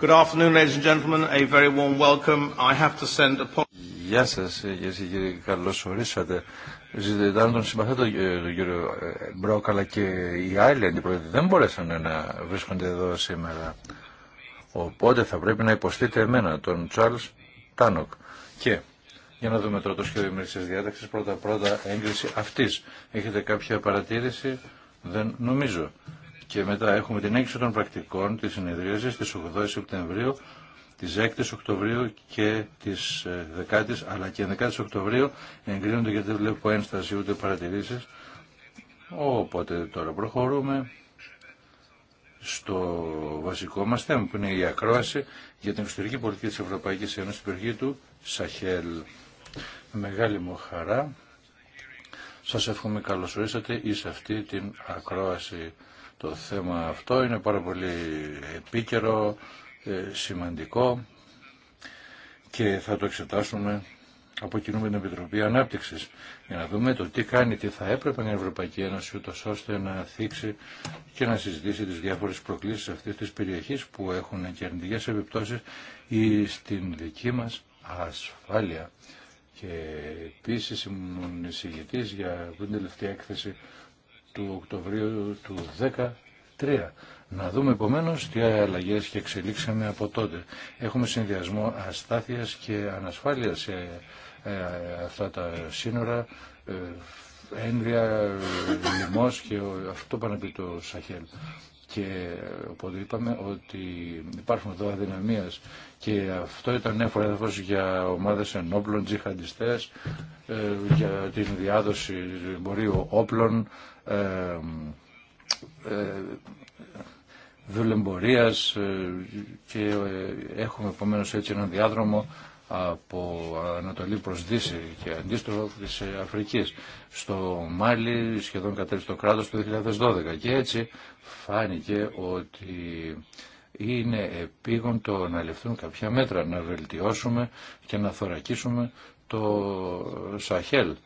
Good afternoon, ladies and gentlemen. A very warm welcome. I have to send a... Γεια σας, κύριε και κύριοι. Καλώς ορίσατε. Ζητάνε τον συμπαθέ τον κύριο ε, Μπρόκ, αλλά και οι άλλοι αντιπρόεδροι δεν μπορέσαν να βρίσκονται εδώ σήμερα. Οπότε θα πρέπει να υποστείτε εμένα, τον Τσάρλς Τάνοκ. Και για να δούμε τώρα το σχέδιο ημερήσιας διάταξης. Πρώτα-πρώτα έγκριση αυτής. Έχετε κάποια παρατήρηση. Δεν νομίζω. Και μετά έχουμε την έξοδο των πρακτικών τη συνεδρίαση τη 8 Σεπτεμβρίου, τη 6 Οκτωβρίου και τη 10 ε, αλλά και 11 Οκτωβρίου εγκρίνονται γιατί δεν βλέπω ένσταση ούτε παρατηρήσεις. Οπότε τώρα προχωρούμε στο βασικό μας θέμα που είναι η ακρόαση για την εξωτερική πολιτική της Ευρωπαϊκής Ένωσης στην περιοχή του Σαχέλ. Μεγάλη μου χαρά. Σας εύχομαι καλώς ορίσατε εις αυτή την ακρόαση. Το θέμα αυτό είναι πάρα πολύ επίκαιρο, ε, σημαντικό και θα το εξετάσουμε από κοινού με την Επιτροπή Ανάπτυξη για να δούμε το τι κάνει, τι θα έπρεπε η Ευρωπαϊκή Ένωση, ούτω ώστε να θίξει και να συζητήσει τι διάφορε προκλήσει αυτή τη περιοχή που έχουν και αρνητικέ επιπτώσει ή στην δική μα ασφάλεια. Και επίση ήμουν εισηγητή για την τελευταία έκθεση του Οκτωβρίου του 2013. Να δούμε επομένω τι αλλαγέ και εξελίξαμε από τότε. Έχουμε συνδυασμό αστάθεια και ανασφάλεια σε ε, αυτά τα σύνορα, ε, ένδια, ε, λοιμό και αυτό πάνω το Σαχέλ. Και οπότε είπαμε ότι υπάρχουν εδώ αδυναμίες και αυτό ήταν έφορα έδαφος για ομάδες ενόπλων, τζιχαντιστές, ε, για την διάδοση εμπορίου όπλων, ε, ε δουλεμπορίας ε, και έχουμε επομένω έτσι έναν διάδρομο από Ανατολή προς Δύση και αντίστροφα της Αφρικής. Στο Μάλι σχεδόν κατέληξε το κράτο το 2012 και έτσι φάνηκε ότι είναι επίγον το να ληφθούν κάποια μέτρα, να βελτιώσουμε και να θωρακίσουμε το Σαχέλ.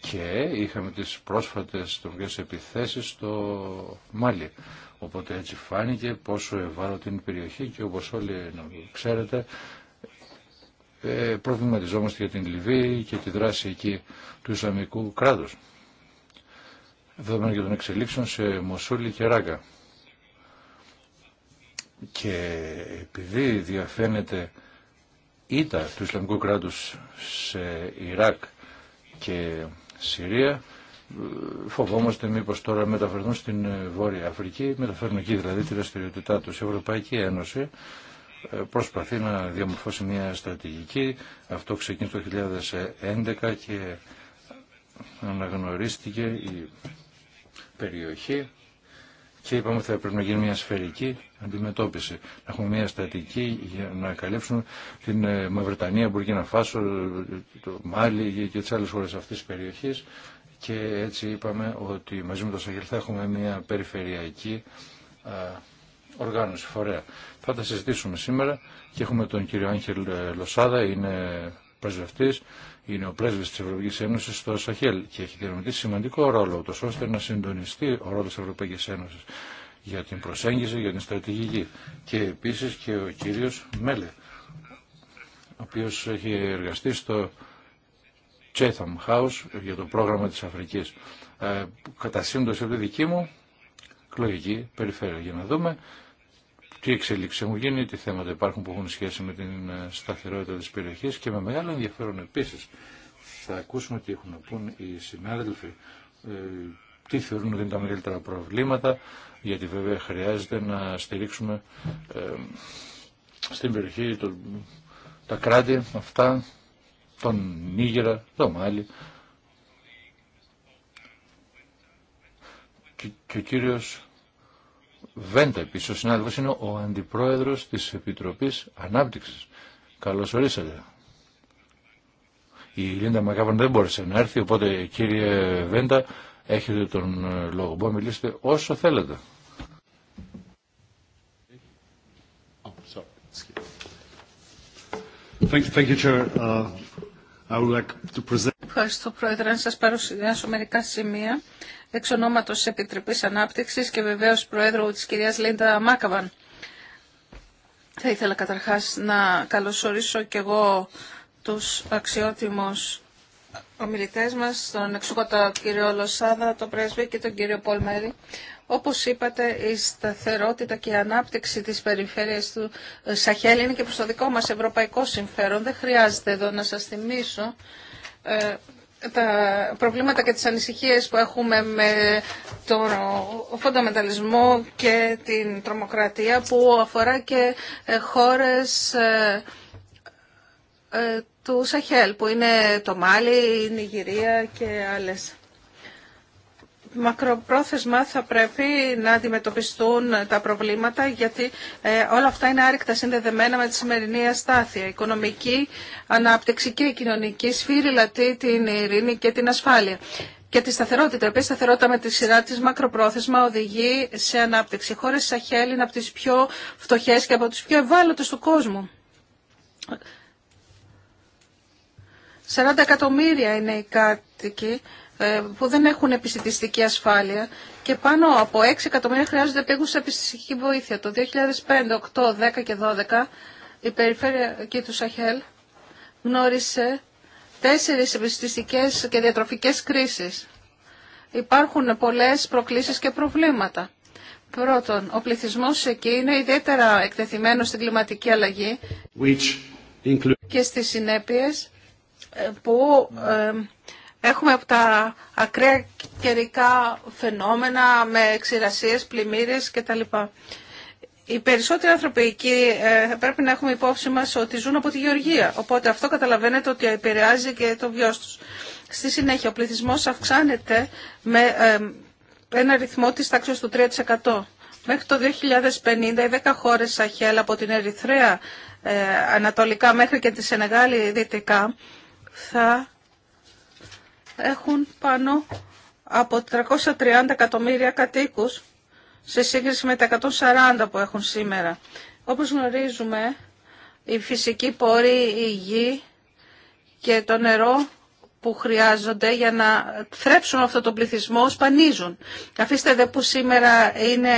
Και είχαμε τις πρόσφατες τουρκές επιθέσεις στο Μάλι. Οπότε έτσι φάνηκε πόσο ευάλωτη είναι η περιοχή και όπως όλοι ξέρετε ε, προβληματιζόμαστε για την Λιβύη και τη δράση εκεί του Ισλαμικού κράτους. Δεδομένου και των εξελίξεων σε Μοσούλη και Ράγκα. Και επειδή διαφαίνεται ήττα του Ισλαμικού κράτους σε Ιράκ και Συρία, φοβόμαστε μήπως τώρα μεταφερθούν στην Βόρεια Αφρική, μεταφέρουν εκεί δηλαδή τη δραστηριότητά τους. Η Ευρωπαϊκή Ένωση ε, προσπαθεί να διαμορφώσει μια στρατηγική. Αυτό ξεκίνησε το 2011 και αναγνωρίστηκε η περιοχή και είπαμε ότι θα πρέπει να γίνει μια σφαιρική αντιμετώπιση. Να έχουμε μια στρατηγική για να καλύψουμε την ε, Μαυρετανία, να Φάσο, το Μάλι και τις άλλες χώρες αυτής της περιοχής και έτσι είπαμε ότι μαζί με το Σαγελ έχουμε μια περιφερειακή οργάνωση, φορέα. Θα τα συζητήσουμε σήμερα και έχουμε τον κύριο Άγχελ ε, Λοσάδα, είναι πρεσβευτή, είναι ο πρέσβη τη Ευρωπαϊκή Ένωση στο Σαχέλ και έχει διαρρομητήσει σημαντικό ρόλο, ούτως ώστε να συντονιστεί ο ρόλο τη Ευρωπαϊκή Ένωση για την προσέγγιση, για την στρατηγική και επίση και ο κύριο Μέλε, ο οποίο έχει εργαστεί στο Chatham House για το πρόγραμμα τη Αφρική, Ε, κατά σύντοση από τη δική μου εκλογική περιφέρεια για να δούμε τι εξελιξή μου γίνει, τι θέματα υπάρχουν που έχουν σχέση με την ε, σταθερότητα της περιοχής και με μεγάλο ενδιαφέρον επίσης θα ακούσουμε τι έχουν να πούν οι συνάδελφοι, ε, τι θεωρούν ότι είναι τα μεγαλύτερα προβλήματα, γιατί βέβαια χρειάζεται να στηρίξουμε ε, στην περιοχή το, τα κράτη αυτά, τον Νίγερα, το Μάλι. Και, και ο κύριος Βέντα επίσης, ο συνάδελφος είναι ο αντιπρόεδρος της Επιτροπής Ανάπτυξης. Καλώς ορίσατε. Η Λίντα Μακάβαν δεν μπόρεσε να έρθει, οπότε κύριε Βέντα έχετε τον ε, λόγο. Μπορείτε να μιλήσετε όσο θέλετε. Ευχαριστώ Πρόεδρε. Να σας παρουσιάσω μερικά σημεία εξ ονόματος Ανάπτυξης και βεβαίως Προέδρου της κυρίας Λίντα Μάκαβαν. Θα ήθελα καταρχάς να καλωσορίσω και εγώ τους αξιότιμους ομιλητές μας, τον εξούκοτα κύριο Λοσάδα, τον πρέσβη και τον κύριο Πολ Μέρη. Όπως είπατε, η σταθερότητα και η ανάπτυξη της περιφέρειας του Σαχέλ είναι και προς το δικό μας ευρωπαϊκό συμφέρον. Δεν χρειάζεται εδώ να σας θυμίσω ε, τα προβλήματα και τις ανησυχίες που έχουμε με τον φονταμενταλισμό και την τρομοκρατία που αφορά και ε, χώρες ε, ε, του Σαχέλ που είναι το Μάλι, η Νιγηρία και άλλες μακροπρόθεσμα θα πρέπει να αντιμετωπιστούν τα προβλήματα γιατί ε, όλα αυτά είναι άρρηκτα συνδεδεμένα με τη σημερινή αστάθεια. οικονομική, ανάπτυξη και κοινωνική σφύριλατη την ειρήνη και την ασφάλεια. Και τη σταθερότητα. Επίση, η σταθερότητα με τη σειρά τη μακροπρόθεσμα οδηγεί σε ανάπτυξη. Οι χώρε Σαχέλ είναι από τι πιο φτωχέ και από τι πιο ευάλωτε του κόσμου. 40 εκατομμύρια είναι οι κάτοικοι ε, που δεν έχουν επιστημιστική ασφάλεια και πάνω από 6 εκατομμύρια χρειάζονται επίγουσα επιστημιστική βοήθεια. Το 2005, 8, 10 και 12 η περιφέρεια εκεί του Σαχέλ γνώρισε τέσσερις επιστημιστικές και διατροφικές κρίσεις. Υπάρχουν πολλές προκλήσεις και προβλήματα. Πρώτον, ο πληθυσμός εκεί είναι ιδιαίτερα εκτεθειμένος στην κλιματική αλλαγή και στις συνέπειες ε, που... Ε, Έχουμε από τα ακραία καιρικά φαινόμενα με ξηρασίες, πλημμύρες κτλ. Οι περισσότεροι άνθρωποι εκεί ε, πρέπει να έχουμε υπόψη μας ότι ζουν από τη γεωργία. Οπότε αυτό καταλαβαίνετε ότι επηρεάζει και το βιό τους. Στη συνέχεια ο πληθυσμός αυξάνεται με ένα ρυθμό της τάξης του 3%. Μέχρι το 2050 οι 10 χώρες Σαχέλ από την Ερυθρέα ε, ανατολικά μέχρι και τη Σενεγάλη δυτικά θα έχουν πάνω από 330 εκατομμύρια κατοίκους σε σύγκριση με τα 140 που έχουν σήμερα. Όπως γνωρίζουμε, η φυσική πορεία, η γη και το νερό που χρειάζονται για να θρέψουν αυτό τον πληθυσμό σπανίζουν. Αφήστε δε που σήμερα είναι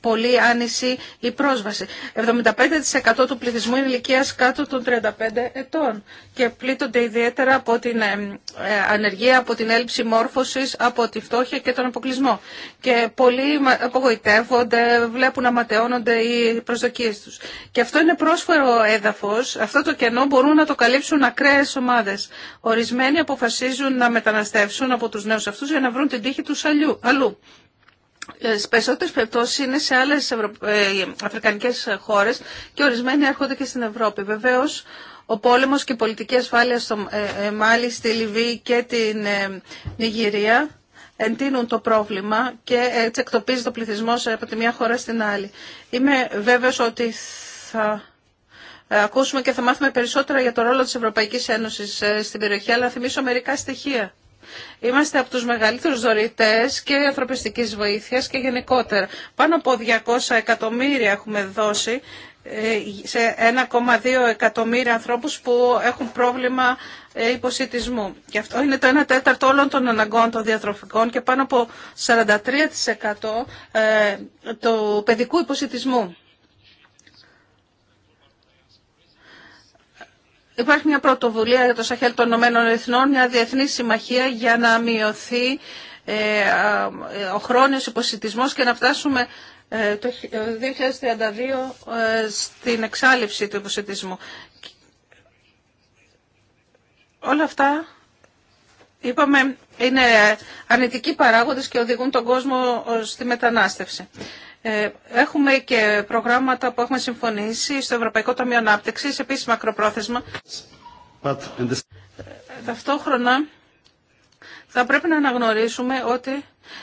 πολύ άνηση η πρόσβαση. 75% του πληθυσμού είναι ηλικία κάτω των 35 ετών και πλήττονται ιδιαίτερα από την ε, ανεργία, από την έλλειψη μόρφωσης, από τη φτώχεια και τον αποκλεισμό. Και πολλοί απογοητεύονται, βλέπουν να ματαιώνονται οι προσδοκίες τους. Και αυτό είναι πρόσφορο έδαφος, αυτό το κενό μπορούν να το καλύψουν ακραίες ομάδες. Ορισμένοι αποφασίζουν να μεταναστεύσουν από τους νέους αυτούς για να βρουν την τύχη τους αλλού. Ε, Στι περισσότερε περιπτώσει είναι σε άλλε Ευρω... Ε, αφρικανικέ χώρε και ορισμένοι έρχονται και στην Ευρώπη. Βεβαίω, ο πόλεμο και η πολιτική ασφάλεια στο ε, Μάλι, στη Λιβύη και την Νιγηρία εντείνουν το πρόβλημα και έτσι εκτοπίζει το πληθυσμό από τη μία χώρα στην άλλη. Είμαι βέβαιο ότι θα ακούσουμε και θα μάθουμε περισσότερα για το ρόλο της Ευρωπαϊκής Ένωσης στην περιοχή, αλλά θυμίσω μερικά στοιχεία. Είμαστε από τους μεγαλύτερους δωρητές και ανθρωπιστικής βοήθειας και γενικότερα. Πάνω από 200 εκατομμύρια έχουμε δώσει ε, σε 1,2 εκατομμύρια ανθρώπους που έχουν πρόβλημα ε, υποσυτισμού. Και αυτό είναι το 1 τέταρτο όλων των αναγκών των διατροφικών και πάνω από 43% ε, του παιδικού υποσυτισμού. Υπάρχει μια πρωτοβουλία για το Σαχέλ των Ηνωμένων Εθνών, μια διεθνή συμμαχία για να μειωθεί ε, ο χρόνιος υποσυτισμός και να φτάσουμε ε, το 2032 ε, στην εξάλληψη του υποσυτισμού. Όλα αυτά, είπαμε, είναι αρνητικοί παράγοντες και οδηγούν τον κόσμο στη μετανάστευση. Ε, έχουμε και προγράμματα που έχουμε συμφωνήσει στο Ευρωπαϊκό Ταμείο Ανάπτυξη, επίση μακροπρόθεσμα. Ε, ταυτόχρονα θα πρέπει να αναγνωρίσουμε ότι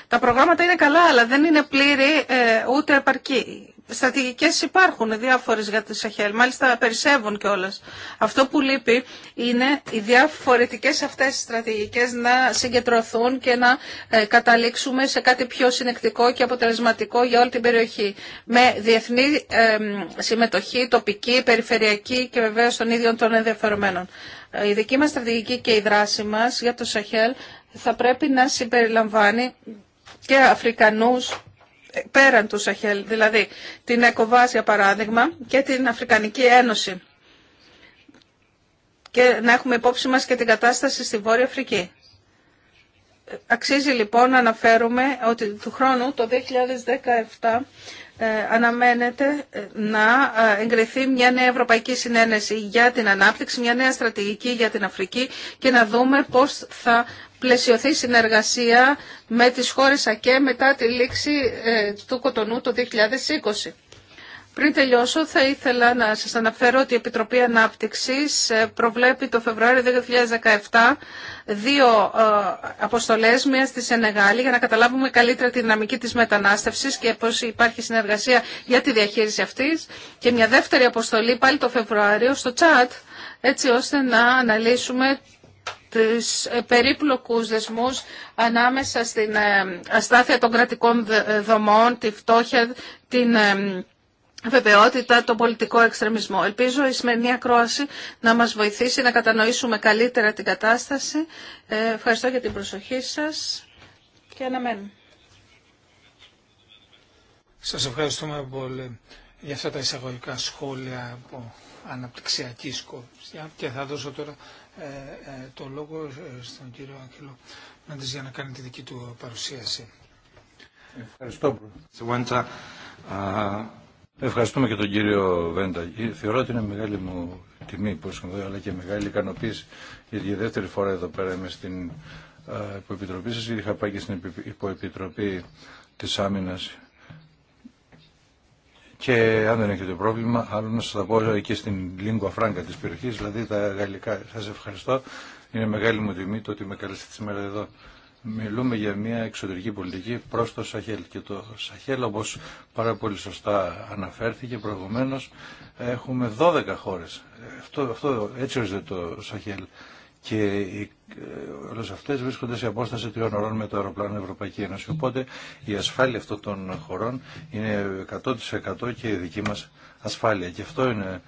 τα προγράμματα είναι καλά, αλλά δεν είναι πλήρη ε, ούτε επαρκή. Στρατηγικέ υπάρχουν διάφορε για τη Σαχέλ, μάλιστα περισσεύουν κιόλα. Αυτό που λείπει είναι οι διαφορετικέ αυτέ στρατηγικέ να συγκεντρωθούν και να ε, καταλήξουμε σε κάτι πιο συνεκτικό και αποτελεσματικό για όλη την περιοχή. Με διεθνή ε, συμμετοχή, τοπική, περιφερειακή και βεβαίω των ίδιων των ενδιαφερομένων. Η δική μα στρατηγική και η δράση μα για το Σαχέλ θα πρέπει να συμπεριλαμβάνει και Αφρικανούς πέραν του Σαχέλ, δηλαδή την ΕΚΟΒΑΣ για παράδειγμα και την Αφρικανική Ένωση και να έχουμε υπόψη μας και την κατάσταση στη Βόρεια Αφρική. Αξίζει λοιπόν να αναφέρουμε ότι του χρόνου το 2017 ε, αναμένεται ε, να ε, εγκριθεί μια νέα Ευρωπαϊκή Συνένεση για την Ανάπτυξη, μια νέα στρατηγική για την Αφρική και να δούμε πώς θα πλαισιωθεί συνεργασία με τις χώρες ΑΚΕ μετά τη λήξη ε, του Κοτονού το 2020. Πριν τελειώσω, θα ήθελα να σας αναφέρω ότι η Επιτροπή Ανάπτυξης ε, προβλέπει το Φεβρουάριο 2017 δύο ε, αποστολές, μία στη Σενεγάλη, για να καταλάβουμε καλύτερα τη δυναμική της μετανάστευσης και πώς υπάρχει συνεργασία για τη διαχείριση αυτής, και μια δεύτερη αποστολή πάλι το Φεβρουάριο στο Τσάτ, έτσι ώστε να αναλύσουμε τις ε, περίπλοκους δεσμούς ανάμεσα στην ε, αστάθεια των κρατικών ε, δομών, τη φτώχεια, την βεβαιότητα, τον πολιτικό εξτρεμισμό. Ελπίζω η σημερινή ακρόαση να μας βοηθήσει να κατανοήσουμε καλύτερα την κατάσταση. Ευχαριστώ για την προσοχή σας και αναμένω. Σας ευχαριστούμε πολύ για αυτά τα εισαγωγικά σχόλια από αναπτυξιακή σκόπια και θα δώσω τώρα ε, ε, το λόγο ε, στον κύριο Άγγελο Μέντες για να κάνει τη δική του παρουσίαση. Ευχαριστώ. Ευχαριστούμε και τον κύριο Βέντα. Θεωρώ ότι είναι μεγάλη μου τιμή που ήρθα αλλά και μεγάλη ικανοποίηση, γιατί για δεύτερη φορά εδώ πέρα είμαι στην υποεπιτροπή σας, γιατί είχα πάει και στην υποεπιτροπή της Άμυνας και αν δεν έχετε πρόβλημα, άλλο να σα τα πω και στην Λίγκο Φράγκα τη περιοχή, δηλαδή τα γαλλικά. Σα ευχαριστώ. Είναι μεγάλη μου τιμή το ότι με καλέσετε σήμερα εδώ. Μιλούμε για μια εξωτερική πολιτική προ το Σαχέλ. Και το Σαχέλ, όπω πάρα πολύ σωστά αναφέρθηκε προηγουμένω, έχουμε 12 χώρε. Αυτό, έτσι ορίζεται το Σαχέλ και ε, όλε αυτέ βρίσκονται σε απόσταση τριών ωρών με το αεροπλάνο Ευρωπαϊκή Ένωση. Οπότε η ασφάλεια αυτών των χωρών είναι 100% και η δική μα ασφάλεια. Και αυτό είναι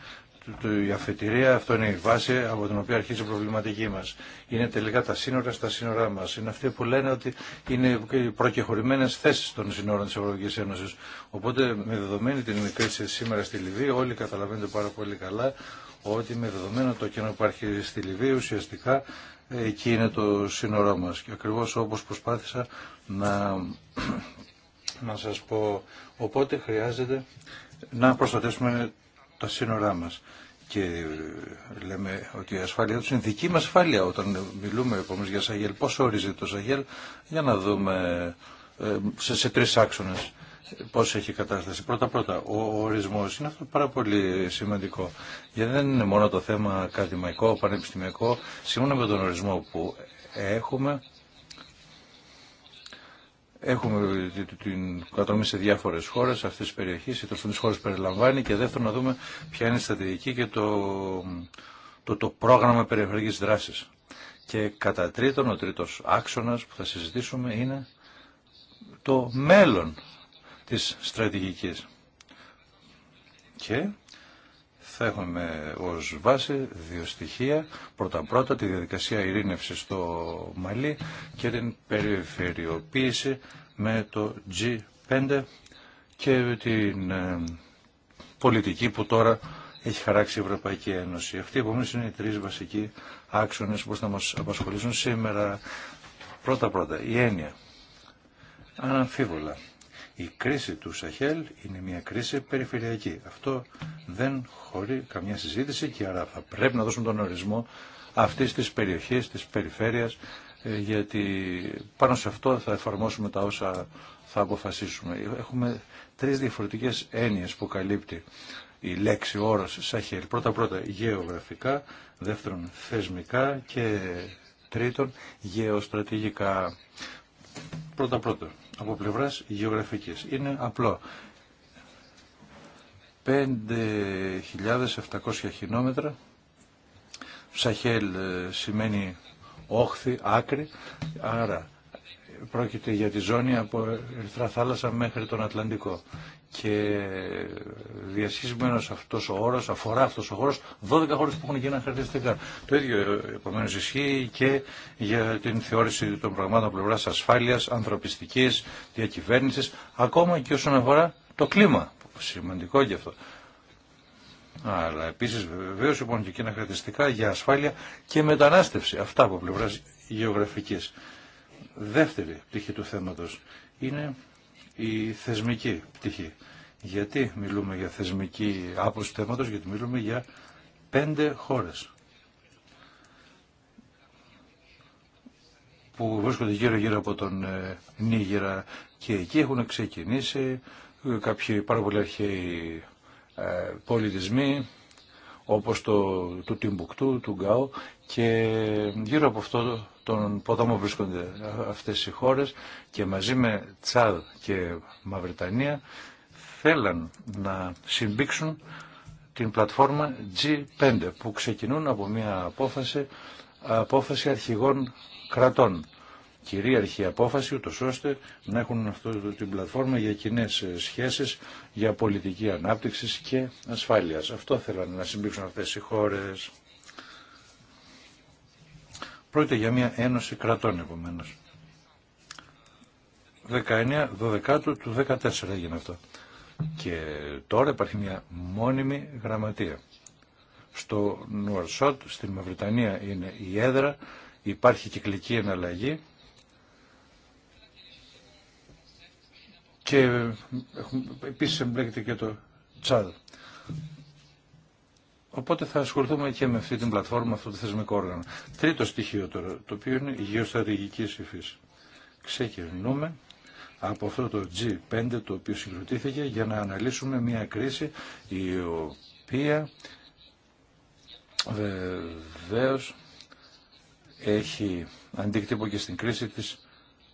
η αφετηρία, αυτό είναι η βάση από την οποία αρχίζει η προβληματική μα. Είναι τελικά τα σύνορα στα σύνορά μα. Είναι αυτοί που λένε ότι είναι προκεχωρημένε θέσει των σύνορων τη Ευρωπαϊκή Ένωση. Οπότε με δεδομένη την κρίση σήμερα στη Λιβύη, όλοι καταλαβαίνετε πάρα πολύ καλά ότι με δεδομένο το κενό που υπάρχει στη Λιβύη ουσιαστικά ε, εκεί είναι το σύνορό μας. Και ακριβώς όπως προσπάθησα να, να σας πω. Οπότε χρειάζεται να προστατεύσουμε τα σύνορά μας. Και ε, λέμε ότι η ασφάλεια τους είναι δική μας ασφάλεια όταν μιλούμε για Σαγέλ. Πώς όριζε το Σαγέλ για να δούμε ε, σε, σε τρεις άξονες πώς έχει κατάσταση. Πρώτα-πρώτα, ο ορισμός είναι αυτό πάρα πολύ σημαντικό. Γιατί δεν είναι μόνο το θέμα ακαδημαϊκό, πανεπιστημιακό. Σύμφωνα με τον ορισμό που έχουμε, Έχουμε την κατανομή σε διάφορε χώρε αυτή τη περιοχή, ή τόσο τι χώρε περιλαμβάνει, και δεύτερον να δούμε ποια είναι η στρατηγική και το, το, το πρόγραμμα περιφερειακή δράση. Και κατά τρίτον, ο τρίτο άξονα που θα συζητήσουμε είναι το μέλλον της στρατηγικής. Και θα έχουμε ως βάση δύο στοιχεία. Πρώτα-πρώτα τη διαδικασία ειρήνευση στο Μαλί και την περιφερειοποίηση με το G5 και την ε, πολιτική που τώρα έχει χαράξει η Ευρωπαϊκή Ένωση. Αυτοί επομένως είναι οι τρεις βασικοί άξονες που θα μας απασχολήσουν σήμερα. Πρώτα-πρώτα η έννοια. Αναμφίβολα η κρίση του Σαχέλ είναι μια κρίση περιφερειακή. Αυτό δεν χωρεί καμιά συζήτηση και άρα θα πρέπει να δώσουμε τον ορισμό αυτής της περιοχής, της περιφέρειας, ε, γιατί πάνω σε αυτό θα εφαρμόσουμε τα όσα θα αποφασίσουμε. Έχουμε τρεις διαφορετικές έννοιες που καλύπτει η λέξη, ο όρος Σαχέλ. Πρώτα-πρώτα γεωγραφικά, δεύτερον θεσμικά και τρίτον γεωστρατηγικά. Πρώτα-πρώτα από πλευράς γεωγραφικής. Είναι απλό. 5.700 χιλιόμετρα. Σαχέλ ε, σημαίνει όχθη, άκρη. Άρα πρόκειται για τη ζώνη από Ερυθρά θάλασσα μέχρι τον Ατλαντικό και διασχισμένο αυτό ο όρο, αφορά αυτό ο χώρο 12 χώρε που έχουν γίνει χαρακτηριστικά. Το ίδιο επομένω ισχύει και για την θεώρηση των πραγμάτων πλευρά ασφάλεια, ανθρωπιστική, διακυβέρνηση, ακόμα και όσον αφορά το κλίμα. Σημαντικό και αυτό. Αλλά επίση βεβαίω υπάρχουν και εκείνα χαρακτηριστικά για ασφάλεια και μετανάστευση. Αυτά από πλευρά γεωγραφική. Δεύτερη πτυχή του θέματο είναι η θεσμική πτυχή. Γιατί μιλούμε για θεσμική άποψη θέματος, γιατί μιλούμε για πέντε χώρες. που βρίσκονται γύρω-γύρω από τον ε, Νίγηρα και εκεί έχουν ξεκινήσει ε, κάποιοι πάρα πολύ αρχαίοι ε, πολιτισμοί όπως το, του Τιμπουκτού, του Γκάου και γύρω από αυτό τον ποταμό βρίσκονται αυτές οι χώρες και μαζί με Τσάδ και Μαυριτανία θέλαν να συμπίξουν την πλατφόρμα G5 που ξεκινούν από μια απόφαση, απόφαση αρχηγών κρατών. Κυρίαρχη απόφαση ούτως ώστε να έχουν αυτή την πλατφόρμα για κοινέ σχέσεις, για πολιτική ανάπτυξη και ασφάλειας. Αυτό θέλαν να συμπίξουν αυτές οι χώρες. Πρόκειται για μια ένωση κρατών επομένω. 19 12 του 14 έγινε αυτό. Και τώρα υπάρχει μια μόνιμη γραμματεία. Στο Νουαρσότ, στην Μαυριτανία είναι η έδρα, υπάρχει κυκλική εναλλαγή και επίσης εμπλέκεται και το Τσάδ. Οπότε θα ασχοληθούμε και με αυτή την πλατφόρμα, αυτό το θεσμικό όργανο. Τρίτο στοιχείο τώρα, το οποίο είναι η γεωστρατηγική υφή. Ξεκινούμε από αυτό το G5 το οποίο συγκροτήθηκε για να αναλύσουμε μια κρίση η οποία βεβαίω έχει αντίκτυπο και στην κρίση της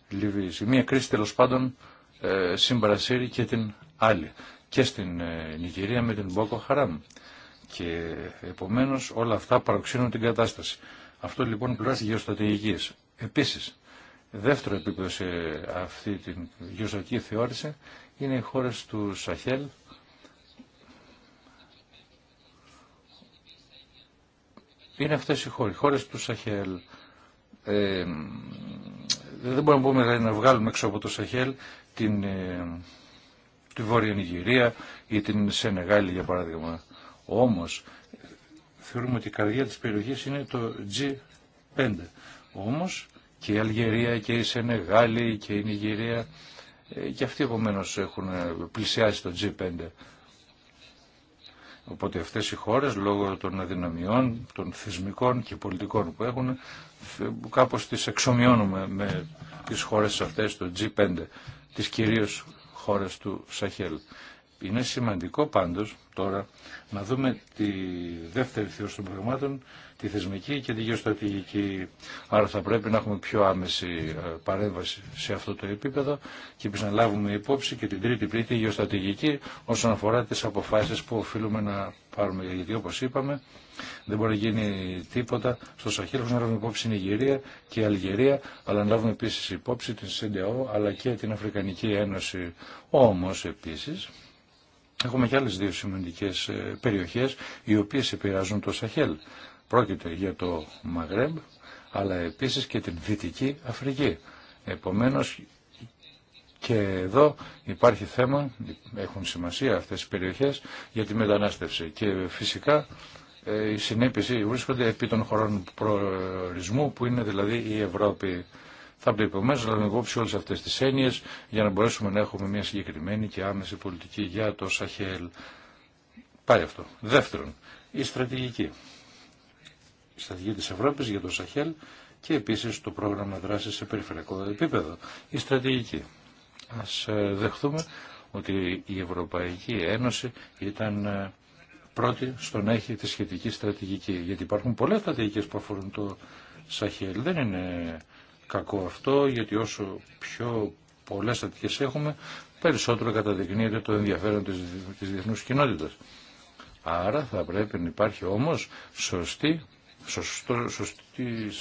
Λιβύης. μία κρίση τέλο πάντων ε, συμπαρασύρει και την άλλη και στην ε, Νιγηρία με την Μπόκο Χαράμ και επομένως όλα αυτά παροξύνουν την κατάσταση. Αυτό λοιπόν πλευρά τη Επίση, Επίσης, δεύτερο επίπεδο σε αυτή τη γεωστρατηγική θεώρηση είναι οι χώρε του Σαχέλ, Είναι αυτέ οι χώρες, οι του Σαχέλ. Ε, δεν μπορούμε να, πούμε, δηλαδή, να βγάλουμε έξω από το Σαχέλ την, ε, τη Βόρεια Νιγηρία ή την Σενεγάλη για παράδειγμα. Όμως θεωρούμε ότι η καρδιά της περιοχής είναι το G5. Όμως και η Αλγερία και η Σενεγάλη και η Νιγηρία ε, και αυτοί επομένω έχουν ε, πλησιάσει το G5. Οπότε αυτές οι χώρες λόγω των αδυναμιών, των θεσμικών και πολιτικών που έχουν κάπως τις εξομοιώνουμε με τις χώρες αυτές το G5, τις κυρίως χώρες του Σαχέλ. Είναι σημαντικό πάντως τώρα να δούμε τη δεύτερη θεώρηση των πραγμάτων, τη θεσμική και τη γεωστρατηγική. Άρα θα πρέπει να έχουμε πιο άμεση ε, παρέμβαση σε αυτό το επίπεδο και επίσης να λάβουμε υπόψη και την τρίτη πλήτη γεωστρατηγική όσον αφορά τις αποφάσεις που οφείλουμε να πάρουμε. Γιατί όπως είπαμε δεν μπορεί να γίνει τίποτα στο Σαχέλ, να λάβουμε υπόψη η Ιγυρία και η Αλγερία, αλλά να λάβουμε επίσης υπόψη την ΣΕΝΤΕΟ αλλά και την Αφρικανική Ένωση. Όμως επίσης Έχουμε και άλλες δύο σημαντικές ε, περιοχές οι οποίες επηρεάζουν το Σαχέλ. Πρόκειται για το Μαγρέμπ αλλά επίσης και την Δυτική Αφρική. Επομένως και εδώ υπάρχει θέμα, έχουν σημασία αυτές οι περιοχές για τη μετανάστευση και φυσικά ε, οι συνέπειες βρίσκονται επί των χωρών προορισμού που είναι δηλαδή η Ευρώπη. Θα πρέπει επομένω να λάβουμε υπόψη όλε αυτέ τι έννοιε για να μπορέσουμε να έχουμε μια συγκεκριμένη και άμεση πολιτική για το Σαχέλ. Πάει αυτό. Δεύτερον, η στρατηγική. Η στρατηγική τη Ευρώπη για το Σαχέλ και επίση το πρόγραμμα δράση σε περιφερειακό επίπεδο. Η στρατηγική. Α ε, δεχθούμε ότι η Ευρωπαϊκή Ένωση ήταν ε, πρώτη στο να έχει τη σχετική στρατηγική. Γιατί υπάρχουν πολλές στρατηγικές που αφορούν το Σαχέλ. Δεν είναι κακό αυτό γιατί όσο πιο πολλές στατικές έχουμε περισσότερο καταδεικνύεται το ενδιαφέρον της, της διεθνούς κοινότητας. Άρα θα πρέπει να υπάρχει όμως σωστή, σωστό, σωστή,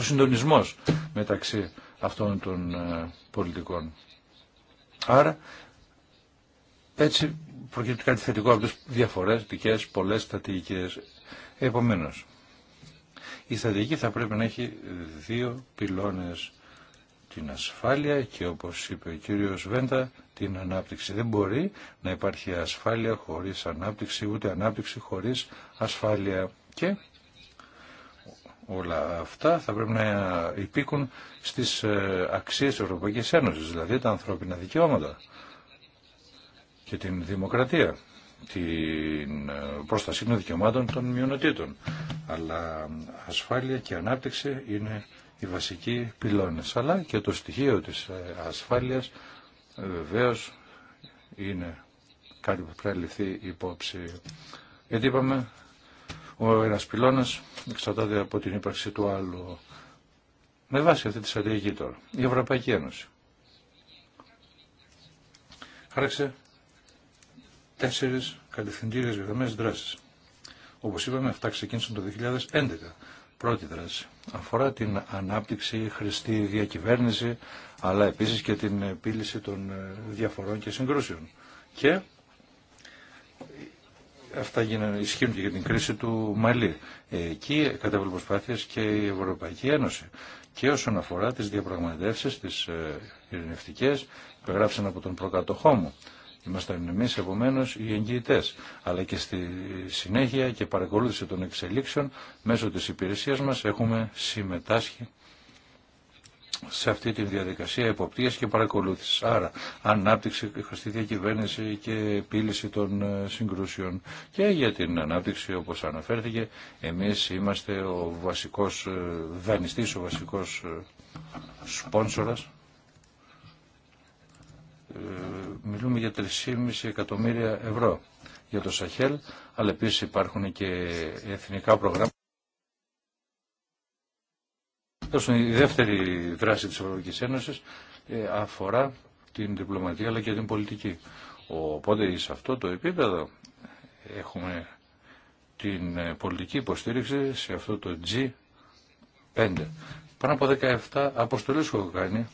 συντονισμός μεταξύ αυτών των ε, πολιτικών. Άρα έτσι προκύπτει κάτι θετικό από τις διαφορές, δικές, πολλές στατικές. Επομένως, η στρατηγική θα πρέπει να έχει δύο πυλώνες την ασφάλεια και όπως είπε ο κύριος Βέντα την ανάπτυξη. Δεν μπορεί να υπάρχει ασφάλεια χωρίς ανάπτυξη ούτε ανάπτυξη χωρίς ασφάλεια και όλα αυτά θα πρέπει να υπήκουν στις ε, αξίες της Ευρωπαϊκής Ένωσης δηλαδή τα ανθρώπινα δικαιώματα και την δημοκρατία την ε, προστασία των δικαιωμάτων των μειονοτήτων. Αλλά ασφάλεια και ανάπτυξη είναι οι βασικοί πυλώνες. Αλλά και το στοιχείο της ε, ασφάλειας ε, βεβαίω είναι κάτι που πρέπει να ληφθεί υπόψη. Γιατί είπαμε, ο ένας πυλώνας εξαρτάται από την ύπαρξη του άλλου. Με βάση αυτή τη στρατηγική τώρα, η Ευρωπαϊκή Ένωση. Χάρεξε τέσσερις κατευθυντήριες γραμμές δράση. Όπως είπαμε, αυτά ξεκίνησαν το 2011. Πρώτη δράση αφορά την ανάπτυξη χρηστή διακυβέρνηση, αλλά επίσης και την επίλυση των ε, διαφορών και συγκρούσεων. Και αυτά γίνανε, ισχύουν και για την κρίση του Μαλή. Εκεί κατέβαλε προσπάθειε και η Ευρωπαϊκή Ένωση. Και όσον αφορά τις διαπραγματεύσεις, τις ε, ειρηνευτικές, υπεγράφησαν από τον προκατοχό μου. Ήμασταν εμεί επομένω οι εγγυητέ, αλλά και στη συνέχεια και παρακολούθηση των εξελίξεων μέσω τη υπηρεσία μα έχουμε συμμετάσχει σε αυτή τη διαδικασία εποπτείας και παρακολούθηση. Άρα, ανάπτυξη, χρηστή διακυβέρνηση και επίλυση των ε, συγκρούσεων. Και για την ανάπτυξη, όπως αναφέρθηκε, εμείς είμαστε ο βασικός ε, δανειστής, ο βασικός ε, σπόνσορας μιλούμε για 3,5 εκατομμύρια ευρώ για το Σαχέλ, αλλά επίσης υπάρχουν και εθνικά προγράμματα. Η δεύτερη δράση της Ευρωπαϊκής Ένωσης ε, αφορά την διπλωματία αλλά και την πολιτική. Οπότε σε αυτό το επίπεδο έχουμε την ε, πολιτική υποστήριξη σε αυτό το G5. Πάνω από 17 αποστολές έχω κάνει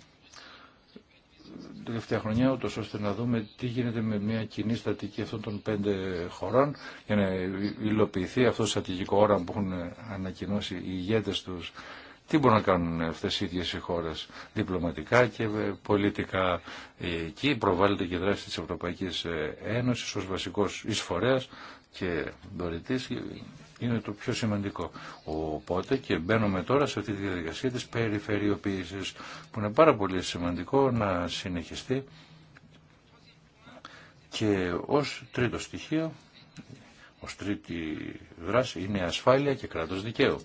τελευταία χρονιά, ούτως ώστε να δούμε τι γίνεται με μια κοινή στατική αυτών των πέντε χωρών για να υλοποιηθεί αυτό το στρατηγικό όραμα που έχουν ανακοινώσει οι ηγέτες τους. Τι μπορούν να κάνουν αυτές οι ίδιες οι χώρε, διπλωματικά και πολιτικά. Εκεί προβάλλεται και δράση τη Ευρωπαϊκής Ένωσης ως βασικός εισφορέας και δωρητή είναι το πιο σημαντικό. Οπότε και μπαίνουμε τώρα σε αυτή τη διαδικασία της περιφερειοποίησης που είναι πάρα πολύ σημαντικό να συνεχιστεί και ως τρίτο στοιχείο, ως τρίτη δράση είναι ασφάλεια και κράτος δικαίου.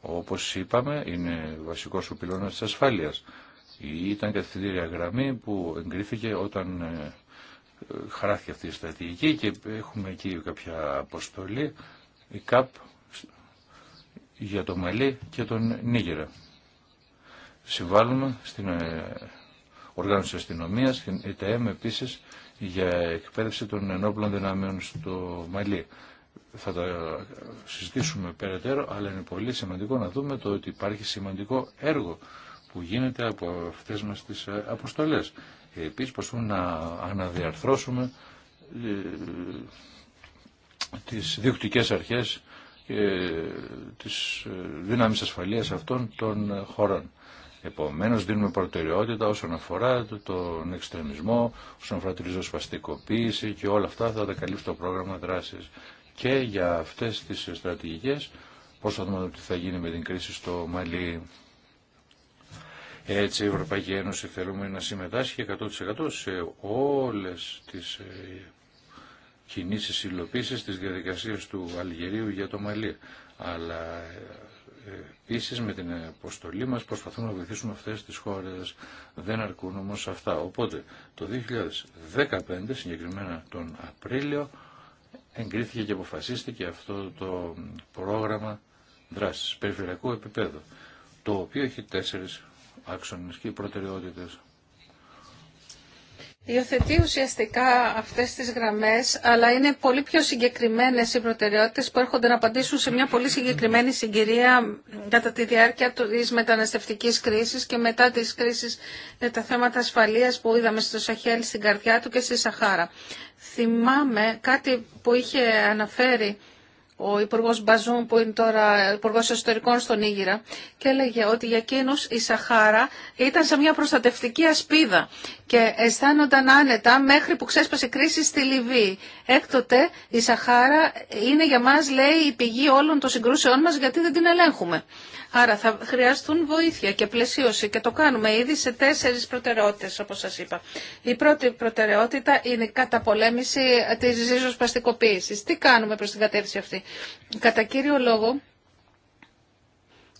Όπως είπαμε είναι βασικός ο πυλώνας της ασφάλειας. Ήταν καθηγητήρια γραμμή που εγκρίθηκε όταν ε, χαράθηκε αυτή η στρατηγική και έχουμε εκεί κάποια αποστολή, η ΚΑΠ για το Μαλί και τον Νίγηρα. Συμβάλλουμε στην ε, οργάνωση αστυνομία, στην ΕΤΕΜ επίσης για εκπαίδευση των ενόπλων δυνάμεων στο Μαλί. Θα τα συζητήσουμε περαιτέρω, αλλά είναι πολύ σημαντικό να δούμε το ότι υπάρχει σημαντικό έργο που γίνεται από αυτές μας τις ε, αποστολές. Επίσης προσπαθούμε να αναδιαρθρώσουμε ε, τις διοικητικές αρχές ε, της ε, δύναμης ασφαλείας αυτών των χωρών. Επομένως δίνουμε προτεραιότητα όσον αφορά τον εξτρεμισμό, όσον αφορά τη ριζοσπαστικοποίηση και όλα αυτά θα τα το πρόγραμμα δράσης. Και για αυτές τις στρατηγικές πώς θα δούμε τι θα γίνει με την κρίση στο Μαλί. Έτσι η Ευρωπαϊκή Ένωση θέλουμε να συμμετάσχει 100% σε όλες τις ε, κινήσεις υλοποίησης της διαδικασίας του Αλγερίου για το Μαλί. Αλλά ε, Επίση με την αποστολή μας προσπαθούμε να βοηθήσουμε αυτές τις χώρες, δεν αρκούν όμως αυτά. Οπότε το 2015, συγκεκριμένα τον Απρίλιο, εγκρίθηκε και αποφασίστηκε αυτό το πρόγραμμα δράσης περιφερειακού επίπεδου, το οποίο έχει τέσσερις άξονες και οι προτεραιότητες. Υιοθετεί ουσιαστικά αυτές τις γραμμές, αλλά είναι πολύ πιο συγκεκριμένες οι προτεραιότητες που έρχονται να απαντήσουν σε μια πολύ συγκεκριμένη συγκυρία κατά τη διάρκεια της μεταναστευτικής κρίσης και μετά της κρίσης με τα θέματα ασφαλείας που είδαμε στο Σαχέλ στην καρδιά του και στη Σαχάρα. Θυμάμαι κάτι που είχε αναφέρει ο Υπουργό Μπαζούν που είναι τώρα Υπουργό Εσωτερικών στον Ήγηρα και έλεγε ότι για εκείνου η Σαχάρα ήταν σε μια προστατευτική ασπίδα και αισθάνονταν άνετα μέχρι που ξέσπασε κρίση στη Λιβύη. Έκτοτε η Σαχάρα είναι για μα, λέει η πηγή όλων των συγκρούσεών μα γιατί δεν την ελέγχουμε. Άρα θα χρειαστούν βοήθεια και πλαισίωση και το κάνουμε ήδη σε τέσσερι προτεραιότητε, όπω σα είπα. Η πρώτη προτεραιότητα είναι η καταπολέμηση τη ζήσεως Τι κάνουμε προ την κατεύθυνση αυτή. Κατά κύριο λόγο,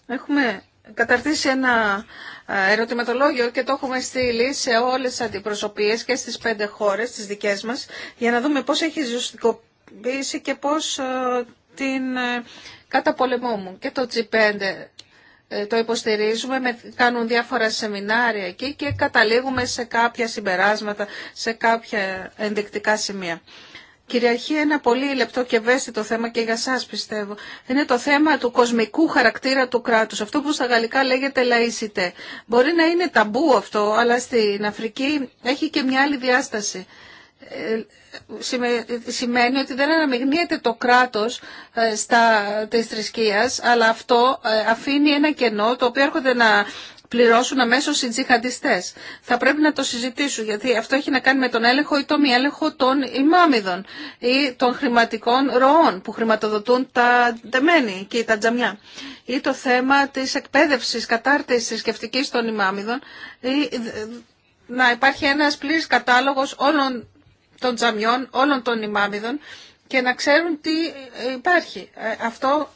έχουμε καταρτήσει ένα ε, ερωτηματολόγιο και το έχουμε στείλει σε όλες τις αντιπροσωπείες και στις πέντε χώρες, τις δικές μας, για να δούμε πώς έχει ζωστικοποιήσει και πώς ε, την ε, καταπολεμόμουν. Και το G5 το υποστηρίζουμε, κάνουν διάφορα σεμινάρια εκεί και καταλήγουμε σε κάποια συμπεράσματα, σε κάποια ενδεικτικά σημεία κυριαρχεί ένα πολύ λεπτό και ευαίσθητο θέμα και για σας πιστεύω. Είναι το θέμα του κοσμικού χαρακτήρα του κράτους. Αυτό που στα γαλλικά λέγεται λαΐσιτε. Μπορεί να είναι ταμπού αυτό, αλλά στην Αφρική έχει και μια άλλη διάσταση. Ε, σημαίνει ότι δεν αναμειγνύεται το κράτος ε, στα, της θρησκείας αλλά αυτό ε, αφήνει ένα κενό το οποίο έρχονται να πληρώσουν αμέσω οι τζιχαντιστέ. Θα πρέπει να το συζητήσουν γιατί αυτό έχει να κάνει με τον έλεγχο ή το μη έλεγχο των ημάμιδων ή των χρηματικών ροών που χρηματοδοτούν τα ντεμένη και τα τζαμιά ή το θέμα τη εκπαίδευση, κατάρτιση θρησκευτική των ημάμιδων ή να υπάρχει ένα πλήρη κατάλογο όλων των τζαμιών, όλων των ημάμιδων και να ξέρουν τι υπάρχει. Ε, αυτό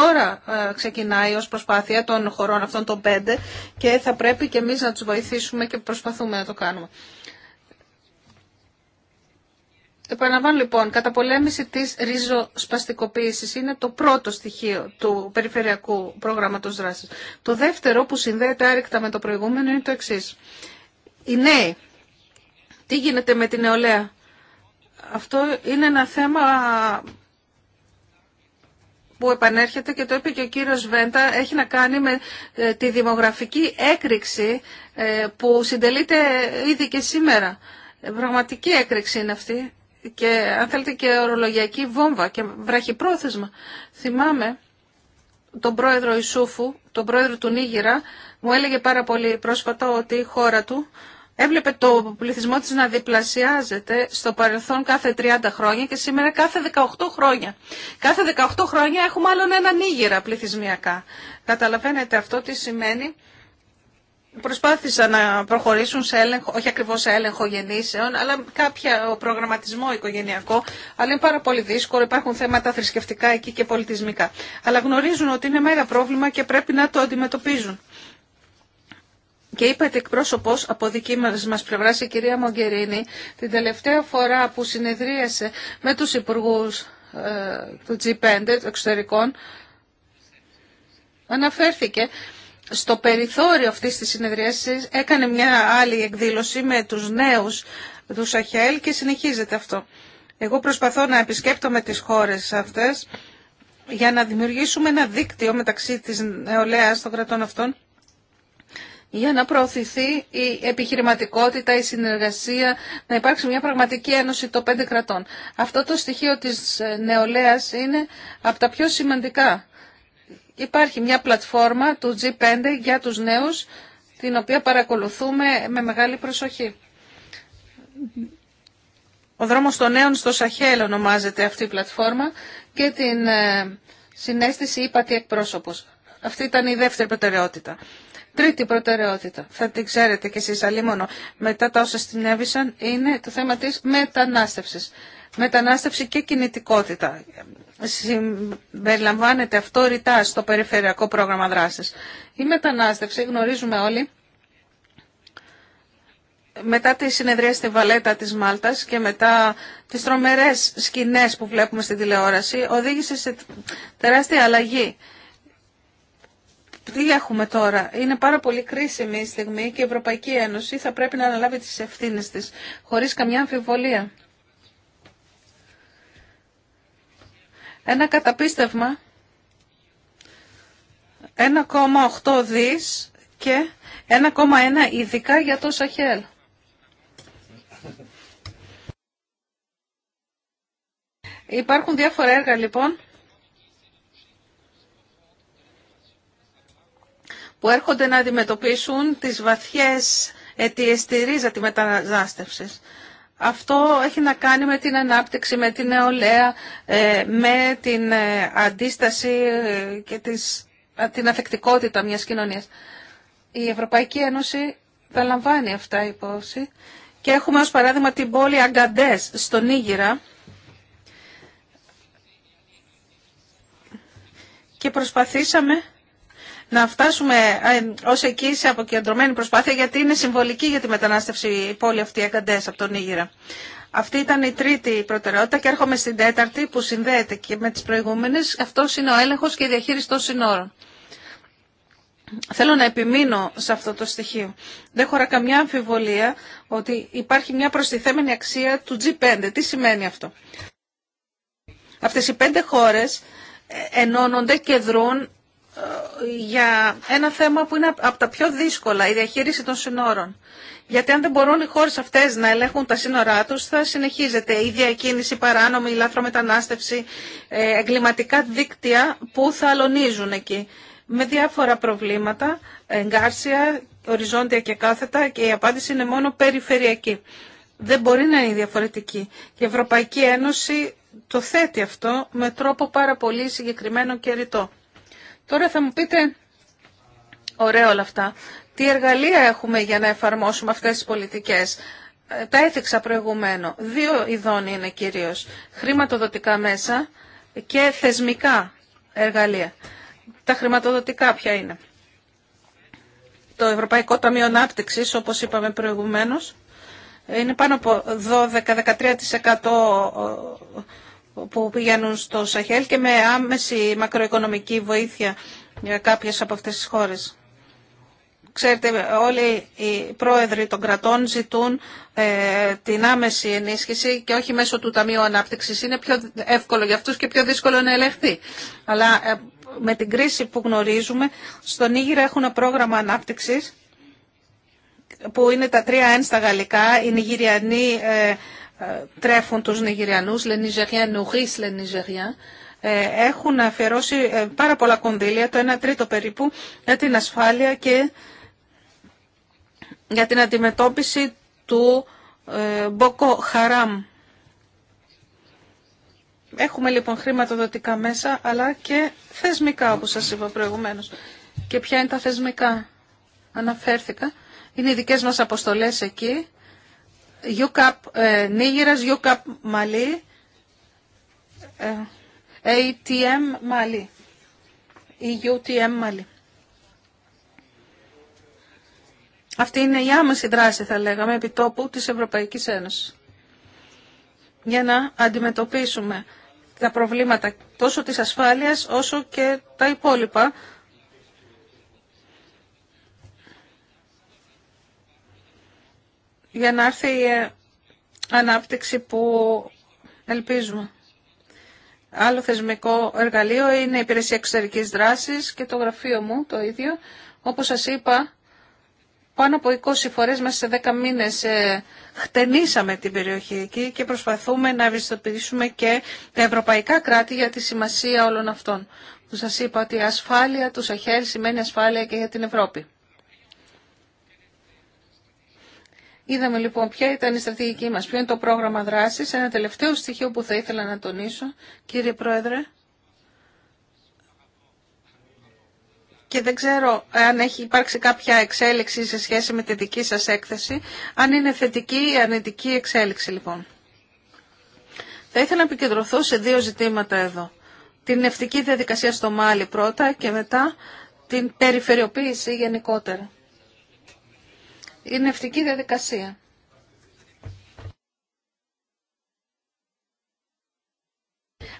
τώρα ε, ξεκινάει ως προσπάθεια των χωρών αυτών των πέντε και θα πρέπει και εμείς να τους βοηθήσουμε και προσπαθούμε να το κάνουμε. Επαναλαμβάνω λοιπόν, καταπολέμηση της ριζοσπαστικοποίησης είναι το πρώτο στοιχείο του περιφερειακού προγράμματος δράσης. Το δεύτερο που συνδέεται άρρηκτα με το προηγούμενο είναι το εξή. Οι νέοι, τι γίνεται με την νεολαία. Αυτό είναι ένα θέμα που επανέρχεται και το είπε και ο κύριος Βέντα, έχει να κάνει με ε, τη δημογραφική έκρηξη ε, που συντελείται ε, ήδη και σήμερα. Πραγματική έκρηξη είναι αυτή και αν θέλετε και ορολογιακή βόμβα και βραχυπρόθεσμα. Θυμάμαι τον πρόεδρο Ισούφου, τον πρόεδρο του Νίγηρα, μου έλεγε πάρα πολύ πρόσφατα ότι η χώρα του έβλεπε το πληθυσμό της να διπλασιάζεται στο παρελθόν κάθε 30 χρόνια και σήμερα κάθε 18 χρόνια. Κάθε 18 χρόνια έχουμε άλλον έναν νίγηρα πληθυσμιακά. Καταλαβαίνετε αυτό τι σημαίνει. Προσπάθησαν να προχωρήσουν σε έλεγχο, όχι ακριβώς σε έλεγχο γεννήσεων, αλλά κάποια προγραμματισμό οικογενειακό, αλλά είναι πάρα πολύ δύσκολο, υπάρχουν θέματα θρησκευτικά εκεί και πολιτισμικά. Αλλά γνωρίζουν ότι είναι μέγα πρόβλημα και πρέπει να το αντιμετωπίζουν. Και είπατε εκπρόσωπο από δική μα πλευρά, η κυρία Μογκερίνη, την τελευταία φορά που συνεδρίασε με ε, του υπουργού του G5 των εξωτερικών, αναφέρθηκε στο περιθώριο αυτή τη συνεδρίαση. έκανε μια άλλη εκδήλωση με του νέου του Σαχέλ και συνεχίζεται αυτό. Εγώ προσπαθώ να επισκέπτομαι τις χώρες αυτές για να δημιουργήσουμε ένα δίκτυο μεταξύ της νεολαία των κρατών αυτών για να προωθηθεί η επιχειρηματικότητα, η συνεργασία, να υπάρξει μια πραγματική ένωση των πέντε κρατών. Αυτό το στοιχείο της ε, νεολαίας είναι από τα πιο σημαντικά. Υπάρχει μια πλατφόρμα του G5 για τους νέους, την οποία παρακολουθούμε με μεγάλη προσοχή. Ο δρόμος των νέων στο Σαχέλ ονομάζεται αυτή η πλατφόρμα και την ε, συνέστηση τι εκπρόσωπος. Αυτή ήταν η δεύτερη προτεραιότητα. Τρίτη προτεραιότητα, θα την ξέρετε κι εσείς αλλήμωνο, μετά τα όσα συνέβησαν, είναι το θέμα της μετανάστευσης. Μετανάστευση και κινητικότητα. Συμπεριλαμβάνεται αυτό ρητά στο περιφερειακό πρόγραμμα δράσης. Η μετανάστευση, γνωρίζουμε όλοι, μετά τη συνεδρία στη Βαλέτα της Μάλτας και μετά τις τρομερές σκηνές που βλέπουμε στην τηλεόραση, οδήγησε σε τεράστια αλλαγή τι έχουμε τώρα. Είναι πάρα πολύ κρίσιμη η στιγμή και η Ευρωπαϊκή Ένωση θα πρέπει να αναλάβει τις ευθύνες της, χωρίς καμιά αμφιβολία. Ένα καταπίστευμα, 1,8 δις και 1,1 ειδικά για το Σαχέλ. Υπάρχουν διάφορα έργα λοιπόν που έρχονται να αντιμετωπίσουν τις βαθιές αιτίες τη ρίζα τη Αυτό έχει να κάνει με την ανάπτυξη, με την νεολαία, ε, με την ε, αντίσταση ε, και την αφεκτικότητα μιας κοινωνίας. Η Ευρωπαϊκή Ένωση τα λαμβάνει αυτά υπόψη και έχουμε ως παράδειγμα την πόλη Αγκαντές στο Νίγηρα και προσπαθήσαμε να φτάσουμε ε, ω εκεί σε αποκεντρωμένη προσπάθεια γιατί είναι συμβολική για τη μετανάστευση η πόλη αυτή Αγκαντές από τον Ήγηρα. Αυτή ήταν η τρίτη προτεραιότητα και έρχομαι στην τέταρτη που συνδέεται και με τις προηγούμενες. Αυτό είναι ο έλεγχος και η διαχείριση των συνόρων. Θέλω να επιμείνω σε αυτό το στοιχείο. Δεν χωρά καμιά αμφιβολία ότι υπάρχει μια προστιθέμενη αξία του G5. Τι σημαίνει αυτό. Αυτές οι πέντε χώρες ε, ενώνονται και δρούν για ένα θέμα που είναι από τα πιο δύσκολα, η διαχείριση των συνόρων. Γιατί αν δεν μπορούν οι χώρε αυτέ να ελέγχουν τα σύνορά του, θα συνεχίζεται η διακίνηση, παράνομη, η λάθρομετανάστευση, ε, εγκληματικά δίκτυα που θα αλωνίζουν εκεί. Με διάφορα προβλήματα, εγκάρσια, οριζόντια και κάθετα και η απάντηση είναι μόνο περιφερειακή. Δεν μπορεί να είναι διαφορετική. η Ευρωπαϊκή Ένωση το θέτει αυτό με τρόπο πάρα πολύ συγκεκριμένο και ρητό. Τώρα θα μου πείτε, ωραία όλα αυτά, τι εργαλεία έχουμε για να εφαρμόσουμε αυτές τις πολιτικές. Ε, τα έθιξα προηγουμένω. Δύο ειδών είναι κυρίως. Χρηματοδοτικά μέσα και θεσμικά εργαλεία. Τα χρηματοδοτικά ποια είναι. Το Ευρωπαϊκό Ταμείο Ανάπτυξης, όπως είπαμε προηγουμένως, είναι πάνω από 12-13% που πηγαίνουν στο Σαχέλ και με άμεση μακροοικονομική βοήθεια για κάποιες από αυτές τις χώρες. Ξέρετε, όλοι οι πρόεδροι των κρατών ζητούν ε, την άμεση ενίσχυση και όχι μέσω του Ταμείου Ανάπτυξης. Είναι πιο εύκολο για αυτούς και πιο δύσκολο να ελεγχθεί. Αλλά ε, με την κρίση που γνωρίζουμε, στον Ήγηρα έχουν ένα πρόγραμμα ανάπτυξης που είναι τα τρία εν στα γαλλικά. Οι Νιγηριανή... Ε, ε, τρέφουν τους Νιγηριανούς, les ε, έχουν αφιερώσει ε, πάρα πολλά κονδύλια, το 1 τρίτο περίπου, για την ασφάλεια και για την αντιμετώπιση του Μποκο Χαράμ. Έχουμε λοιπόν χρηματοδοτικά μέσα, αλλά και θεσμικά, όπως σας είπα προηγουμένως. Και ποια είναι τα θεσμικά, αναφέρθηκα. Είναι οι δικές μας αποστολές εκεί UCAP ε, Νίγηρας, UCAP Μαλή, ε, ATM Μαλή ή UTM Μαλή. Αυτή είναι η άμεση δράση, θα λέγαμε, επιτόπου της Ευρωπαϊκής Ένωσης. Για να αντιμετωπίσουμε τα προβλήματα τόσο της ασφάλειας όσο και τα υπόλοιπα για να έρθει η ε, ανάπτυξη που ελπίζουμε. Άλλο θεσμικό εργαλείο είναι η υπηρεσία εξωτερικής δράσης και το γραφείο μου το ίδιο. Όπως σας είπα, πάνω από 20 φορές μέσα σε 10 μήνες ε, χτενίσαμε την περιοχή εκεί και προσπαθούμε να ευαισθητοποιήσουμε και τα ευρωπαϊκά κράτη για τη σημασία όλων αυτών. Που σας είπα ότι η ασφάλεια του Σαχέλ σημαίνει ασφάλεια και για την Ευρώπη. Είδαμε λοιπόν ποια ήταν η στρατηγική μας, ποιο είναι το πρόγραμμα δράσης. Ένα τελευταίο στοιχείο που θα ήθελα να τονίσω, κύριε Πρόεδρε. Και δεν ξέρω αν έχει υπάρξει κάποια εξέλιξη σε σχέση με τη δική σας έκθεση, αν είναι θετική ή αρνητική εξέλιξη λοιπόν. Θα ήθελα να επικεντρωθώ σε δύο ζητήματα εδώ. Την ευτική διαδικασία στο Μάλι πρώτα και μετά την περιφερειοποίηση γενικότερα ευτική διαδικασία.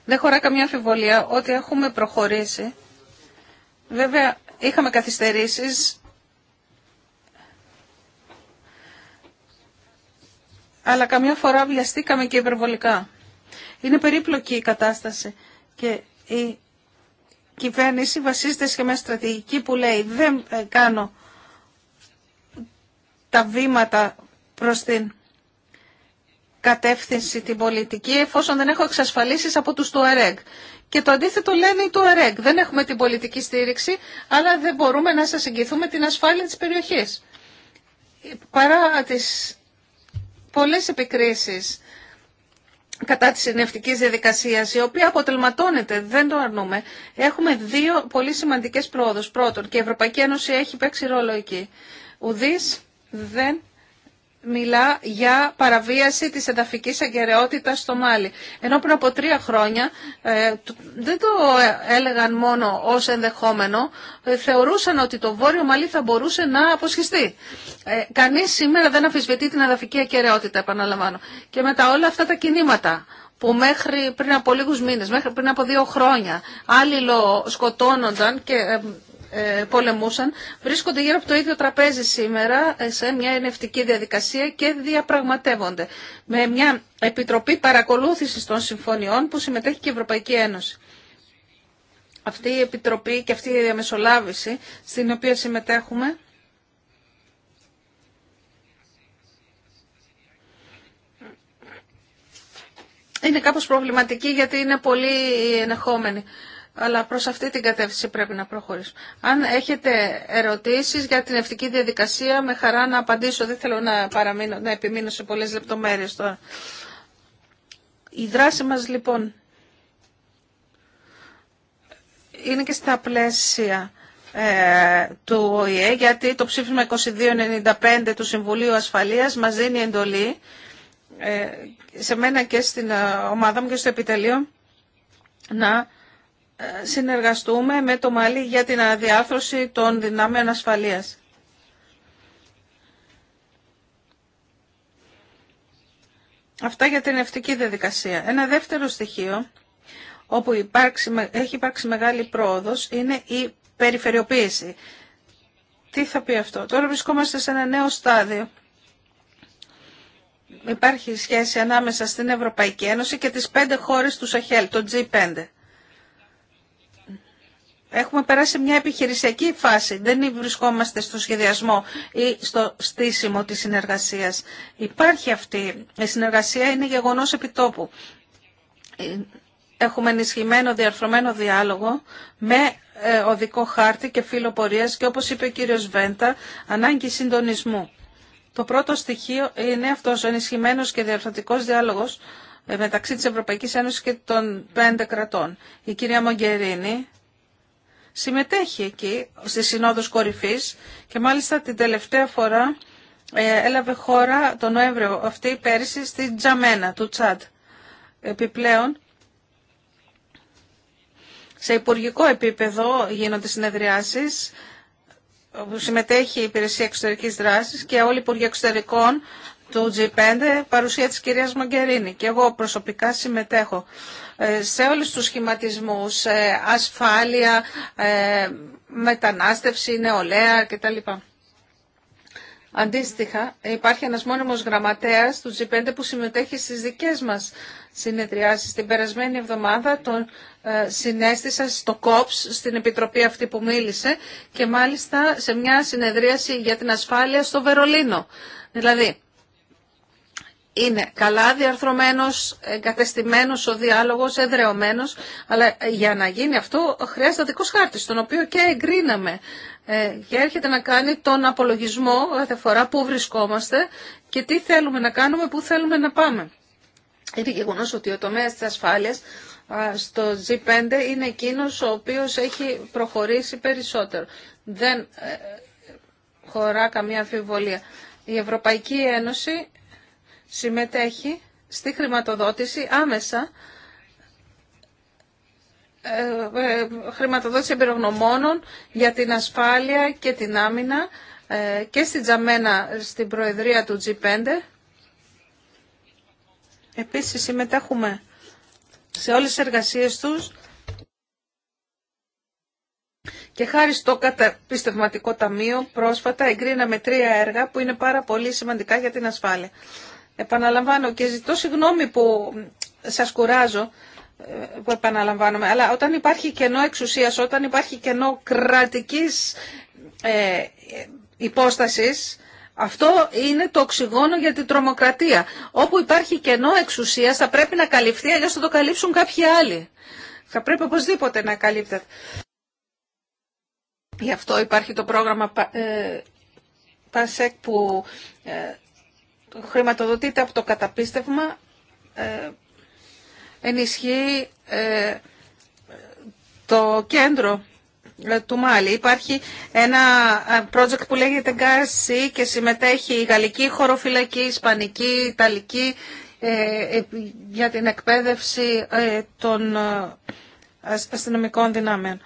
Δεν χωρά καμία αμφιβολία ότι έχουμε προχωρήσει. Βέβαια, είχαμε καθυστερήσεις, αλλά καμιά φορά βιαστήκαμε και υπερβολικά. Είναι περίπλοκη η κατάσταση και η κυβέρνηση βασίζεται σε μια στρατηγική που λέει δεν ε, κάνω τα βήματα προς την κατεύθυνση την πολιτική εφόσον δεν έχω εξασφαλίσεις από τους του ΕΡΕΚ. Και το αντίθετο λένε οι του ΕΡΕΚ. Δεν έχουμε την πολιτική στήριξη, αλλά δεν μπορούμε να σας εγγυηθούμε την ασφάλεια της περιοχής. Παρά τις πολλές επικρίσεις κατά της ενευτικής διαδικασίας, η οποία αποτελματώνεται, δεν το αρνούμε, έχουμε δύο πολύ σημαντικές πρόοδους. Πρώτον, και η Ευρωπαϊκή Ένωση έχει παίξει ρόλο εκεί. Ουδής δεν μιλά για παραβίαση της εδαφικής αγκαιρεότητας στο Μάλι. Ενώ πριν από τρία χρόνια ε, δεν το έλεγαν μόνο ως ενδεχόμενο, ε, θεωρούσαν ότι το Βόρειο Μάλι θα μπορούσε να αποσχιστεί. Ε, κανείς σήμερα δεν αφισβητεί την εδαφική αγκαιρεότητα, επαναλαμβάνω. Και μετά όλα αυτά τα κινήματα που μέχρι πριν από λίγους μήνες, μέχρι πριν από δύο χρόνια, άλλοι σκοτώνονταν και ε, ε, πολεμούσαν, βρίσκονται γύρω από το ίδιο τραπέζι σήμερα ε, σε μια ενευτική διαδικασία και διαπραγματεύονται με μια επιτροπή παρακολούθησης των συμφωνιών που συμμετέχει και η Ευρωπαϊκή Ένωση. Αυτή η επιτροπή και αυτή η διαμεσολάβηση στην οποία συμμετέχουμε είναι κάπως προβληματική γιατί είναι πολύ ενεχόμενη αλλά προς αυτή την κατεύθυνση πρέπει να προχωρήσουμε. Αν έχετε ερωτήσεις για την ευτική διαδικασία, με χαρά να απαντήσω. Δεν θέλω να, παραμείνω, να επιμείνω σε πολλές λεπτομέρειες τώρα. Η δράση μας λοιπόν είναι και στα πλαίσια ε, του ΟΗΕ, γιατί το ψήφισμα 2295 του Συμβουλίου Ασφαλείας μας δίνει εντολή ε, σε μένα και στην ε, ομάδα μου και στο επιτελείο να συνεργαστούμε με το Μαλί για την αναδιάρθρωση των δυνάμεων ασφαλείας. Αυτά για την ευτική διαδικασία. Ένα δεύτερο στοιχείο όπου υπάρξει, έχει υπάρξει μεγάλη πρόοδος είναι η περιφερειοποίηση. Τι θα πει αυτό. Τώρα βρισκόμαστε σε ένα νέο στάδιο. Υπάρχει σχέση ανάμεσα στην Ευρωπαϊκή Ένωση και τις πέντε χώρες του Σαχέλ, το G5. Έχουμε περάσει μια επιχειρησιακή φάση. Δεν βρισκόμαστε στο σχεδιασμό ή στο στήσιμο της συνεργασίας. Υπάρχει αυτή. Η συνεργασία είναι γεγονός επιτόπου. Έχουμε ενισχυμένο διαρθρωμένο διάλογο με ε, οδικό χάρτη και φύλλο πορείας και όπως είπε ο κύριος Βέντα, ανάγκη συντονισμού. Το πρώτο στοιχείο είναι αυτός ο ενισχυμένος και διαρθρωτικός διάλογος ε, μεταξύ της Ευρωπαϊκής Ένωσης και των πέντε κρατών. Η κυρία Μογκερίνη συμμετέχει εκεί στη Συνόδος κορυφής και μάλιστα την τελευταία φορά ε, έλαβε χώρα τον Νοέμβριο αυτή πέρυσι στη Τζαμένα του Τσάντ. Επιπλέον, σε υπουργικό επίπεδο γίνονται συνεδριάσεις συμμετέχει η Υπηρεσία Εξωτερικής Δράσης και όλοι οι Υπουργοί Εξωτερικών του G5 παρουσία της κυρίας Μαγκερίνη και εγώ προσωπικά συμμετέχω ε, σε όλους τους σχηματισμούς, ε, ασφάλεια, ε, μετανάστευση, νεολαία κτλ. Αντίστοιχα, υπάρχει ένας μόνιμος γραμματέας του G5 που συμμετέχει στις δικές μας συνεδριάσεις. Την περασμένη εβδομάδα τον συνέστησα στο ΚΟΠΣ, στην επιτροπή αυτή που μίλησε και μάλιστα σε μια συνεδρίαση για την ασφάλεια στο Βερολίνο. Δηλαδή, είναι καλά διαρθρωμένος, εγκατεστημένος ο διάλογος, εδρεωμένος, αλλά για να γίνει αυτό χρειάζεται δικός χάρτης, τον οποίο και εγκρίναμε ε, και έρχεται να κάνει τον απολογισμό κάθε φορά που βρισκόμαστε και τι θέλουμε να κάνουμε, πού θέλουμε να πάμε. Είναι γεγονό ότι ο τομέας της ασφάλειας στο G5 είναι εκείνος ο οποίος έχει προχωρήσει περισσότερο. Δεν ε, χωρά καμία αμφιβολία. Η Ευρωπαϊκή Ένωση συμμετέχει στη χρηματοδότηση άμεσα ε, ε, χρηματοδότηση εμπειρογνωμόνων για την ασφάλεια και την άμυνα ε, και στην Τζαμένα στην Προεδρία του G5. Επίσης συμμετέχουμε σε όλες τις εργασίες τους και χάρη στο καταπιστευματικό ταμείο πρόσφατα εγκρίναμε τρία έργα που είναι πάρα πολύ σημαντικά για την ασφάλεια. Επαναλαμβάνω και ζητώ συγγνώμη που σας κουράζω ε, που επαναλαμβάνομαι, αλλά όταν υπάρχει κενό εξουσίας, όταν υπάρχει κενό κρατικής ε, υπόστασης, αυτό είναι το οξυγόνο για την τρομοκρατία. Όπου υπάρχει κενό εξουσίας θα πρέπει να καλυφθεί, αλλιώς θα το καλύψουν κάποιοι άλλοι. Θα πρέπει οπωσδήποτε να καλύπτεται. Γι' αυτό υπάρχει το πρόγραμμα ε, ΠΑΣΕΚ που ε, χρηματοδοτείται από το καταπίστευμα, ε, ενισχύει ε, το κέντρο ε, του Μάλι. Υπάρχει ένα project που λέγεται Γκάρσι και συμμετέχει η γαλλική χωροφυλακή, η ισπανική, η ιταλική για την εκπαίδευση των αστυνομικών δυνάμεων.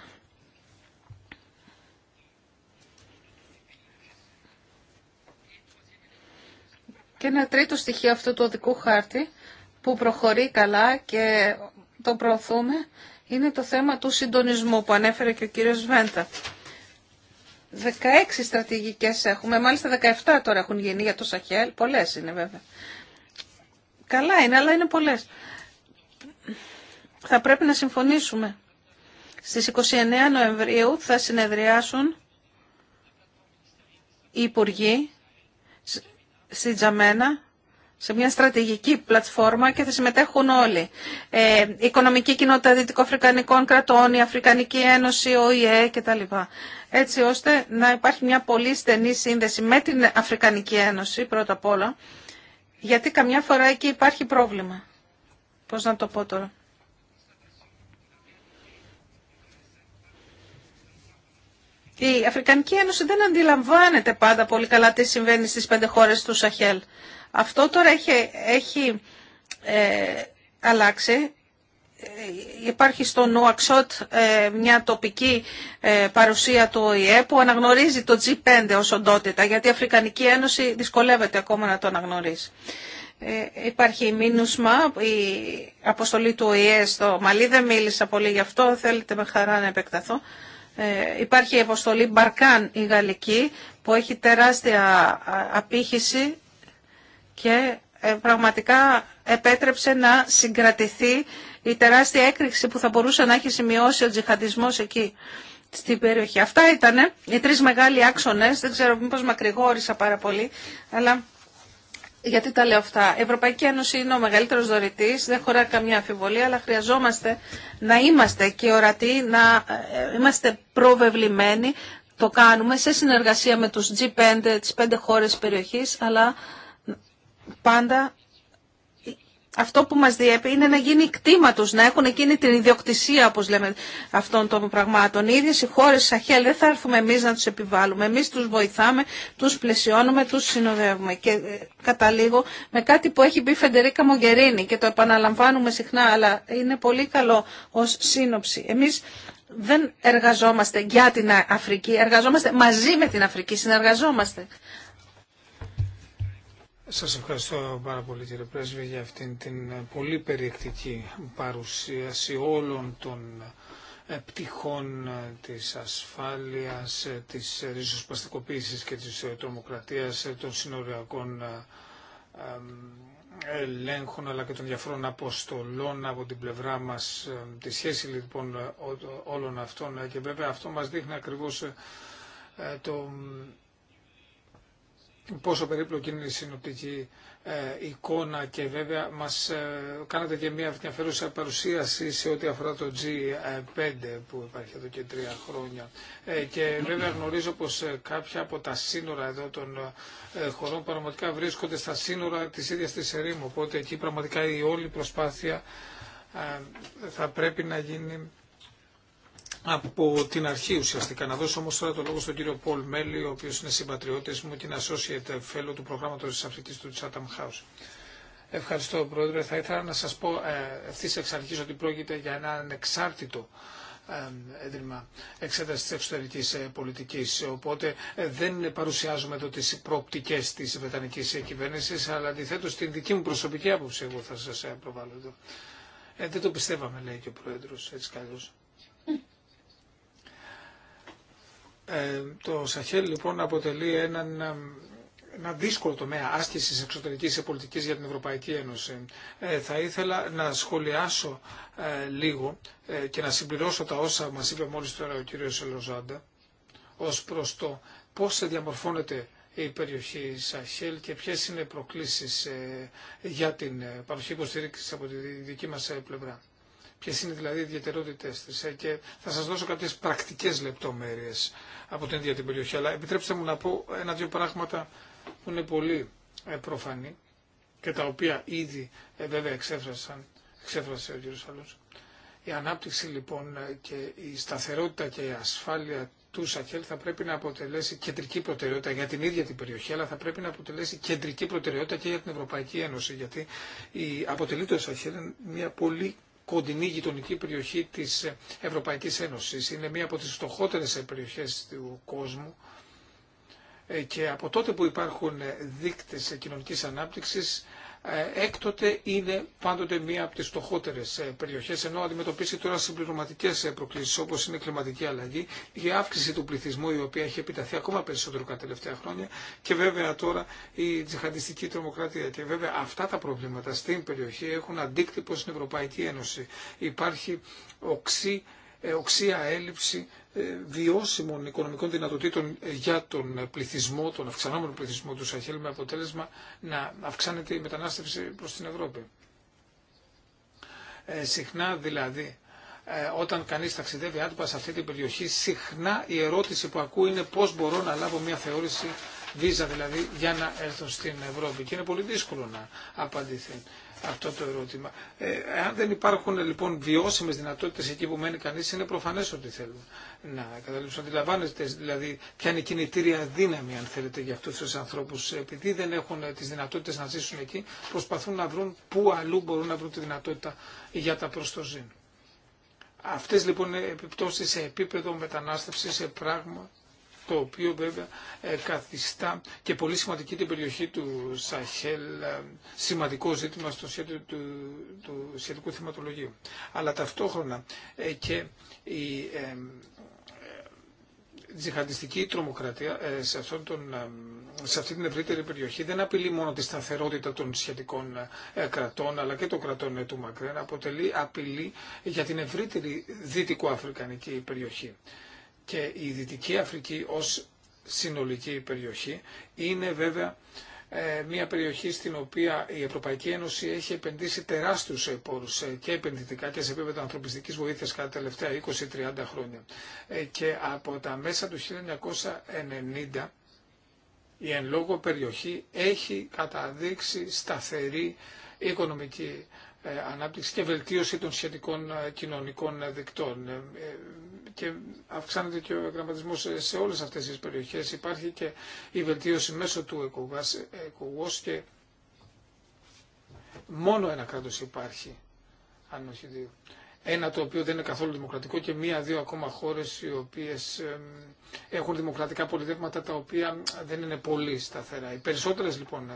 Και ένα τρίτο στοιχείο αυτού του οδικού χάρτη που προχωρεί καλά και το προωθούμε είναι το θέμα του συντονισμού που ανέφερε και ο κύριος Βέντα. 16 στρατηγικές έχουμε, μάλιστα 17 τώρα έχουν γίνει για το Σαχέλ, πολλές είναι βέβαια. Καλά είναι, αλλά είναι πολλές. Θα πρέπει να συμφωνήσουμε. Στις 29 Νοεμβρίου θα συνεδριάσουν οι Υπουργοί στην Τζαμένα σε μια στρατηγική πλατφόρμα και θα συμμετέχουν όλοι. Ε, η Οικονομική Κοινότητα Δυτικοαφρικανικών Κρατών, η Αφρικανική Ένωση, ο ΙΕ κτλ. Έτσι ώστε να υπάρχει μια πολύ στενή σύνδεση με την Αφρικανική Ένωση πρώτα απ' όλα, γιατί καμιά φορά εκεί υπάρχει πρόβλημα. Πώς να το πω τώρα. Η Αφρικανική Ένωση δεν αντιλαμβάνεται πάντα πολύ καλά τι συμβαίνει στις πέντε χώρες του Σαχέλ. Αυτό τώρα έχει, έχει ε, αλλάξει. Ε, υπάρχει στο Νουαξότ ε, μια τοπική παρουσία του ΟΗΕ που αναγνωρίζει το G5 ως οντότητα, γιατί η Αφρικανική Ένωση δυσκολεύεται ακόμα να το αναγνωρίσει. Υπάρχει η Μίνουσμα, η αποστολή του ΟΗΕ στο Μαλί, δεν μίλησα πολύ γι' αυτό, θέλετε με χαρά να επεκταθώ. Ε, υπάρχει η αποστολή Μπαρκάν η γαλλική που έχει τεράστια απήχηση και ε, πραγματικά επέτρεψε να συγκρατηθεί η τεράστια έκρηξη που θα μπορούσε να έχει σημειώσει ο τζιχαντισμός εκεί στην περιοχή. Αυτά ήταν οι τρεις μεγάλοι άξονες, δεν ξέρω μήπως μακρηγόρησα πάρα πολύ, αλλά γιατί τα λέω αυτά. Η Ευρωπαϊκή Ένωση είναι ο μεγαλύτερος δωρητής, δεν χωρά καμία αμφιβολία, αλλά χρειαζόμαστε να είμαστε και ορατοί, να ε, είμαστε προβεβλημένοι. Το κάνουμε σε συνεργασία με τους G5, τις πέντε χώρες περιοχής, αλλά πάντα αυτό που μας διέπει είναι να γίνει κτήμα τους, να έχουν εκείνη την ιδιοκτησία, όπως λέμε, αυτών των πραγμάτων. Οι ίδιες οι χώρες Σαχέλ δεν θα έρθουμε εμείς να τους επιβάλλουμε. Εμείς τους βοηθάμε, τους πλαισιώνουμε, τους συνοδεύουμε. Και ε, καταλήγω με κάτι που έχει μπει Φεντερίκα Μογκερίνη και το επαναλαμβάνουμε συχνά, αλλά είναι πολύ καλό ως σύνοψη. Εμείς δεν εργαζόμαστε για την Αφρική, εργαζόμαστε μαζί με την Αφρική, συνεργαζόμαστε. Σας ευχαριστώ πάρα πολύ κύριε Πρέσβη για αυτήν την ε, πολύ περιεκτική παρουσίαση όλων των ε, πτυχών ε, της ασφάλειας, της ριζοσπαστικοποίησης και της τρομοκρατίας, των συνοριακών ελέγχων αλλά και των διαφορών αποστολών από την πλευρά μας, τη σχέση λοιπόν όλων αυτών και βέβαια αυτό μας δείχνει ακριβώς το πόσο περίπλοκη είναι η συνοπτική ε, εικόνα και βέβαια μας ε, κάνατε και μια ενδιαφέρουσα παρουσίαση σε ό,τι αφορά το G5 που υπάρχει εδώ και τρία χρόνια ε, και βέβαια γνωρίζω πως κάποια από τα σύνορα εδώ των χωρών πραγματικά βρίσκονται στα σύνορα της ίδιας της ερήμου οπότε εκεί πραγματικά η όλη προσπάθεια θα πρέπει να γίνει από την αρχή ουσιαστικά. Να δώσω όμω τώρα το λόγο στον κύριο Πολ Μέλη, ο οποίο είναι συμπατριώτης μου και είναι associate fellow του προγράμματο τη Αφρική του Chatham House. Ευχαριστώ Πρόεδρε. Θα ήθελα να σα πω ε, ευθύ εξ αρχή ότι πρόκειται για ένα ανεξάρτητο Έδρυμα ε, Εξέταση τη Εξωτερική ε, Πολιτική. Οπότε δεν παρουσιάζουμε εδώ τι προοπτικέ τη Βρετανική κυβέρνηση, αλλά αντιθέτω την δική μου προσωπική άποψη εγώ θα σα προβάλλω εδώ. Ε, δεν το πιστεύαμε, λέει και ο Πρόεδρο, έτσι καλώ. Ε, το Σαχέλ λοιπόν αποτελεί έναν ένα δύσκολο τομέα άσκησης εξωτερικής πολιτικής για την Ευρωπαϊκή Ένωση. Ε, θα ήθελα να σχολιάσω ε, λίγο και να συμπληρώσω τα όσα μας είπε μόλις τώρα ο κύριος Ελοζάντα ως προς το πώς διαμορφώνεται η περιοχή Σαχέλ και ποιες είναι οι προκλήσεις για την παροχή υποστήριξη από τη δική μας πλευρά ποιε είναι δηλαδή οι τη της ε, και θα σα δώσω κάποιε πρακτικέ λεπτομέρειε από την ίδια την περιοχή. Αλλά επιτρέψτε μου να πω ένα-δύο πράγματα που είναι πολύ ε, προφανή και τα οποία ήδη ε, βέβαια εξέφρασαν, εξέφρασε ο κ. Σαλό. Η ανάπτυξη λοιπόν και η σταθερότητα και η ασφάλεια του Σαχέλ θα πρέπει να αποτελέσει κεντρική προτεραιότητα για την ίδια την περιοχή, αλλά θα πρέπει να αποτελέσει κεντρική προτεραιότητα και για την Ευρωπαϊκή Ένωση, γιατί η αποτελεί το Σαχέλ μια πολύ κοντινή γειτονική περιοχή της Ευρωπαϊκής Ένωσης. Είναι μία από τις φτωχότερε περιοχές του κόσμου ε, και από τότε που υπάρχουν δείκτες κοινωνικής ανάπτυξης ε, έκτοτε είναι πάντοτε μία από τις στοχότερες ε, περιοχές, ενώ αντιμετωπίσει τώρα συμπληρωματικές ε, προκλήσεις όπως είναι η κλιματική αλλαγή, η αύξηση του πληθυσμού η οποία έχει επιταθεί ακόμα περισσότερο κατά τελευταία χρόνια και βέβαια τώρα η τζιχαντιστική τρομοκρατία. Και βέβαια αυτά τα προβλήματα στην περιοχή έχουν αντίκτυπο στην Ευρωπαϊκή Ένωση. Υπάρχει οξύ, οξία έλλειψη ε, βιώσιμων οικονομικών δυνατοτήτων ε, για τον ε, πληθυσμό, τον αυξανόμενο πληθυσμό του Σαχέλ με αποτέλεσμα να αυξάνεται η μετανάστευση προς την Ευρώπη. συχνά δηλαδή όταν κανείς ταξιδεύει άτυπα σε αυτή την περιοχή συχνά η ερώτηση που ακούει είναι πώς μπορώ να λάβω μια θεώρηση βίζα δηλαδή για να έρθω στην Ευρώπη και είναι πολύ δύσκολο να απαντηθεί αυτό το ερώτημα. Ε, αν δεν υπάρχουν λοιπόν βιώσιμες δυνατότητες εκεί που μένει κανείς είναι προφανές ότι θέλουν να καταλήψουν. Αντιλαμβάνεστε δηλαδή ποια είναι η κινητήρια δύναμη, αν θέλετε, για αυτού του ανθρώπου. Επειδή δεν έχουν τι δυνατότητε να ζήσουν εκεί, προσπαθούν να βρουν πού αλλού μπορούν να βρουν τη δυνατότητα για τα προ το ζήν. Αυτέ λοιπόν είναι επιπτώσει σε επίπεδο μετανάστευση, σε πράγμα το οποίο βέβαια ε, καθιστά και πολύ σημαντική την περιοχή του Σαχέλ, ε, σημαντικό ζήτημα στο σχέδιο του, του σχετικού θεματολογίου. Αλλά ταυτόχρονα ε, και η τζιχαντιστική τρομοκρατία ε, σε, αυτόν τον, ε, σε αυτή την ευρύτερη περιοχή δεν απειλεί μόνο τη σταθερότητα των σχετικών ε, κρατών αλλά και των κρατών του Μακρέν, αποτελεί απειλή για την ευρύτερη δυτικοαφρικανική περιοχή. Και η Δυτική Αφρική ως συνολική περιοχή είναι βέβαια ε, μια περιοχή στην οποία η Ευρωπαϊκή Ένωση έχει επενδύσει τεράστιους πόρους ε, και επενδυτικά και σε επίπεδο ανθρωπιστικής βοήθειας κατά τα τελευταία 20-30 χρόνια. Ε, και από τα μέσα του 1990 η εν λόγω περιοχή έχει καταδείξει σταθερή οικονομική ανάπτυξη και βελτίωση των σχετικών κοινωνικών δικτών και αυξάνεται και ο εγγραμματισμός σε όλες αυτές τις περιοχές. Υπάρχει και η βελτίωση μέσω του ΕΚΟΓΟΣ και μόνο ένα κράτο υπάρχει, αν όχι ένα το οποίο δεν είναι καθόλου δημοκρατικό και μία-δύο ακόμα χώρες οι οποίες έχουν δημοκρατικά πολιτεύματα τα οποία δεν είναι πολύ σταθερά. Οι περισσότερες λοιπόν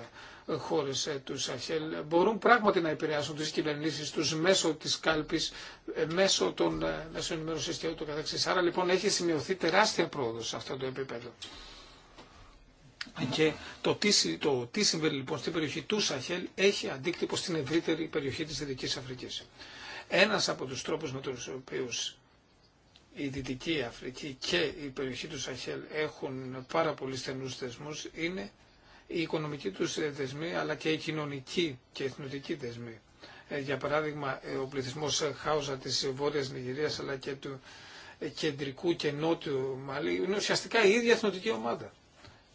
ε, χώρες ε, του Σαχέλ μπορούν πράγματι να επηρεάσουν τις κυβερνήσεις τους μέσω της κάλπης, ε, μέσω των μέσω ενημέρωση και ούτω καθεξής. Άρα λοιπόν έχει σημειωθεί τεράστια πρόοδος σε αυτό το επίπεδο. Και το τι, το τι συμβαίνει λοιπόν στην περιοχή του Σαχέλ έχει αντίκτυπο στην ευρύτερη περιοχή της Δυτικής Αφρική. Ένας από τους τρόπους με τους οποίους η Δυτική Αφρική και η περιοχή του Σαχέλ έχουν πάρα πολύ στενούς θεσμούς είναι η οικονομική τους δεσμή αλλά και η κοινωνική και εθνοτική δεσμή. Ε, για παράδειγμα, ε, ο πληθυσμός Χάουζα της Βόρειας Νιγηρίας αλλά και του κεντρικού και νότιου Μαλή είναι ουσιαστικά η ίδια εθνωτική ομάδα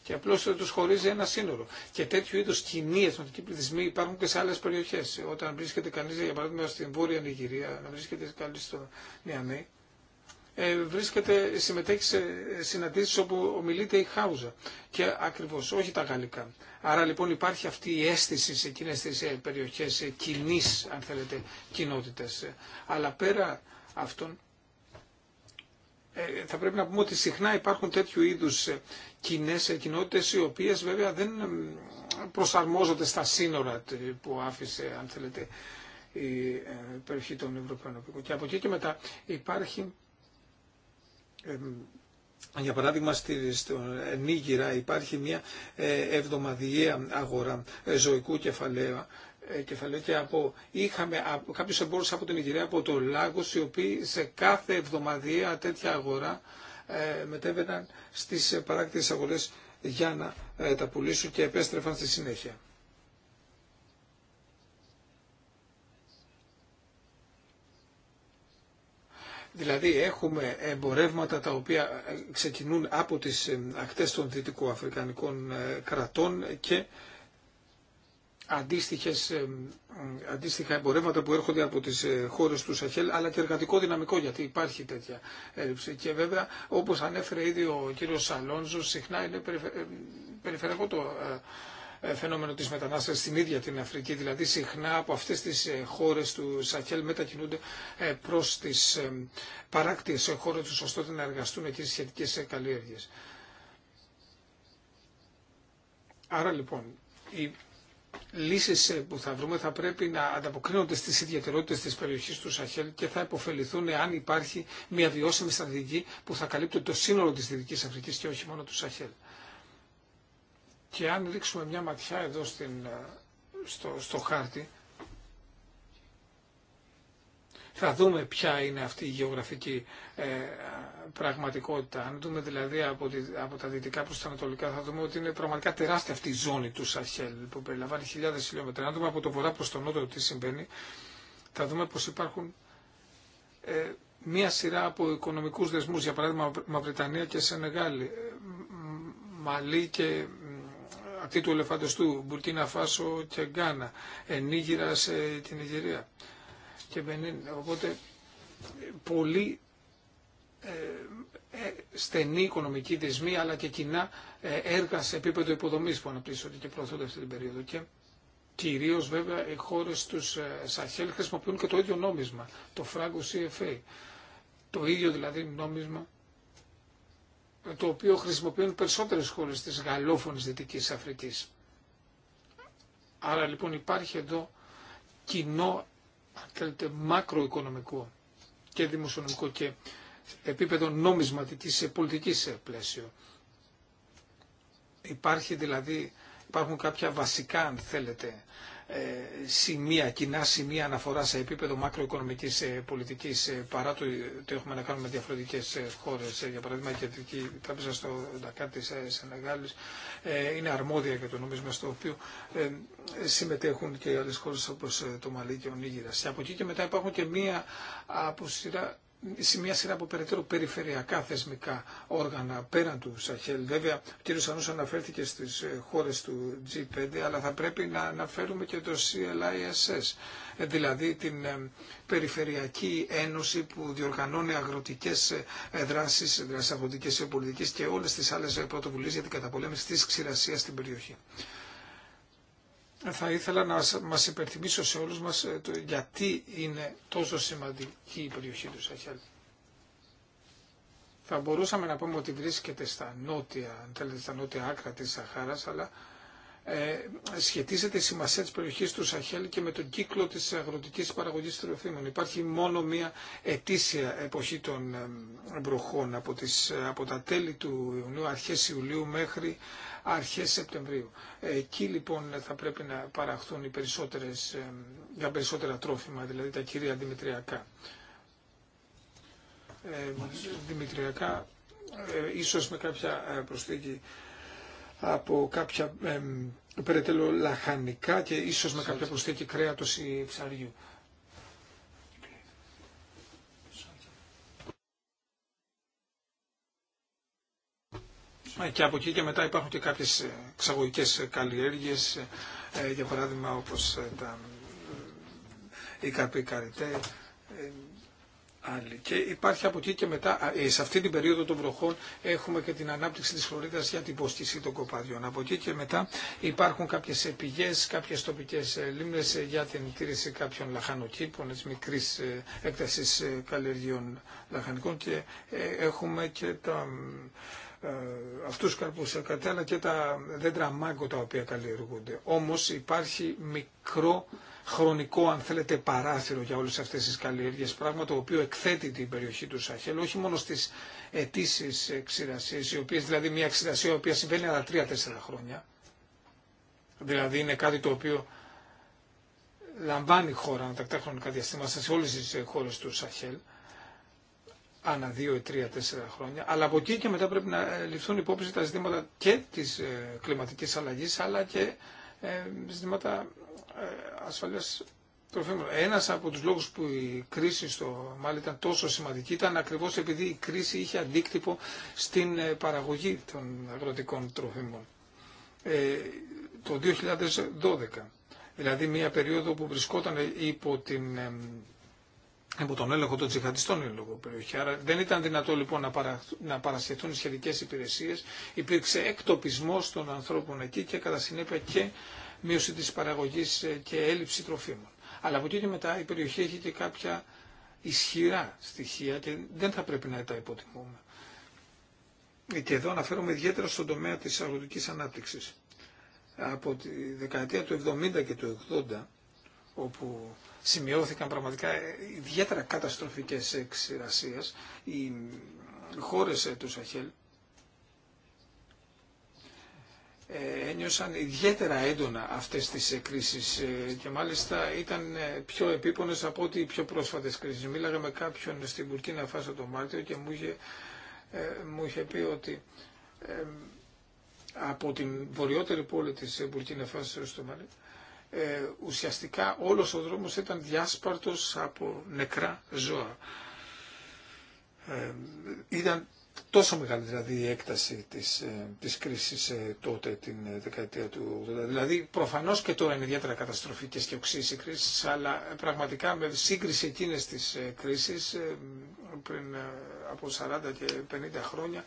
και απλώ του χωρίζει ένα σύνολο Και τέτοιου είδου κοινοί εθνοτικοί πληθυσμοί υπάρχουν και σε άλλε περιοχέ. Όταν βρίσκεται κανεί, για παράδειγμα, στην Βόρεια Νιγηρία, να βρίσκεται κανεί στο Νιαμέ, ε, βρίσκεται, συμμετέχει σε συναντήσει όπου ομιλείται η Χάουζα. Και ακριβώ, όχι τα γαλλικά. Άρα λοιπόν υπάρχει αυτή η αίσθηση σε εκείνε τι ε, περιοχέ κοινή, αν θέλετε, κοινότητε. Ε, αλλά πέρα αυτών ε, θα πρέπει να πούμε ότι συχνά υπάρχουν τέτοιου είδους ε, κοινέ ε, κοινότητε, οι οποίες βέβαια δεν προσαρμόζονται στα σύνορα που άφησε αν θέλετε η περιοχή των Ευρωπαίων Και από εκεί και μετά υπάρχει για παράδειγμα, στη Νίγηρα υπάρχει μια εβδομαδιαία αγορά ζωικού κεφαλαίου ε, και από, είχαμε κάποιου εμπόρους από την Ιγυρία, από το Λάγος, οι οποίοι σε κάθε εβδομαδιαία τέτοια αγορά ε, μετέβαιναν στις παράκτητες αγορέ για να ε, τα πουλήσουν και επέστρεφαν στη συνέχεια. Δηλαδή έχουμε εμπορεύματα τα οποία ξεκινούν από τις ακτές των δυτικοαφρικανικών κρατών και αντίστοιχες, ε, ε, αντίστοιχα εμπορεύματα που έρχονται από τις ε, χώρες του Σαχέλ, αλλά και εργατικό δυναμικό, γιατί υπάρχει τέτοια έλλειψη. Και βέβαια, όπως ανέφερε ήδη ο κύριος Σαλόνζο, συχνά είναι περιφερειακό το φαινόμενο της μετανάστευσης στην ίδια την Αφρική. Δηλαδή συχνά από αυτές τις χώρες του Σαχέλ μετακινούνται προς τις παράκτιες χώρες του ώστε να εργαστούν εκεί στις σχετικές καλλιέργειες. Άρα λοιπόν, η Λύσει ε, που θα βρούμε θα πρέπει να ανταποκρίνονται στις ιδιαιτερότητε της περιοχής του Σαχέλ και θα υποφεληθούν αν υπάρχει μια βιώσιμη στρατηγική που θα καλύπτει το σύνολο της Δυτικής Αφρικής και όχι μόνο του Σαχέλ. Και αν ρίξουμε μια ματιά εδώ στην, ε, στο, στο χάρτη, θα δούμε ποια είναι αυτή η γεωγραφική ε, πραγματικότητα. Αν δούμε δηλαδή από, τη, από τα δυτικά προς τα ανατολικά θα δούμε ότι είναι πραγματικά τεράστια αυτή η ζώνη του Σαχέλ που περιλαμβάνει χιλιάδες χιλιόμετρα. Αν δούμε από το βορρά προς τον νότο τι συμβαίνει θα δούμε πως υπάρχουν ε, μία σειρά από οικονομικούς δεσμούς, για παράδειγμα Μαυριτανία και Σενεγάλη, ε, Μαλή και ακτή του Ελεφαντεστού, Μπουρκίνα Φάσο και Γκάνα, σε την Νιγηρία και Οπότε πολύ ε, ε, στενή οικονομική δεσμή αλλά και κοινά ε, έργα σε επίπεδο υποδομής που αναπτύσσονται και προωθούνται αυτή την περίοδο. Και κυρίως βέβαια οι χώρες τους Σαχέλ χρησιμοποιούν και το ίδιο νόμισμα, το φράγκο CFA. Το ίδιο δηλαδή νόμισμα το οποίο χρησιμοποιούν περισσότερες χώρες της γαλλόφωνης Δυτικής Αφρικής. Άρα λοιπόν υπάρχει εδώ κοινό θέλετε, μακροοικονομικό και δημοσιονομικό και επίπεδο πολιτική πολιτικής ε, πλαίσιο. Υπάρχει δηλαδή, υπάρχουν κάποια βασικά, αν θέλετε, σημεία, κοινά σημεία αναφορά σε επίπεδο μακροοικονομικής ε, πολιτικής ε, παρά το ότι έχουμε να κάνουμε διαφορετικές ε, χώρες. Για παράδειγμα η Κεντρική Τράπεζα στο Ντακάρ της Σενεγάλης είναι αρμόδια για το νόμισμα στο οποίο συμμετέχουν και άλλες χώρες όπως το Μαλί και ο Νίγηρας. Και από εκεί και μετά υπάρχουν και μία από σε μια σειρά από περαιτέρω περιφερειακά θεσμικά όργανα πέραν του Σαχέλ. Βέβαια, ο κ. Σανούς αναφέρθηκε στις ε, χώρες του G5, αλλά θα πρέπει να αναφέρουμε και το CLISS, ε, δηλαδή την ε, Περιφερειακή Ένωση που διοργανώνει αγροτικές δράσεις, δράσεις αγροτικές πολιτικές και όλες τις άλλες πρωτοβουλίες για την καταπολέμηση της ξηρασίας στην περιοχή θα ήθελα να μας υπερθυμίσω σε όλους μας ε, το γιατί είναι τόσο σημαντική η περιοχή του Σαχέλ. Θα μπορούσαμε να πούμε ότι βρίσκεται στα νότια, θέλετε, στα νότια άκρα της Σαχάρας, αλλά ε, σχετίζεται η σημασία της περιοχής του Σαχέλ και με τον κύκλο της αγροτικής παραγωγής τροφίμων. Υπάρχει μόνο μία ετήσια εποχή των ε, βροχών από, τις, ε, από τα τέλη του Ιουνίου, αρχές Ιουλίου μέχρι αρχές Σεπτεμβρίου. Εκεί λοιπόν θα πρέπει να παραχθούν οι περισσότερες, ε, για περισσότερα τρόφιμα, δηλαδή τα κυρία Δημητριακά. Ε, δημητριακά, ε, ίσως με κάποια ε, προσθήκη από κάποια ε, λαχανικά και ίσως με κάποια προσθήκη κρέατος ή ψαριού. Ε, και από εκεί και μετά υπάρχουν και κάποιες ε, εξαγωγικές ε, καλλιέργειες, για παράδειγμα όπως τα ΙΚΑΠΗ καριτέ, άλλοι. Και υπάρχει από εκεί και μετά, σε αυτή την περίοδο των βροχών έχουμε και την ανάπτυξη της χλωρίδας για την πόστιση των κοπαδιών. Από εκεί και μετά υπάρχουν κάποιες πηγές, κάποιες τοπικές λίμνες για την τήρηση κάποιων λαχανοκήπων, μικρής έκτασης καλλιεργείων λαχανικών και έχουμε και τα ε, αυτούς τους καρπούς, αλλά και τα δέντρα μάγκο τα οποία καλλιεργούνται. Όμως υπάρχει μικρό χρονικό αν θέλετε παράθυρο για όλες αυτές τις καλλιέργειες, πράγμα το οποίο εκθέτει την περιοχή του Σαχέλ, όχι μόνο στις αιτήσει ξηρασίες, οι οποίες, δηλαδή μια ξηρασία η οποία συμβαίνει ανά τρία-τέσσερα χρόνια. Δηλαδή είναι κάτι το οποίο λαμβάνει χώρα ανατακτά χρονικά διαστήματα σε όλες τις χώρες του Σαχέλ ανά δύο ή τρία τέσσερα χρόνια, αλλά από εκεί και μετά πρέπει να ε, ληφθούν υπόψη τα ζητήματα και της ε, κλιματικής αλλαγής, αλλά και ε, ζητήματα ασφαλείας τροφίμων. Ένας από τους λόγους που η κρίση στο Μάλι ήταν τόσο σημαντική ήταν ακριβώς επειδή η κρίση είχε αντίκτυπο στην παραγωγή των αγροτικών τροφίμων. το 2012, δηλαδή μια περίοδο που βρισκόταν υπό την από τον έλεγχο των τζιχαντιστών είναι λόγω περιοχή. Άρα δεν ήταν δυνατό λοιπόν να, παρα, να παρασχεθούν σχετικές υπηρεσίες. Υπήρξε εκτοπισμός των ανθρώπων εκεί και κατά συνέπεια και μείωση της παραγωγής ε, και έλλειψη τροφίμων. Αλλά από εκεί και μετά η περιοχή έχει και κάποια ισχυρά στοιχεία και δεν θα πρέπει να τα υποτιμούμε. Και εδώ αναφέρομαι ιδιαίτερα στον τομέα της αγροτικής ανάπτυξης. Από τη δεκαετία του 70 και του 80 όπου σημειώθηκαν πραγματικά ιδιαίτερα καταστροφικές εξηρασίες, οι χώρες του Σαχέλ ε, ένιωσαν ιδιαίτερα έντονα αυτές τις κρίσεις ε, και μάλιστα ήταν ε, πιο επίπονες από ό,τι οι πιο πρόσφατες κρίσεις. Μίλαγα με κάποιον στην Πουρκίνα Φάσο το Μάρτιο και μου είχε, πει ότι από την βορειότερη πόλη της Μπουρκίνα Φάσο στο Μάρτιο. Ε, ουσιαστικά όλος ο δρόμος ήταν διάσπαρτος από νεκρά ζώα. Ε, ήταν τόσο μεγάλη δηλαδή η έκταση της, ε, της κρίσης τότε την δεκαετία του 80. Δηλαδή προφανώς και τώρα είναι ιδιαίτερα καταστροφικές και οξύς οι κρίσεις, αλλά πραγματικά με σύγκριση εκείνες της κρίσης πριν από 40 και 50 χρόνια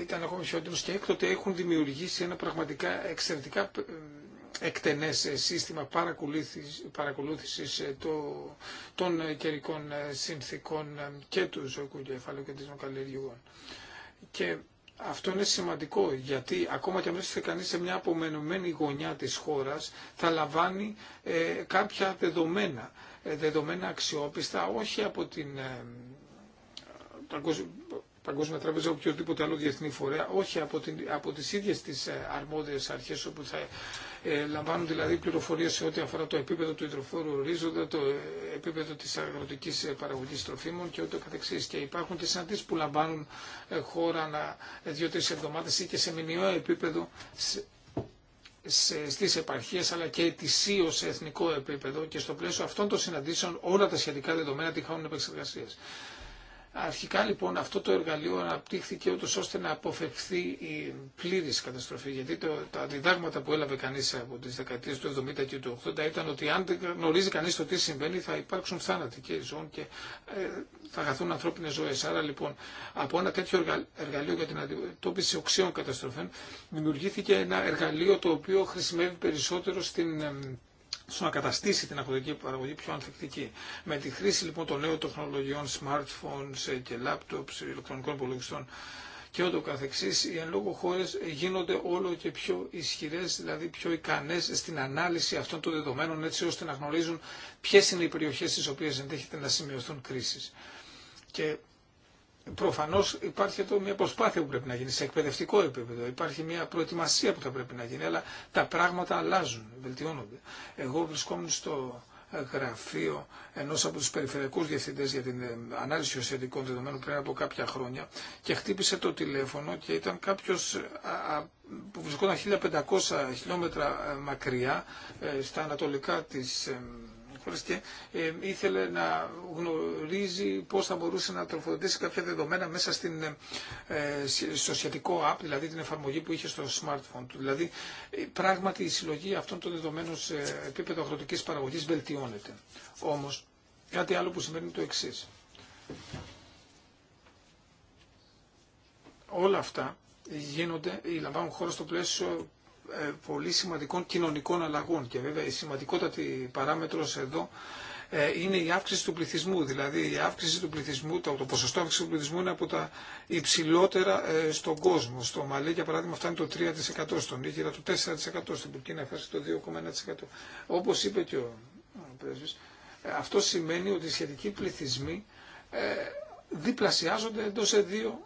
ήταν ακόμη χειρότερο και έκτοτε έχουν δημιουργήσει ένα πραγματικά εξαιρετικά εκτενές σύστημα παρακολούθησης, παρακολούθησης ε, των ε, καιρικών ε, συνθήκων και του ζωικού κεφαλαίου και της νοκαλλιεργιών. Και αυτό είναι σημαντικό γιατί ακόμα και αν βρίσκεται κανείς σε μια απομενωμένη γωνιά της χώρας θα λαμβάνει κάποια δεδομένα, δεδομένα αξιόπιστα όχι από την, ε, Παγκόσμια Τράπεζα, οποιοδήποτε άλλο διεθνή φορέα, όχι από, την, από τις ίδιες τις ε, αρμόδιες αρχές όπου θα ε, λαμβάνουν δηλαδή πληροφορίες σε ό,τι αφορά το επίπεδο του υδροφόρου ορίζοντα, το ε, επίπεδο της αγροτικής παραγωγής τροφίμων και ό,τι καθεξής. Και υπάρχουν και συναντήσεις που λαμβάνουν χώρα δύο-τρεις εβδομάδες ή και σε μηνιαίο επίπεδο στις επαρχίες αλλά και ετησίω σε εθνικό επίπεδο και στο πλαίσιο αυτών των συναντήσεων όλα τα σχετικά δεδομένα τυχάνουν επεξεργασία. Αρχικά λοιπόν αυτό το εργαλείο αναπτύχθηκε ούτω ώστε να αποφευχθεί η πλήρης καταστροφή γιατί το, τα διδάγματα που έλαβε κανείς από τις δεκαετίες του 70 και του 80 ήταν ότι αν δεν γνωρίζει κανείς το τι συμβαίνει θα υπάρξουν θάνατοι και ζώων και ε, θα χαθούν ανθρώπινες ζωές. Άρα λοιπόν από ένα τέτοιο εργαλείο για την αντιμετώπιση οξύων καταστροφών δημιουργήθηκε ένα εργαλείο το οποίο χρησιμεύει περισσότερο στην στο να καταστήσει την αγροτική παραγωγή πιο ανθεκτική. Με τη χρήση λοιπόν των νέων τεχνολογιών, smartphones και laptops, ηλεκτρονικών υπολογιστών και ούτω καθεξής, οι εν λόγω χώρες γίνονται όλο και πιο ισχυρές, δηλαδή πιο ικανές στην ανάλυση αυτών των δεδομένων, έτσι ώστε να γνωρίζουν ποιες είναι οι περιοχές στις οποίες ενδέχεται να σημειωθούν κρίσεις. Και Προφανώ υπάρχει εδώ μια προσπάθεια που πρέπει να γίνει σε εκπαιδευτικό επίπεδο, υπάρχει μια προετοιμασία που θα πρέπει να γίνει, αλλά τα πράγματα αλλάζουν, βελτιώνονται. Εγώ βρισκόμουν στο γραφείο ενό από του περιφερειακού διευθυντέ για την ε, ανάλυση ουσιαστικών δεδομένων πριν από κάποια χρόνια και χτύπησε το τηλέφωνο και ήταν κάποιο ε, που βρισκόταν 1500 χιλιόμετρα ε, μακριά στα ανατολικά τη και ε, ήθελε να γνωρίζει πώς θα μπορούσε να τροφοδοτήσει κάποια δεδομένα μέσα στην, ε, στο σχετικό app, δηλαδή την εφαρμογή που είχε στο smartphone του. Δηλαδή ε, πράγματι η συλλογή αυτών των δεδομένων σε επίπεδο αγροτικής παραγωγής βελτιώνεται. Όμως κάτι άλλο που σημαίνει το εξή. Όλα αυτά γίνονται ή λαμβάνουν χώρο στο πλαίσιο ε, πολύ σημαντικών κοινωνικών αλλαγών. Και βέβαια η σημαντικότατη παράμετρος εδώ ε, είναι η αύξηση του πληθυσμού. Δηλαδή η αύξηση του πληθυσμού, το, ποσοστό αύξηση του πληθυσμού είναι από τα υψηλότερα ε, στον κόσμο. Στο Μαλέ για παράδειγμα, φτάνει το 3%, στον Νίγηρα το 4%, στην Πουρκίνα έφτασε το 2,1%. Όπω είπε και ο, ο αυτό σημαίνει ότι οι σχετικοί πληθυσμοί διπλασιάζονται εντό σε δύο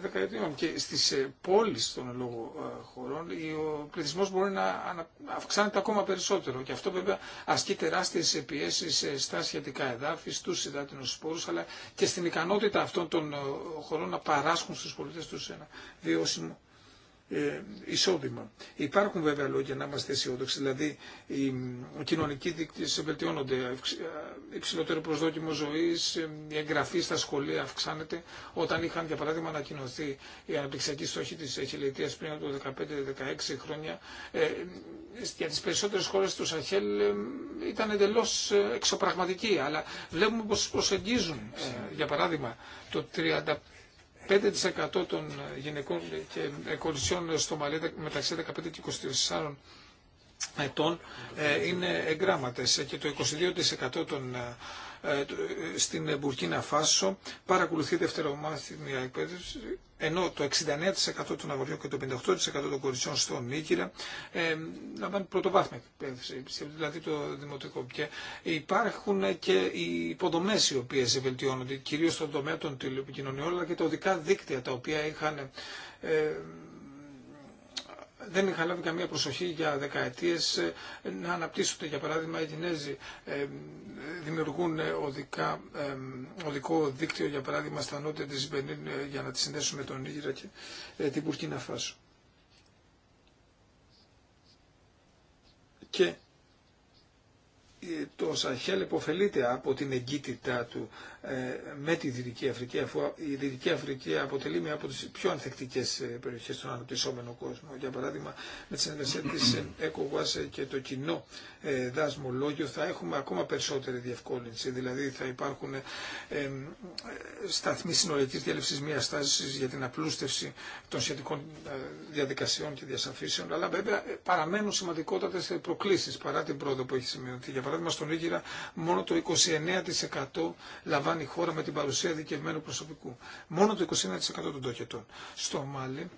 δεκαετιών και στις ε, πόλεις των λόγω ε, χωρών ο πληθυσμός μπορεί να αυξάνεται ακόμα περισσότερο και αυτό βέβαια ασκεί τεράστιες πιέσεις στα σχετικά εδάφη, στους υδάτινους σπόρους αλλά και στην ικανότητα αυτών των ε, χωρών να παράσχουν στους πολίτες τους ένα βιώσιμο ε, εισόδημα. Υπάρχουν βέβαια λόγια να είμαστε αισιόδοξοι, δηλαδή οι κοινωνικοί δείκτες βελτιώνονται, υψηλότερο προσδόκιμο ζωής, ε, η εγγραφή στα σχολεία αυξάνεται. Όταν είχαν για παράδειγμα ανακοινωθεί οι αναπτυξιακοί στόχοι της χιλιετίας πριν από 15-16 χρόνια, ε, για τις περισσότερες χώρες του Σαχέλ ήταν εντελώς εξωπραγματικοί, αλλά βλέπουμε πως προσεγγίζουν, για παράδειγμα, το 30 5% των γυναικών και κοριτσιών στο Μαλί μεταξύ 15 και 24 ετών ε, είναι εγγράμματες και το 22% των ε, ε, ε, στην Μπουρκίνα Φάσο παρακολουθεί μια εκπαίδευση, ενώ το 69% των αγοριών και το 58% των κοριτσιών στον Νίκηρα ε, λαμβάνει πρωτοβάθμια εκπαίδευση, δηλαδή το δημοτικό. Και υπάρχουν και οι υποδομέ οι οποίε βελτιώνονται, κυρίω στον τομέα των τηλεπικοινωνιών, αλλά και τα οδικά δίκτυα τα οποία είχαν. Ε, δεν είχα λάβει καμία προσοχή για δεκαετίες ε, να αναπτύσσονται. Για παράδειγμα, οι Κινέζοι ε, δημιουργούν ε, οδικά, οδικό δίκτυο, για παράδειγμα, στα νότια της Μπενίν για να τη συνδέσουν με τον Ήγηρα και την Πουρκίνα Φάσο. Και το Σαχέλ υποφελείται από την εγκύτητά του ε, με τη Δυτική Αφρική, αφού η Δυτική Αφρική αποτελεί μια από τι πιο ανθεκτικέ ε, περιοχέ στον αναπτυσσόμενο κόσμο. Για παράδειγμα, με τι συνεργασία τη ε, ECOWAS και το κοινό δάσμολόγιο θα έχουμε ακόμα περισσότερη διευκόλυνση. Δηλαδή θα υπάρχουν σταθμοί συνολική διελευση μια στάση για την απλούστευση των σχετικών διαδικασιών και διασαφήσεων, αλλά βέβαια παραμένουν σημαντικότατε προκλήσει, παρά την πρόοδο που έχει σημειωθεί. Για παράδειγμα, στον Ήγηρα μόνο το 29% λαμβάνει λαμβάνει η χώρα με την παρουσία δικαιωμένου προσωπικού. Μόνο το 21% των τοχετών. Στο Μάλι,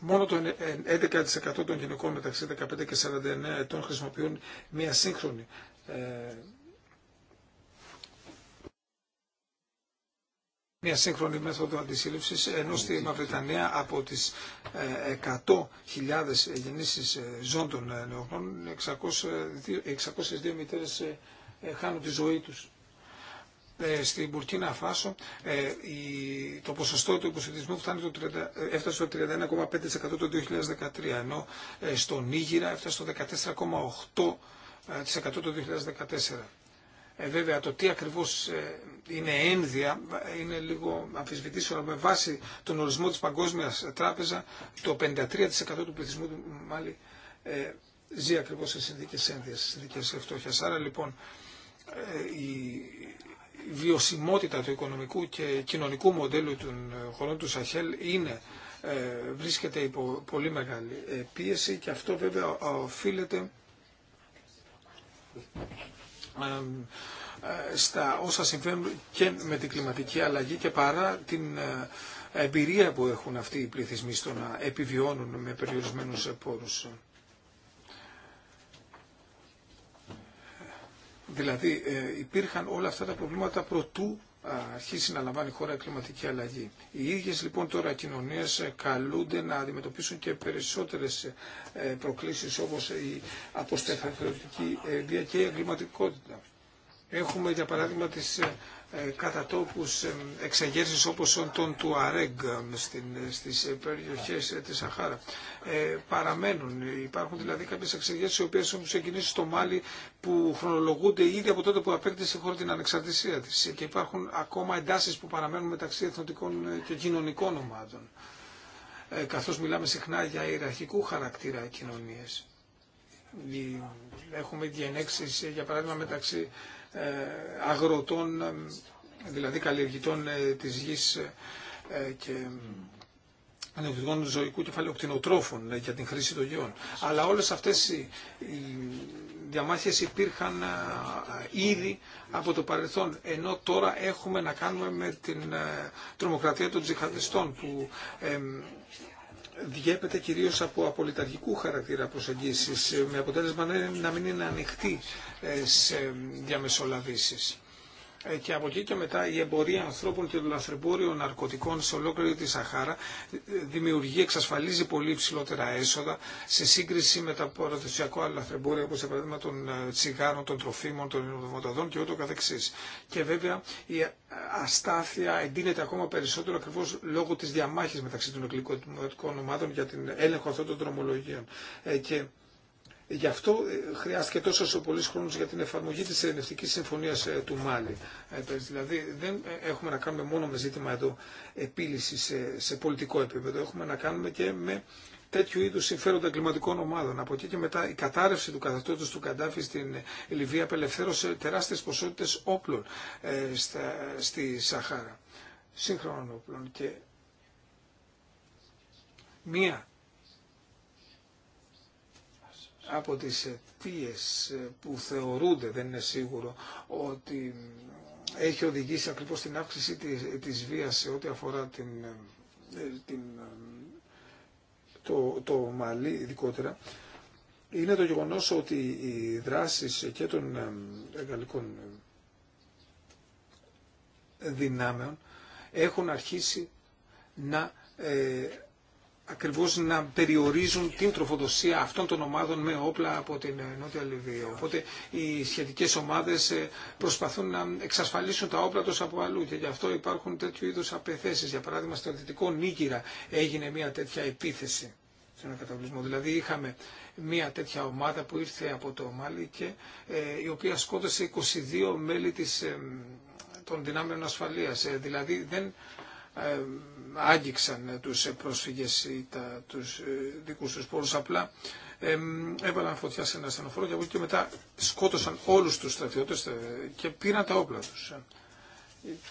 μόνο το 11% των γυναικών μεταξύ 15 και 49 ετών χρησιμοποιούν μια σύγχρονη ε, μια σύγχρονη μέθοδο αντισύλληψης, ενώ στη Μαυριτανία από τις 100.000 ε, γεννήσεις ε, ζώντων νεοχρών, 602 μητέρε χάνουν τη ζωή του. Ε, στην Μπουρκίνα Φάσο ε, το ποσοστό του υποσυντισμού φτάνει το 30, ε, έφτασε το 31,5% το 2013, ενώ στο Νίγηρα έφτασε το 14,8% το 2014. Ε, βέβαια το τι ακριβώς είναι ένδια είναι λίγο αλλά με βάση τον ορισμό της Παγκόσμιας Τράπεζα το 53% του πληθυσμού του Μάλι ζει ακριβώς σε συνδικέ ένδιας, σε συνδίκες φτώχειας. Άρα λοιπόν η, βιωσιμότητα του οικονομικού και κοινωνικού μοντέλου των ε, χωρών του Σαχέλ είναι, ε, βρίσκεται υπό πολύ μεγάλη ε, πίεση και αυτό βέβαια οφείλεται στα όσα συμβαίνουν και με την κλιματική αλλαγή και παρά την εμπειρία που έχουν αυτοί οι πληθυσμοί στο να επιβιώνουν με περιορισμένους πόρους. Δηλαδή ε, υπήρχαν όλα αυτά τα προβλήματα προτού αρχίσει να λαμβάνει η χώρα η κλιματική αλλαγή. Οι ίδιες λοιπόν τώρα κοινωνίες ε, καλούνται να αντιμετωπίσουν και περισσότερες ε, προκλήσεις όπως η αποστεθαθερωτική βία και εγκληματικότητα. Έχουμε για παράδειγμα τις ε, κατά τόπους ε, εξεγέρσεις όπως τον του Αρέγ ε, στις περιοχές της Σαχάρα παραμένουν. Υπάρχουν δηλαδή κάποιες εξεγέρσεις οι οποίες έχουν ξεκινήσει στο Μάλι που χρονολογούνται ήδη από τότε που απέκτησε η χώρα την ανεξαρτησία της και υπάρχουν ακόμα εντάσεις που παραμένουν μεταξύ εθνοτικών και κοινωνικών ομάδων καθώς μιλάμε συχνά για ιεραρχικού χαρακτήρα κοινωνίες. Έχουμε διενέξεις για παράδειγμα μεταξύ ε, αγροτών, ε, δηλαδή καλλιεργητών ε, της γης και ανεβηγών ζωικού κεφαλαίου κτηνοτρόφων για την χρήση των γεών. Αλλά όλες αυτές οι διαμάχες υπήρχαν ήδη από το παρελθόν, ενώ τώρα έχουμε να κάνουμε με την τρομοκρατία των τζιχαδιστών που διέπεται κυρίως από απολυταρχικού χαρακτήρα προσεγγίσεις, με αποτέλεσμα να μην είναι ανοιχτή ε, σε διαμεσολαβήσεις. Ε, και από εκεί και μετά η εμπορία ανθρώπων και το λαθρεμπόριο ναρκωτικών σε ολόκληρη τη Σαχάρα ε, δημιουργεί, εξασφαλίζει πολύ υψηλότερα έσοδα σε σύγκριση με τα παραδοσιακά λαθρεμπόρια όπως παράδειγμα των ε, τσιγάρων, των τροφίμων, των ινοδοματοδών και ούτω καθεξής. Και βέβαια η αστάθεια εντείνεται ακόμα περισσότερο ακριβώ λόγω της διαμάχης μεταξύ των εκλογικών ομάδων για την έλεγχο αυτών των δρομολογίων. Και Γι' αυτό ε, χρειάστηκε τόσο πολλή χρόνο για την εφαρμογή τη Ειρηνευτική Συμφωνία ε, του Μάλι. Ε, δηλαδή, δεν έχουμε να κάνουμε μόνο με ζήτημα εδώ επίλυση σε, πολιτικό επίπεδο. Έχουμε να κάνουμε και με τέτοιου είδου συμφέροντα εγκληματικών ομάδων. Από εκεί και μετά η κατάρρευση του καθεστώτο του Καντάφη στην Λιβύη απελευθέρωσε τεράστιε ποσότητε όπλων στη Σαχάρα. Σύγχρονων όπλων. Και μία από τις αιτίε που θεωρούνται, δεν είναι σίγουρο, ότι έχει οδηγήσει ακριβώς την αύξηση της βίας σε ό,τι αφορά την, ε, ε, το, το μαλλί ειδικότερα, είναι το γεγονός ότι οι δράσεις και των ε, γαλλικών δυνάμεων έχουν αρχίσει να Ακριβώ να περιορίζουν την τροφοδοσία αυτών των ομάδων με όπλα από την ε, Νότια Λιβύη. Οπότε οι σχετικέ ομάδε ε, προσπαθούν να εξασφαλίσουν τα όπλα του από αλλού και γι' αυτό υπάρχουν τέτοιου είδους απεθέσει. Για παράδειγμα στο Δυτικό Νίγηρα έγινε μια τέτοια επίθεση σε ένα καταβλισμό. Δηλαδή είχαμε μια τέτοια ομάδα που ήρθε από το Μάλι και ε, η οποία σκότωσε 22 μέλη της, ε, των δυνάμεων ασφαλείας. δηλαδή δεν ε, άγγιξαν τους πρόσφυγες ή τα, τους ε, δικούς τους πόρους απλά έβαλαν φωτιά σε ένα στενοφόρο και από και μετά σκότωσαν όλους τους στρατιώτες ε, και πήραν τα όπλα τους.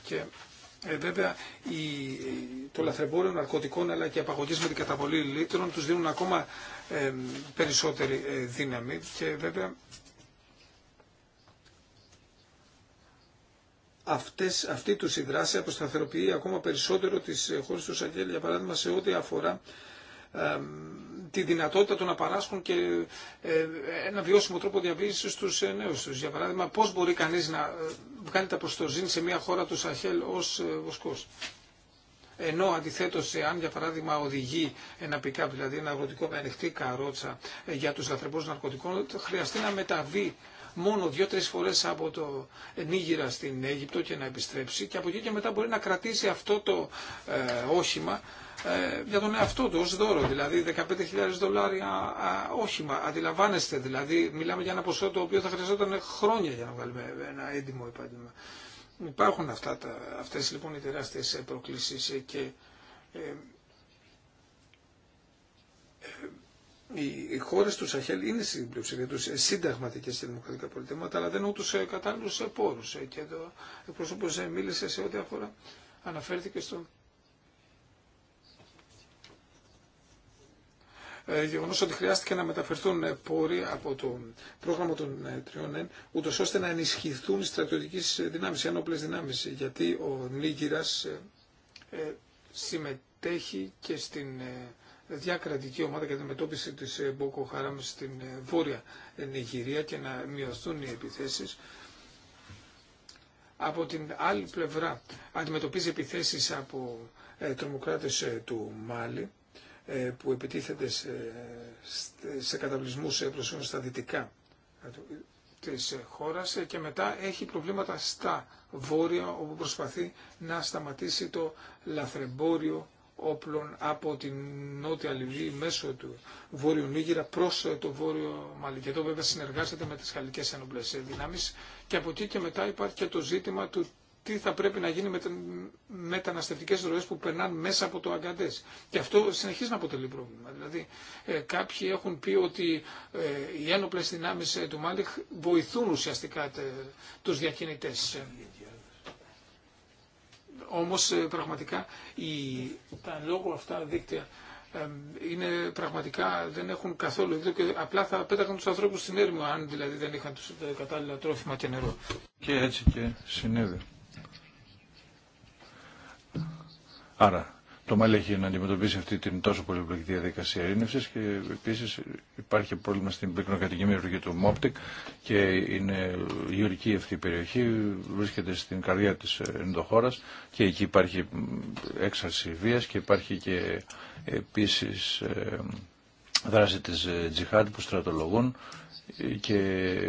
Και βέβαια, η, το λαθρεμπόριο ναρκωτικών αλλά και η με την καταβολή λίτρων τους δίνουν ακόμα ε, περισσότερη δύναμη και βέβαια αυτές, αυτή του η δράση αποσταθεροποιεί ακόμα περισσότερο τις ε, χώρες του Σαγγέλ, για παράδειγμα σε ό,τι αφορά τη δυνατότητα του να παράσχουν και ε, ένα βιώσιμο τρόπο διαβίωσης στους ε, νέους τους. Για παράδειγμα, πώς μπορεί κανείς να βγάλει τα προστοζήν σε μια χώρα του Σαχέλ ως βοσκός. Ενώ αντιθέτω, εάν για παράδειγμα οδηγεί πικάπ, δηλαδή ένα αγροτικό με ανοιχτή καρότσα για του λαθρεμπόρου ναρκωτικών, χρειαστεί να μεταβεί μόνο δύο-τρει φορέ από το Νίγηρα στην Αίγυπτο και να επιστρέψει και από εκεί και μετά μπορεί να κρατήσει αυτό το ε, όχημα ε, για τον εαυτό του ως δώρο, δηλαδή 15.000 δολάρια όχημα. Αντιλαμβάνεστε, δηλαδή μιλάμε για ένα ποσό το οποίο θα χρειαζόταν χρόνια για να βγάλουμε ένα έντιμο επάγγελμα. Υπάρχουν αυτά τα, αυτές λοιπόν οι τεράστιες προκλήσεις και ε, οι χώρε του Σαχέλ είναι στην πλειοψηφία του συνταγματικέ και δημοκρατικά πολιτεύματα, αλλά δεν έχουν του ε, κατάλληλου πόρου. Ε, και εδώ εκπρόσωπο ε, μίλησε σε ό,τι αφορά, αναφέρθηκε στο γεγονό ότι χρειάστηκε να μεταφερθούν πόροι από το πρόγραμμα των τριών ΕΝ, ούτω ώστε να ενισχυθούν οι στρατιωτικέ δυνάμει, οι ένοπλε δυνάμει. Γιατί ο Νίγηρα συμμετέχει και στην διακρατική ομάδα για την μετώπιση της ε, Μπόκο Χαράμ στην ε, Βόρεια ε, Νιγηρία και να μειωθούν οι επιθέσεις. Από την άλλη πλευρά αντιμετωπίζει επιθέσεις από τρομοκράτες του Μάλι που επιτίθεται σε, σε καταβλισμούς στα δυτικά της χώρας και μετά έχει προβλήματα στα βόρεια όπου προσπαθεί να σταματήσει το λαθρεμπόριο όπλων από την Νότια Λιβύη μέσω του Βόρειου Νίγηρα προς το Βόρειο Μαλί. Και εδώ βέβαια συνεργάζεται με τις χαλικές ενοπλές δυνάμεις. Και από εκεί και μετά υπάρχει και το ζήτημα του τι θα πρέπει να γίνει με μεταναστευτικές ροές που περνάνε μέσα από το Αγκαντές. Και αυτό συνεχίζει να αποτελεί πρόβλημα. Δηλαδή ε, κάποιοι έχουν πει ότι ε, οι ένοπλες δυνάμεις ε, του Μάλιχ βοηθούν ουσιαστικά τε, τους διακινητές όμως ε, πραγματικά οι, τα λόγω αυτά δίκτυα είναι πραγματικά δεν έχουν καθόλου εδώ και απλά θα πέταγαν τους ανθρώπους στην έρημο αν δηλαδή δεν είχαν τους ε, κατάλληλα τρόφιμα και νερό. Και έτσι και συνέβη. Άρα το ΜΑΛ έχει να αντιμετωπίσει αυτή την τόσο πολύπλοκη διαδικασία ειρήνευση και επίση υπάρχει πρόβλημα στην πυκνοκατοικημένη περιοχή του Μόπτικ και είναι γεωρική αυτή η περιοχή, βρίσκεται στην καρδιά τη ε, ενδοχώρας και εκεί υπάρχει έξαρση βία και υπάρχει και επίση ε, δράση τη ε, Τζιχάντ που στρατολογούν και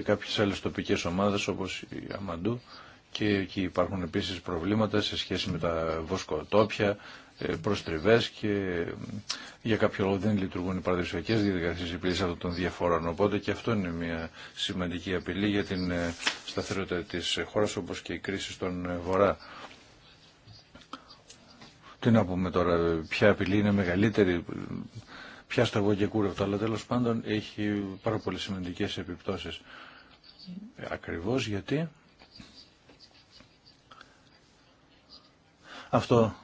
κάποιες άλλες τοπικές ομάδες όπως η Αμαντού και εκεί υπάρχουν επίσης προβλήματα σε σχέση με τα βοσκοτόπια, προστριβές και για κάποιο λόγο δεν λειτουργούν οι παραδοσιακές διαδικασίες επιλύσης αυτών των διαφορών. Οπότε και αυτό είναι μια σημαντική απειλή για την ε, σταθερότητα της χώρας όπως και η κρίση στον ε, Βορρά. Τι να πούμε τώρα, ποια απειλή είναι μεγαλύτερη, ποια εγώ και κούρευτο, αλλά τέλος πάντων έχει πάρα πολύ σημαντικές επιπτώσεις. Ακριβώς γιατί αυτό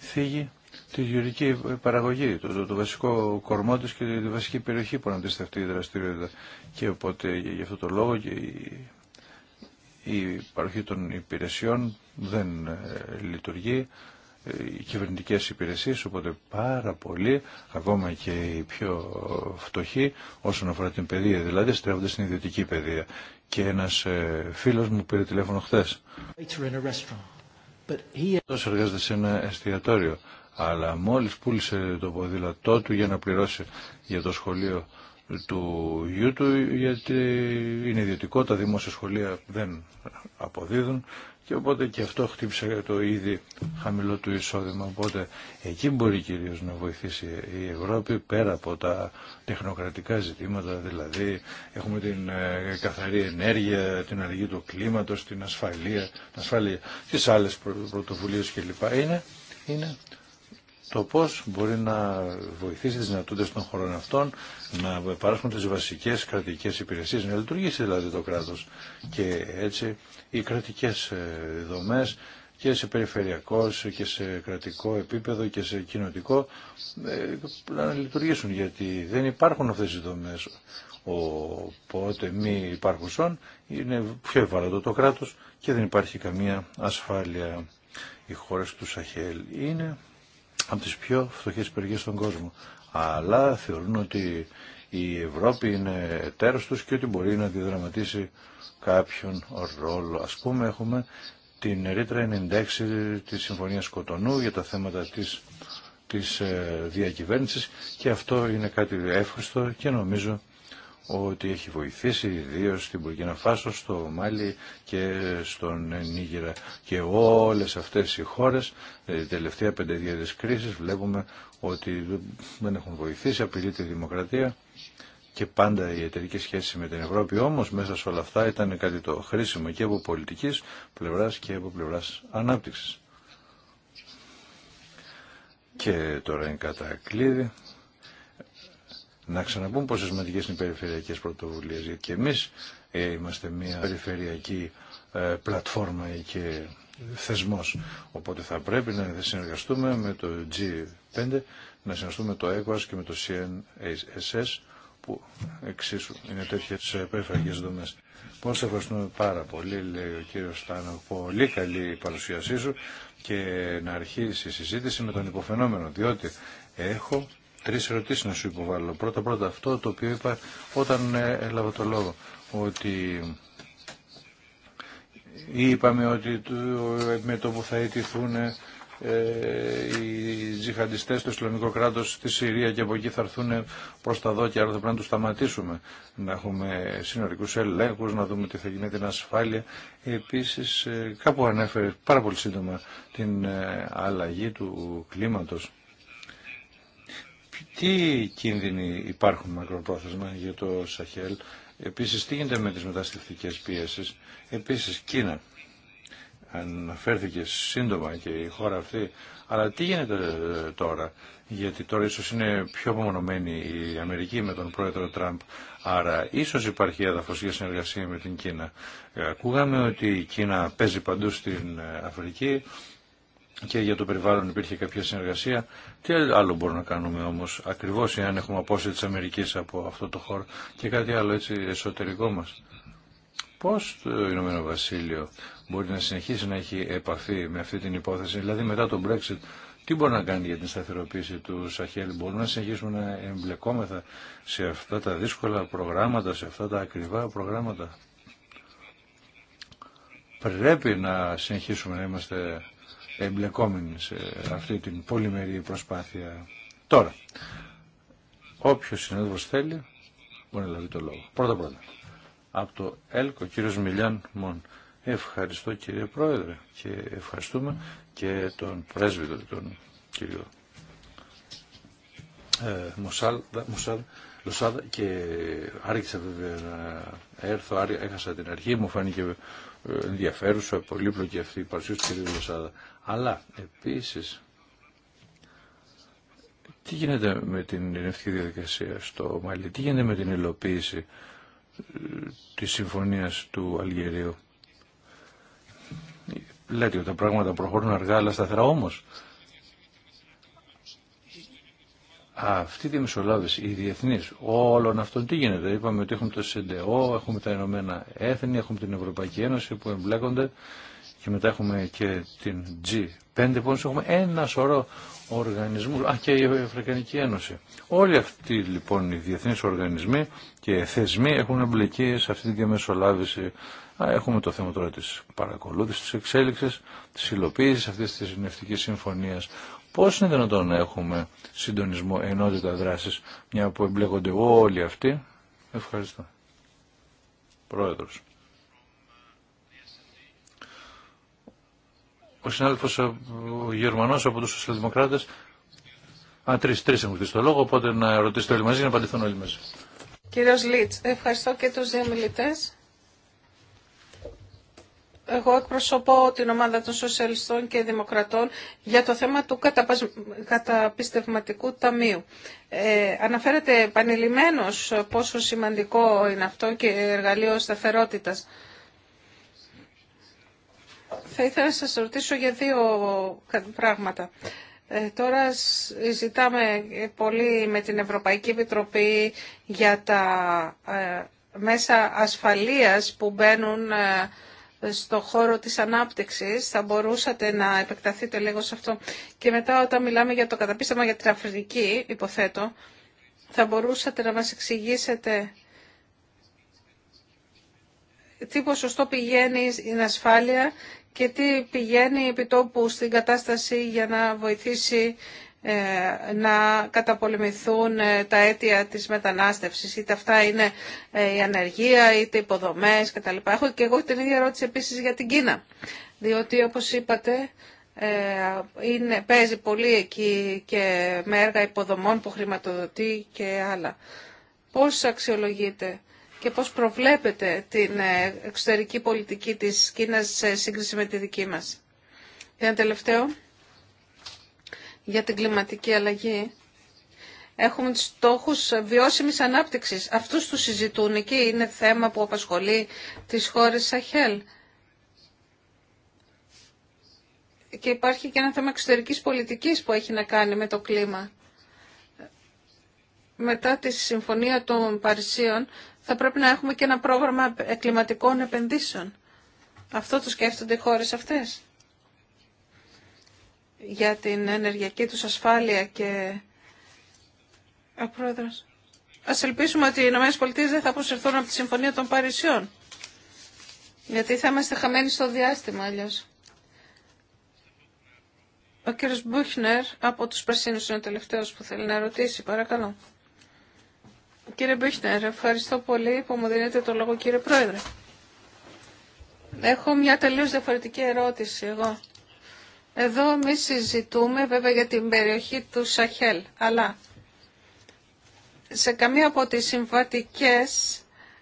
θίγει τη γεωρική παραγωγή, το, το, το βασικό κορμό της και τη βασική περιοχή που αναπτύσσεται αυτή η δραστηριότητα. Και οπότε γι' αυτό το λόγο και η, η παροχή των υπηρεσιών δεν ε, λειτουργεί, ε, οι κυβερνητικές υπηρεσίες, οπότε πάρα πολλοί, ακόμα και οι πιο φτωχοί, όσον αφορά την παιδεία, δηλαδή στρέφονται στην ιδιωτική παιδεία. Και ένας φίλο ε, φίλος μου πήρε τηλέφωνο χθες. Αυτός εργάζεται σε ένα εστιατόριο, αλλά μόλις πούλησε το ποδήλατό του για να πληρώσει για το σχολείο του γιού του, γιατί είναι ιδιωτικό, τα δημόσια σχολεία δεν αποδίδουν και οπότε και αυτό χτύπησε το ήδη χαμηλό του εισόδημα. Οπότε εκεί μπορεί κυρίως να βοηθήσει η Ευρώπη πέρα από τα τεχνοκρατικά ζητήματα, δηλαδή έχουμε την ε, καθαρή ενέργεια, την αλλαγή του κλίματος, την ασφαλεία, την ασφάλεια, τις άλλες πρωτοβουλίες κλπ. Είναι, είναι το πώ μπορεί να βοηθήσει τι δυνατότητε των χωρών αυτών να παράσχουν τις βασικές κρατικές υπηρεσίες, να λειτουργήσει δηλαδή το κράτος. Και έτσι οι κρατικέ ε, δομές και σε περιφερειακό και σε κρατικό επίπεδο και σε κοινοτικό ε, να λειτουργήσουν γιατί δεν υπάρχουν αυτές οι δομές. Οπότε μη υπάρχουσαν, είναι πιο ευάλωτο το κράτος και δεν υπάρχει καμία ασφάλεια. Οι χώρες του Σαχέλ είναι από τις πιο φτωχές περιοχές στον κόσμο. Αλλά θεωρούν ότι η Ευρώπη είναι εταίρος τους και ότι μπορεί να διαδραματίσει κάποιον ρόλο. Ας πούμε έχουμε την ρήτρα 96 της Συμφωνίας Κοτονού για τα θέματα της, της ε, διακυβέρνησης και αυτό είναι κάτι εύχριστο και νομίζω ότι έχει βοηθήσει ιδίω στην Πουρκίνα Φάσο, στο Μάλι και στον Νίγηρα και όλες αυτές οι χώρες ε, τελευταία πενταετία της βλέπουμε ότι δεν έχουν βοηθήσει, απειλείται η δημοκρατία και πάντα η εταιρική σχέση με την Ευρώπη όμως μέσα σε όλα αυτά ήταν κάτι το χρήσιμο και από πολιτικής πλευράς και από πλευράς ανάπτυξης. Και τώρα είναι κατά κλείδι να ξαναπούμε πόσο σημαντικέ είναι οι περιφερειακέ πρωτοβουλίε. Γιατί και εμεί ε, είμαστε μια περιφερειακή ε, πλατφόρμα και θεσμό. Οπότε θα πρέπει να συνεργαστούμε με το G5, να συνεργαστούμε με το ECOAS και με το CNSS που εξίσου είναι τέτοιε περιφερειακέ δομέ. Πώ σε ευχαριστούμε πάρα πολύ, λέει ο κύριο Στάνο. Πολύ καλή η παρουσίασή σου και να αρχίσει η συζήτηση με τον υποφαινόμενο, διότι έχω τρεις ερωτήσεις να σου υποβάλλω. Πρώτα πρώτα αυτό το οποίο είπα όταν ε, έλαβα το λόγο, ότι είπαμε ότι με το που θα ε, οι ζηχαντιστές στο Ισλαμικό κράτο στη Συρία και από εκεί θα έρθουν προς τα δόκια, άρα θα πρέπει να τους σταματήσουμε, να έχουμε συνορικούς ελέγχους, να δούμε τι θα γίνει την ασφάλεια. Επίσης ε, κάπου ανέφερε πάρα πολύ σύντομα την ε, αλλαγή του κλίματος τι κίνδυνοι υπάρχουν μακροπρόθεσμα για το Σαχέλ. Επίσης, τι γίνεται με τις μεταστηφτικές πίεσεις. Επίσης, Κίνα. Αναφέρθηκε σύντομα και η χώρα αυτή. Αλλά τι γίνεται ε, τώρα. Γιατί τώρα ίσως είναι πιο απομονωμένη η Αμερική με τον πρόεδρο Τραμπ. Άρα ίσως υπάρχει έδαφος για συνεργασία με την Κίνα. Ε, ακούγαμε ότι η Κίνα παίζει παντού στην ε, Αφρική και για το περιβάλλον υπήρχε κάποια συνεργασία. Τι άλλο μπορούμε να κάνουμε όμως ακριβώς εάν έχουμε απόσταση της Αμερικής από αυτό το χώρο και κάτι άλλο έτσι εσωτερικό μας. Πώς το Ηνωμένο Βασίλειο μπορεί να συνεχίσει να έχει επαφή με αυτή την υπόθεση, δηλαδή μετά τον Brexit, τι μπορεί να κάνει για την σταθεροποίηση του Σαχέλ, μπορούμε να συνεχίσουμε να εμπλεκόμεθα σε αυτά τα δύσκολα προγράμματα, σε αυτά τα ακριβά προγράμματα. Πρέπει να συνεχίσουμε να είμαστε εμπλεκόμενοι σε αυτή την πολυμερή προσπάθεια. Τώρα, όποιο συνέδρο θέλει μπορεί να λάβει το λόγο. Πρώτα πρώτα. Από το ΕΛΚΟ, ο κύριος Μιλιάν Μον. Ευχαριστώ κύριε Πρόεδρε και ευχαριστούμε και τον πρέσβητο τον κύριο ε, λοσάδα και άρχισα βέβαια να έρθω, έχασα την αρχή, μου φάνηκε ενδιαφέρουσα, πολύπλοκη αυτή η παρουσία του κυρίου Αλλά επίσης, τι γίνεται με την ενευτική διαδικασία στο Μαλί, τι γίνεται με την υλοποίηση ε, της συμφωνίας του Αλγερίου. Λέτε ότι τα πράγματα προχωρούν αργά αλλά σταθερά όμως αυτή τη μεσολάβηση, η διεθνή, όλων αυτών τι γίνεται. Είπαμε ότι έχουμε το ΣΕΝΤΕΟ, έχουμε τα Ηνωμένα Έθνη, έχουμε την Ευρωπαϊκή Ένωση που εμπλέκονται και μετά έχουμε και την G5, έχουμε ένα σωρό οργανισμού α και η Αφρικανική Ένωση. Όλοι αυτοί λοιπόν οι διεθνεί οργανισμοί και θεσμοί έχουν εμπλεκεί σε αυτή τη διαμεσολάβηση. έχουμε το θέμα τώρα τη παρακολούθησης, τη εξέλιξη, τη υλοποίησης αυτή τη νευτική συμφωνία. Πώς είναι δυνατόν να έχουμε συντονισμό, ενότητα δράσης, μια που εμπλέκονται όλοι αυτοί. Ευχαριστώ. Πρόεδρος. Ο συνάδελφος ο Γερμανός από τους Σοσιαλδημοκράτες. Α, τρεις, τρεις έχουν χτίσει το λόγο, οπότε να ρωτήσετε όλοι μαζί, να απαντηθούν όλοι μαζί. Κύριος Λίτς, ευχαριστώ και τους δύο εγώ εκπροσωπώ την ομάδα των Σοσιαλιστών και Δημοκρατών για το θέμα του καταπιστευματικού ταμείου. Ε, αναφέρεται πόσο σημαντικό είναι αυτό και εργαλείο σταθερότητας. Θα ήθελα να σας ρωτήσω για δύο πράγματα. Ε, τώρα ζητάμε πολύ με την Ευρωπαϊκή Επιτροπή για τα ε, μέσα ασφαλείας που μπαίνουν... Ε, στο χώρο της ανάπτυξης. Θα μπορούσατε να επεκταθείτε λίγο σε αυτό. Και μετά όταν μιλάμε για το καταπίστευμα για την Αφρική, υποθέτω, θα μπορούσατε να μας εξηγήσετε τι ποσοστό πηγαίνει στην ασφάλεια και τι πηγαίνει επιτόπου στην κατάσταση για να βοηθήσει ε, να καταπολεμηθούν ε, τα αίτια της μετανάστευσης. Είτε αυτά είναι ε, η ανεργία, είτε υποδομές κτλ. Έχω και εγώ την ίδια ερώτηση επίσης για την Κίνα. Διότι όπως είπατε είναι, παίζει πολύ εκεί και με έργα υποδομών που χρηματοδοτεί και άλλα. Πώς αξιολογείται και πώς προβλέπετε την εξωτερική πολιτική της Κίνας σε σύγκριση με τη δική μας. ένα τελευταίο για την κλιματική αλλαγή. Έχουμε τους στόχους βιώσιμης ανάπτυξης. Αυτούς τους συζητούν εκεί. Είναι θέμα που απασχολεί τις χώρες Σαχέλ. Και υπάρχει και ένα θέμα εξωτερικής πολιτικής που έχει να κάνει με το κλίμα. Μετά τη Συμφωνία των Παρισίων θα πρέπει να έχουμε και ένα πρόγραμμα κλιματικών επενδύσεων. Αυτό το σκέφτονται οι χώρες αυτές για την ενεργειακή τους ασφάλεια και ο Ας ελπίσουμε ότι οι Πολιτείες δεν θα αποσυρθούν από τη Συμφωνία των Παρισιών. Γιατί θα είμαστε χαμένοι στο διάστημα αλλιώ. Ο κ. Μπούχνερ από τους Πρασίνους είναι ο τελευταίος που θέλει να ρωτήσει. Παρακαλώ. Κύριε Μπούχνερ, ευχαριστώ πολύ που μου δίνετε το λόγο κύριε Πρόεδρε. Έχω μια τελείως διαφορετική ερώτηση εγώ. Εδώ εμεί συζητούμε βέβαια για την περιοχή του Σαχέλ, αλλά σε καμία από τις συμβατικές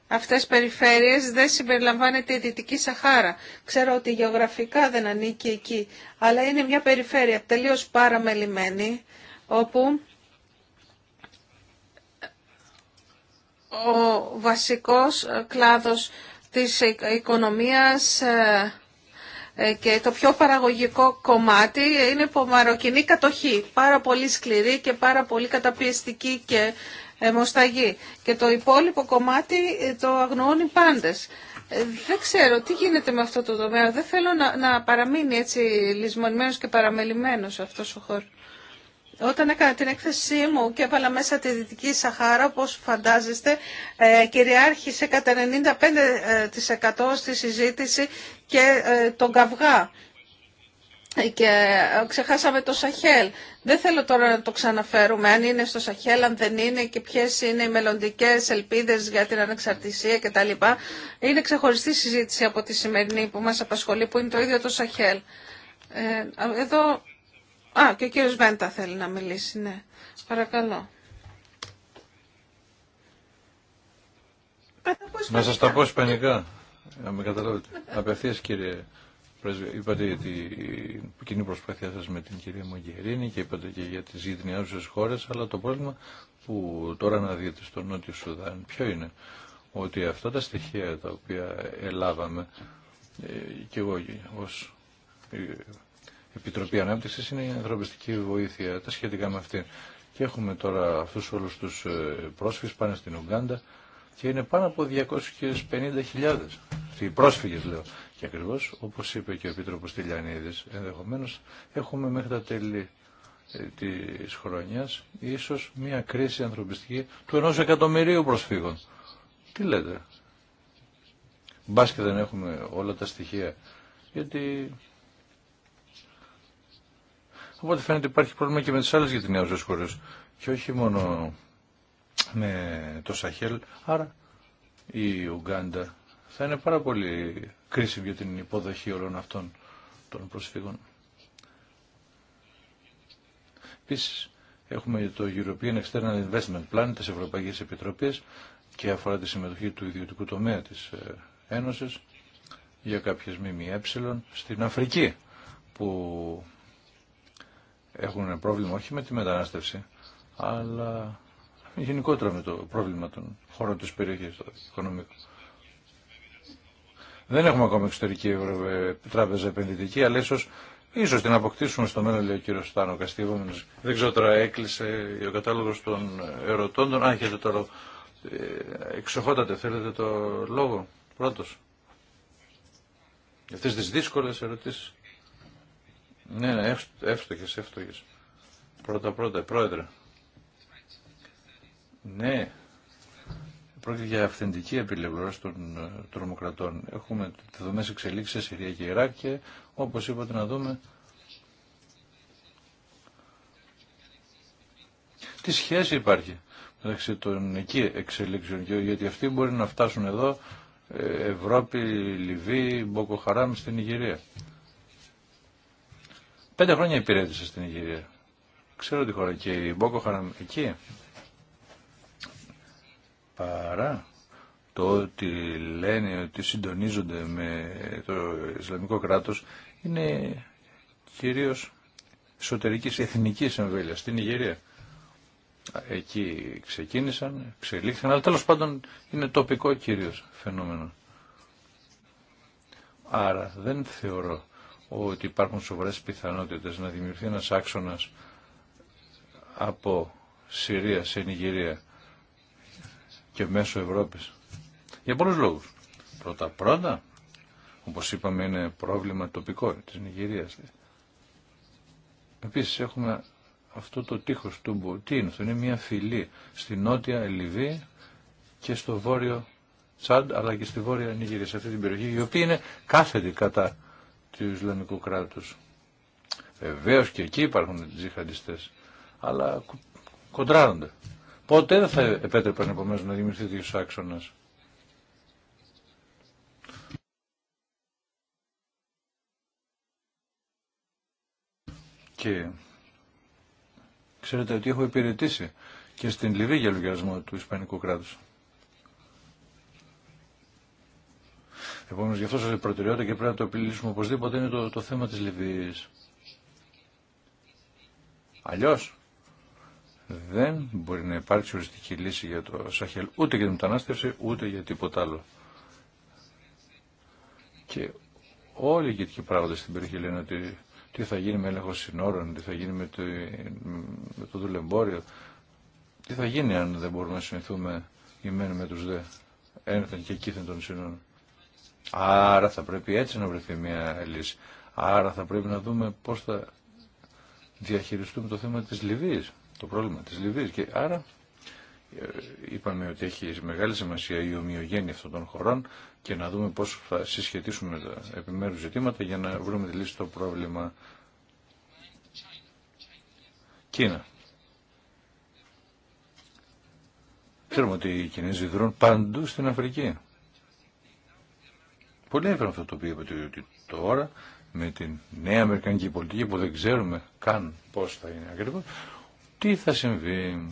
αυτές περιφέρειες δεν συμπεριλαμβάνεται η Δυτική Σαχάρα. Ξέρω ότι γεωγραφικά δεν ανήκει εκεί, αλλά είναι μια περιφέρεια τελείως παραμελημένη, όπου ο βασικός κλάδος της οικονομίας ε, ε, και το πιο παραγωγικό κομμάτι είναι η μαροκινή κατοχή. Πάρα πολύ σκληρή και πάρα πολύ καταπιεστική και μοσταγή. Και το υπόλοιπο κομμάτι ε, το αγνοώνει πάντες. Ε, δεν ξέρω τι γίνεται με αυτό το τομέα. Δεν θέλω να, να παραμείνει έτσι και παραμελημένος αυτός ο χώρος. Όταν έκανα την έκθεσή μου και έβαλα μέσα τη Δυτική Σαχάρα, όπως φαντάζεστε, ε, κυριάρχησε κατά 95% ε, στη συζήτηση και ε, τον καυγά. Και ξεχάσαμε το Σαχέλ. Δεν θέλω τώρα να το ξαναφέρουμε αν είναι στο Σαχέλ, αν δεν είναι και ποιες είναι οι μελλοντικέ ελπίδες για την ανεξαρτησία κτλ. Είναι ξεχωριστή συζήτηση από τη σημερινή που μας απασχολεί, που είναι το ίδιο το Σαχέλ. Εδώ Α, και ο κύριος Βέντα θέλει να μιλήσει, ναι. Παρακαλώ. Να σας τα πω ισπανικά, να με καταλάβετε. Απευθείας κύριε Πρέσβη, είπατε για την κοινή προσπάθειά σας με την κυρία Μογγερίνη και είπατε και για τις γειτνιάζουσες χώρες, αλλά το πρόβλημα που τώρα αναδύεται στο Νότιο Σουδάν, ποιο είναι, ότι αυτά τα στοιχεία τα οποία ελάβαμε, ε, και εγώ ως ε, Επιτροπή ανάπτυξη είναι η ανθρωπιστική βοήθεια, τα σχετικά με αυτήν Και έχουμε τώρα αυτού όλου του ε, πρόσφυγες πάνε στην Ουγγάντα και είναι πάνω από 250.000. Οι πρόσφυγες λέω. Και ακριβώς όπως είπε και ο Επίτροπο Τηλιανίδη, ενδεχομένως έχουμε μέχρι τα τέλη ε, τη χρονιάς ίσως μια κρίση ανθρωπιστική του ενό εκατομμυρίου προσφύγων. Τι λέτε. Μπάς και δεν έχουμε όλα τα στοιχεία. Γιατί Οπότε φαίνεται ότι υπάρχει πρόβλημα και με τις άλλες γειτονιάζες χώρες και όχι μόνο με το Σαχέλ. Άρα η Ουγγάντα θα είναι πάρα πολύ κρίσιμη για την υποδοχή όλων αυτών των προσφύγων. Επίση, έχουμε το European External Investment Plan της Ευρωπαϊκής Επιτροπής και αφορά τη συμμετοχή του ιδιωτικού τομέα της ε, Ένωσης για κάποιες ΜΜΕ στην Αφρική που έχουν πρόβλημα όχι με τη μετανάστευση, αλλά γενικότερα με το πρόβλημα των χώρων της περιοχής, το οικονομικό. Δεν έχουμε ακόμα εξωτερική τράπεζα επενδυτική, αλλά ίσως, την αποκτήσουμε στο μέλλον, λέει ο κύριος Στάνο Δεν ξέρω τώρα, έκλεισε ο κατάλογος των ερωτών των. έχετε τώρα, ε, εξοχότατε, θέλετε το λόγο πρώτος. αυτές τις δύσκολες ερωτήσεις. Ναι, ναι, εύστοχες, εύστοχες. Πρώτα, πρώτα, πρόεδρε. Ναι, πρόκειται για αυθεντική επιλευρά των ε, τρομοκρατών. Έχουμε δομές εξελίξεις σε Συρία και Ιράκ και όπως είπατε να δούμε τι σχέση υπάρχει μεταξύ των εκεί εξελίξεων γιατί αυτοί μπορεί να φτάσουν εδώ ε, Ευρώπη, Λιβύη, Μποκοχαράμ στην Ιγυρία. Πέντε χρόνια υπηρέτησα στην Ιγυρία. Ξέρω τη χώρα και η Μπόκο εκεί. Παρά το ότι λένε ότι συντονίζονται με το Ισλαμικό κράτος είναι κυρίως εσωτερικής εθνικής εμβέλειας στην Ιγυρία. Εκεί ξεκίνησαν, εξελίχθηκαν, αλλά τέλος πάντων είναι τοπικό κυρίως φαινόμενο. Άρα δεν θεωρώ ότι υπάρχουν σοβαρές πιθανότητες να δημιουργηθεί ένας άξονας από Συρία σε Νιγηρία και μέσω Ευρώπης. Για πολλούς λόγους. Πρώτα-πρώτα, όπως είπαμε, είναι πρόβλημα τοπικό της Νιγηρίας. Επίσης έχουμε αυτό το τείχος του Μπου. είναι είναι μια φυλή στη νότια Λιβύη και στο βόρειο Τσάντ αλλά και στη βόρεια Νιγηρία, σε αυτή την περιοχή, η οποία είναι κάθετη κατά του Ισλαμικού κράτους. Βεβαίω και εκεί υπάρχουν τζιχαντιστές, αλλά κοντράρονται. Ποτέ δεν θα επέτρεπαν επομένως να δημιουργηθεί τέτοιος άξονα. Και ξέρετε ότι έχω υπηρετήσει και στην Λιβύη για λογαριασμό του Ισπανικού κράτους. Επομένω, γι' αυτό σα προτεραιότητα και πρέπει να το επιλύσουμε οπωσδήποτε είναι το, θέμα τη Λιβύη. Αλλιώ δεν μπορεί να υπάρξει οριστική λύση για το Σαχέλ ούτε για την μετανάστευση ούτε για τίποτα άλλο. Και όλοι οι γητικοί πράγματα στην περιοχή λένε ότι τι θα γίνει με έλεγχο συνόρων, τι θα γίνει με το, με το δουλεμπόριο, τι θα γίνει αν δεν μπορούμε να συνηθούμε ημέν με του δε, ένθεν και εκείθεν των συνόρων. Άρα θα πρέπει έτσι να βρεθεί μια λύση. Άρα θα πρέπει να δούμε πώς θα διαχειριστούμε το θέμα της Λιβύης, το πρόβλημα της Λιβύης. Και άρα ε, είπαμε ότι έχει μεγάλη σημασία η ομοιογένεια αυτών των χωρών και να δούμε πώς θα συσχετίσουμε τα επιμέρους ζητήματα για να βρούμε τη λύση στο πρόβλημα Κίνα. Ξέρουμε ότι οι Κινέζοι δρούν παντού στην Αφρική. Πολύ ενδιαφέρον αυτό το οποίο είπατε ότι τώρα με την νέα Αμερικανική πολιτική που δεν ξέρουμε καν πώς θα είναι ακριβώς, τι θα συμβεί.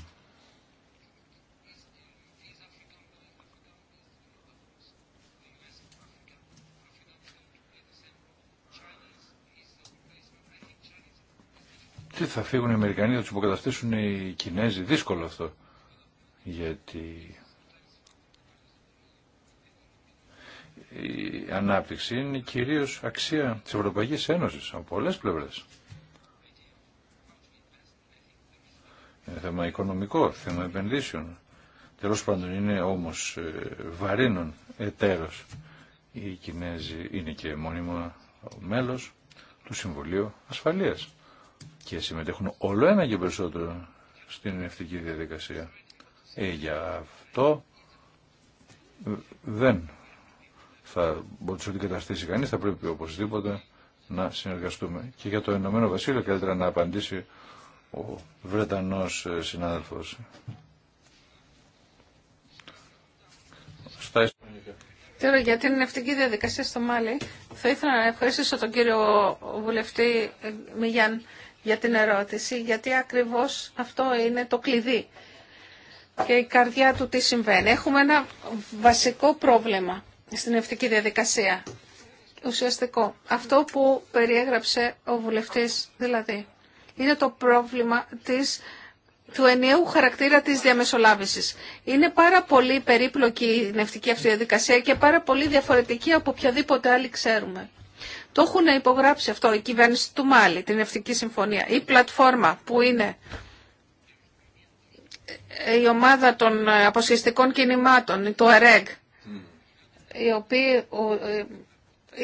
Τι θα φύγουν οι Αμερικανοί, θα τους υποκαταστήσουν οι Κινέζοι. Δύσκολο αυτό. Γιατί η ανάπτυξη είναι κυρίως αξία της Ευρωπαϊκής Ένωσης από πολλές πλευρές. Είναι θέμα οικονομικό, θέμα επενδύσεων. Τέλος πάντων είναι όμως ε, βαρύνων εταίρος. Οι Κινέζοι είναι και μόνιμο μέλος του Συμβουλίου Ασφαλείας και συμμετέχουν όλο ένα και περισσότερο στην ευτική διαδικασία. Ε, για αυτό ε, δεν θα μπορούσε να την καταστήσει κανείς, θα πρέπει οπωσδήποτε να συνεργαστούμε. Και για το Ηνωμένο Βασίλειο καλύτερα να απαντήσει ο βρετανό ε, συνάδελφο. Τώρα για την ενευτική διαδικασία στο Μάλι, θα ήθελα να ευχαριστήσω τον κύριο βουλευτή ε, Μιγιάν για την ερώτηση, γιατί ακριβώς αυτό είναι το κλειδί και η καρδιά του τι συμβαίνει. Έχουμε ένα βασικό πρόβλημα στην ευτική διαδικασία. Ουσιαστικό. Αυτό που περιέγραψε ο βουλευτής, δηλαδή, είναι το πρόβλημα της του ενιαίου χαρακτήρα της διαμεσολάβησης. Είναι πάρα πολύ περίπλοκη η νευτική αυτή διαδικασία και πάρα πολύ διαφορετική από οποιαδήποτε άλλη ξέρουμε. Το έχουν υπογράψει αυτό η κυβέρνηση του Μάλι, την Ευτική Συμφωνία. Η πλατφόρμα που είναι η ομάδα των αποσυστικών κινημάτων, το ΕΡΕΓ, οι οποίοι ε,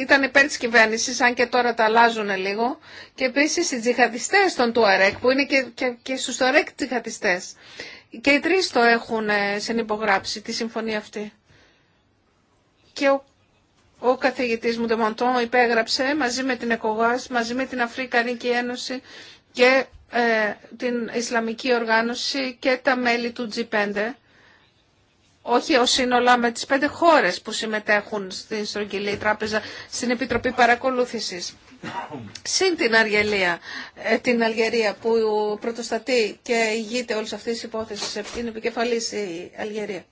ήταν υπέρ της κυβέρνησης, αν και τώρα τα αλλάζουν λίγο, και επίσης οι τζιχατιστέ των Τουαρέκ, που είναι και, και, και στους Τουαρέκ Και οι τρεις το έχουν ε, συνυπογράψει, τη συμφωνία αυτή. Και ο, ο καθηγητής μου, Ντεμοντών, υπέγραψε μαζί με την ΕΚΟΓΑΣ, μαζί με την Αφρικανική Ένωση και ε, την Ισλαμική Οργάνωση και τα μέλη του G5 όχι ως σύνολα με τις πέντε χώρες που συμμετέχουν στην Στρογγυλή Τράπεζα στην Επιτροπή Παρακολούθησης. Συν την Αργελία, ε, την Αλγερία που πρωτοστατεί και ηγείται όλες αυτές τις υπόθεσεις, ε, είναι επικεφαλής η Αλγερία.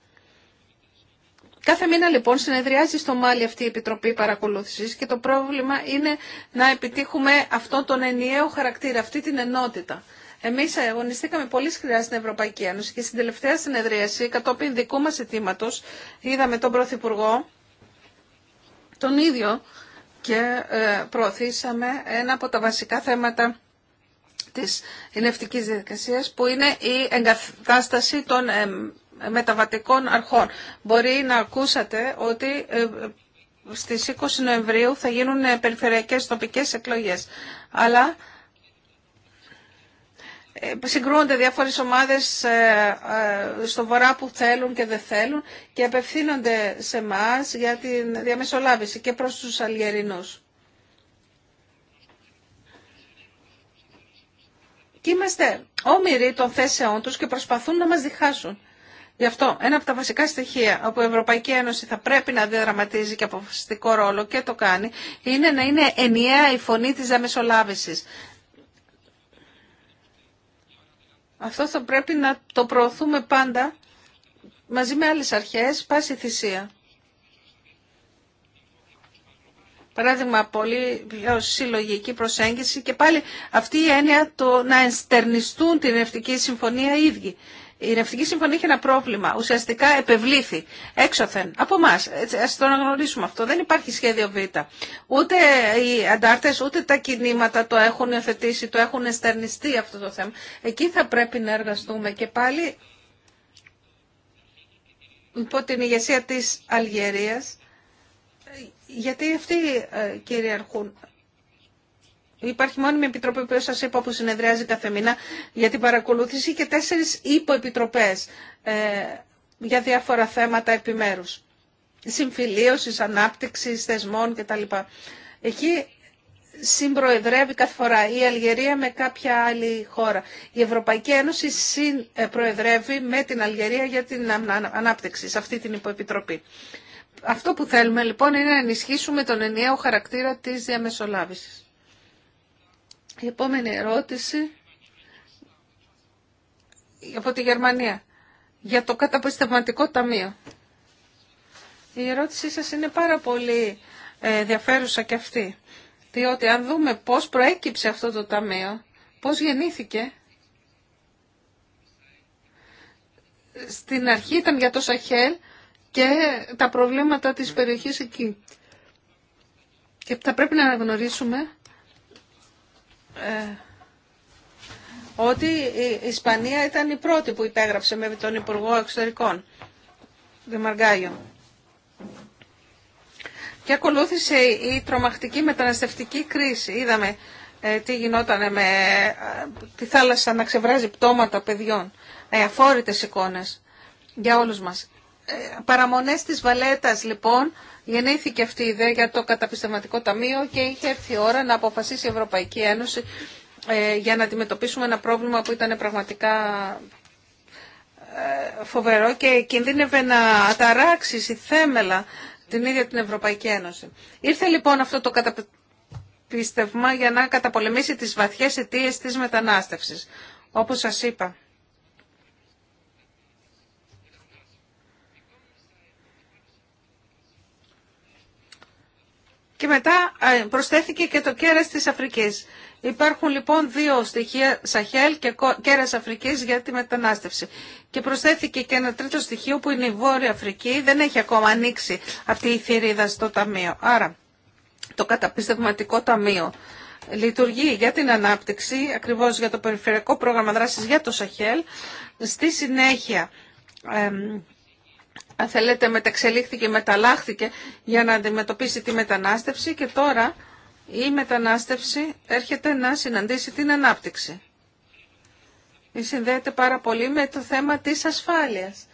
Κάθε μήνα λοιπόν συνεδριάζει στο Μάλι αυτή η Επιτροπή Παρακολούθησης και το πρόβλημα είναι να επιτύχουμε αυτόν τον ενιαίο χαρακτήρα, αυτή την ενότητα. Εμεί αγωνιστήκαμε πολύ σκληρά στην Ευρωπαϊκή Ένωση και στην τελευταία συνεδρίαση, κατόπιν δικού μα αιτήματο, είδαμε τον Πρωθυπουργό, τον ίδιο, και ε, προωθήσαμε ένα από τα βασικά θέματα της ενευτικής διαδικασίας που είναι η εγκατάσταση των ε, μεταβατικών αρχών. Μπορεί να ακούσατε ότι ε, στις 20 Νοεμβρίου θα γίνουν περιφερειακές τοπικές εκλογές. Αλλά ε, συγκρούονται διάφορες ομάδες ε, ε, στο βορρά που θέλουν και δεν θέλουν και απευθύνονται σε εμά για τη διαμεσολάβηση και προς τους Αλγερινούς. Και είμαστε όμοιροι των θέσεών τους και προσπαθούν να μας διχάσουν. Γι' αυτό ένα από τα βασικά στοιχεία όπου η Ευρωπαϊκή Ένωση θα πρέπει να διαδραματίζει και αποφασιστικό ρόλο και το κάνει είναι να είναι ενιαία η φωνή της διαμεσολάβησης. Αυτό θα πρέπει να το προωθούμε πάντα μαζί με άλλες αρχές, πάση θυσία. Παράδειγμα, πολύ πιο συλλογική προσέγγιση και πάλι αυτή η έννοια το να ενστερνιστούν την Ευτική Συμφωνία οι ίδιοι. Η Νευτική Συμφωνία είχε ένα πρόβλημα. Ουσιαστικά επευλήθη έξωθεν από εμά. Α το αναγνωρίσουμε αυτό. Δεν υπάρχει σχέδιο Β. Ούτε οι αντάρτε ούτε τα κινήματα το έχουν υιοθετήσει, το έχουν εστερνιστεί αυτό το θέμα. Εκεί θα πρέπει να εργαστούμε και πάλι υπό την ηγεσία της Αλγερίας, γιατί αυτοί ε, κυριαρχούν Υπάρχει μόνιμη επιτροπή που σα είπα που συνεδριάζει κάθε μήνα για την παρακολούθηση και τέσσερι υποεπιτροπές ε, για διάφορα θέματα επιμέρου Συμφιλίωση, ανάπτυξη, θεσμών κτλ. Εκεί συμπροεδρεύει κάθε φορά η Αλγερία με κάποια άλλη χώρα. Η Ευρωπαϊκή Ένωση συμπροεδρεύει ε, με την Αλγερία για την ανάπτυξη σε αυτή την υποεπιτροπή. Αυτό που θέλουμε λοιπόν είναι να ενισχύσουμε τον ενιαίο χαρακτήρα της διαμεσολάβησης. Η επόμενη ερώτηση από τη Γερμανία για το καταπιστευματικό ταμείο. Η ερώτησή σας είναι πάρα πολύ ε, ενδιαφέρουσα και αυτή. Διότι αν δούμε πώς προέκυψε αυτό το ταμείο, πώς γεννήθηκε, στην αρχή ήταν για το Σαχέλ και τα προβλήματα της περιοχής εκεί. Και θα πρέπει να αναγνωρίσουμε ε, ότι η Ισπανία ήταν η πρώτη που υπέγραψε με τον Υπουργό Εξωτερικών, Δημαργάγιο. Και ακολούθησε η τρομακτική μεταναστευτική κρίση. Είδαμε ε, τι γινόταν με ε, τη θάλασσα να ξεβράζει πτώματα παιδιών. Ε, αφόρητες εικόνες για όλους μας. παραμονές της Βαλέτας λοιπόν γεννήθηκε αυτή η ιδέα για το καταπιστευματικό ταμείο και είχε έρθει η ώρα να αποφασίσει η Ευρωπαϊκή Ένωση ε, για να αντιμετωπίσουμε ένα πρόβλημα που ήταν πραγματικά ε, φοβερό και κινδύνευε να αταράξει η θέμελα την ίδια την Ευρωπαϊκή Ένωση. Ήρθε λοιπόν αυτό το καταπίστευμα για να καταπολεμήσει τις βαθιές αιτίες της μετανάστευσης. Όπως σας είπα, Και μετά προσθέθηκε και το κέρας της Αφρικής. Υπάρχουν λοιπόν δύο στοιχεία, Σαχέλ και κέρας Αφρικής για τη μετανάστευση. Και προσθέθηκε και ένα τρίτο στοιχείο που είναι η Βόρεια Αφρική, δεν έχει ακόμα ανοίξει αυτή η θηρίδα στο ταμείο. Άρα το καταπιστευματικό ταμείο λειτουργεί για την ανάπτυξη, ακριβώς για το περιφερειακό πρόγραμμα δράσης για το Σαχέλ. Στη συνέχεια αν θέλετε μεταξελίχθηκε, μεταλλάχθηκε για να αντιμετωπίσει τη μετανάστευση και τώρα η μετανάστευση έρχεται να συναντήσει την ανάπτυξη. Συνδέεται πάρα πολύ με το θέμα της ασφάλειας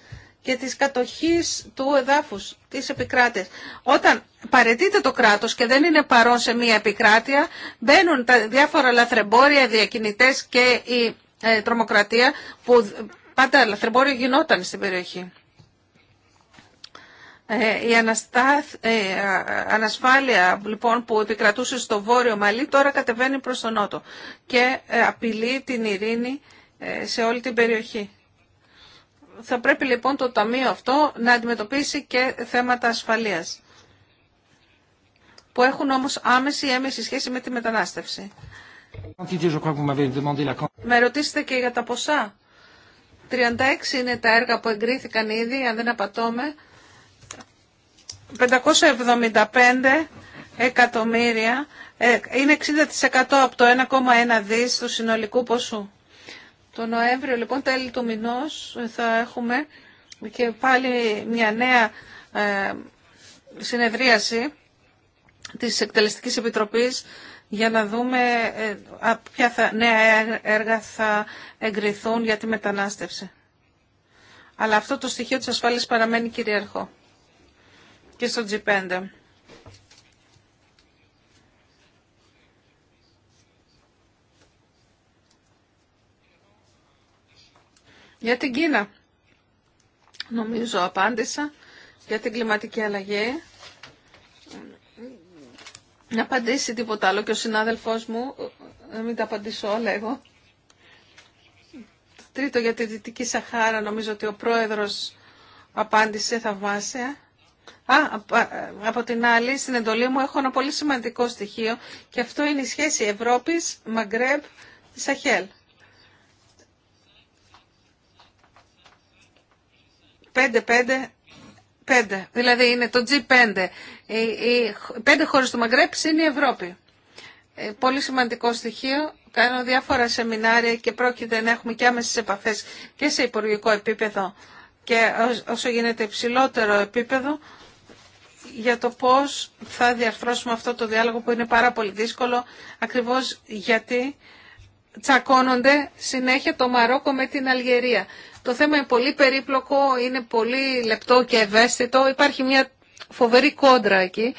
και της κατοχής του εδάφους, της επικράτειας. Όταν παρετείται το κράτος και δεν είναι παρόν σε μία επικράτεια, μπαίνουν τα διάφορα λαθρεμπόρια, διακινητές και η ε, τρομοκρατία που πάντα λαθρεμπόριο γινόταν στην περιοχή. Ε, η αναστάθ... Ε, ανασφάλεια λοιπόν, που επικρατούσε στο βόρειο Μαλί τώρα κατεβαίνει προς τον νότο και ε, απειλεί την ειρήνη σε όλη την περιοχή. Θα πρέπει λοιπόν το Ταμείο αυτό να αντιμετωπίσει και θέματα ασφαλείας που έχουν όμως άμεση ή έμεση σχέση με τη μετανάστευση. Με ρωτήσετε και για τα ποσά. 36 είναι τα έργα που εγκρίθηκαν ήδη, αν δεν απατώμε, 575 εκατομμύρια ε, είναι 60% από το 1,1 δις του συνολικού ποσού. Το Νοέμβριο λοιπόν τέλη του μηνός θα έχουμε και πάλι μια νέα ε, συνεδρίαση της Εκτελεστικής Επιτροπής για να δούμε ε, ποια θα, νέα έργα θα εγκριθούν για τη μετανάστευση. Αλλά αυτό το στοιχείο της ασφάλειας παραμένει κυριαρχό και στο G5. Για την Κίνα. Νομίζω απάντησα για την κλιματική αλλαγή. Να απαντήσει τίποτα άλλο και ο συνάδελφός μου, να μην τα απαντήσω όλα εγώ. Τρίτο για τη Δυτική Σαχάρα, νομίζω ότι ο πρόεδρος απάντησε θαυμάσια. Α, από την άλλη, στην εντολή μου έχω ένα πολύ σημαντικό στοιχείο και αυτό είναι η σχέση Ευρώπης, Μαγκρέμπ, Σαχέλ. 5-5-5. Δηλαδή είναι το G5. Οι, οι πέντε χώρες του Μαγκρέπ είναι η Ευρώπη. Ε, πολύ σημαντικό στοιχείο. Κάνω διάφορα σεμινάρια και πρόκειται να έχουμε και άμεσες επαφές και σε υπουργικό επίπεδο και όσο γίνεται υψηλότερο επίπεδο για το πώς θα διαρθρώσουμε αυτό το διάλογο που είναι πάρα πολύ δύσκολο ακριβώς γιατί τσακώνονται συνέχεια το Μαρόκο με την Αλγερία. Το θέμα είναι πολύ περίπλοκο, είναι πολύ λεπτό και ευαίσθητο. Υπάρχει μια φοβερή κόντρα εκεί.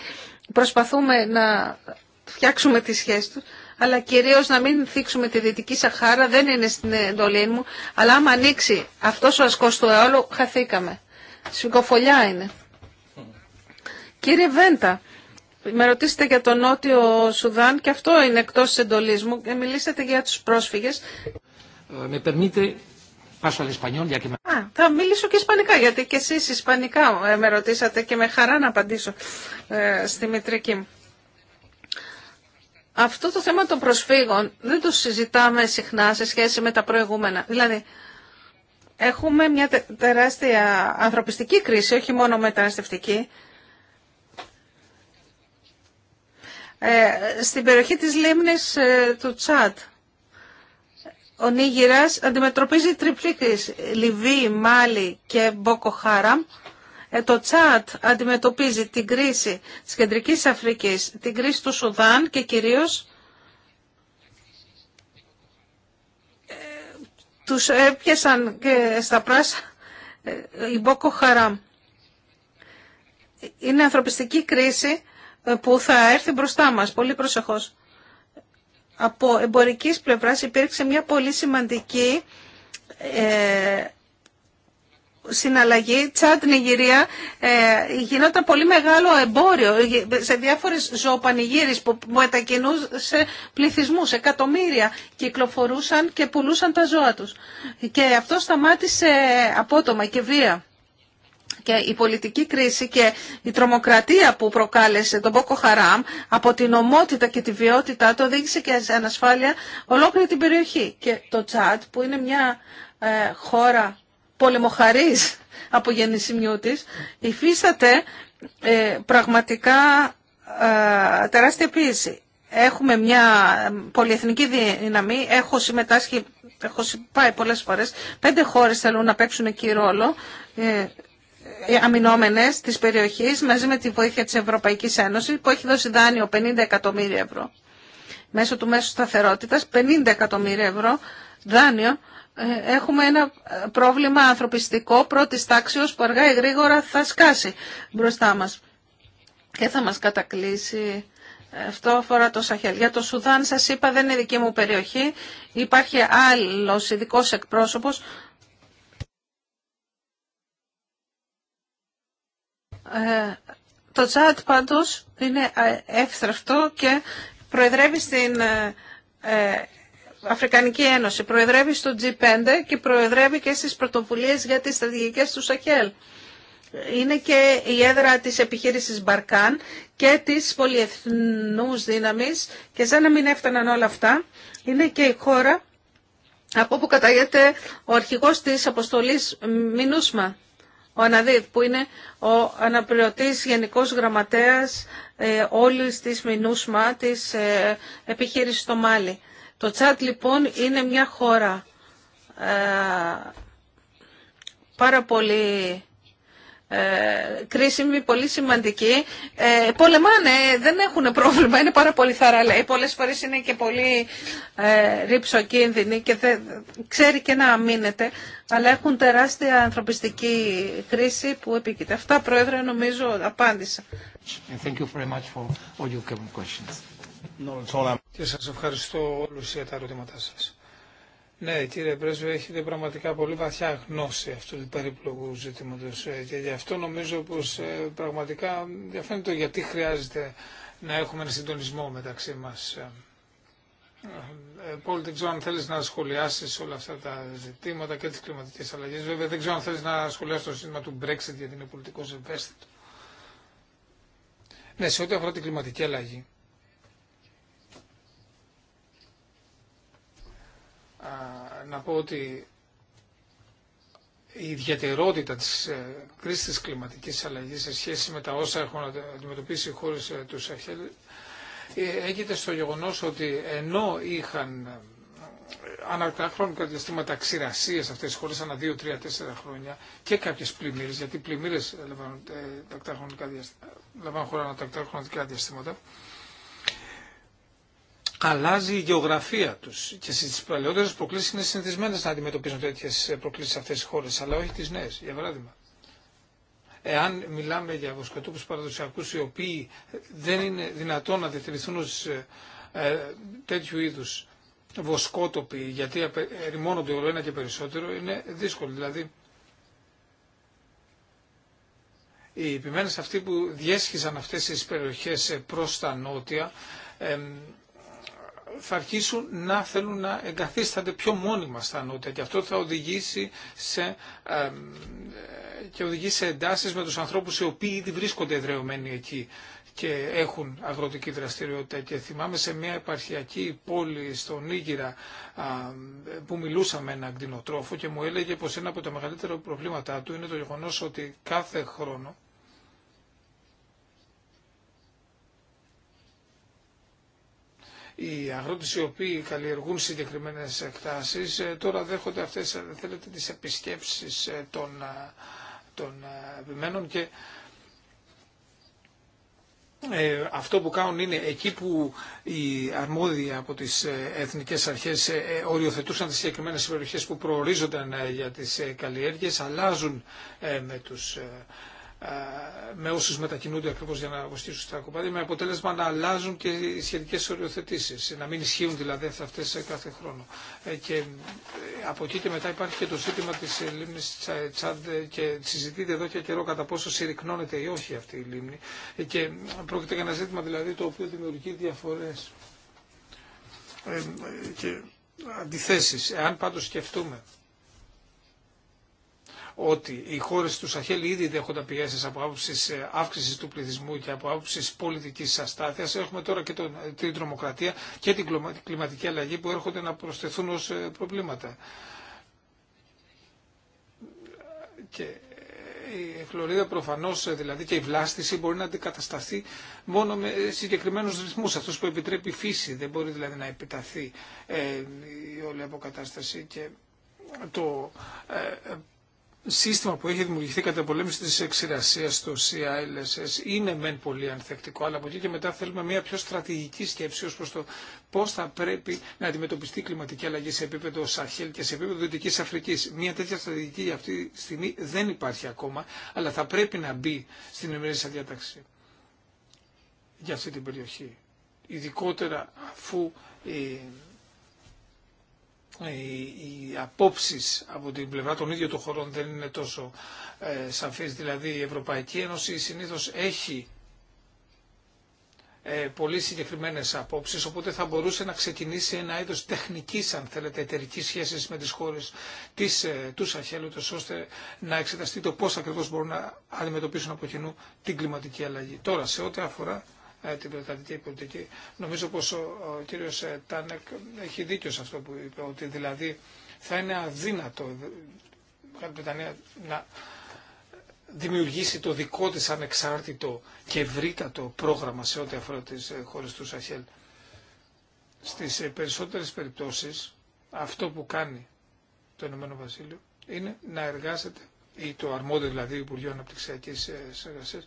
Προσπαθούμε να φτιάξουμε τις σχέσεις τους αλλά κυρίως να μην θίξουμε τη Δυτική Σαχάρα, δεν είναι στην εντολή μου, αλλά άμα ανοίξει αυτός ο ασκός του αιώλου, χαθήκαμε. Σφυγκοφολιά είναι. Κύριε Βέντα, με ρωτήσετε για τον Νότιο Σουδάν και αυτό είναι εκτός της εντολής μου. Μιλήσατε για τους πρόσφυγες. Ε, με Α, θα μιλήσω και ισπανικά, γιατί και εσείς ισπανικά ε, με ρωτήσατε και με χαρά να απαντήσω ε, στη μητρική μου. Αυτό το θέμα των προσφύγων δεν το συζητάμε συχνά σε σχέση με τα προηγούμενα. Δηλαδή, έχουμε μια τεράστια ανθρωπιστική κρίση, όχι μόνο μεταναστευτική. Ε, στην περιοχή της Λίμνης ε, του Τσάτ, ο Νίγηρας αντιμετωπίζει τριπλή κρίση. Λιβύη, Μάλι και Μπόκο Χάραμ ε, το Τσάτ αντιμετωπίζει την κρίση της Κεντρικής Αφρικής, την κρίση του Σουδάν και κυρίως ε, τους έπιασαν και στα πράσα ε, η Μπόκο Χαράμ. Είναι ανθρωπιστική κρίση που θα έρθει μπροστά μας, πολύ προσεχώς. Από εμπορικής πλευράς υπήρξε μια πολύ σημαντική συναλλαγή Τσάντ Νιγηρία ε, γινόταν πολύ μεγάλο εμπόριο σε διάφορες ζωοπανηγύρεις που μετακινούσε πληθυσμούς, εκατομμύρια κυκλοφορούσαν και πουλούσαν τα ζώα τους. Και αυτό σταμάτησε απότομα και βία. Και η πολιτική κρίση και η τρομοκρατία που προκάλεσε τον Πόκο Χαράμ από την ομότητα και τη βιότητά το οδήγησε και σε ανασφάλεια ολόκληρη την περιοχή. Και το Τσάντ που είναι μια ε, χώρα πολεμοχαρής από γεννησιμιού της, υφίσταται ε, πραγματικά ε, τεράστια πίεση. Έχουμε μια πολυεθνική δύναμη, έχω συμμετάσχει, έχω πάει πολλές φορές, πέντε χώρες θέλουν να παίξουν εκεί ρόλο, ε, ε, αμυνόμενες της περιοχής μαζί με τη βοήθεια της Ευρωπαϊκής Ένωσης που έχει δώσει δάνειο 50 εκατομμύρια ευρώ μέσω του μέσου σταθερότητας 50 εκατομμύρια ευρώ δάνειο ε, έχουμε ένα ε, πρόβλημα ανθρωπιστικό πρώτης τάξεως που αργά ή γρήγορα θα σκάσει μπροστά μας και θα μας κατακλείσει. Αυτό αφορά το Σαχέλ. Για το Σουδάν σας είπα δεν είναι δική μου περιοχή. Υπάρχει άλλος ειδικό εκπρόσωπος. Ε, το τσάτ πάντως είναι εύθραυτο και προεδρεύει στην Αφρικανική Ένωση. Προεδρεύει στο G5 και προεδρεύει και στις πρωτοβουλίες για τις στρατηγικές του Σαχέλ. Είναι και η έδρα της επιχείρησης Μπαρκάν και της πολυεθνούς δύναμης και σαν να μην έφταναν όλα αυτά, είναι και η χώρα από όπου καταγέται ο αρχηγός της αποστολής Μινούσμα, ο Αναδίδ, που είναι ο αναπληρωτής γενικός γραμματέας ε, όλης της Μινούσμα, της ε, επιχείρησης στο Μάλι. Το Τσάτ λοιπόν είναι μια χώρα ε, πάρα πολύ ε, κρίσιμη, πολύ σημαντική. Ε, πολεμάνε, δεν έχουν πρόβλημα, είναι πάρα πολύ θαραλέοι. Πολλές φορές είναι και πολύ ε, ρυψοκίνδυνοι και ξέρει και να αμήνεται, αλλά έχουν τεράστια ανθρωπιστική κρίση που επίκειται. Αυτά, Πρόεδρε, νομίζω απάντησα. Και σας ευχαριστώ όλους για τα ερωτήματά σας. Ναι, κύριε Πρέσβη, έχετε πραγματικά πολύ βαθιά γνώση αυτού του περίπλοκου ζητήματος ε, και γι' αυτό νομίζω πως ε, πραγματικά διαφαίνεται γιατί χρειάζεται να έχουμε ένα συντονισμό μεταξύ μας. Ε, πολύ δεν ξέρω αν θέλεις να σχολιάσεις όλα αυτά τα ζητήματα και τις κλιματικές αλλαγές. Βέβαια δεν ξέρω αν θέλεις να σχολιάσεις το ζήτημα του Brexit γιατί είναι πολιτικός ευαίσθητο. Ναι, σε ό,τι αφορά την κλιματική αλλαγή. να πω ότι η ιδιαιτερότητα της ε, κρίσης της κλιματικής αλλαγής σε σχέση με τα όσα έχουν αντιμετωπίσει οι χώρες ε, του Σαχέλ ε, έγινε στο γεγονός ότι ενώ είχαν αναρτά χρονικά διαστήματα ξηρασίες σε αυτέ τι χώρε, ανά 2, 3, 4 χρόνια και κάποιε πλημμύρε, γιατί πλημμύρε λαμβάνουν χώρα ανά χρονικά διαστήματα αλλάζει η γεωγραφία του. Και στι παλαιότερε προκλήσει είναι συνηθισμένε να αντιμετωπίζουν τέτοιε προκλήσει αυτέ οι χώρε, αλλά όχι τι νέε. Για παράδειγμα, εάν μιλάμε για βοσκοτόπου παραδοσιακού οι οποίοι δεν είναι δυνατόν να διατηρηθούν ω ε, ε, τέτοιου είδου βοσκότοποι, γιατί ερημώνονται όλο ένα και περισσότερο, είναι δύσκολο. Δηλαδή, οι επιμένες αυτοί που διέσχιζαν αυτές τις περιοχές ε, προς τα νότια, θα αρχίσουν να θέλουν να εγκαθίστανται πιο μόνιμα στα νότια και αυτό θα οδηγήσει σε, ε, και οδηγήσει σε εντάσεις με τους ανθρώπους οι οποίοι ήδη βρίσκονται εδρεωμένοι εκεί και έχουν αγροτική δραστηριότητα. Και θυμάμαι σε μια επαρχιακή πόλη στον Ήγυρα που μιλούσα με έναν κτηνοτρόφο και μου έλεγε πως ένα από τα μεγαλύτερα προβλήματά του είναι το γεγονός ότι κάθε χρόνο οι αγρότες οι οποίοι καλλιεργούν συγκεκριμένες εκτάσεις ε, τώρα δέχονται αυτές θέλετε, τις επισκέψεις ε, των, ε, των επιμένων και αυτό που κάνουν είναι εκεί που οι αρμόδιοι από τις εθνικές αρχές οριοθετούσαν τις συγκεκριμένες περιοχές που προορίζονταν για τις καλλιέργειες αλλάζουν με τους ε, με όσου μετακινούνται ακριβώ για να βοηθήσουν στα κοπάδια, με αποτέλεσμα να αλλάζουν και οι σχετικέ οριοθετήσει, να μην ισχύουν δηλαδή αυτέ κάθε χρόνο. Ε, και ε, από εκεί και μετά υπάρχει και το ζήτημα τη λίμνη Τσάντ και συζητείται εδώ και καιρό κατά πόσο συρρυκνώνεται ή όχι αυτή η λίμνη. Και πρόκειται για ένα ζήτημα δηλαδή το οποίο δημιουργεί διαφορέ. και αντιθέσεις. Εάν πάντως σκεφτούμε ότι οι χώρες του Σαχέλ ήδη δέχονται πιέσεις από άποψη ε, αύξησης του πληθυσμού και από άποψη πολιτικής αστάθειας. Έχουμε τώρα και την τρομοκρατία και την κλιματική αλλαγή που έρχονται να προσθεθούν ως ε, προβλήματα. Και ε, η χλωρίδα προφανώ, δηλαδή και η βλάστηση, μπορεί να αντικατασταθεί μόνο με συγκεκριμένου ρυθμού, Αυτό που επιτρέπει η φύση. Δεν μπορεί δηλαδή να επιταθεί ε, η όλη αποκατάσταση. Και το σύστημα που έχει δημιουργηθεί κατά πολέμηση της εξηρασίας στο CILSS είναι μεν πολύ ανθεκτικό, αλλά από εκεί και μετά θέλουμε μια πιο στρατηγική σκέψη ως προς το πώς θα πρέπει να αντιμετωπιστεί η κλιματική αλλαγή σε επίπεδο Σαχέλ και σε επίπεδο Δυτικής Αφρικής. Μια τέτοια στρατηγική για αυτή τη στιγμή δεν υπάρχει ακόμα, αλλά θα πρέπει να μπει στην ημερήσια διάταξη για αυτή την περιοχή. Ειδικότερα αφού ε, ε, οι απόψεις από την πλευρά των ίδιων των χωρών δεν είναι τόσο ε, σαφείς. Δηλαδή η Ευρωπαϊκή Ένωση συνήθως έχει ε, πολύ συγκεκριμένε απόψει, οπότε θα μπορούσε να ξεκινήσει ένα είδο τεχνική, αν θέλετε, εταιρική σχέση με τι χώρε του Σαχέλου, ώστε να εξεταστεί το πώ ακριβώ μπορούν να αντιμετωπίσουν από κοινού την κλιματική αλλαγή. Τώρα, σε ό,τι αφορά ε, την πρωτατική πολιτική. Νομίζω πως ο, ο κύριος ε, Τάνεκ έχει δίκιο σε αυτό που είπε, ότι δηλαδή θα είναι αδύνατο η Βρετανία να δημιουργήσει το δικό της ανεξάρτητο και ευρύτατο πρόγραμμα σε ό,τι αφορά τις ε, χώρες του Σαχέλ. Στις περισσότερες περιπτώσεις αυτό που κάνει το Ηνωμένο Βασίλειο είναι να εργάζεται ή το αρμόδιο δηλαδή Υπουργείο Αναπτυξιακής Εργασία,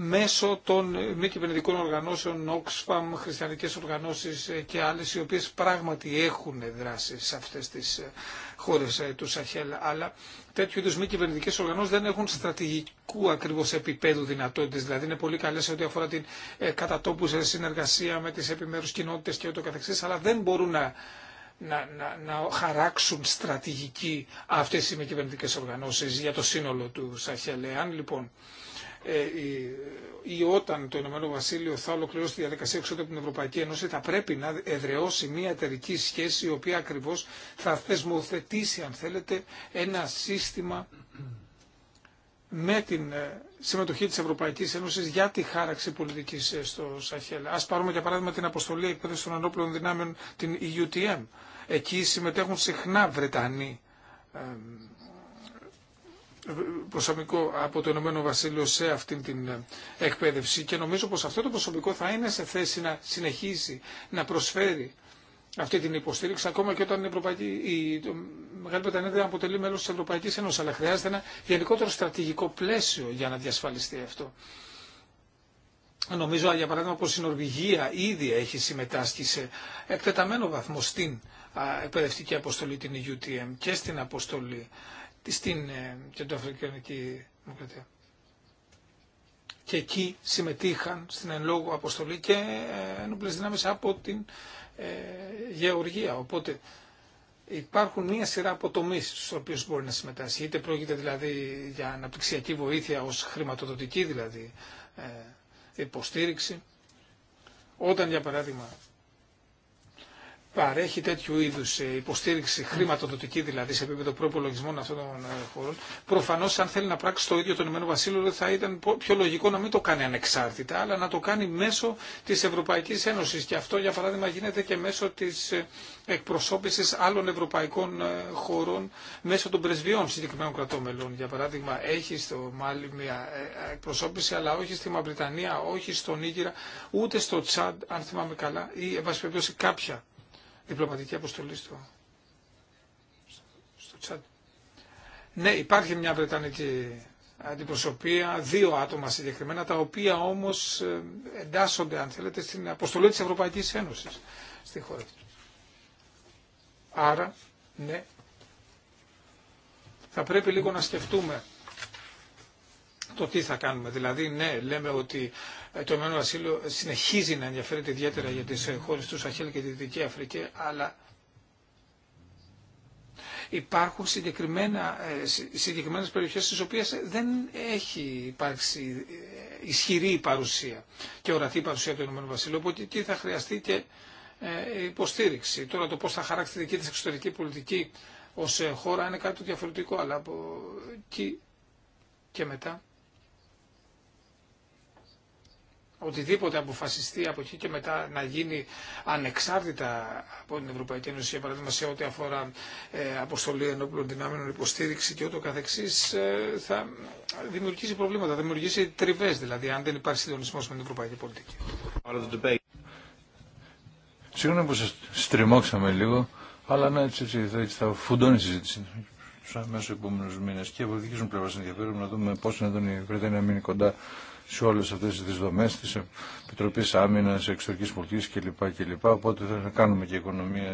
μέσω των μη κυβερνητικών οργανώσεων, Oxfam, χριστιανικές οργανώσεις και άλλες, οι οποίες πράγματι έχουν δράσει σε αυτές τις χώρες ε, του Σαχέλ, αλλά τέτοιου είδου μη κυβερνητικέ οργανώσεις δεν έχουν στρατηγικού ακριβώ επίπεδου δυνατότητε. Δηλαδή είναι πολύ καλέ σε ό,τι αφορά την ε, κατατόπου συνεργασία με τι επιμέρου κοινότητε και ούτω καθεξής, αλλά δεν μπορούν να, να, να, να χαράξουν στρατηγική αυτέ οι μη κυβερνητικέ οργανώσει για το σύνολο του Σαχέλ. λοιπόν ή ε, όταν το Ηνωμένο Βασίλειο θα ολοκληρώσει τη διαδικασία εξόδου από την Ευρωπαϊκή Ένωση, θα πρέπει να εδραιώσει μια εταιρική σχέση, η οποία ακριβώ θα θεσμοθετήσει, αν θέλετε, ένα σύστημα με την ε, συμμετοχή της Ευρωπαϊκής Ένωσης για τη χάραξη πολιτικής ε, στο Σαχέλ. Ας πάρουμε για παράδειγμα την αποστολή εκπαίδευση των ενόπλων δυνάμεων, την EUTM. Εκεί συμμετέχουν συχνά Βρετανοί προσωπικό από το Ηνωμένο Βασίλειο σε αυτή την ε, εκπαίδευση και νομίζω πως αυτό το προσωπικό θα είναι σε θέση να συνεχίσει να προσφέρει αυτή την υποστήριξη ακόμα και όταν η, Ευρωπαϊκή, η Μεγάλη Βρετανία αποτελεί μέλος της Ευρωπαϊκής Ένωσης αλλά χρειάζεται ένα γενικότερο στρατηγικό πλαίσιο για να διασφαλιστεί αυτό. Νομίζω για παράδειγμα πως η Νορβηγία ήδη έχει συμμετάσχει σε εκτεταμένο βαθμό στην εκπαιδευτική αποστολή την UTM και στην αποστολή στην ε, Κεντροαφρικανική Δημοκρατία. Και εκεί συμμετείχαν στην εν λόγω αποστολή και ε, ενόπλες δυνάμεις από την ε, Γεωργία. Οπότε υπάρχουν μία σειρά από τομείς στου οποίου μπορεί να συμμετάσχει. Είτε πρόκειται δηλαδή για αναπτυξιακή βοήθεια ως χρηματοδοτική δηλαδή υποστήριξη. Όταν για παράδειγμα παρέχει τέτοιου είδου ε, υποστήριξη, χρηματοδοτική δηλαδή, σε επίπεδο προπολογισμών αυτών των ε, χωρών, προφανώ αν θέλει να πράξει το ίδιο το Ηνωμένο Βασίλειο θα ήταν πιο λογικό να μην το κάνει ανεξάρτητα, αλλά να το κάνει μέσω τη Ευρωπαϊκή Ένωση. Και αυτό, για παράδειγμα, γίνεται και μέσω τη ε, εκπροσώπηση άλλων ευρωπαϊκών χωρών μέσω των πρεσβειών συγκεκριμένων κρατών μελών. Για παράδειγμα, έχει στο Μάλι μια εκπροσώπηση, αλλά όχι στη Μαυριτανία, όχι στον Νίγηρα, ούτε στο Τσάντ, αν θυμάμαι καλά, ή εν κάποια διπλωματική αποστολή στο, στο Ναι, υπάρχει μια Βρετανική αντιπροσωπεία, δύο άτομα συγκεκριμένα, τα οποία όμως ε, εντάσσονται, αν θέλετε, στην αποστολή της Ευρωπαϊκής Ένωσης στη χώρα του. Άρα, ναι, θα πρέπει λίγο να σκεφτούμε το τι θα κάνουμε. Δηλαδή, ναι, λέμε ότι το Ηνωμένο Βασίλειο συνεχίζει να ενδιαφέρεται ιδιαίτερα για τι ε, χώρε του Σαχέλ και τη Δυτική Αφρική, αλλά υπάρχουν συγκεκριμένα, ε, συγκεκριμένες περιοχές στις οποίες δεν έχει υπάρξει ε, ισχυρή παρουσία και ορατή παρουσία του Ηνωμένου Βασίλειου, οπότε εκεί θα χρειαστεί και υποστήριξη. Τώρα το πώς θα χαράξει τη δική της εξωτερική πολιτική ως χώρα είναι κάτι διαφορετικό, αλλά από εκεί και μετά οτιδήποτε αποφασιστεί από εκεί και μετά να γίνει ανεξάρτητα από την Ευρωπαϊκή Ένωση, για παράδειγμα σε ό,τι αφορά ε, αποστολή ενόπλων δυνάμεων, υποστήριξη και ούτω καθεξής, ε, θα δημιουργήσει προβλήματα, θα δημιουργήσει τριβές δηλαδή, αν δεν υπάρχει συντονισμός με την ευρωπαϊκή πολιτική. Συγγνώμη που σας στριμώξαμε λίγο, αλλά ναι, έτσι, έτσι, θα, θα φουντώνει η συζήτηση στους αμέσως επόμενους μήνες και από δική σου πλευρά ενδιαφέρον να δούμε πώ είναι η Βρετανία να μείνει κοντά σε όλε αυτέ τι δομές τη επιτροπή Άμυνα, εξωτερική Πολιτική κλπ. κλπ. Οπότε θα κάνουμε και οικονομίε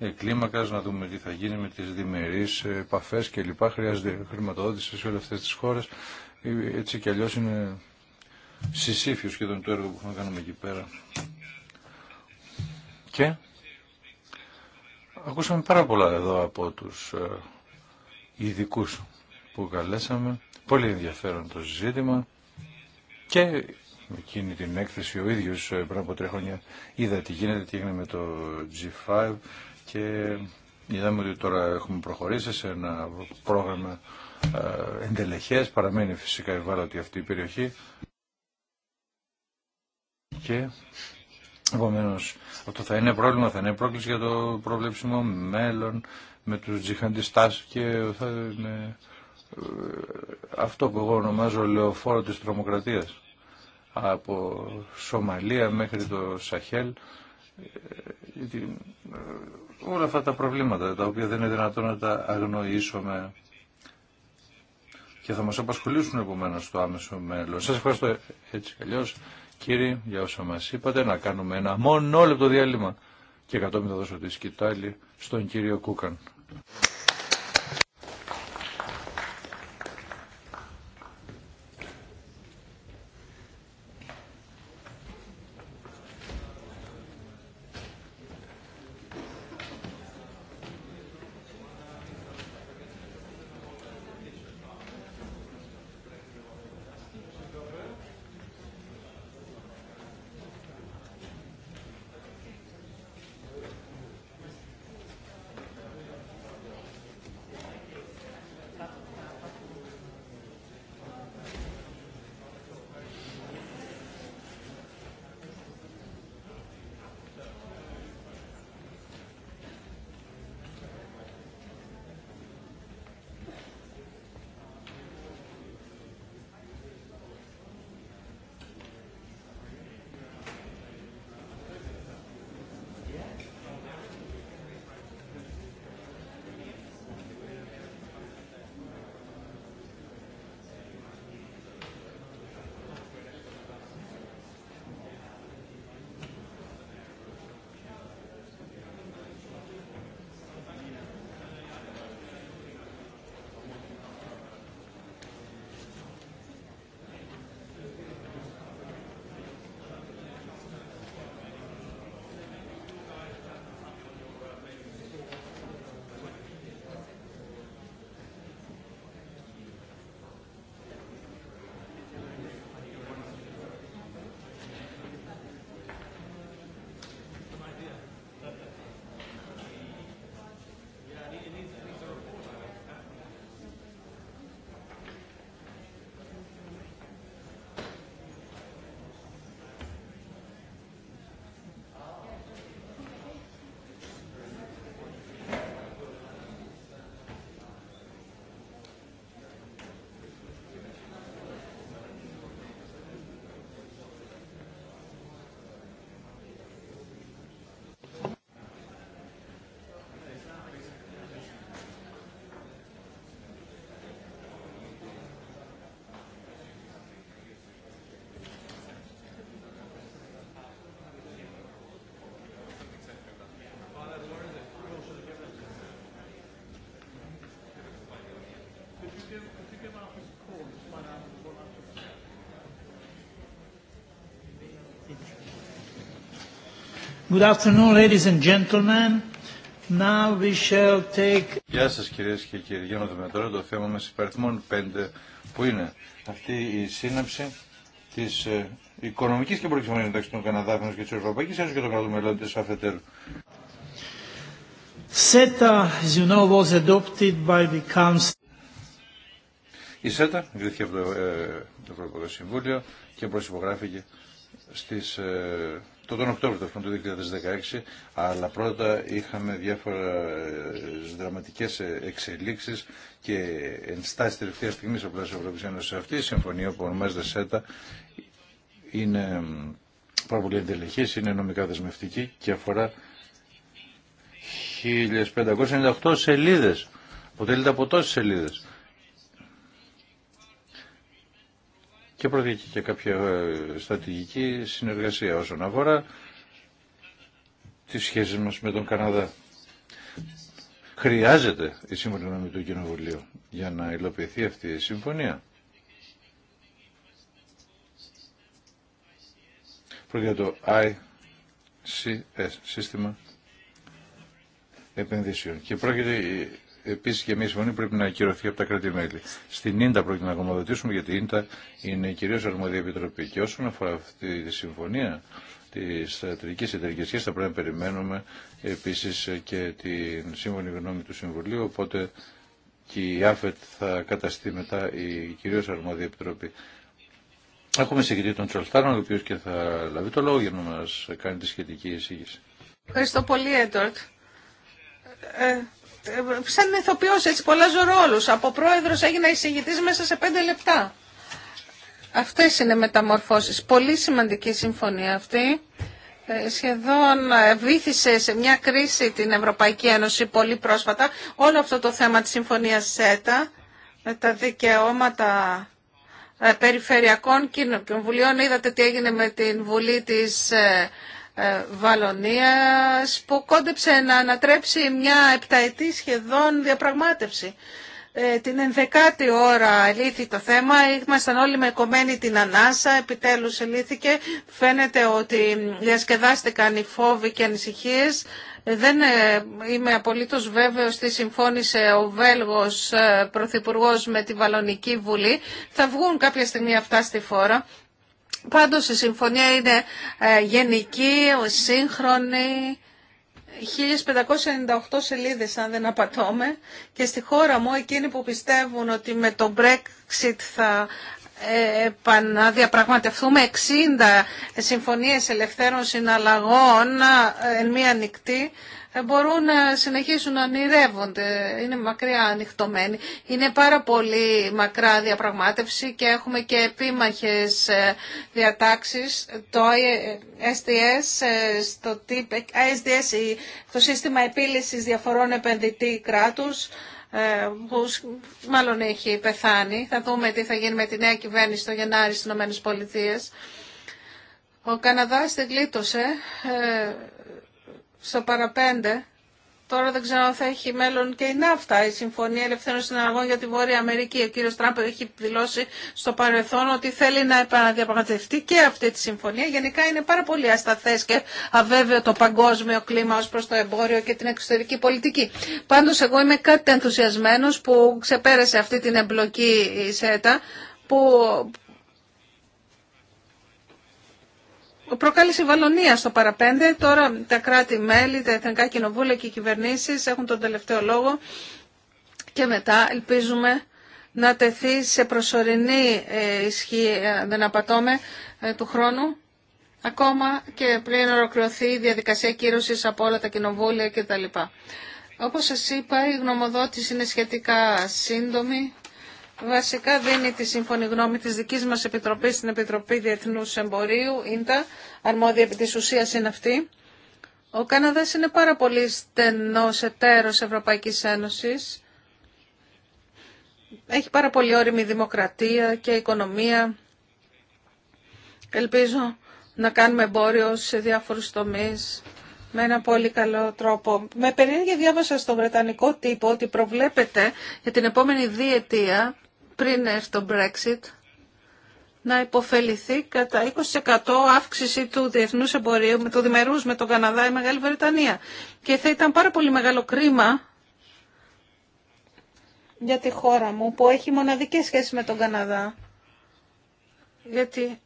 ε, ε, κλίμακα, να δούμε τι θα γίνει με τι διμερεί ε, επαφέ κλπ. Χρειάζεται χρηματοδότηση σε όλε αυτέ τι χώρε. Έτσι κι αλλιώ είναι συσήφιο σχεδόν το έργο που έχουμε κάνουμε εκεί πέρα. Και ακούσαμε πάρα πολλά εδώ από τους ειδικού που καλέσαμε. Πολύ ενδιαφέρον το ζήτημα. Και με εκείνη την έκθεση ο ίδιο ε, πριν από τρία χρόνια είδα τι γίνεται, τι έγινε με το G5 και είδαμε ότι τώρα έχουμε προχωρήσει σε ένα πρόγραμμα ε, εντελεχέ. παραμένει φυσικά ευάλωτη αυτή η περιοχή και επομένω αυτό θα είναι πρόβλημα, θα είναι πρόκληση για το προβλέψιμο μέλλον με του τζιχαντιστάς και θα, με, ε, αυτό που εγώ ονομάζω λεωφόρο της τρομοκρατίας από Σομαλία μέχρι το Σαχέλ ε, ε, όλα αυτά τα προβλήματα τα οποία δεν είναι δυνατόν να τα αγνοήσουμε και θα μας απασχολήσουν επομένω στο άμεσο μέλλον. Σας ευχαριστώ έτσι αλλιώ, κύριοι για όσα μας είπατε να κάνουμε ένα μόνο λεπτό διάλειμμα και κατόπιν θα δώσω τη σκητάλη στον κύριο Κούκαν. Good afternoon, ladies and gentlemen. Now we shall take... Γεια σας κυρίες και κύριοι. Για να δούμε τώρα το θέμα μας υπαριθμών 5 που είναι αυτή η σύναψη της ε, οικονομικής και προεξημένης μεταξύ των Καναδάφινων και της Ευρωπαϊκής Ένωσης και των κρατών μελών της αφετέρου. CETA, as you know, was adopted by the Council. Η ΣΕΤΑ βγήκε από το Ευρωπαϊκό Συμβούλιο και προσυπογράφηκε στις, ε, το τον Οκτώβριο του 2016, αλλά πρώτα είχαμε διάφορα ε, δραματικές ε, εξελίξεις και ενστάσεις τελευταία στιγμή από τα Ευρωπαϊκή Ένωση. Αυτή η συμφωνία που ονομάζεται ΣΕΤΑ είναι πάρα πολύ εντελεχής, είναι νομικά δεσμευτική και αφορά 1598 σελίδες. Αποτελείται από τόσες σελίδες. και πρόκειται και κάποια ε, στρατηγική συνεργασία όσον αφορά τις σχέσεις μας με τον Καναδά. Χρειάζεται η σύμφωνη νομή του Κοινοβουλίου για να υλοποιηθεί αυτή η συμφωνία. Πρόκειται το ICS, Σύστημα Επενδύσεων. Και πρόκειται επίση και μια συμφωνία πρέπει να ακυρωθεί από τα κράτη-μέλη. Στην ντα πρόκειται να γνωμοδοτήσουμε γιατί η ντα είναι κυρίω αρμόδια επιτροπή. Και όσον αφορά αυτή τη συμφωνία τη στρατηγική εταιρική σχέση θα πρέπει να περιμένουμε επίση και την σύμφωνη γνώμη του Συμβουλίου. Οπότε και η ΑΦΕΤ θα καταστεί μετά η κυρίω αρμόδια επιτροπή. Έχουμε συγκριτή τον Τσολθάνο ο οποίο και θα λάβει το λόγο για να μα κάνει τη σχετική εισήγηση. Ευχαριστώ πολύ, Έντορτ. Ε, ε, σαν ηθοποιός έτσι πολλά ρόλους. Από πρόεδρος έγινα εισηγητής μέσα σε πέντε λεπτά. Αυτές είναι μεταμορφώσεις. Πολύ σημαντική συμφωνία αυτή. Ε, σχεδόν ε, βήθησε σε μια κρίση την Ευρωπαϊκή Ένωση πολύ πρόσφατα όλο αυτό το θέμα της συμφωνίας ΣΕΤΑ με τα δικαιώματα περιφερειακών κοινοβουλίων. Είδατε τι έγινε με την Βουλή της ε, Βαλονία που κόντεψε να ανατρέψει μια επταετή σχεδόν διαπραγμάτευση. Ε, την ενδεκάτη ώρα λύθη το θέμα, ήμασταν όλοι με κομμένη την ανάσα, επιτέλους λύθηκε. Φαίνεται ότι διασκεδάστηκαν οι φόβοι και ανησυχίες. Ε, δεν είμαι απολύτως βέβαιος τι συμφώνησε ο Βέλγος Πρωθυπουργός με τη Βαλονική Βουλή. Θα βγουν κάποια στιγμή αυτά στη φόρα. Πάντως η συμφωνία είναι ε, γενική, σύγχρονη, 1598 σελίδες αν δεν απατώμε και στη χώρα μου εκείνοι που πιστεύουν ότι με το Brexit θα ε, επαναδιαπραγματευτούμε 60 συμφωνίες ελευθέρων συναλλαγών ε, εν μία νυχτή θα μπορούν να συνεχίσουν να ονειρεύονται. Είναι μακριά ανοιχτωμένοι. Είναι πάρα πολύ μακρά διαπραγμάτευση και έχουμε και επίμαχες ε, διατάξεις. Το SDS, ε, στο SDS, το σύστημα επίλυσης διαφορών επενδυτή κράτους, ε, που μάλλον έχει πεθάνει. Θα δούμε τι θα γίνει με τη νέα κυβέρνηση το Γενάρη στις ΗΠΑ. Ο Καναδάς δεν στο παραπέντε. Τώρα δεν ξέρω αν θα έχει μέλλον και η ναύτα, η Συμφωνία Ελευθέρων Συναλλαγών για τη Βόρεια Αμερική. Ο κύριος Τραμπ έχει δηλώσει στο παρελθόν ότι θέλει να επαναδιαπραγματευτεί και αυτή τη συμφωνία. Γενικά είναι πάρα πολύ ασταθέ και αβέβαιο το παγκόσμιο κλίμα ως προς το εμπόριο και την εξωτερική πολιτική. Πάντως, εγώ είμαι κάτι ενθουσιασμένος που ξεπέρασε αυτή την εμπλοκή η ΣΕΤΑ που Προκάλεσε Βαλονία στο παραπέντε. Τώρα τα κράτη-μέλη, τα εθνικά κοινοβούλια και οι κυβερνήσει έχουν τον τελευταίο λόγο και μετά ελπίζουμε να τεθεί σε προσωρινή ε, ισχύ, ε, δεν απατώμε, ε, του χρόνου ακόμα και πριν ολοκληρωθεί η διαδικασία κύρωσης από όλα τα κοινοβούλια κτλ. Όπως σας είπα, η γνωμοδότηση είναι σχετικά σύντομη βασικά δίνει τη σύμφωνη γνώμη της δικής μας Επιτροπής στην Επιτροπή Διεθνούς Εμπορίου, ίντα, αρμόδια επί της ουσίας είναι αυτή. Ο Καναδάς είναι πάρα πολύ στενός εταίρος Ευρωπαϊκής Ένωσης. Έχει πάρα πολύ όρημη δημοκρατία και οικονομία. Ελπίζω να κάνουμε εμπόριο σε διάφορους τομείς με ένα πολύ καλό τρόπο. Με περίεργη διάβασα στο Βρετανικό τύπο ότι προβλέπεται για την επόμενη διετία πριν έρθει το Brexit να υποφεληθεί κατά 20% αύξηση του διεθνούς εμπορίου με το διμερούς με τον Καναδά η Μεγάλη Βρετανία. Και θα ήταν πάρα πολύ μεγάλο κρίμα για τη χώρα μου που έχει μοναδικές σχέσεις με τον Καναδά. Γιατί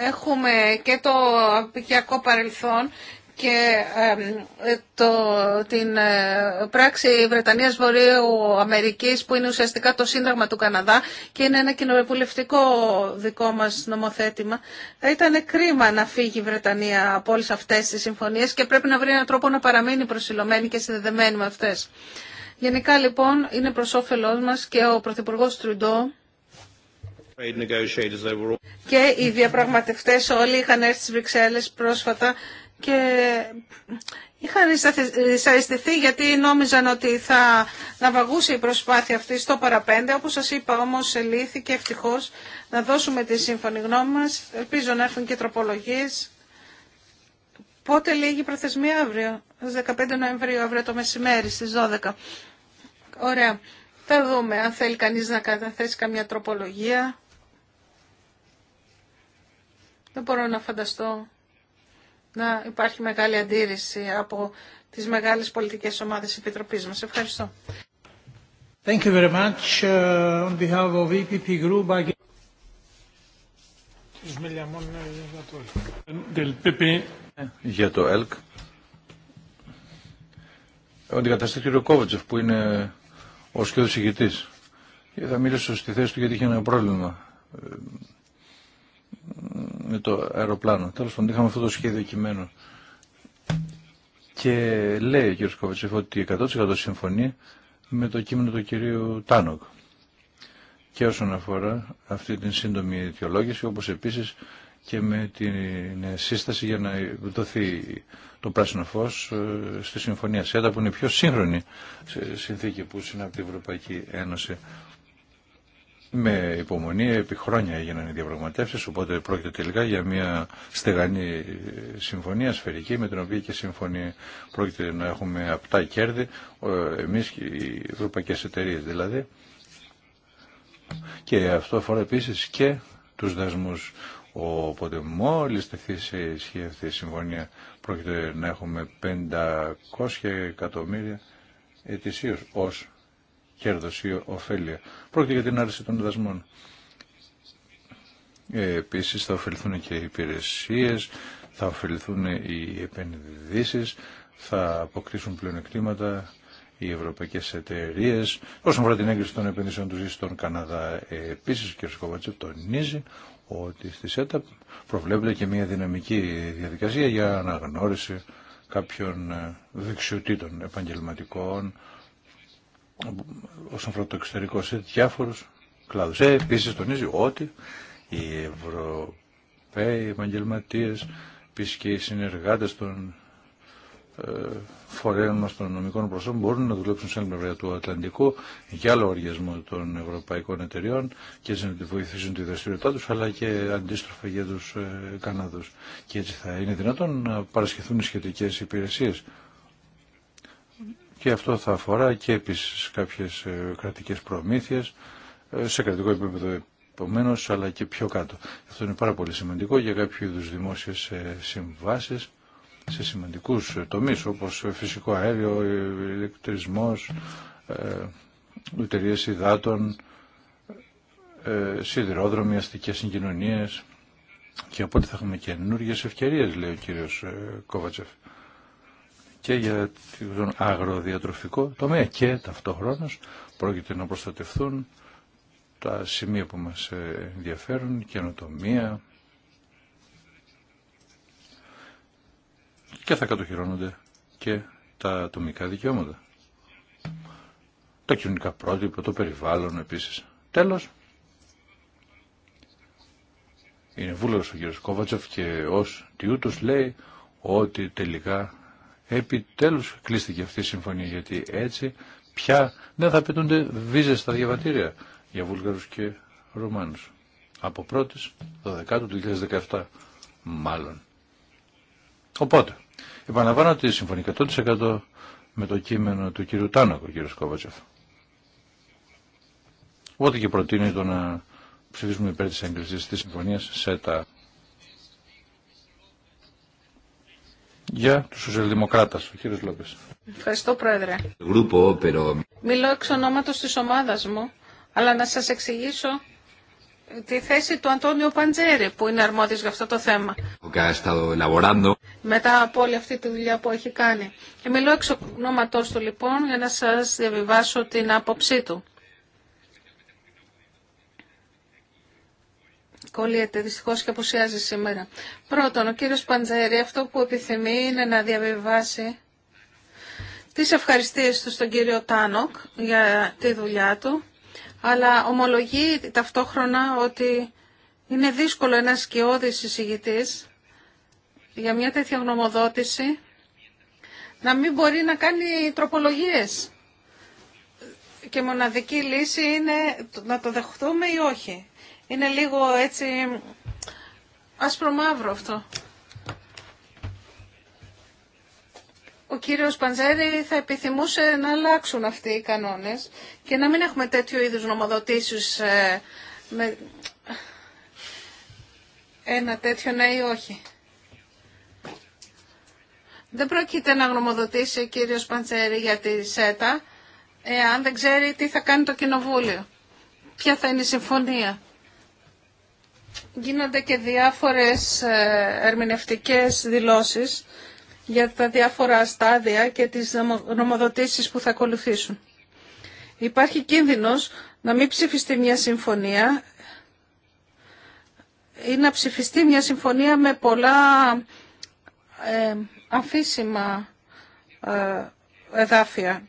έχουμε και το απικιακό παρελθόν και το, την ε, πράξη Βρετανίας Βορείου Αμερικής που είναι ουσιαστικά το Σύνταγμα του Καναδά και είναι ένα κοινοβουλευτικό δικό μας νομοθέτημα. Ήταν κρίμα να φύγει η Βρετανία από όλες αυτές τις συμφωνίες και πρέπει να βρει έναν τρόπο να παραμείνει προσιλωμένη και συνδεδεμένη με αυτές. Γενικά λοιπόν είναι προς όφελός μας και ο Πρωθυπουργός Τρουντό και οι διαπραγματευτές όλοι είχαν έρθει στις Βρυξέλλες πρόσφατα και είχαν δυσαρεστηθεί γιατί νόμιζαν ότι θα ναυαγούσε η προσπάθεια αυτή στο παραπέντε. Όπως σας είπα όμως ελήθηκε ευτυχώς να δώσουμε τη σύμφωνη γνώμη μας. Ελπίζω να έρθουν και τροπολογίες. Πότε η προθεσμία αύριο, στις 15 Νοεμβρίου, αύριο το μεσημέρι στις 12. Ωραία. Θα δούμε αν θέλει κανείς να καταθέσει καμιά τροπολογία. Δεν μπορώ να φανταστώ να υπάρχει μεγάλη αντίρρηση από τις μεγάλες πολιτικές ομάδες επιτροπής μας. Ευχαριστώ. Thank you very much. Uh, on behalf of EPP Group, I... Uh, ε, για το ΕΛΚ. Ο αντικαταστήτη κύριο Κόβετσεφ που είναι ο σκιώδης ηγητής. Θα μίλησω στη θέση του γιατί είχε ένα πρόβλημα ε, με το αεροπλάνο. Τέλος πάντων είχαμε αυτό το σχέδιο κειμένο. Και λέει ο κ. Κοβατσέφ ότι 100% συμφωνεί με το κείμενο του κυρίου Τάνοκ. Και όσον αφορά αυτή την σύντομη αιτιολόγηση, όπως επίσης και με την ε, σύσταση για να δοθεί το πράσινο φως ε, στη Συμφωνία ΣΕΤΑ που είναι η πιο σύγχρονη ε, συνθήκη που συνάπτει η Ευρωπαϊκή Ένωση. Με υπομονή επί χρόνια έγιναν οι διαπραγματεύσει, οπότε πρόκειται τελικά για μια στεγανή συμφωνία σφαιρική με την οποία και συμφωνεί πρόκειται να έχουμε απτά κέρδη ε, εμείς και οι ευρωπαϊκέ εταιρείε δηλαδή. Και αυτό αφορά επίση και τους δασμούς. Οπότε μόλι τεθεί σε ισχύ αυτή η συμφωνία πρόκειται να έχουμε 500 εκατομμύρια ετησίω ω κέρδος ή ωφέλεια. Πρόκειται για την άρση των δασμών. Ε, επίσης θα ωφεληθούν και οι υπηρεσίες, θα ωφεληθούν οι επενδύσεις, θα αποκτήσουν πλεονεκτήματα οι ευρωπαϊκές εταιρείε. Όσον αφορά την έγκριση των επενδύσεων του στον Καναδά, ε, επίσης ο κ. Κοβατσέπ τονίζει ότι στη ΣΕΤΑ προβλέπεται και μια δυναμική διαδικασία για αναγνώριση κάποιων ε, δεξιοτήτων επαγγελματικών όσον αφορά το εξωτερικό σε διάφορου κλάδου. Ε, επίσης τονίζει ότι οι Ευρωπαίοι επαγγελματίε επίση και οι συνεργάτε των ε, φορέων μα των νομικών προσώπων μπορούν να δουλέψουν σε άλλη πλευρά του Ατλαντικού για άλλο οργιασμό των ευρωπαϊκών εταιριών και έτσι να τη βοηθήσουν τη δραστηριότητά τους αλλά και αντίστροφα για του ε, Και έτσι θα είναι δυνατόν να παρασχεθούν οι σχετικές υπηρεσίες και αυτό θα αφορά και επίσης κάποιες ε, κρατικές προμήθειες ε, σε κρατικό επίπεδο επομένω, αλλά και πιο κάτω. Αυτό είναι πάρα πολύ σημαντικό για κάποιου είδου δημόσιε συμβάσει σε σημαντικού ε, τομεί όπω φυσικό αέριο, ηλεκτρισμό, εταιρείε υδάτων, σιδηρόδρομοι, αστικέ συγκοινωνίε. Και από ό,τι θα έχουμε καινούργιε ευκαιρίε, λέει ο κύριο Κόβατσεφ και για τον αγροδιατροφικό τομέα και ταυτόχρονα πρόκειται να προστατευθούν τα σημεία που μας ενδιαφέρουν, καινοτομία και θα κατοχυρώνονται και τα ατομικά δικαιώματα. Τα κοινωνικά πρότυπα, το περιβάλλον επίσης. Τέλος, είναι βούλος ο κ. Κόβατσεφ και ως τιούτος λέει ότι τελικά Επιτέλους κλείστηκε αυτή η συμφωνία γιατί έτσι πια δεν θα απαιτούνται βίζες στα διαβατήρια για Βούλγαρους και Ρουμάνους. Από 12 του 2017 μάλλον. Οπότε, επαναλαμβάνω ότι συμφωνεί 100% με το κείμενο του κύριου Τάνακο, κύριο Σκόβατσεφ. Οπότε και προτείνει το να ψηφίσουμε υπέρ της έγκρισης της συμφωνίας τα... για τους σοσιαλδημοκράτες, ο κύριος Λόπες. Ευχαριστώ, Πρόεδρε. Γρουπο, Μιλώ εξ ονόματος της ομάδας μου, αλλά να σας εξηγήσω τη θέση του Αντώνιο Παντζέρη, που είναι αρμόδιος για αυτό το θέμα. Μετά από όλη αυτή τη δουλειά που έχει κάνει. Και μιλώ εξ ονόματός του, λοιπόν, για να σας διαβιβάσω την άποψή του. Κολλείται δυστυχώς και αποσιάζει σήμερα. Πρώτον, ο κύριο Παντζέρη αυτό που επιθυμεί είναι να διαβιβάσει τι ευχαριστίες του στον κύριο Τάνοκ για τη δουλειά του, αλλά ομολογεί ταυτόχρονα ότι είναι δύσκολο ένα σκιώδη συζητητή για μια τέτοια γνωμοδότηση να μην μπορεί να κάνει τροπολογίες. Και μοναδική λύση είναι να το δεχτούμε ή όχι. Είναι λίγο ασπρομαύρο αυτό. Ο κύριος Παντζέρη θα επιθυμούσε να αλλάξουν αυτοί οι κανόνες και να μην έχουμε τέτοιου είδους νομοδοτήσεις ε, με ένα τέτοιο ναι ή όχι. Δεν πρόκειται να γνωμοδοτήσει ο κύριος Παντζέρη για τη ΣΕΤΑ εάν δεν ξέρει τι θα κάνει το Κοινοβούλιο. Ποια θα είναι η συμφωνία. Γίνονται και διάφορες ε, ερμηνευτικές δηλώσεις για τα διάφορα στάδια και τις νομοδοτήσεις που θα ακολουθήσουν. Υπάρχει κίνδυνος να μην ψηφιστεί μια συμφωνία ή να ψηφιστεί μια συμφωνία με πολλά ε, αφήσιμα ε, εδάφια.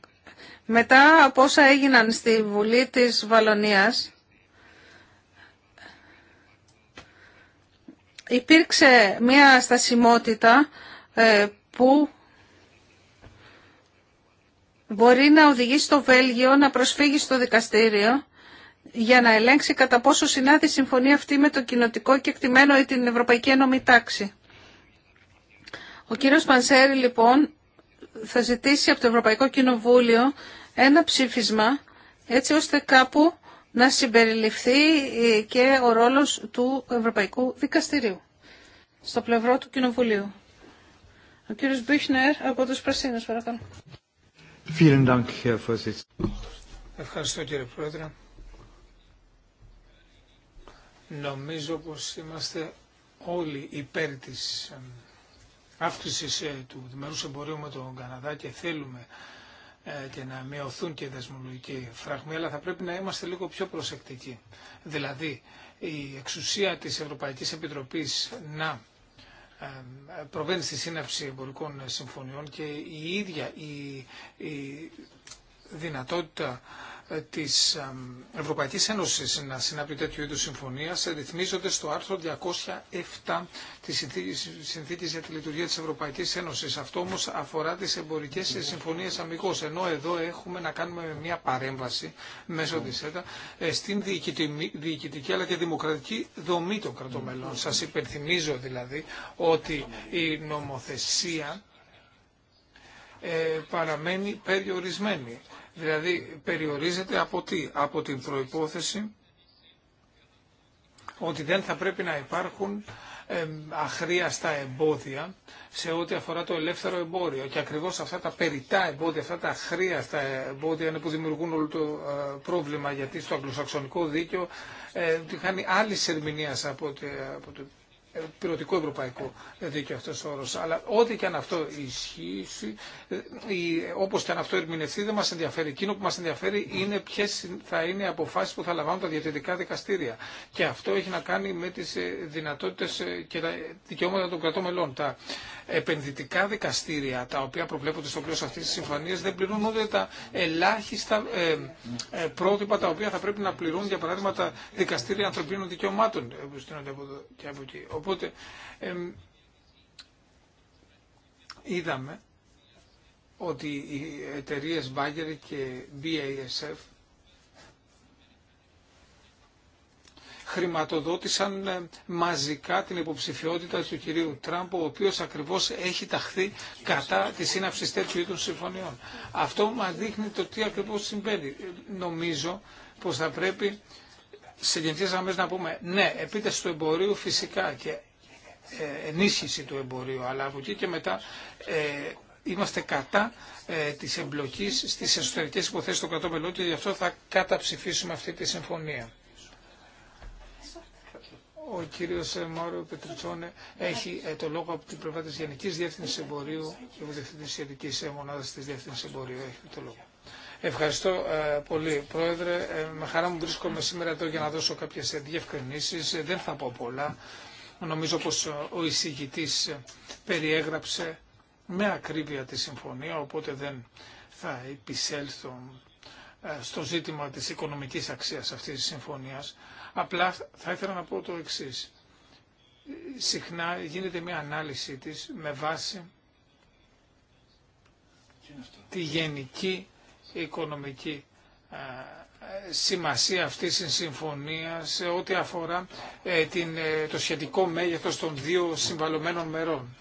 Μετά από όσα έγιναν στη Βουλή της Βαλονίας, υπήρξε μια στασιμότητα ε, που μπορεί να οδηγήσει το Βέλγιο να προσφύγει στο δικαστήριο για να ελέγξει κατά πόσο συνάδει η συμφωνία αυτή με το κοινοτικό και εκτιμένο ή την Ευρωπαϊκή Ένωμη Τάξη. Ο κύριος Πανσέρη λοιπόν θα ζητήσει από το Ευρωπαϊκό Κοινοβούλιο ένα ψήφισμα έτσι ώστε κάπου να συμπεριληφθεί ε, και ο ρόλος του Ευρωπαϊκού Δικαστηρίου στο πλευρό του Κοινοβουλίου. Ο κύριος Μπίχνερ από τους Πρασίνους, παρακαλώ. Ευχαριστώ κύριε Πρόεδρε. Νομίζω πως είμαστε όλοι υπέρ της ε, αύξησης ε, του δημερούς εμπορίου με τον Καναδά και θέλουμε ε, και να μειωθούν και οι δεσμολογικοί φραγμοί, αλλά θα πρέπει να είμαστε λίγο πιο προσεκτικοί. Δηλαδή, η εξουσία της Ευρωπαϊκής Επιτροπής να ε, προβαίνει στη σύναψη εμπορικών συμφωνιών και η ίδια η δυνατότητα ε, της Ευρωπαϊκής Ένωση, να συνάπτει τέτοιου είδου συμφωνίας ε, ρυθμίζονται στο άρθρο 207 της συνθήκη για τη Λειτουργία τη Ευρωπαϊκής Ένωση. Αυτό όμω αφορά τις εμπορικές συμφωνίες αμυγό. ενώ εδώ έχουμε να κάνουμε μια παρέμβαση μέσω τη ΕΤΑ ε, στην διοικητική αλλά και δημοκρατική δομή των κρατομελών. Σας υπενθυμίζω δηλαδή ότι η νομοθεσία παραμένει περιορισμένη Δηλαδή περιορίζεται από τι, από την προϋπόθεση ότι δεν θα πρέπει να υπάρχουν αχρίαστα εμπόδια σε ό,τι αφορά το ελεύθερο εμπόριο. Και ακριβώς αυτά τα περιτά εμπόδια, αυτά τα αχρίαστα εμπόδια είναι που δημιουργούν όλο το ε, πρόβλημα γιατί στο αγγλοσαξονικό δίκαιο ε, τη χάνει άλλη ερμηνεία από, από το πυρωτικό ευρωπαϊκό δίκαιο αυτό ο όρο. Αλλά ό,τι και αν αυτό ισχύει, ε, όπω και αν αυτό ερμηνευτεί, δεν μας ενδιαφέρει. Εκείνο που μα ενδιαφέρει είναι ποιε θα είναι οι αποφάσεις που θα λαμβάνουν τα διατηρητικά δικαστήρια. Και αυτό έχει να κάνει με τις ε, δυνατότητες ε, και τα δικαιώματα των κρατών μελών. Τα επενδυτικά δικαστήρια τα οποία προβλέπονται στο πλαίσιο αυτή τη συμφωνία δεν πληρούν ούτε τα ελάχιστα ε, ε, πρότυπα τα οποία θα πρέπει να πληρούν για παράδειγμα τα δικαστήρια ανθρωπίνων δικαιωμάτων ε, που από και Οπότε είδαμε ότι οι εταιρείε Bagger και BASF χρηματοδότησαν ε, μαζικά την υποψηφιότητα του κυρίου Τραμπ, ο οποίος ακριβώς έχει ταχθεί κατά τη σύναψη τέτοιου είδους συμφωνιών. Αυτό μα δείχνει το τι ακριβώς συμβαίνει. Ε, νομίζω πως θα πρέπει σε γενικές γραμμές να πούμε ναι, επίτευξη του εμπορίου φυσικά και ε, ενίσχυση του εμπορίου, αλλά από εκεί και μετά είμαστε κατά ε, της εμπλοκής στις εσωτερικές υποθέσεις των κρατών μελών και γι' αυτό θα καταψηφίσουμε αυτή τη συμφωνία ο κύριος ε, Μάριο Πετριτσόνε έχει ε, το λόγο από την πλευρά της Γενικής Διεύθυνσης Εμπορίου και από την Ειδική ε, Μονάδα της Διεύθυνσης Εμπορίου. Έχει το λόγο. Ευχαριστώ πολύ, Πρόεδρε. με χαρά μου βρίσκομαι σήμερα εδώ για να δώσω κάποιες διευκρινήσεις. δεν θα πω πολλά. Νομίζω πως ο εισηγητής περιέγραψε με ακρίβεια τη συμφωνία, οπότε δεν θα επισέλθω στο ζήτημα της οικονομικής αξίας αυτής της συμφωνίας. Απλά θα ήθελα να πω το εξή. Συχνά γίνεται μια ανάλυση της με βάση τη γενική οικονομική ε, σημασία αυτής της συμφωνίας σε ό,τι αφορά ε, την, ε, το σχετικό μέγεθος των δύο συμβαλωμένων μερών.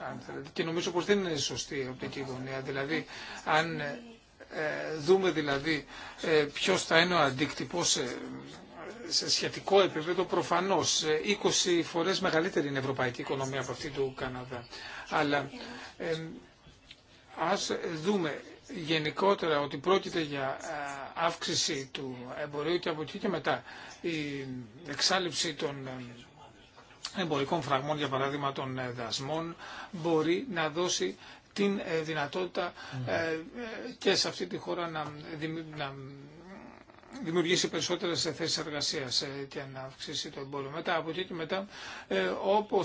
Και νομίζω πως δεν είναι σωστή η οπτική γωνία. Δηλαδή, αν δούμε δηλαδή ποιος θα είναι ο αντίκτυπος σε σχετικό επίπεδο προφανώς 20 ε, φορές μεγαλύτερη είναι η ευρωπαϊκή οικονομία από αυτή του Καναδά. Αλλά ε, ας δούμε γενικότερα ότι πρόκειται για αύξηση του εμπορίου και από εκεί και μετά η εξάλληψη των ε, εμπορικών φραγμών, για παράδειγμα των ε, δασμών, μπορεί να δώσει την δυνατότητα και σε αυτή τη χώρα να, να δημιουργήσει περισσότερε θέσει εργασία ε, και να αυξήσει το εμπόριο. Μετά από εκεί και μετά, ε, όπω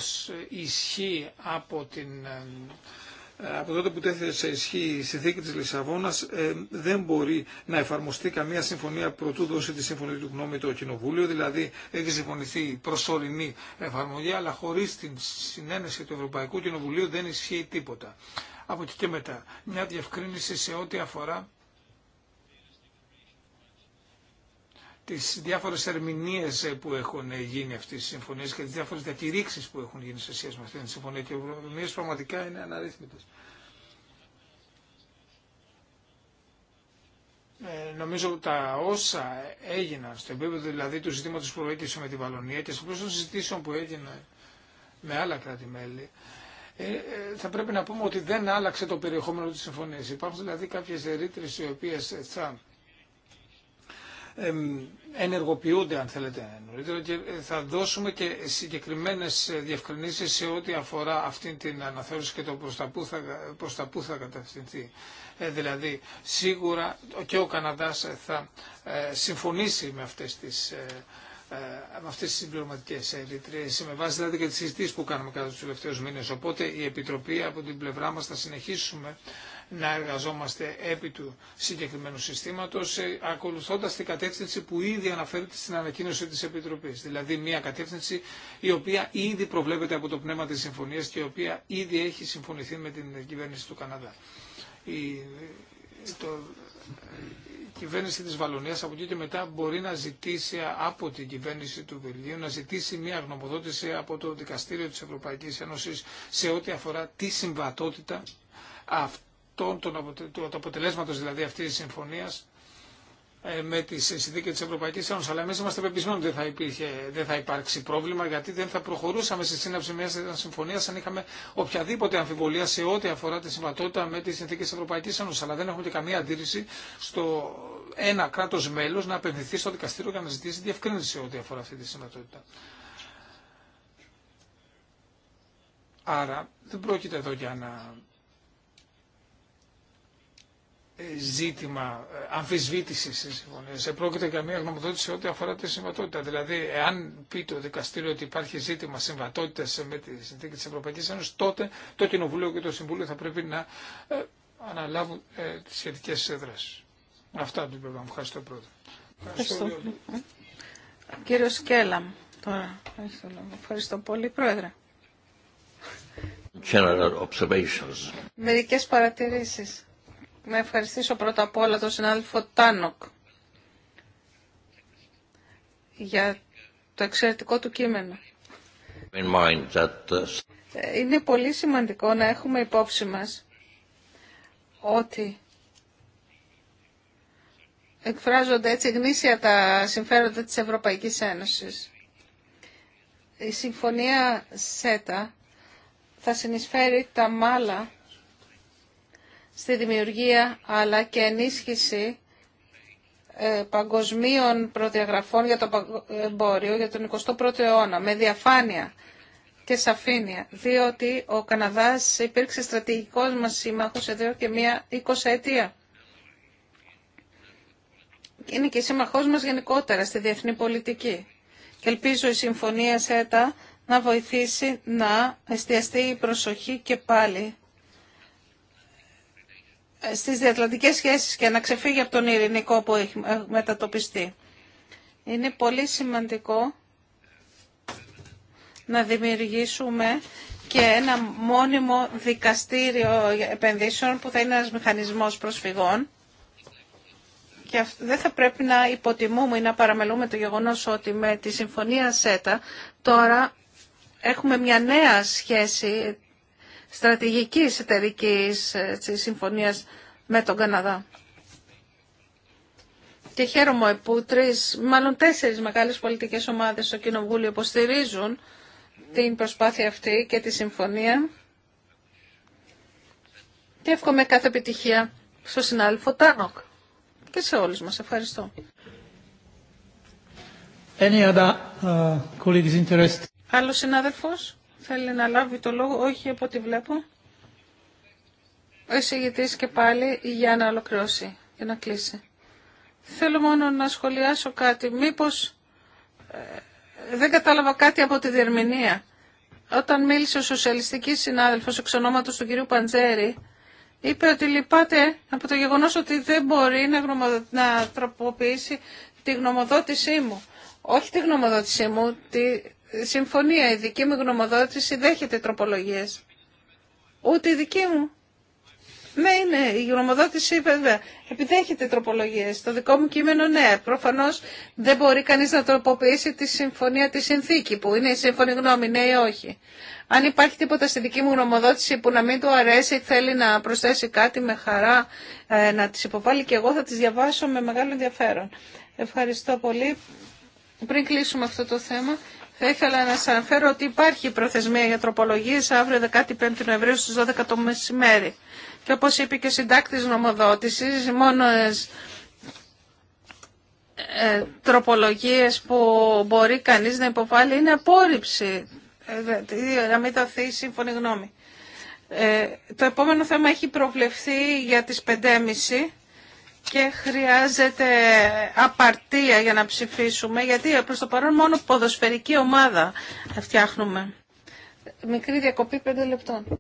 ισχύει από την. Ε, από τότε που τέθηκε σε ισχύ η συνθήκη της Λισαβόνας δεν μπορεί να εφαρμοστεί καμία συμφωνία προτού δώσει τη συμφωνία του γνώμη το Κοινοβούλιο, δηλαδή έχει συμφωνηθεί προσωρινή εφαρμογή αλλά χωρίς την συνένεση του Ευρωπαϊκού Κοινοβουλίου δεν ισχύει τίποτα. Από εκεί και μετά μια διευκρίνηση σε ό,τι αφορά τις διάφορες ερμηνείες ε, που έχουν ε, γίνει αυτές τι συμφωνίες και τις διάφορες διακηρύξεις που έχουν γίνει σε σχέση με αυτή τη συμφωνία και οι ερμηνείες πραγματικά είναι αναρρύθμιτες. Ε, νομίζω τα όσα έγιναν στο επίπεδο δηλαδή του ζητήματος που προέκυψε με τη Βαλονία και στο των συζητήσεων που έγιναν με άλλα κράτη-μέλη, ε, θα πρέπει να πούμε ότι δεν άλλαξε το περιεχόμενο της συμφωνίας. Υπάρχουν δηλαδή κάποιες ρήτρες οι οποίες θα ενεργοποιούνται αν θέλετε νωρίτερα και ε, θα δώσουμε και συγκεκριμένες ε, διευκρινήσεις σε ό,τι αφορά αυτή την αναθεώρηση και το προς τα που θα, προς θα κατευθυνθεί. Ε, δηλαδή σίγουρα και ο Καναδάς θα συμφωνήσει με αυτές τις με αυτές τις συμπληρωματικές με βάση δηλαδή και τις συζητήσεις που κάνουμε κατά του τελευταίους μήνες. Οπότε η Επιτροπή από την πλευρά μας θα συνεχίσουμε να εργαζόμαστε επί του συγκεκριμένου συστήματος, ε, ακολουθώντας την κατεύθυνση που ήδη αναφέρεται στην ανακοίνωση της Επιτροπής. Δηλαδή μια κατεύθυνση η οποία ήδη προβλέπεται από το πνεύμα της συμφωνίας και η οποία ήδη έχει συμφωνηθεί με την κυβέρνηση του Καναδά. Η, το, η κυβέρνηση της Βαλωνίας από εκεί και μετά μπορεί να ζητήσει από την κυβέρνηση του Βελγίου να ζητήσει μια γνωμοδότηση από το Δικαστήριο της Ευρωπαϊκής Ένωσης σε ό,τι αφορά τη συμβατότητα αυτών, του αποτελέσματος δηλαδή αυτής της συμφωνίας ε, με τι συνθήκε τη Ευρωπαϊκή Ένωση. Αλλά εμεί είμαστε πεπισμένοι ότι δεν θα, δεν θα υπάρξει πρόβλημα, γιατί δεν θα προχωρούσαμε στη σύναψη μια συμφωνία αν είχαμε οποιαδήποτε αμφιβολία σε ό,τι αφορά τη συμβατότητα με τι συνθήκε τη Ευρωπαϊκή Ένωση. Αλλά δεν έχουμε και καμία αντίρρηση στο ένα κράτο μέλο να απευθυνθεί στο δικαστήριο για να ζητήσει διευκρίνηση σε ό,τι αφορά αυτή τη συμβατότητα. Άρα δεν πρόκειται εδώ για να ε, ζήτημα ε, αμφισβήτηση τη συμφωνία. Πρόκειται για μια γνωμοδότηση ό,τι αφορά τη συμβατότητα. Δηλαδή, εάν πει το δικαστήριο ότι υπάρχει ζήτημα συμβατότητα με τη συνθήκη τη Ευρωπαϊκή Ένωση, τότε το Κοινοβούλιο και το Συμβούλιο θα πρέπει να ε, αναλάβουν τι σχετικέ δράσει. Αυτά από την πλευρά μου. Ευχαριστώ πρώτα. Ευχαριστώ. Κύριο Σκέλα, τώρα. Ευχαριστώ πολύ, Πρόεδρε. General observations να ευχαριστήσω πρώτα απ' όλα τον συνάδελφο Τάνοκ για το εξαιρετικό του κείμενο. Uh, ε, είναι πολύ σημαντικό να έχουμε υπόψη μας ότι εκφράζονται έτσι γνήσια τα συμφέροντα της Ευρωπαϊκής Ένωσης. Η Συμφωνία ΣΕΤΑ θα συνεισφέρει τα μάλα στη δημιουργία αλλά και ενίσχυση ε, παγκοσμίων προδιαγραφών για το εμπόριο για τον 21ο αιώνα με διαφάνεια και σαφήνεια, διότι ο Καναδάς υπήρξε στρατηγικός μας σύμμαχος εδώ και μία 20 ετία. Είναι και σύμμαχός μας γενικότερα στη διεθνή πολιτική. Και ελπίζω η συμφωνία ΣΕΤΑ να βοηθήσει να εστιαστεί η προσοχή και πάλι στις διατλαντικές σχέσεις και να ξεφύγει από τον ειρηνικό που έχει ε, μετατοπιστεί. Είναι πολύ σημαντικό να δημιουργήσουμε και ένα μόνιμο δικαστήριο επενδύσεων που θα είναι ένας μηχανισμός προσφυγών. Και δεν θα πρέπει να υποτιμούμε ή να παραμελούμε το γεγονός ότι με τη Συμφωνία ΣΕΤΑ τώρα έχουμε μια νέα σχέση στρατηγικής εταιρικής έτσι, συμφωνίας με τον Καναδά. Και χαίρομαι που τρεις, μάλλον τέσσερις μεγάλες πολιτικές ομάδες στο Κοινοβούλιο υποστηρίζουν την προσπάθεια αυτή και τη συμφωνία. Και εύχομαι κάθε επιτυχία στο συνάδελφο Τάνοκ και σε όλους μας. Ευχαριστώ. Any other, uh, Άλλος συνάδελφος? Θέλει να λάβει το λόγο, όχι από ό,τι βλέπω. Ο εισηγητής και πάλι για να ολοκληρώσει, για να κλείσει. Θέλω μόνο να σχολιάσω κάτι. Μήπως ε, δεν κατάλαβα κάτι από τη διερμηνία. Όταν μίλησε ο σοσιαλιστικής συνάδελφος εξ ονόματος του κυρίου Παντζέρη, είπε ότι λυπάται από το γεγονός ότι δεν μπορεί να, να τροποποιήσει τη γνωμοδότησή μου. Όχι τη γνωμοδότησή μου, τη συμφωνία. Η δική μου γνωμοδότηση δέχεται τροπολογίες. Ούτε η δική μου. Ναι, είναι. Η γνωμοδότηση βέβαια επιδέχεται τροπολογίε. Το δικό μου κείμενο, ναι. Προφανώ δεν μπορεί κανεί να τροποποιήσει τη συμφωνία, τη συνθήκη που είναι η σύμφωνη γνώμη, ναι ή όχι. Αν υπάρχει τίποτα στη δική μου γνωμοδότηση που να μην του αρέσει, θέλει να προσθέσει κάτι με χαρά ε, να τι υποβάλει και εγώ θα τι διαβάσω με μεγάλο ενδιαφέρον. Ευχαριστώ πολύ. Πριν κλείσουμε αυτό το θέμα, θα ήθελα να σας αναφέρω ότι υπάρχει προθεσμία για τροπολογίες αύριο 15 Νοεμβρίου στις 12 το μεσημέρι. Και όπως είπε και ο συντάκτης νομοδότησης, μόνο ε, τροπολογίες που μπορεί κανείς να υποβάλει είναι απόρριψη, ε, να μην δοθεί σύμφωνη γνώμη. Ε, το επόμενο θέμα έχει προβλεφθεί για τις 5.30 και χρειάζεται απαρτία για να ψηφίσουμε, γιατί προς το παρόν μόνο ποδοσφαιρική ομάδα φτιάχνουμε. Μικρή διακοπή πέντε λεπτών.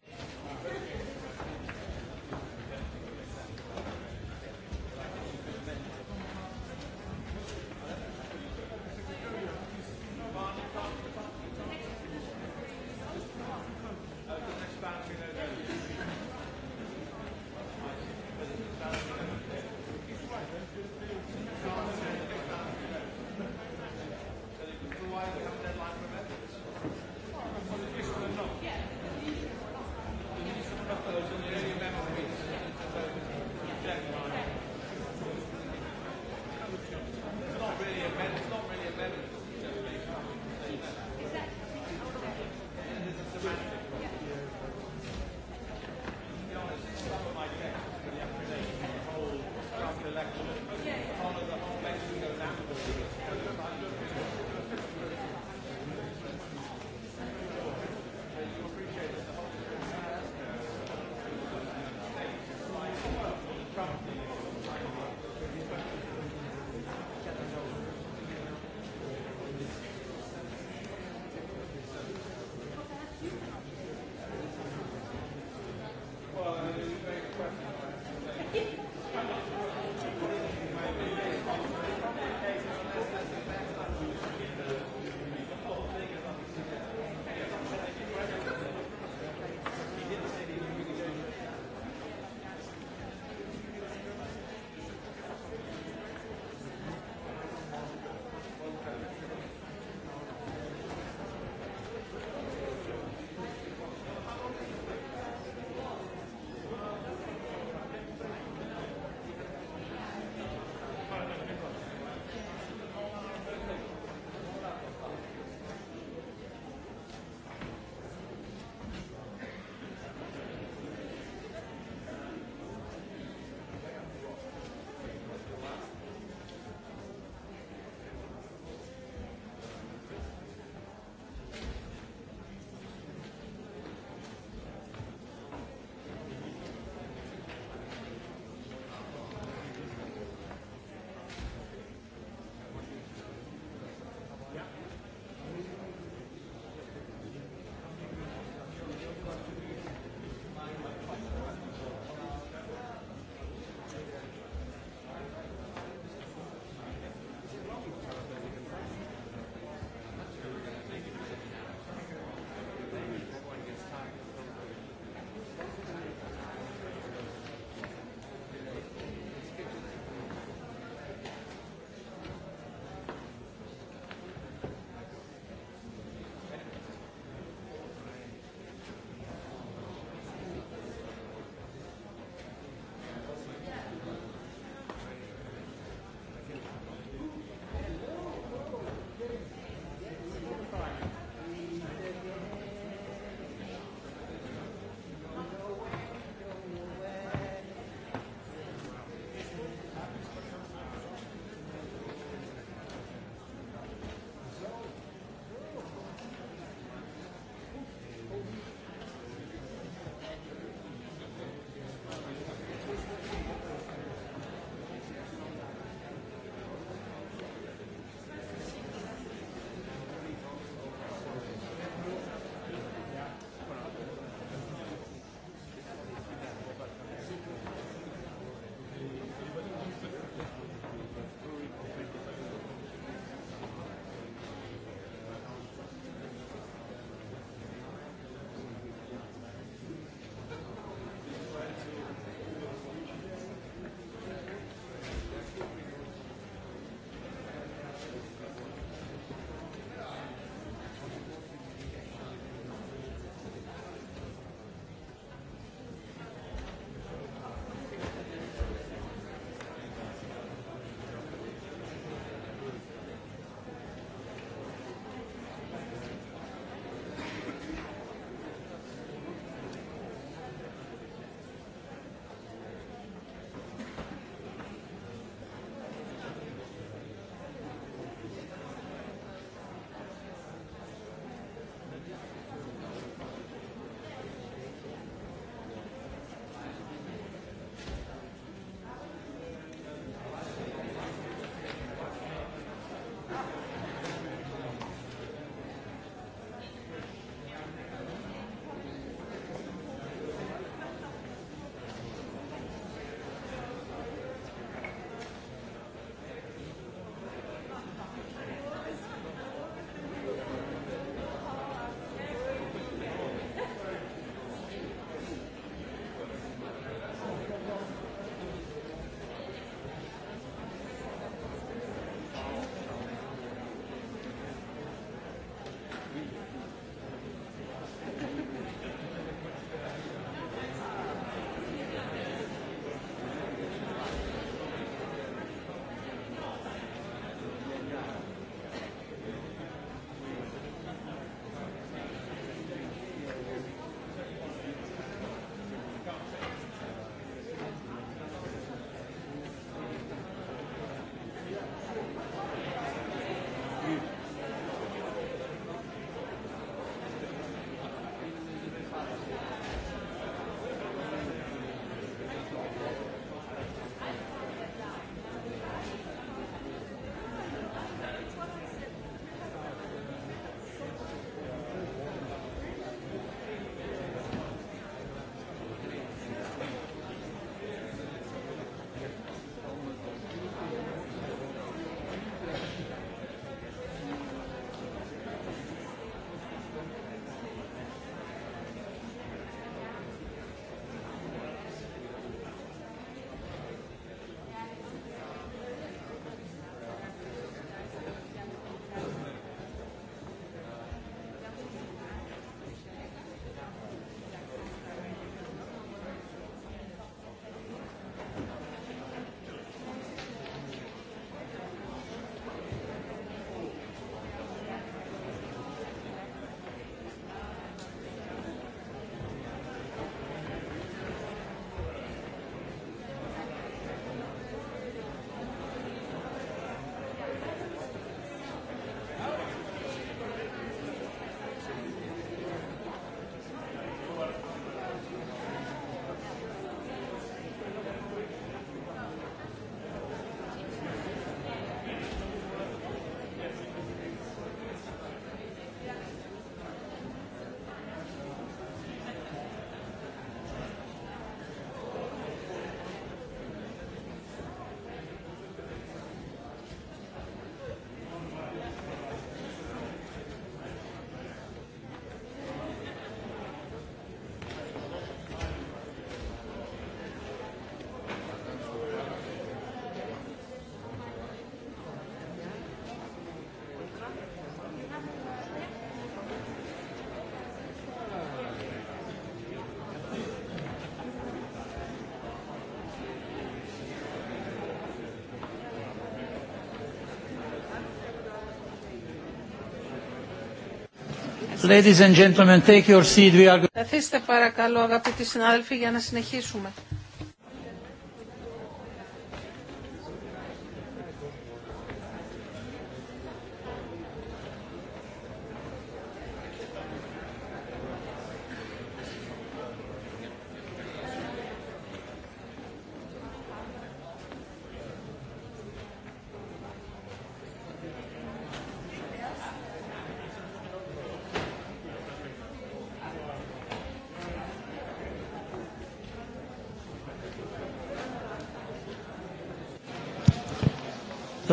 Ladies and gentlemen, take your seat. We are... Καθίστε παρακαλώ αγαπητοί συνάδελφοι για να συνεχίσουμε.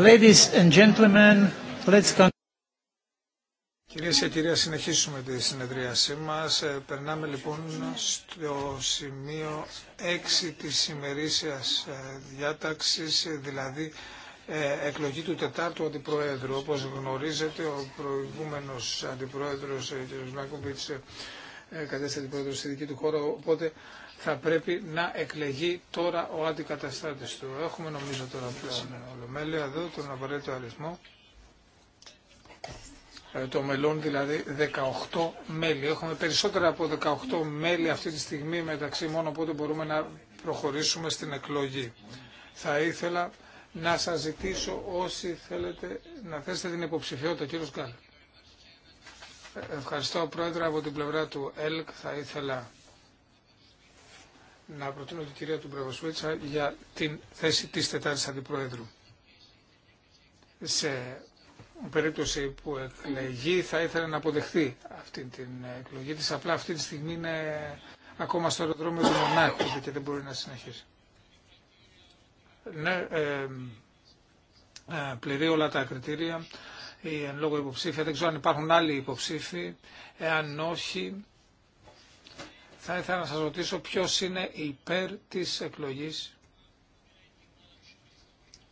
Ladies Κυρίες και κύριοι, συνεχίσουμε τη συνεδρίασή μας. Ε, περνάμε λοιπόν στο σημείο 6 της ημερήσιας ε, διάταξης, ε, δηλαδή εκλογή του τετάρτου αντιπροέδρου. Όπως γνωρίζετε, ο προηγούμενος αντιπρόεδρος, κ. Μάκοβιτς, κατέστησε αντιπρόεδρος στη δική του χώρα, οπότε θα πρέπει να εκλεγεί τώρα ο αντικαταστάτης του. Έχουμε νομίζω τώρα πλέον Ολομέλεια εδώ τον απαραίτητο αριθμό ε, το μελών, δηλαδή 18 μέλη. Έχουμε περισσότερα από 18 μέλη αυτή τη στιγμή μεταξύ μόνο οπότε μπορούμε να προχωρήσουμε στην εκλογή. Θα ήθελα να σας ζητήσω όσοι θέλετε να θέσετε την υποψηφιότητα, Κύριος Γκάλ. Ε, ευχαριστώ, Πρόεδρε, από την πλευρά του ΕΛΚ. Θα ήθελα να προτείνω την κυρία του Μπρεβοσβίτσα για την θέση της τετάρτης αντιπρόεδρου σε περίπτωση που εκλεγεί θα ήθελε να αποδεχθεί αυτή την εκλογή της. Απλά αυτή τη στιγμή είναι ακόμα στο αεροδρόμιο του Μονάκου και δεν μπορεί να συνεχίσει. Ναι, ε, ε, πληρεί όλα τα κριτήρια η εν λόγω υποψήφια. Δεν ξέρω αν υπάρχουν άλλοι υποψήφοι. Εάν όχι, θα ήθελα να σας ρωτήσω ποιος είναι υπέρ της εκλογής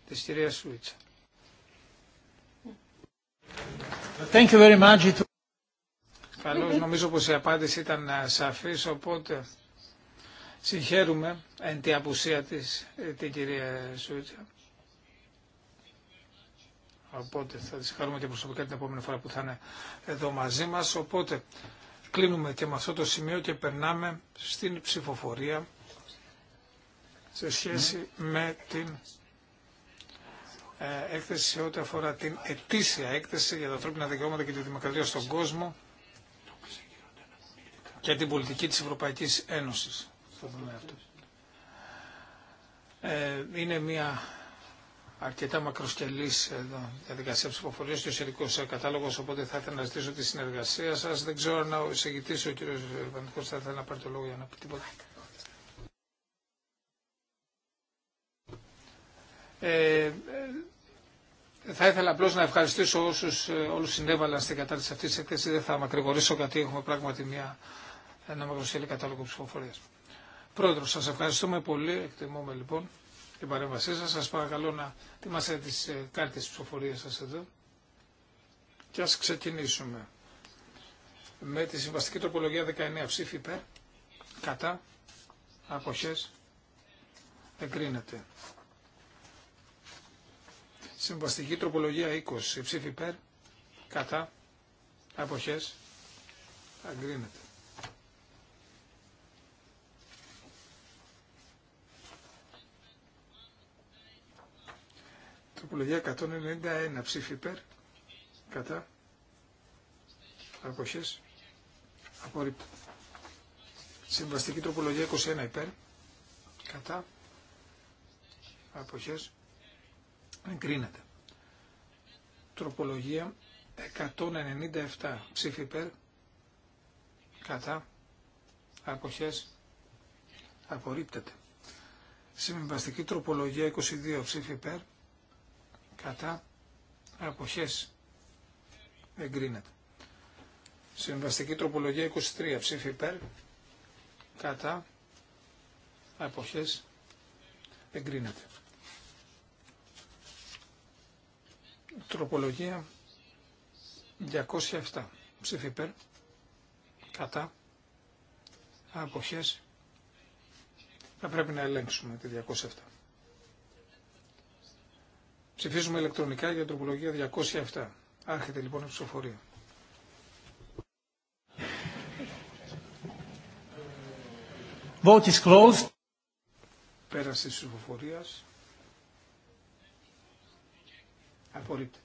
της κυρίας Σουίτσα. Thank you very much. Καλώς, νομίζω πως η απάντηση ήταν ε, σαφής, οπότε συγχαίρουμε εν τη απουσία της ε, την κυρία Σούτσα. Οπότε θα τη συγχαρούμε και προσωπικά την επόμενη φορά που θα είναι εδώ μαζί μας. Οπότε κλείνουμε και με αυτό το σημείο και περνάμε στην ψηφοφορία σε σχέση με την ε, έκθεση σε ό,τι αφορά την ετήσια έκθεση για τα ανθρώπινα δικαιώματα και τη δημοκρατία στον κόσμο και την πολιτική της Ευρωπαϊκής Ένωσης. Ε, είναι μια αρκετά μακροσκελή ε, διαδικασία ψηφοφορία και ο σχετικό κατάλογο. Οπότε θα ήθελα να ζητήσω τη συνεργασία σα. Δεν ξέρω αν ο εισηγητή, ο κ. Βαντικό θα να πάρει το λόγο για να πει τίποτα. Ε, θα ήθελα απλώ να ευχαριστήσω όσου ε, όλου συνέβαλαν στην κατάρτιση αυτή τη έκθεση. Δεν θα μακρηγορήσω γιατί έχουμε πράγματι μια, ένα μακροσχέλη κατάλογο ψηφοφορία. Πρόεδρο, σα ευχαριστούμε πολύ. Εκτιμούμε λοιπόν την παρέμβασή σα. Σα παρακαλώ να ετοιμάσετε τι ε, κάρτε ψηφοφορία σα εδώ. Και α ξεκινήσουμε με τη συμβαστική τροπολογία 19 ψήφι υπέρ, κατά, αποχές, εγκρίνεται. Συμβαστική τροπολογία 20. Ψήφι υπέρ. Κατά. Αποχές. Αγκρίνεται. Τροπολογία 191. Ψήφι υπέρ. Κατά. Αποχές. Απορρίπτω. Συμβαστική τροπολογία 21 υπέρ. Κατά. Αποχές. Εγκρίνεται. Τροπολογία 197. Ψήφι υπέρ. Κατά. Αποχές. Απορρίπτεται. Συμβαστική τροπολογία 22. Ψήφι υπέρ. Κατά. Αποχές. Εγκρίνεται. Συμβαστική τροπολογία 23. Ψήφι υπέρ. Κατά. Αποχές. Εγκρίνεται. Τροπολογία 207. Ψήφιπερ Κατά. Αποχές. Θα πρέπει να ελέγξουμε τη 207. Ψηφίζουμε ηλεκτρονικά για τροπολογία 207. Άρχεται λοιπόν η ψηφοφορία. Vote is closed. Πέραση της ψηφοφορίας. Απορρίπτεται.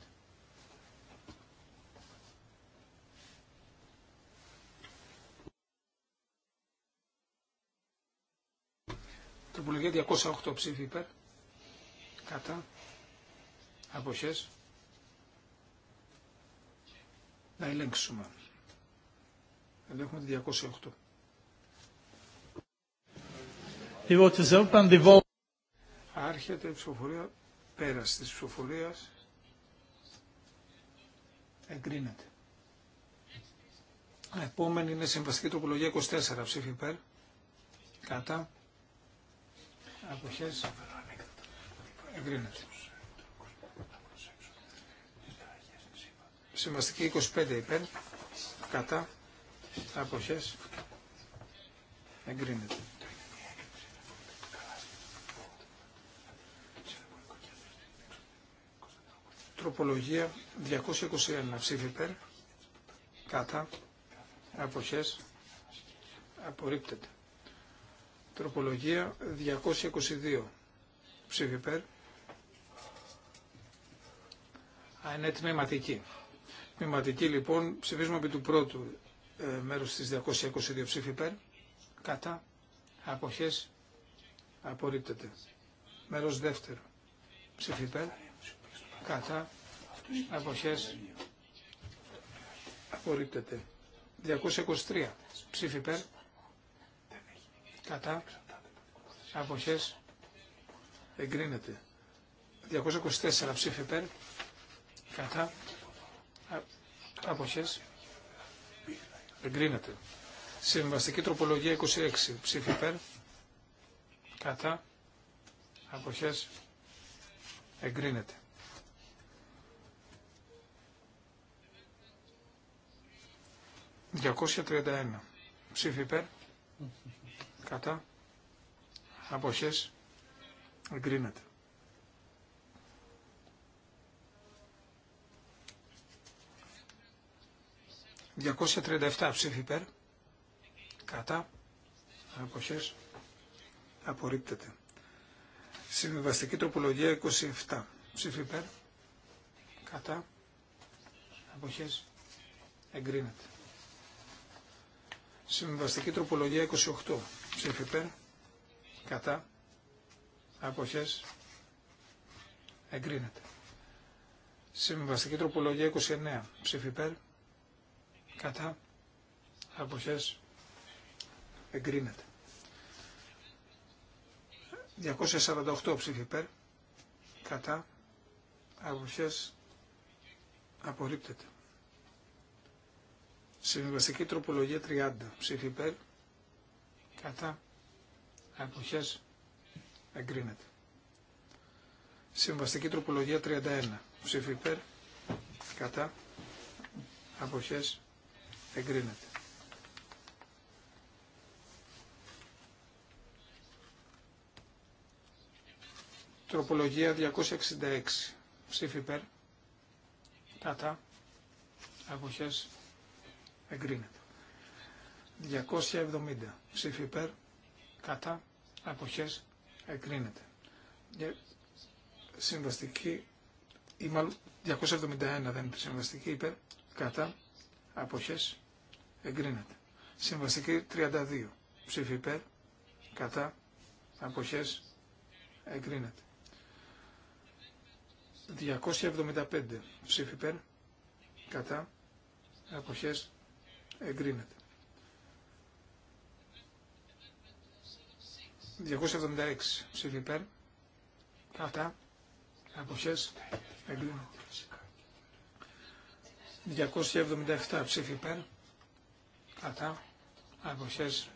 208 ψήφι υπέρ, κατά, αποχές, να ελέγξουμε. Ελέγχουμε τη 208. Άρχεται η ψηφοφορία πέρας της ψηφοφορίας. Εγκρίνεται. Επόμενη είναι συμβαστική τροπολογία 24. Ψήφι υπέρ. Κατά. Αποχές. Εγκρίνεται. Συμβαστική 25 υπέρ. Κατά. Αποχές. Εγκρίνεται. Τροπολογία 221 ψήφι κατά, αποχές, απορρίπτεται. Τροπολογία 222 ψήφι υπέρ. μηματική λοιπόν ψηφίζουμε επί του πρώτου ε, μέρους της 222 ψήφι κατά, αποχές, απορρίπτεται. Μέρος δεύτερο ψήφι κατά αποχές απορρίπτεται. 223 ψήφι υπέρ κατά αποχές εγκρίνεται. 224 ψήφι υπέρ κατά αποχές εγκρίνεται. Συμβαστική τροπολογία 26 ψήφι υπέρ κατά αποχές εγκρίνεται. 231. Ψήφι υπέρ. Κατά. Αποχές. Εγκρίνεται. ...237 ψήφι υπέρ, κατά, αποχές, απορρίπτεται. Συμβιβαστική τροπολογία 27 ψήφι υπέρ, κατά, αποχές, εγκρίνεται. Συμβαστική τροπολογία 28. Ψήφι Κατά. Αποχές. Εγκρίνεται. Συμβαστική τροπολογία 29. Ψήφι Κατά. Αποχές. Εγκρίνεται. 248 ψήφι Κατά. Αποχές. Απορρίπτεται. Συμβαστική τροπολογία 30. Ψήφι Κατά. Αποχές. Εγκρίνεται. Συμβαστική τροπολογία 31. Ψήφι υπέρ. Κατά. Αποχές. Εγκρίνεται. Τροπολογία 266. Ψήφι υπέρ. Κατά. Αποχές εγκρίνεται. 270 ψήφι υπέρ, κατά, αποχές, εγκρίνεται. Συμβαστική, 271 δεν είναι συμβαστική υπέρ, κατά, αποχές, εγκρίνεται. Συμβαστική 32 ψήφι υπέρ, κατά, αποχές, εγκρίνεται. 275 ψήφι υπέρ, κατά, αποχές, εγκρίνεται. 276 ψήφι υπέρ, κατά, αποχές, εγκρίνεται. 277 ψήφι υπέρ, κατά, αποχές,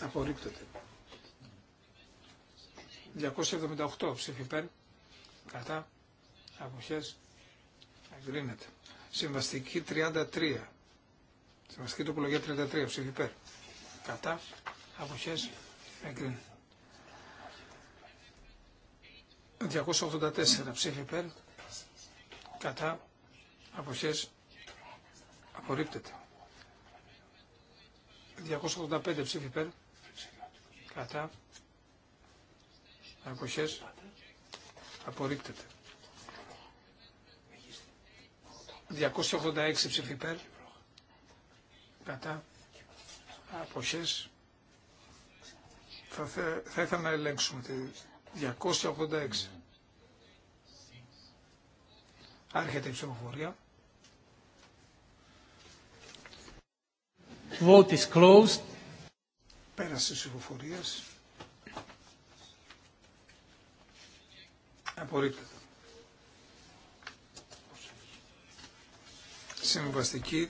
απορρίπτεται. 278 ψήφι υπέρ, κατά, αποχές, εγκρίνεται. Συμβαστική 33 Συμβαστική τοπολογία 33, ψήφι υπέρ. Κατά, αποχές, εγκρίνεται. 284, ψήφι υπέρ. Κατά, αποχές, απορρίπτεται. 285 ψήφι υπέρ. Κατά, αποχές, απορρίπτεται. 286 ψήφι υπέρ κατά αποχές θα, θα ήθελα να ελέγξουμε τη 286 άρχεται η ψηφοφορία Vote is closed. Πέρασε ψηφοφορίας. Απορρίπτεται. Συμβαστική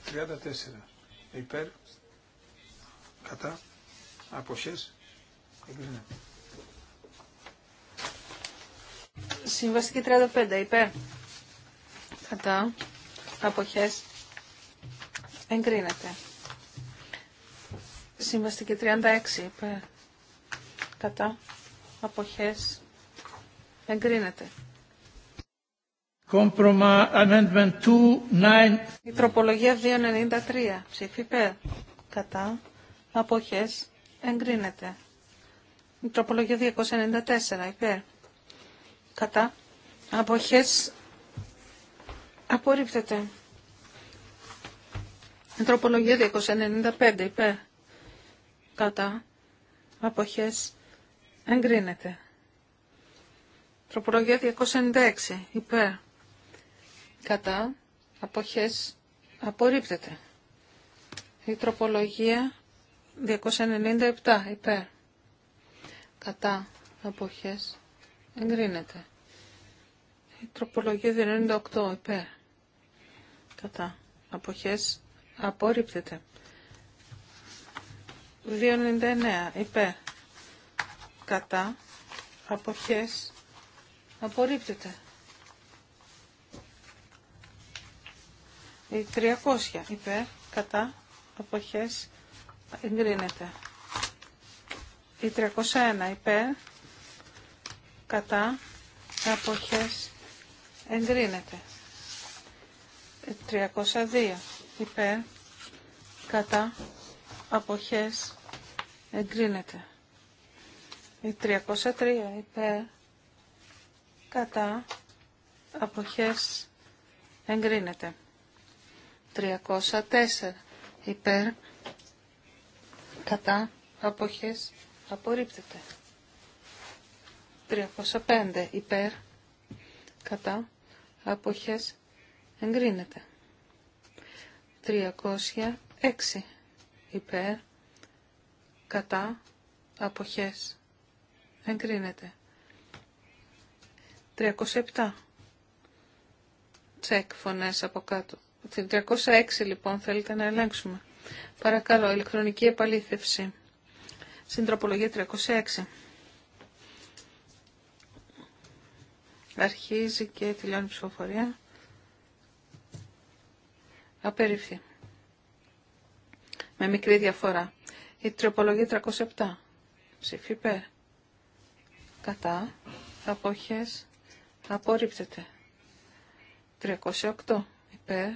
34 υπέρ, κατά, αποχές, εγκρίνεται. Συμβαστική 35 υπέρ, κατά, αποχές, εγκρίνεται. Συμβαστική 36 υπέρ, κατά, αποχές, εγκρίνεται. Η τροπολογία 293. Ψήφι Κατά. Αποχές. Εγκρίνεται. Η τροπολογία 294. Υπέρ. Κατά. Αποχές. Απορρίπτεται. Η τροπολογία 295. Υπέρ. Κατά. Αποχές. Εγκρίνεται. τροπολογία 296. Υπέρ κατά αποχές απορρίπτεται. Η τροπολογία 297 υπέρ κατά αποχές εγκρίνεται. Η τροπολογία 298 υπέρ κατά αποχές απορρίπτεται. 299 υπέρ κατά αποχές απορρίπτεται. 300 υπέρ, κατά, αποχές, εγκρίνεται. Η 301 υπέρ, κατά, αποχές, εγκρίνεται. Η 302 υπέρ, κατά, αποχές, εγκρίνεται. Η 303 υπέρ, κατά, αποχές, εγκρίνεται. 304 υπέρ κατά αποχές απορρίπτεται. 305 υπέρ κατά αποχές εγκρίνεται. 306 υπέρ κατά αποχές εγκρίνεται. 307 τσεκ φωνές από κάτω. Την 306 λοιπόν θέλετε να ελέγξουμε. Παρακαλώ, ηλεκτρονική επαλήθευση. Συντροπολογία 306. Αρχίζει και τελειώνει η ψηφοφορία. Απερίφθη. Με μικρή διαφορά. Η τροπολογία 307. Ψήφι υπέρ. Κατά. Απόχες. Απορρίπτεται. 308. Υπέρ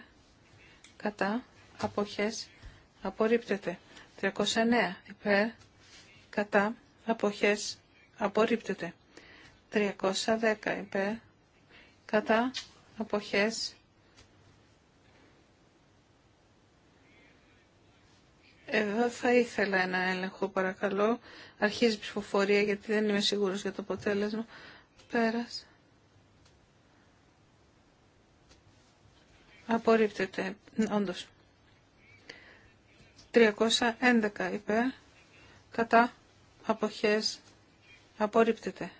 κατά αποχές απορρίπτεται. 309 υπέρ κατά αποχές απορρίπτεται. 310 υπέρ κατά αποχές Εδώ θα ήθελα ένα έλεγχο παρακαλώ. Αρχίζει η ψηφοφορία γιατί δεν είμαι σίγουρος για το αποτέλεσμα. Πέρασε. Απορρίπτεται, όντως. 311 υπέρ, κατά, αποχές, απορρίπτεται.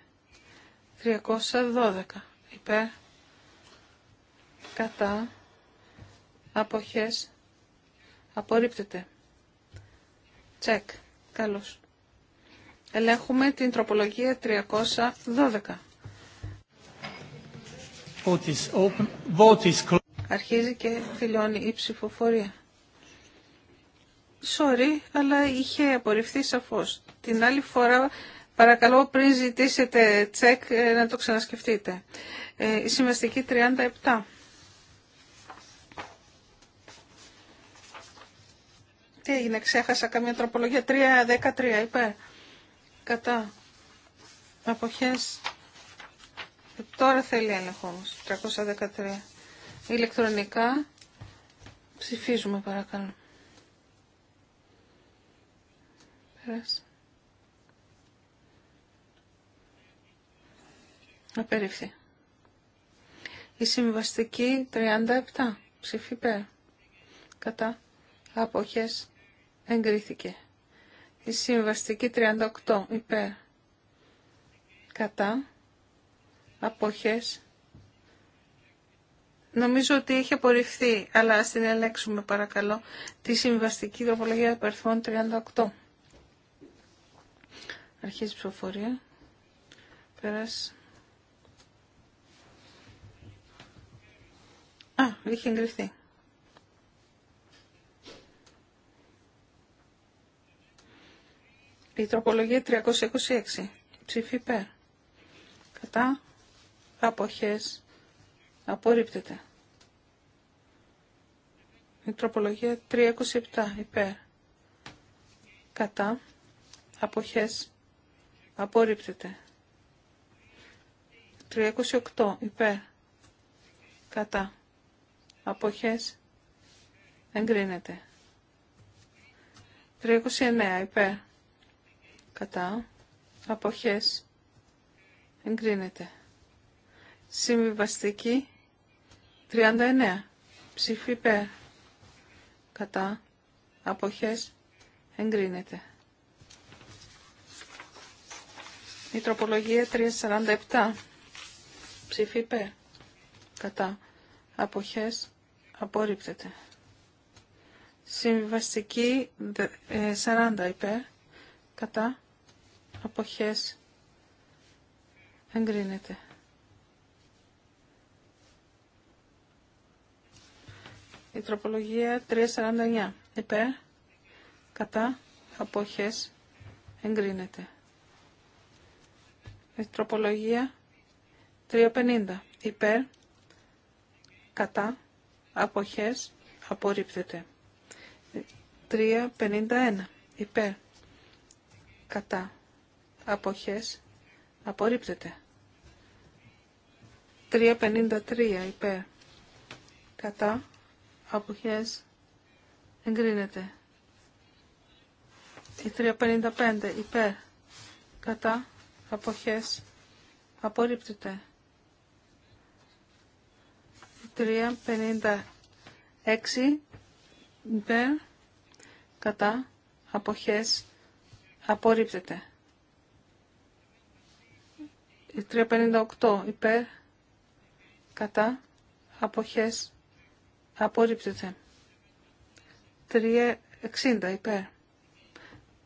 312 υπέρ, κατά, αποχές, απορρίπτεται. Τσεκ, καλώς. Ελέγχουμε την τροπολογία 312. Vote is open. Vote is Αρχίζει και δηλώνει η ψηφοφορία. Sorry, αλλά είχε απορριφθεί σαφώς. Την άλλη φορά παρακαλώ πριν ζητήσετε τσεκ ε, να το ξανασκεφτείτε. Ε, η συμβαστική 37. Τι έγινε, 3 13 καμία τροπολογία. 3-13 υπέρ. Κατά. Αποχές. Ε, τώρα θέλει έλεγχο όμως. 313. Ηλεκτρονικά ψηφίζουμε παρακαλώ. Πέρασε. Η συμβαστική 37 ψήφι υπέρ. Κατά αποχές εγκρίθηκε. Η συμβαστική 38 υπέρ. Κατά αποχές Νομίζω ότι είχε απορριφθεί, αλλά ας την ελέξουμε παρακαλώ, τη συμβαστική τροπολογία υπερθμών 38. Αρχίζει η ψηφοφορία. Πέρας. Α, είχε εγκριθεί. Η τροπολογία 326. Ψήφι Κατά. Αποχές. Απορρίπτεται. Η τροπολογία 327 υπέρ. Κατά. Αποχές. Απορρίπτεται. 328 υπέρ. Κατά. Αποχές. Εγκρίνεται. 329 υπέρ. Κατά. Αποχές. Εγκρίνεται. Συμβιβαστική. 39. Ψήφι υπέρ κατά αποχές εγκρίνεται. Η τροπολογία 347 ψηφί υπέρ κατά αποχές απορρίπτεται. Συμβαστική 40 ε, υπέρ κατά αποχές εγκρίνεται. Η τροπολογία 349. Υπέρ, κατά, αποχές, εγκρίνεται. Η τροπολογία 350. Υπέρ, κατά, αποχές, απορρίπτεται. 351. Υπέρ, κατά, αποχές, απορρίπτεται. 353. Υπέρ, κατά, παπουχές εγκρίνεται. Η 355 υπέρ κατά αποχές απορρίπτεται. Η 356 υπέρ κατά αποχές απορρίπτεται. Η 358 υπέρ κατά αποχές Απορρίπτεται. 360 υπέρ.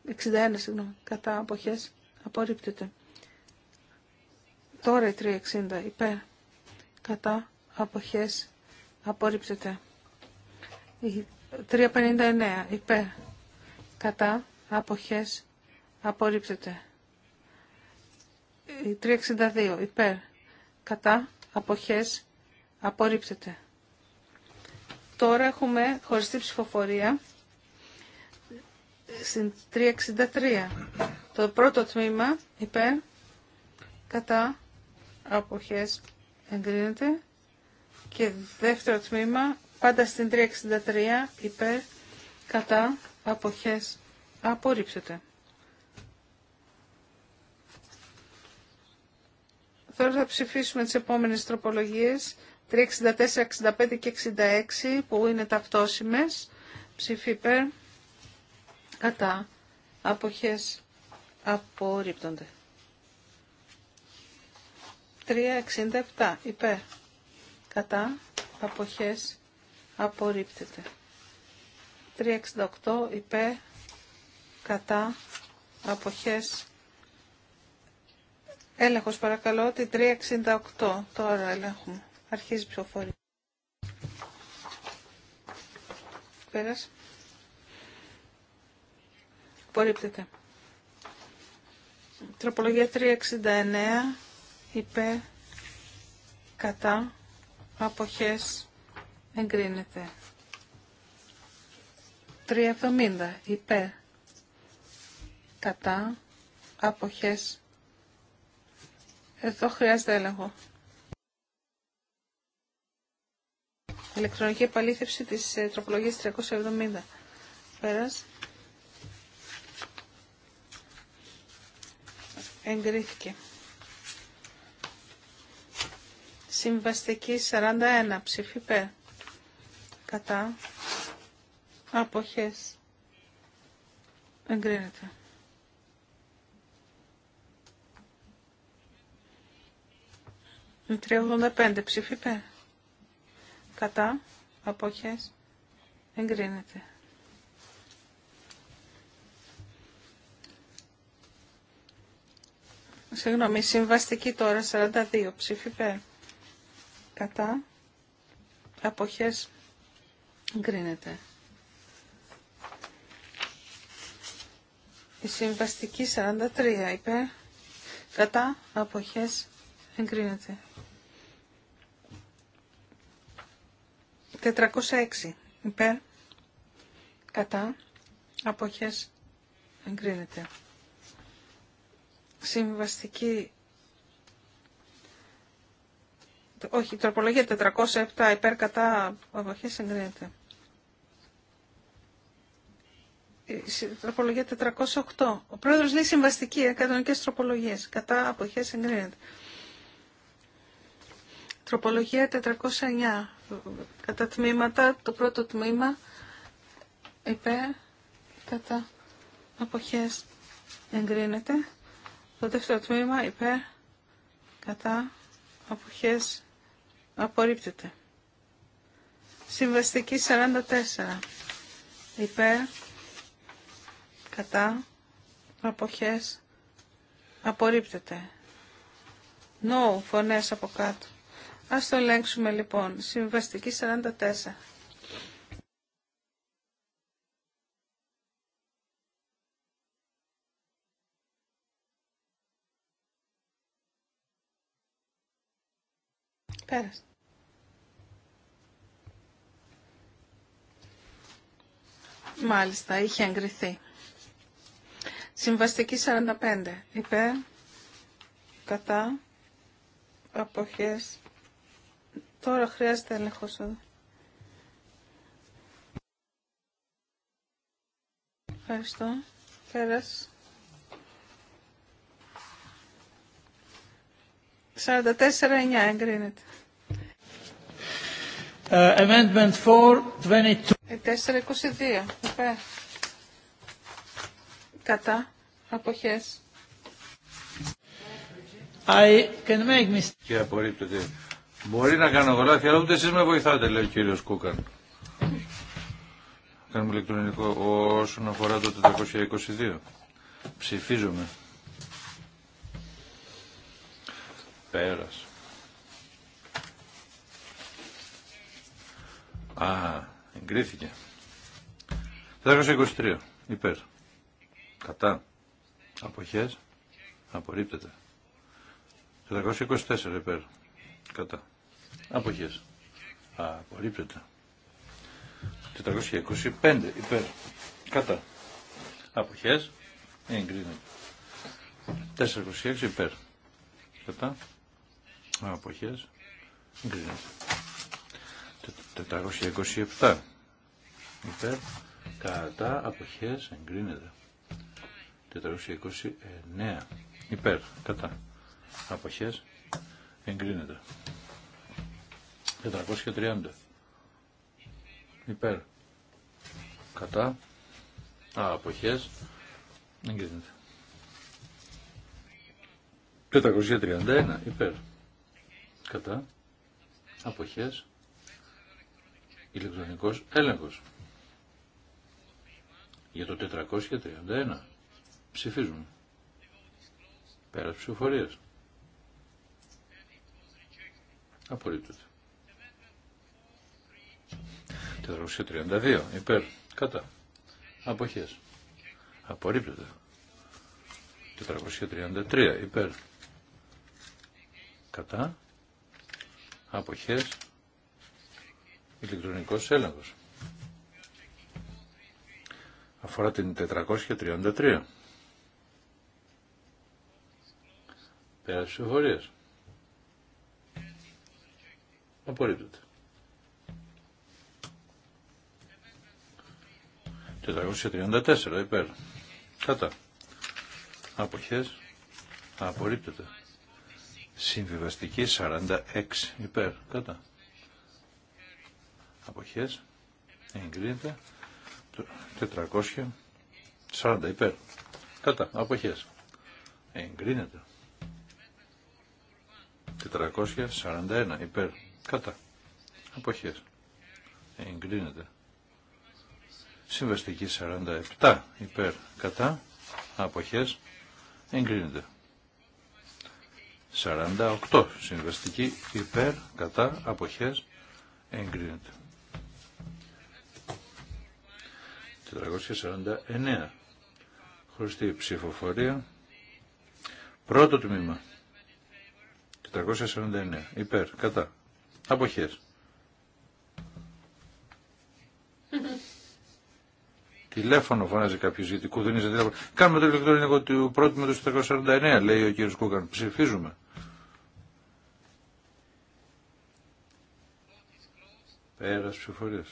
61 συγγνώμη. Κατά αποχές. Απορρίπτεται. Τώρα η 360 υπέρ. Κατά αποχές. Απορρίπτεται. Η 359 υπέρ. Κατά αποχές. Απορρίπτεται. Η 362 υπέρ. Κατά αποχές. Απορρίπτεται. Τώρα έχουμε χωριστή ψηφοφορία στην 363. Το πρώτο τμήμα υπέρ κατά αποχές εγκρίνεται και δεύτερο τμήμα πάντα στην 363 υπέρ κατά αποχές απορρίψεται. Τώρα θα ψηφίσουμε τις επόμενες τροπολογίες 364, 65 και 66 που είναι ταυτόσιμες. Ψήφι υπέρ. Κατά. Αποχές απορρίπτονται. 367 υπέρ. Κατά. Αποχές απορρίπτεται. 368 υπέρ. Κατά. Αποχές Έλεγχος παρακαλώ, ότι 368 τώρα ελέγχουμε. Αρχίζει η ψηφοφορία. Πέρας. Απορρίπτεται. Τροπολογία 369 υπέρ κατά αποχές εγκρίνεται. 370 υπέρ κατά αποχές εδώ χρειάζεται έλεγχο. Ηλεκτρονική επαλήθευση της ε, τροπολογίας 370. Πέρας. Εγκρίθηκε. Συμβαστική 41. Ψήφι Π. Κατά. Αποχές. Εγκρίνεται. Με 385 ψήφι κατά αποχές εγκρίνεται. Συγγνώμη, συμβαστική τώρα 42 ψήφι Κατά αποχές εγκρίνεται. Η συμβαστική 43 είπε. Κατά αποχές εγκρίνεται. 406 υπέρ κατά αποχές εγκρίνεται. Συμβαστική όχι, τροπολογία 407 υπέρ κατά αποχές εγκρίνεται. Τροπολογία 408. Ο πρόεδρος λέει συμβαστική, κανονικές τροπολογίες. Κατά αποχές εγκρίνεται. Τροπολογία 409 κατά τμήματα. Το πρώτο τμήμα υπέρ κατά αποχές εγκρίνεται. Το δεύτερο τμήμα υπέρ κατά αποχές απορρίπτεται. Συμβαστική 44 υπέρ κατά αποχές απορρίπτεται. Νόου, no, φωνές από κάτω. Ας το ελέγξουμε λοιπόν. Συμβαστική 44. Πέρασε. Μάλιστα, είχε εγκριθεί. Συμβαστική 45. Υπέρ, κατά, αποχές, Τώρα χρειάζεται έλεγχος εδώ. Ευχαριστώ. Πέρας. 44-9 εγκρίνεται. Uh, amendment 422. Ε, Κατά. Αποχές. I can make Και απορρίπτωται. Μπορεί να κάνω γράφη, αλλά ούτε εσείς με βοηθάτε, λέει ο κύριος Κούκαν. Κάνουμε ηλεκτρονικό όσον αφορά το 422. Ψηφίζομαι. Πέρας. Α, εγκρίθηκε. 423. Υπέρ. Κατά. Αποχές. Απορρίπτεται. 424 υπέρ. Κατά. Αποχές. Απορρίπτεται. 425 υπέρ. Κατά. Αποχές. Εγκρίνεται. 426 υπέρ. Κατά. Αποχές. Εγκρίνεται. 427 υπέρ. Κατά. Αποχές. Εγκρίνεται. 429 υπέρ. Κατά. Αποχές. Εγκρίνεται. 430 υπέρ κατά α, αποχές εγκρίνεται 431 υπέρ κατά αποχές ηλεκτρονικός έλεγχος για το 431 ψηφίζουμε πέρα ψηφοφορίας απορρίπτωται 432, 32. Υπέρ. Κατά. Αποχές. Απορρίπτεται. 433. Υπέρ. Κατά. Αποχές. Ηλεκτρονικός έλεγχος. Αφορά την 433. Πέρασε ψηφοφορίας. Απορρίπτεται. 434 υπέρ. Κατά. Αποχές. Απορρίπτεται. Συμβιβαστική 46 υπέρ. Κατά. Αποχές. Εγκρίνεται. 440 υπέρ. Κατά. Αποχές. Εγκρίνεται. 441 υπέρ. Κατά. Αποχές. Εγκρίνεται. Συμβαστική 47 υπέρ κατά αποχές εγκρίνεται. 48 συμβαστική υπέρ κατά αποχές εγκρίνεται. 449 χωριστή ψηφοφορία πρώτο τμήμα 449 υπέρ κατά αποχές τηλέφωνο φωνάζει κάποιο γιατί κουδουνίζει τηλέφωνο. Κάνουμε το ηλεκτρονικό του με το 349, λέει ο κύριο Κούκαν. Ψηφίζουμε. Πέρας ψηφορία.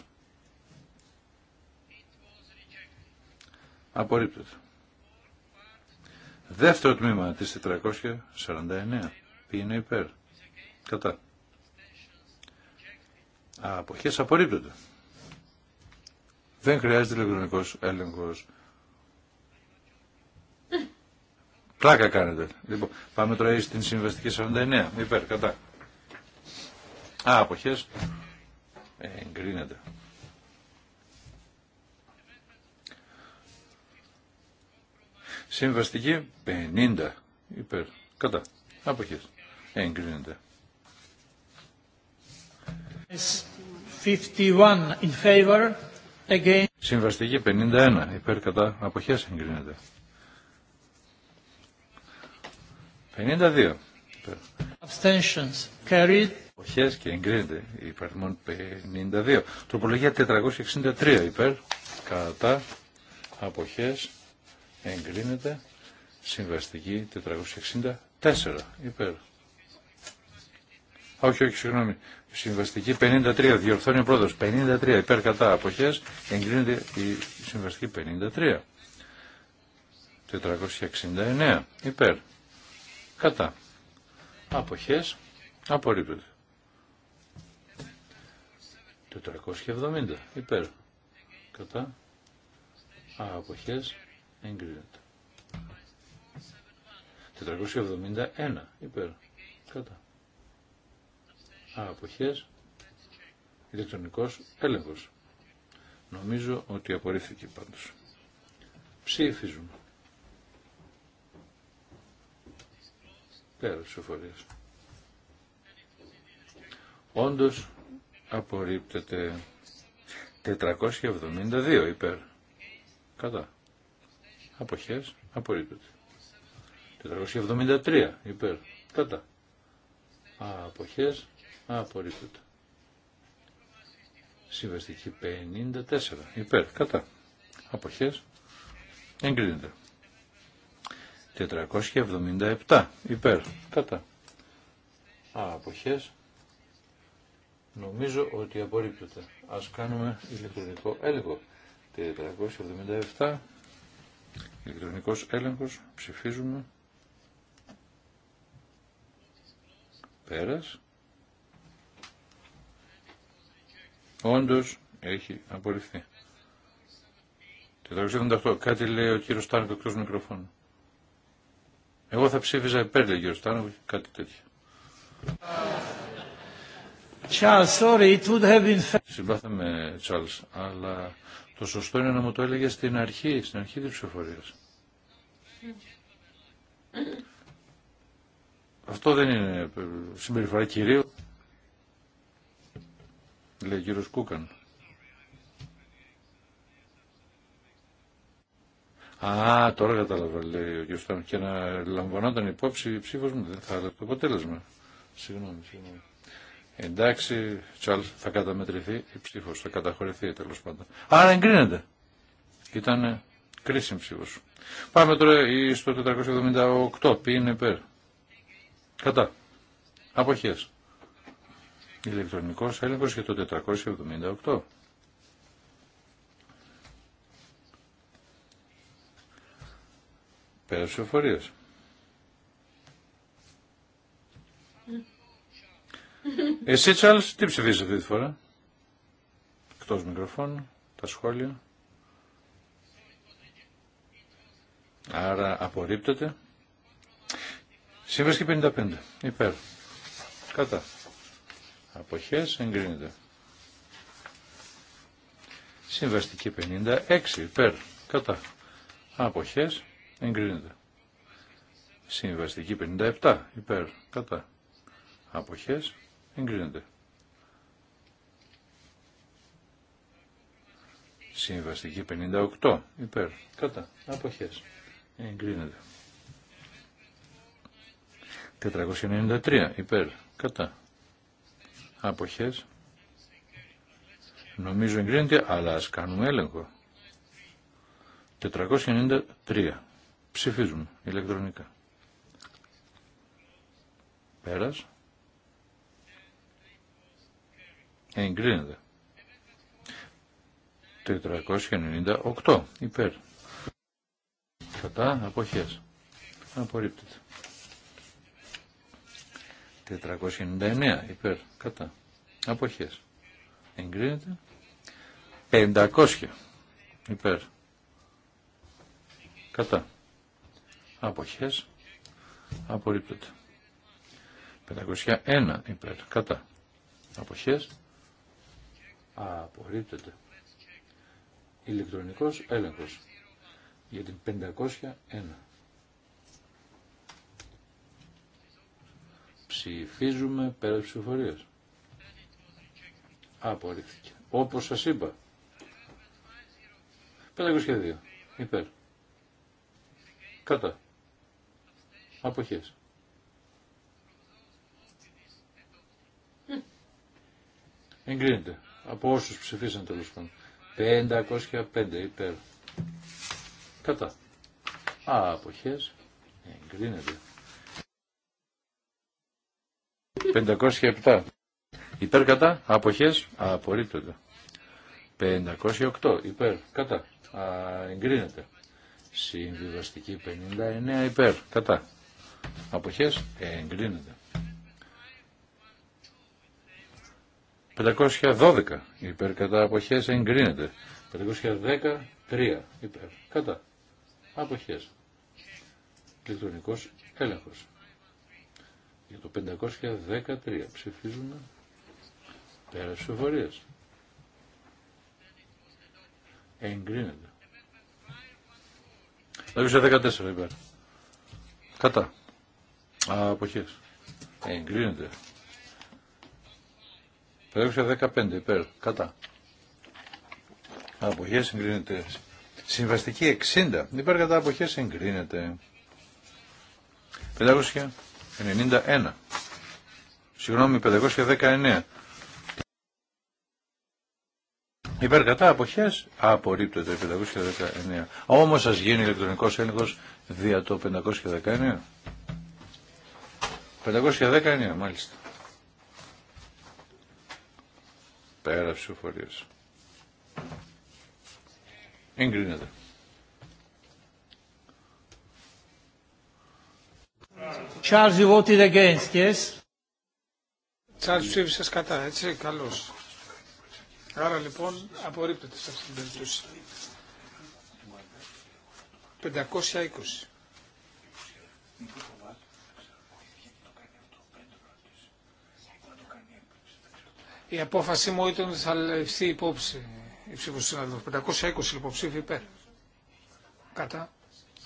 Απορρίπτεται. Δεύτερο τμήμα της 449. Ποιοι είναι υπέρ. Κατά. Αποχές απορρίπτονται. Δεν χρειάζεται ηλεκτρονικό έλεγχος. Πλάκα κάνετε. Λοιπόν, πάμε τώρα στην συμβαστική 49. Υπέρ, κατά. Α, αποχές. Ε, εγκρίνεται. Συμβαστική 50. Υπέρ. Κατά. Αποχές. Ε, εγκρίνεται. 51 in favor. Συμβαστική 51 υπέρ κατά αποχές εγκρίνεται. 52 υπέρ. Abstentions carried. Αποχές και εγκρίνεται υπέρ 52. Τροπολογία 463 υπέρ κατά αποχές εγκρίνεται. Συμβαστική 464 υπέρ. όχι, όχι, συγγνώμη. Συμβαστική 53, διορθώνει ο πρόεδρος, 53 υπέρ κατά αποχές, εγκρίνεται η συμβαστική 53. 469 υπέρ κατά αποχές απορρίπτεται. 470 υπέρ κατά αποχές εγκρίνεται. 471 υπέρ κατά αποχές ηλεκτρονικός έλεγχος. Νομίζω ότι απορρίφθηκε πάντως. Ψήφιζουν. Πέρα της εφορίας. Όντως απορρίπτεται 472 υπέρ. Κατά. Αποχές απορρίπτεται. 473 υπέρ. Κατά. Αποχές Απορρίπτωτα. Συμβαστική 54. Υπέρ. Κατά. Αποχές. Εγκρίνεται. 477. Υπέρ. Κατά. Αποχές. Νομίζω ότι απορρίπτωτα. Ας κάνουμε ηλεκτρονικό έλεγχο. 477. Ηλεκτρονικός έλεγχος. Ψηφίζουμε. Πέρας. Όντως έχει απορριφθεί. 478. Κάτι λέει ο κύριος Στάνοκ εκτός μικροφώνου. Εγώ θα ψήφιζα υπέρ, λέει ο κύριος Στάνοκ, κάτι τέτοιο. Charles, sorry, it would have been... Συμπάθαμε, Charles, αλλά το σωστό είναι να μου το έλεγε στην αρχή, στην αρχή της ψηφοφορίας. Αυτό δεν είναι συμπεριφορά κυρίου λέει ο κύριος Κούκαν. Α, τώρα κατάλαβα, λέει ο κύριος και να λαμβανόταν υπόψη η ψήφος μου, δεν θα άλλα το αποτέλεσμα. Συγγνώμη, συγγνώμη. Εντάξει, Τσάλ, θα καταμετρηθεί η ψήφος, θα καταχωρηθεί τέλο πάντων. Άρα εγκρίνεται. Ήταν κρίσιμη ψήφος. Πάμε τώρα στο 478, ποιοι είναι υπέρ. Κατά. Αποχές ηλεκτρονικός έλεγχος για το 478. Πέρασε ο φορείος. Εσύ, Τσάλς, τι ψηφίζεις αυτή τη φορά. Εκτός μικροφώνου, τα σχόλια. Άρα απορρίπτεται. Σύμβαση 55. Υπέρ. Κατά αποχές εγκρίνεται. Συμβαστική 56 υπέρ κατά αποχές εγκρίνεται. Συμβαστική 57 υπέρ κατά αποχές εγκρίνεται. Συμβαστική 58 υπέρ κατά αποχές εγκρίνεται. 493 υπέρ κατά αποχές νομίζω εγκρίνεται αλλά ας κάνουμε έλεγχο 493 ψηφίζουμε ηλεκτρονικά πέρας εγκρίνεται 498 υπέρ κατά αποχές απορρίπτεται 499 υπέρ κατά αποχές εγκρίνεται 500 υπέρ κατά αποχές απορρίπτεται 501 υπέρ κατά αποχές απορρίπτεται ηλεκτρονικός έλεγχος για την 501 Ψηφίζουμε πέρα της ψηφοφορίας. Απορρίφθηκε. Όπως σας είπα. 502. Υπέρ. Κατά. Αποχές. Εγκρίνεται. Από όσους ψηφίσαν τέλο πάντων. 505 υπέρ. Κατά. Α, αποχές. Εγκρίνεται. 507. Υπέρ κατά αποχές απορρίπτονται. 508 υπέρ κατά α, εγκρίνεται. Συμβιβαστική 59 υπέρ κατά αποχές εγκρίνεται. 512 υπέρ κατά αποχές εγκρίνεται. 513 υπέρ κατά αποχές. Λειτουργικός έλεγχος για το 513. Ψηφίζουμε πέρα ψηφοφορίας. Εγκρίνεται. 14 υπέρ. Κατά. Αποχές. Εγκρίνεται. 15 υπέρ. Κατά. Αποχές εγκρίνεται. Συμβαστική 60. Υπέρ κατά αποχές εγκρίνεται. 500. 91 Συγγνώμη, 519. Υπέρ κατά αποχές το 519. Όμως σας γίνει ηλεκτρονικός έλεγχος δια το 519. 519 μάλιστα. Πέρα ψηφοφορία. Εγκρίνεται. Charles, you voted against, yes? Charles ψήφισε κατά, έτσι, καλώς. Άρα λοιπόν απορρίπτεται σε αυτήν την περίπτωση. 520. Η απόφαση μου ήταν ότι θα ληφθεί υπόψη η ψήφος συνάδελφου. 520 λοιπόν ψήφι υπέρ. Κατά.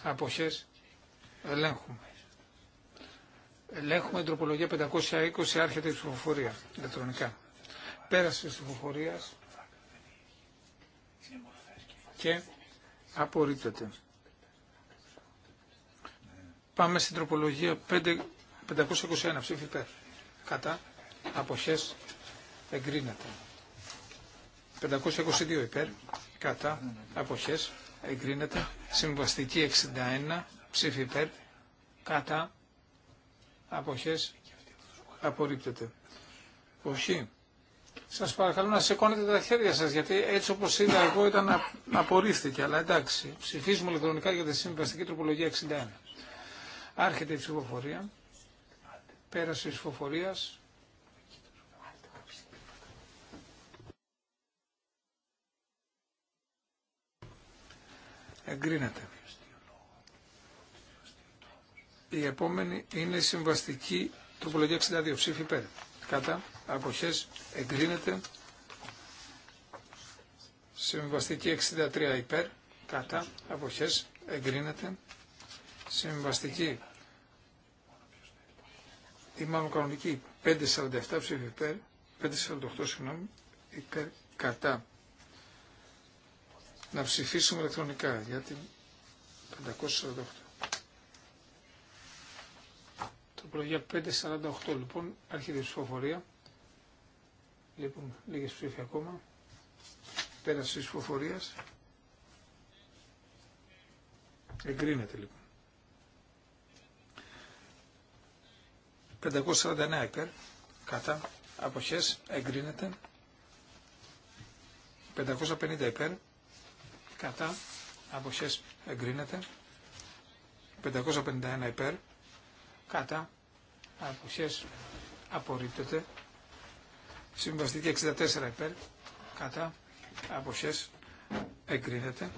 Αποχές. Ελέγχουμε. Ελέγχουμε την τροπολογία 520, άρχεται η ψηφοφορία ηλεκτρονικά. Πέρασε τη ψηφοφορία και απορρίπτεται. Πάμε στην τροπολογία 521, ψήφι υπέρ. Κατά, αποχές, εγκρίνεται. 522 υπέρ, κατά, αποχές, εγκρίνεται. Συμβαστική 61, ψήφι υπέρ, κατά, αποχές απορρίπτεται. Όχι. Σας παρακαλώ να σηκώνετε τα χέρια σας, γιατί έτσι όπως είδα εγώ ήταν απορρίφθηκε, αλλά εντάξει. Ψηφίζουμε ηλεκτρονικά για τη συμβαστική τροπολογία 61. Άρχεται η ψηφοφορία. Πέρασε η ψηφοφορίας. Εγκρίνεται. Η επόμενη είναι η συμβαστική τροπολογία 62. Ψήφι υπέρ. Κατά. Αποχές. Εγκρίνεται. Συμβαστική 63 υπέρ. Κατά. Αποχές. Εγκρίνεται. Συμβαστική ή μάλλον κανονική 547 ψήφι υπέρ. 548 συγγνώμη. Υπέρ. Κατά. Να ψηφίσουμε ηλεκτρονικά για την 548 το Τροπολογία 548 λοιπόν, η ψηφοφορία. Λοιπόν, λίγε ψήφοι ακόμα. Πέραση τη ψηφοφορία. Εγκρίνεται λοιπόν. 549 υπέρ, κατά, αποχές, εγκρίνεται. 550 υπέρ, κατά, αποχές, εγκρίνεται. 551 υπέρ, κατά απουσίας απορρίπτεται συμβαστική 64 υπέρ κατά αποχέ. εγκρίνεται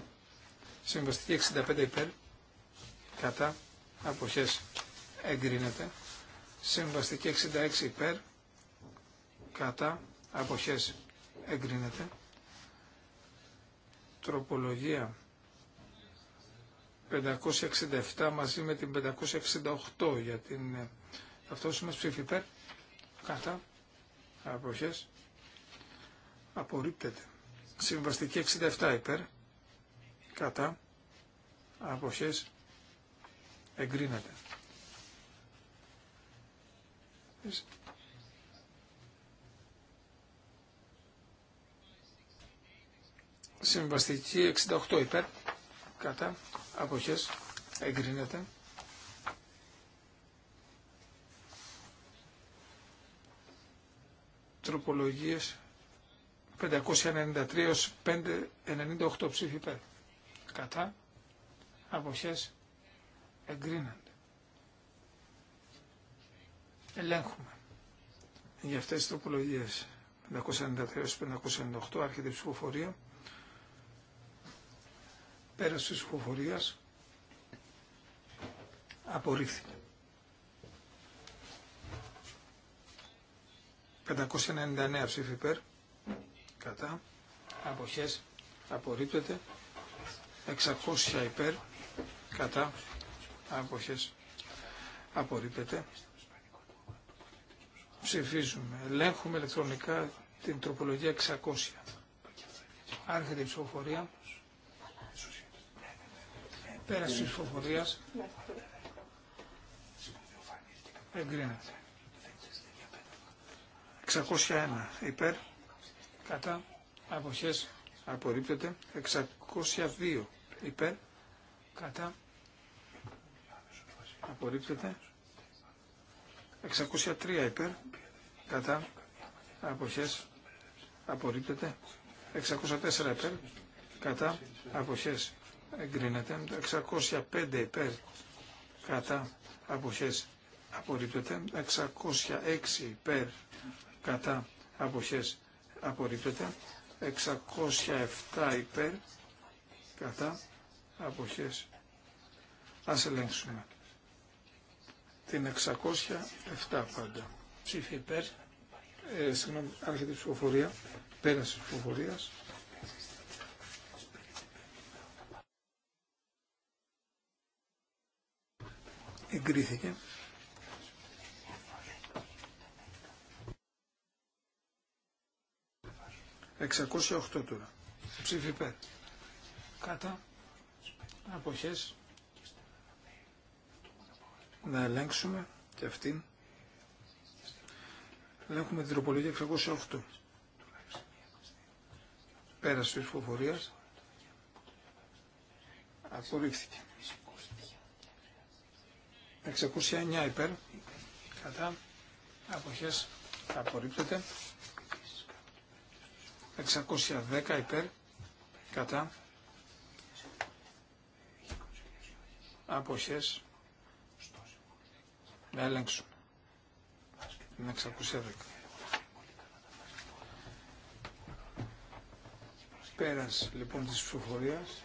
συμβαστική 65 υπέρ κατά απουσίας εγκρίνεται συμβαστική 66 υπέρ κατά απουσίας εγκρίνεται τροπολογία 567 μαζί με την 568 για την ε, ταυτόσημα ψήφι υπέρ, κατά, αποχές, απορρίπτεται. Συμβαστική 67 υπέρ, κατά, αποχές, εγκρίνεται. Συμβαστική 68 υπέρ, κατά αποχές εγκρίνεται. Τροπολογίες 593 598 ψήφι Κατά αποχές εγκρίνεται Ελέγχουμε για αυτές τις τροπολογίες 593 598 άρχεται ψηφοφορία. Πέρας της ψηφοφορίας απορρίφθηκε. 599 ψήφι υπέρ, κατά, αποχές, απορρίπτεται, 600 υπέρ, κατά, αποχές, απορρίπτεται. Ψηφίζουμε, ελέγχουμε ηλεκτρονικά την τροπολογία 600. Άρχεται η ψηφοφορία. Πέραση της φοβορία. Εγκρίνεται. 601 υπέρ. Κατά. Αποχές. Απορρίπτεται. 602 υπέρ. Κατά. Απορρίπτεται. 603 υπέρ. Κατά. Αποχές. Απορρίπτεται. 604 υπέρ. Κατά. Αποχές εγκρίνεται. 605 υπέρ κατά αποχές απορρίπτεται. 606 υπέρ κατά αποχές απορρίπτεται. 607 υπέρ κατά αποχές. Ας ελέγξουμε. Την 607 πάντα. Ψήφι υπέρ. Ε, συγγνώμη, άρχεται η ψηφοφορία. Πέραση ψηφοφορίας. εγκρίθηκε. 608 τώρα. Ψήφι πέτ. Κατά. Αποχές. Να ελέγξουμε και αυτήν. Ελέγχουμε την τροπολογία 608. Πέρασε τη ψηφοφορία. Απορρίφθηκε. 609 υπέρ, κατά, αποχές απορρίπτεται. 610 υπέρ, κατά, αποχές να ελέγξουμε. την 610. Πέρας λοιπόν της ψηφοφορίας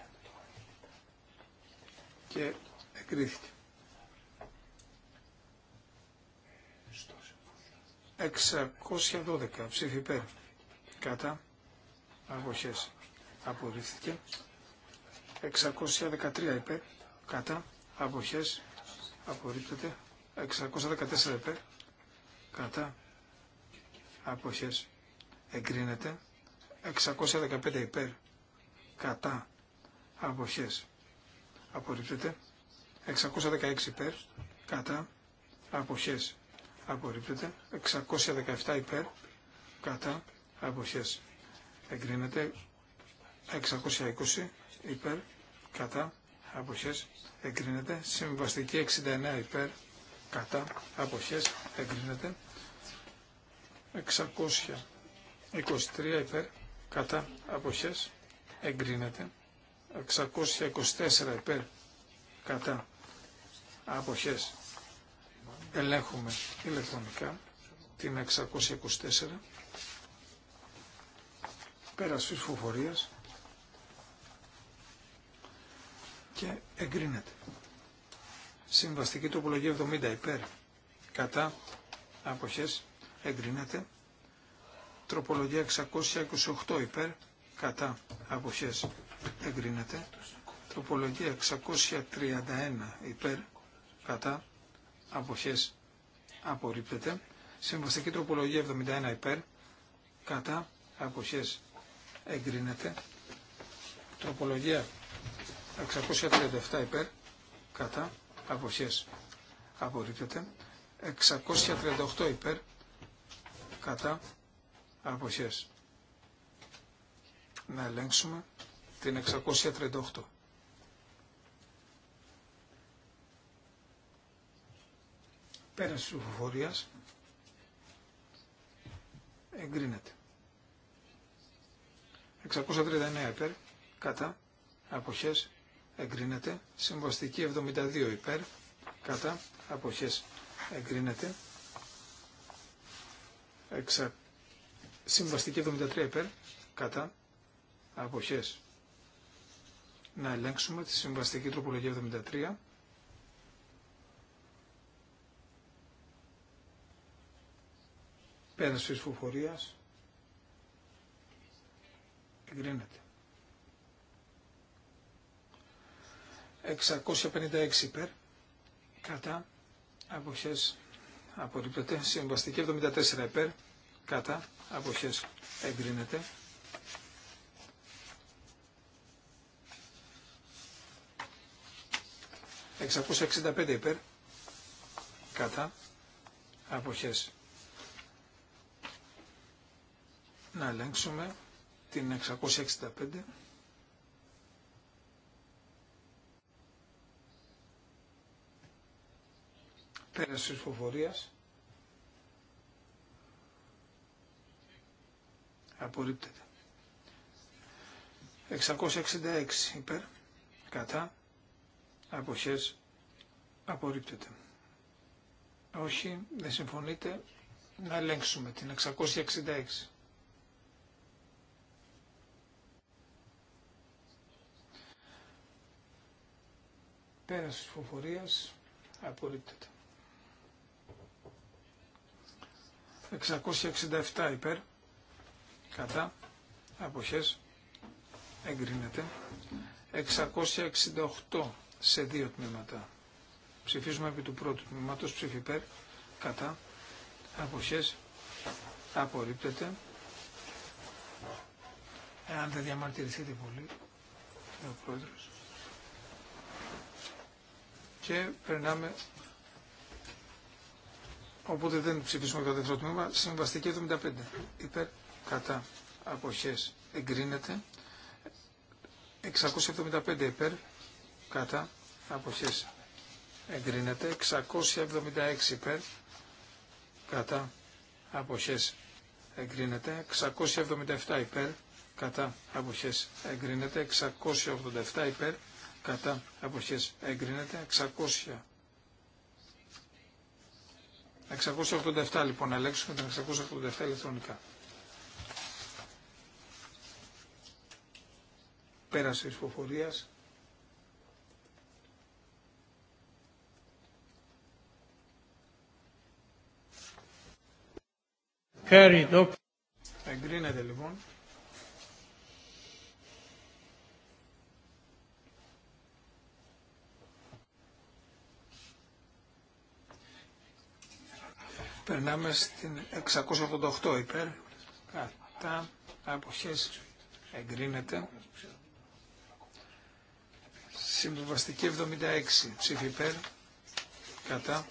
και εκρίθηκε. 612 ψήφι υπέρ κατά αποχές απορρίφθηκε 613 υπέρ κατά αποχές απορρίπτεται 614 υπέρ κατά αποχές εγκρίνεται 615 υπέρ κατά αποχές απορρίπτεται 616 υπέρ κατά αποχές απορρίπτεται. 617 υπέρ κατά αποχές εγκρίνεται. 620 υπέρ κατά αποχές εγκρίνεται. Συμβαστική 69 υπέρ κατά αποχές εγκρίνεται. 623 υπέρ κατά αποχές εγκρίνεται. 624 υπέρ κατά αποχές Ελέγχουμε ηλεκτρονικά την 624 πέρας φυσφοφορίας και εγκρίνεται. Συμβαστική τοπολογία 70 υπέρ κατά αποχές εγκρίνεται. Τροπολογία 628 υπέρ κατά αποχές εγκρίνεται. Τροπολογία 631 υπέρ κατά αποχές απορρίπτεται. Συμβαστική τροπολογία 71 υπέρ, κατά αποχές εγκρίνεται. Τροπολογία 637 υπέρ, κατά αποχές απορρίπτεται. 638 υπέρ, κατά αποχές. Να ελέγξουμε την 638. πέραση τη ψηφοφορία εγκρίνεται. 639 υπέρ, κατά, αποχές, εγκρίνεται. Συμβαστική 72 υπέρ, κατά, αποχές, εγκρίνεται. Εξα... Συμβαστική 73 υπέρ, κατά, αποχές. Να ελέγξουμε τη συμβαστική τροπολογία 73. Πέρας της Εγκρίνεται. 656 υπέρ. Κατά. Αποχές. Απορρίπτεται. Συμβαστική 74 υπέρ. Κατά. Αποχές. Εγκρίνεται. 665 υπέρ. Κατά. Αποχές να ελέγξουμε την 665. Πέραση της φοβορίας Απορρίπτεται. 666 υπέρ, κατά, αποχές, απορρίπτεται. Όχι, δεν συμφωνείτε, να ελέγξουμε την 666. Πέρας της φοφορίας απορρίπτεται. 667 υπέρ, κατά, αποχές, εγκρίνεται. 668 σε δύο τμήματα. Ψηφίζουμε επί του πρώτου τμήματος, ψήφι υπέρ, κατά, αποχές, απορρίπτεται. Εάν δεν διαμαρτυρηθείτε πολύ, ο πρόεδρος και περνάμε οπότε δεν ψηφίσουμε το δεύτερο τμήμα συμβαστική 75 υπέρ κατά αποχές εγκρίνεται 675 υπέρ κατά αποχές εγκρίνεται 676 υπέρ κατά αποχές εγκρίνεται 677 υπέρ κατά αποχές εγκρίνεται 687 υπέρ κατά αποχές εγκρίνεται 600 687 λοιπόν αλέξουμε την 687 ηλεκτρονικά πέρασε η ψηφοφορίας Εγκρίνεται λοιπόν Περνάμε στην 688 υπέρ. Κατά αποχές εγκρίνεται. Συμβιβαστική 76 ψήφι υπέρ. Κατά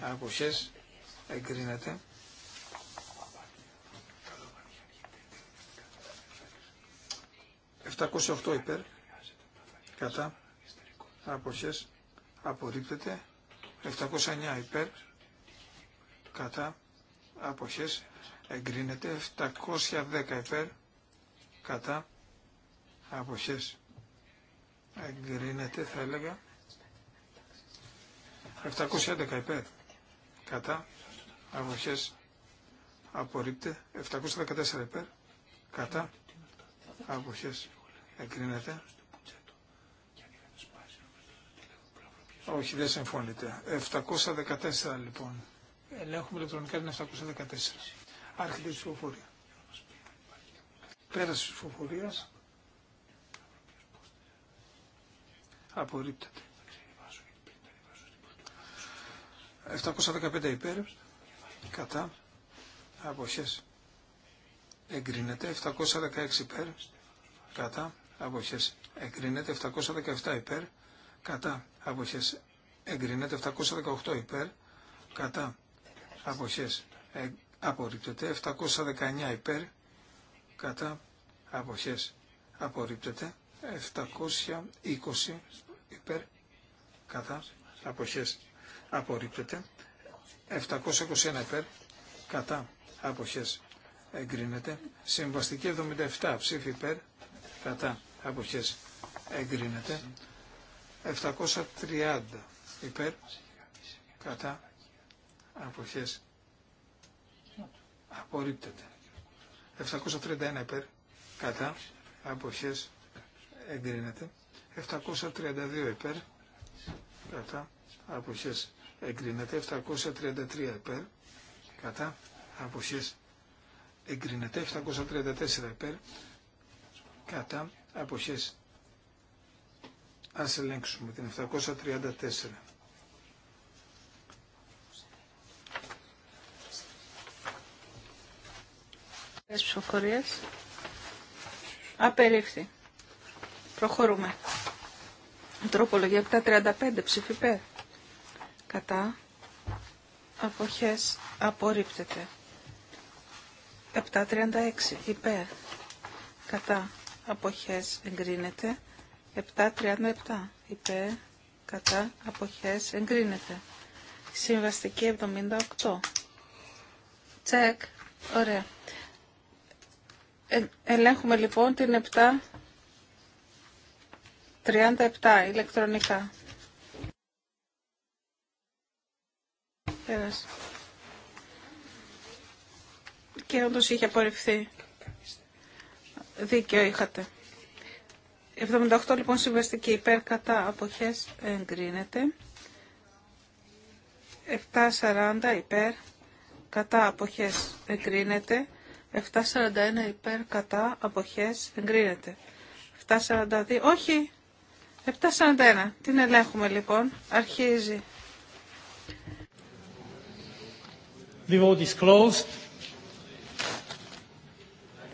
αποχές εγκρίνεται. ...708 υπέρ, κατά, αποχές, απορρίπτεται, ...709 υπέρ, κατά αποχές εγκρίνεται 710 υπέρ κατά αποχές εγκρίνεται θα έλεγα 711 υπέρ κατά αποχές απορρίπτε 714 υπέρ κατά αποχές εγκρίνεται όχι δεν συμφωνείτε 714 λοιπόν ελέγχουμε ηλεκτρονικά την 714. Άρχεται η ψηφοφορία. Πέραση τη ψηφοφορία. Απορρίπτεται. 715 υπέρ. Κατά. Αποχές. Εγκρίνεται. 716 υπέρ. Κατά. Αποχές. Εγκρίνεται. 717 υπέρ. Κατά. Αποχές. Εγκρίνεται. 718 υπέρ. Κατά αποχές ε, απορρίπτεται. 719 υπέρ κατά αποχές απορρίπτεται. 720 υπέρ κατά αποχές απορρίπτεται. 721 υπέρ κατά αποχές εγκρίνεται. Συμβαστική 77 ψήφι υπέρ κατά αποχές εγκρίνεται. 730 υπέρ κατά αποχές απορρίπτεται. 731 υπέρ κατά αποχές εγκρίνεται. 732 υπέρ κατά αποχές εγκρίνεται. 733 υπέρ κατά αποχές εγκρίνεται. 734 υπέρ κατά αποχές Ας ελέγξουμε την 734. ψηφοφορίες. Απερίφθη. Προχωρούμε. Τροπολογία 735 ψήφι υπέρ. Κατά. Αποχές απορρίπτεται. 736 υπέρ. Κατά. Αποχές εγκρίνεται. 737 υπέρ. Κατά. Αποχές εγκρίνεται. Συμβαστική 78. Τσεκ. Ωραία. Ε, ελέγχουμε λοιπόν την 737 ηλεκτρονικά. Και όντως είχε απορριφθεί. Δίκαιο είχατε. 78 λοιπόν συμβαστική υπέρ κατά αποχές εγκρίνεται. 740 υπέρ κατά αποχές εγκρίνεται. 741 υπέρ κατά αποχές εγκρίνεται. 742, όχι, 741. Την ελέγχουμε λοιπόν. Αρχίζει. The vote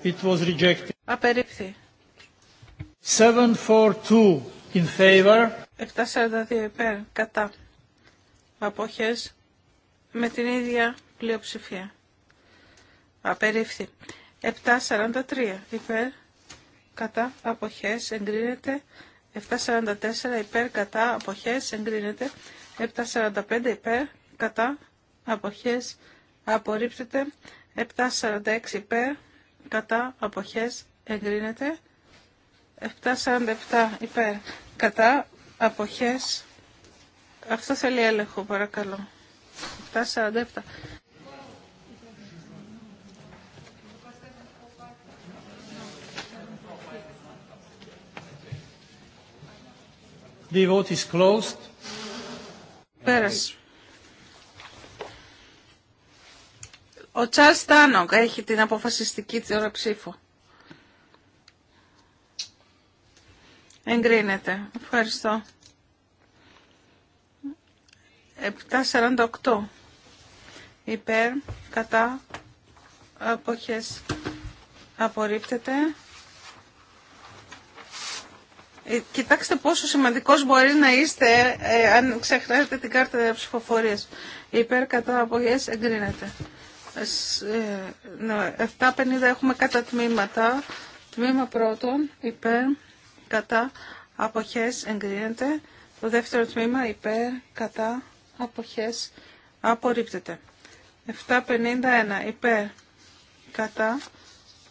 It was rejected. Απερίφθη. 742 in favor. 742 υπέρ, κατά. Αποχές με την ίδια πλειοψηφία. Απερίφθη. 7.43 υπέρ κατά αποχές εγκρίνεται. 7.44 υπέρ κατά αποχές εγκρίνεται. 7.45 υπέρ κατά αποχές απορρίπτεται. 7.46 υπέρ κατά αποχές εγκρίνεται. 7.47 υπέρ κατά αποχές. Αυτό θέλει έλεγχο παρακαλώ. 7.47 The is closed. Πέρασε. Ο Τσάρλς Τάνοκ έχει την αποφασιστική ώρα ψήφο. Εγκρίνεται. Ευχαριστώ. 748. Υπέρ, κατά, αποχές απορρίπτεται. Ε, κοιτάξτε πόσο σημαντικός μπορεί να είστε ε, αν ξεχνάτε την κάρτα ψηφοφορίας. Υπέρ κατά αποχές εγκρίνεται. Ε, 7.50 ναι, έχουμε κατά τμήματα. Τμήμα πρώτον υπέρ κατά αποχές εγκρίνεται. Το δεύτερο τμήμα υπέρ κατά αποχές απορρίπτεται. 7.51 υπέρ κατά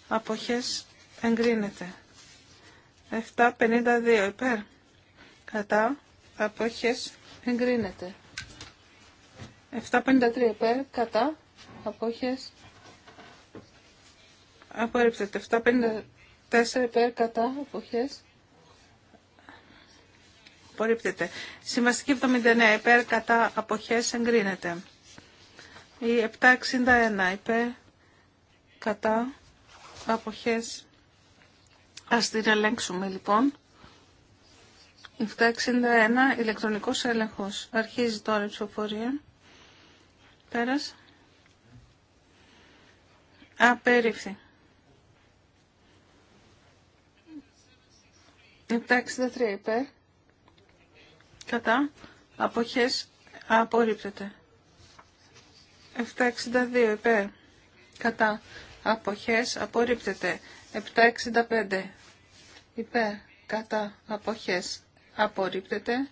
αποχές εγκρίνεται. 7.52 υπέρ. Κατά. Απόχες. Εγκρίνεται. 7.53 υπέρ. Κατά. Απόχες. Απορρίπτεται. 7.54 υπέρ. Κατά. Απόχες. Απορρίπτεται. Συμβαστική 79 υπέρ. Κατά. Απόχες. Εγκρίνεται. Η 7.61 υπέρ. Κατά. Απόχες Ας την ελέγξουμε λοιπόν. 761 ηλεκτρονικός έλεγχος. Αρχίζει τώρα η ψηφοφορία. Πέρας. Απέριφθη. 763 υπέρ. Κατά. Αποχές. Απορρίπτεται. 762 υπέρ. Κατά. Αποχές. Απορρίπτεται. 765 υπέρ κατά αποχές απορρίπτεται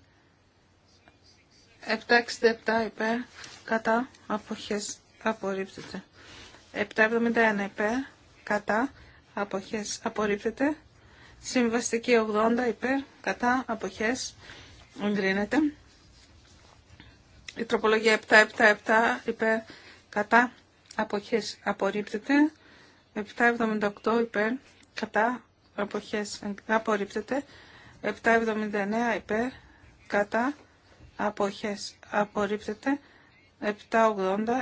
767 υπέρ κατά αποχές απορρίπτεται 771 υπέρ κατά αποχές απορρίπτεται συμβαστική 80 υπέρ κατά αποχές εγκρίνεται η τροπολογία 777 υπέρ κατά αποχές απορρίπτεται 778 υπέρ κατά αποχές απορρίπτεται 779 υπέρ κατά αποχές απορρίπτεται 780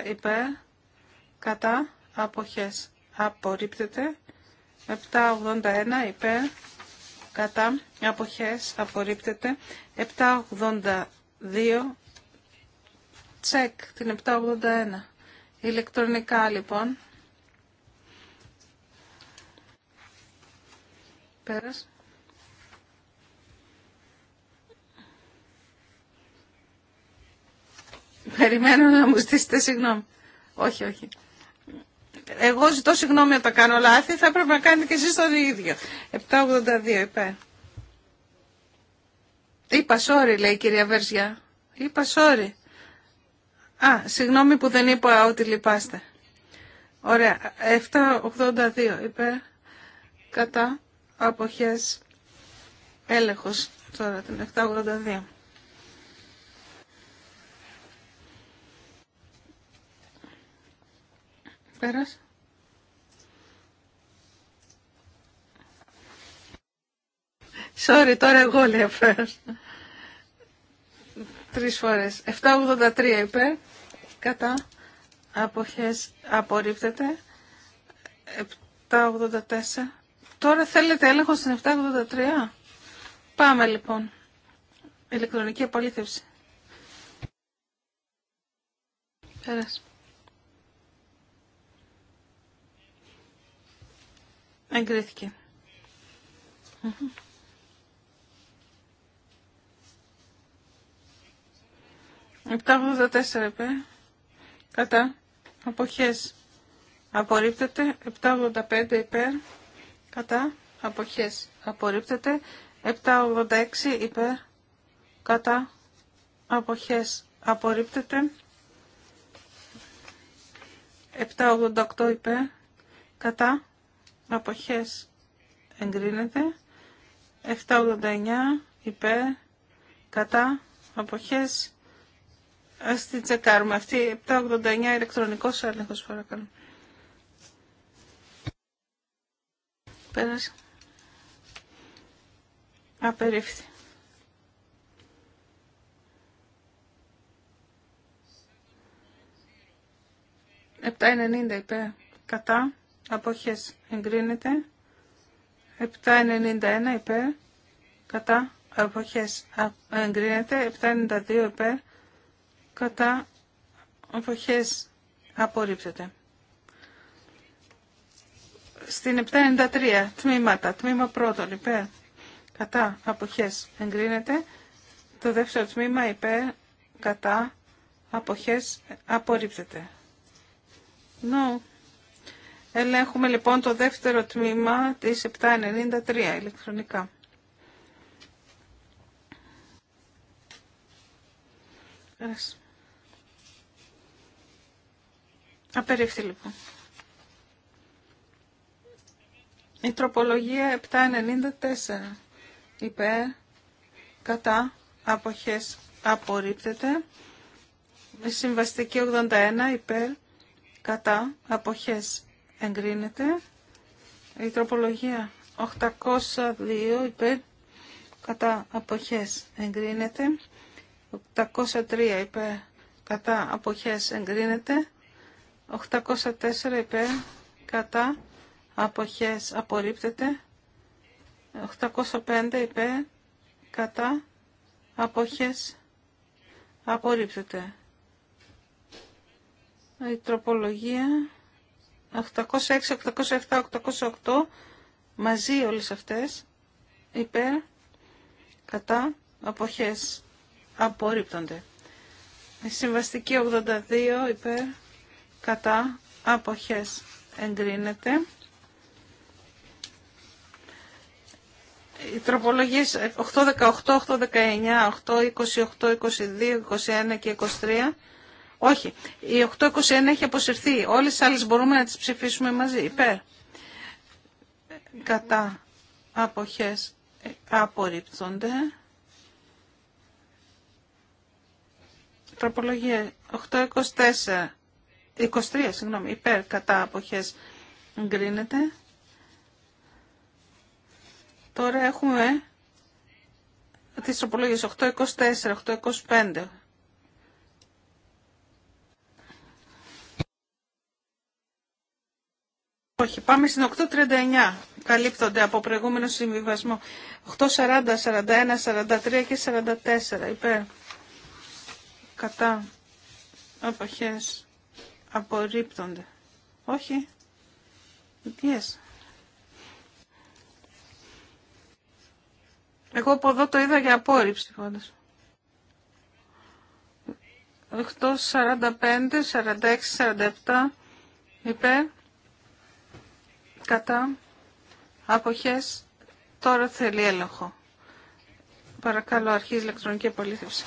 υπέρ κατά αποχές απορρίπτεται 781 υπέρ κατά αποχές απορρίπτεται 782 τσεκ την 781 ηλεκτρονικά λοιπόν Πέρας. Περιμένω να μου στήσετε συγγνώμη. Όχι, όχι. Εγώ ζητώ συγγνώμη όταν κάνω λάθη, θα έπρεπε να κάνετε και εσείς το ίδιο. 782 είπε. Είπα sorry, λέει η κυρία Βερζιά. Είπα sorry. Α, συγγνώμη που δεν είπα ότι λυπάστε. Ωραία. 782 είπε. Κατά αποχές έλεγχος τώρα την 782. Πέρασε. Sorry, τώρα εγώ λέω πέρασε. Τρεις φορές. 783 είπε. κατά, αποχές απορρίπτεται. 784 Τώρα θέλετε έλεγχο στην 783. Πάμε λοιπόν. Ηλεκτρονική απολύθευση. Πέρασε. Εγκρίθηκε. 784 επέ. Κατά. Αποχές. Απορρίπτεται. 785 υπέρ κατά αποχές απορρίπτεται 786 υπέρ κατά αποχές απορρίπτεται 788 υπέρ κατά αποχές εγκρίνεται 789 υπέρ κατά αποχές Ας την τσεκάρουμε αυτή 789 ηλεκτρονικός έλεγχος παρακαλώ. Πέρασε. Απερίφθη. 790 υπέρ κατά αποχές εγκρίνεται 791 υπέρ κατά αποχές εγκρίνεται 792 υπέρ κατά αποχές απορρίπτεται στην 793 τμήματα, τμήμα πρώτο υπέρ, κατά, αποχές, εγκρίνεται. Το δεύτερο τμήμα υπέρ, κατά, αποχές, απορρίπτεται. No. Ελέγχουμε λοιπόν το δεύτερο τμήμα της 793 ηλεκτρονικά. Απερίφθη λοιπόν. Η τροπολογία 794 υπέρ κατά αποχές απορρίπτεται. Η συμβαστική 81 υπέρ κατά αποχές εγκρίνεται. Η τροπολογία 802 υπέρ κατά αποχές εγκρίνεται. 803 υπέρ κατά αποχές εγκρίνεται. 804 υπέρ κατά αποχές απορρίπτεται 805 υπέρ κατά αποχές απορρίπτεται η τροπολογία 806, 807, 808 μαζί όλες αυτές υπέρ κατά αποχές απορρίπτονται η συμβαστική 82 υπέρ κατά αποχές εγκρίνεται Οι 8-18, 19, 8, 28, 22, 21 και 23. Όχι, η 821 έχει αποσυρθεί. Όλες τις άλλες μπορούμε να τις ψηφίσουμε μαζί. Υπέρ. Κατά αποχές ε, απορρίπτονται. Τροπολογία 824, 23, συγγνώμη, υπέρ κατά αποχές εγκρίνεται. Τώρα έχουμε τις τροπολογίε 824, 825. Όχι, πάμε στην 839. Καλύπτονται από προηγούμενο συμβιβασμό. 840, 41, 43 και 44. Υπέρ. Κατά. Αποχές. Απορρίπτονται. Όχι. Yes. Εγώ από εδώ το είδα για απόρριψη πάντως. 8, 45, 46, 47 υπέρ κατά αποχές τώρα θέλει έλεγχο. Παρακαλώ αρχίζει ηλεκτρονική απολύθευση.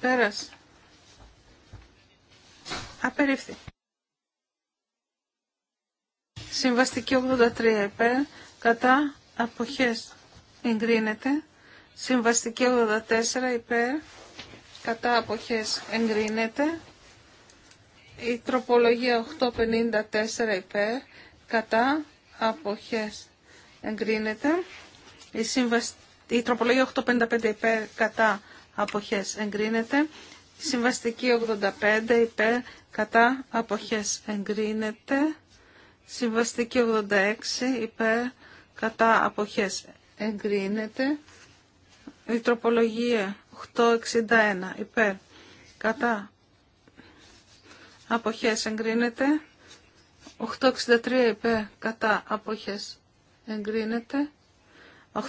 Πέρασε. Απερίφθη. Συμβαστική 83 υπέρ, κατά αποχές εγκρίνεται. Συμβαστική 84 υπέρ, κατά αποχές εγκρίνεται. Η τροπολογία 854 υπέρ, κατά αποχές εγκρίνεται. Η, η τροπολογία 855 υπέρ, κατά αποχές εγκρίνεται. συμβαστική 85 υπέρ, κατά αποχές εγκρίνεται. Συμβαστική 86 υπέρ κατά αποχές εγκρίνεται. Η τροπολογία 861 υπέρ κατά αποχές εγκρίνεται. 863 υπέρ κατά αποχές εγκρίνεται. 864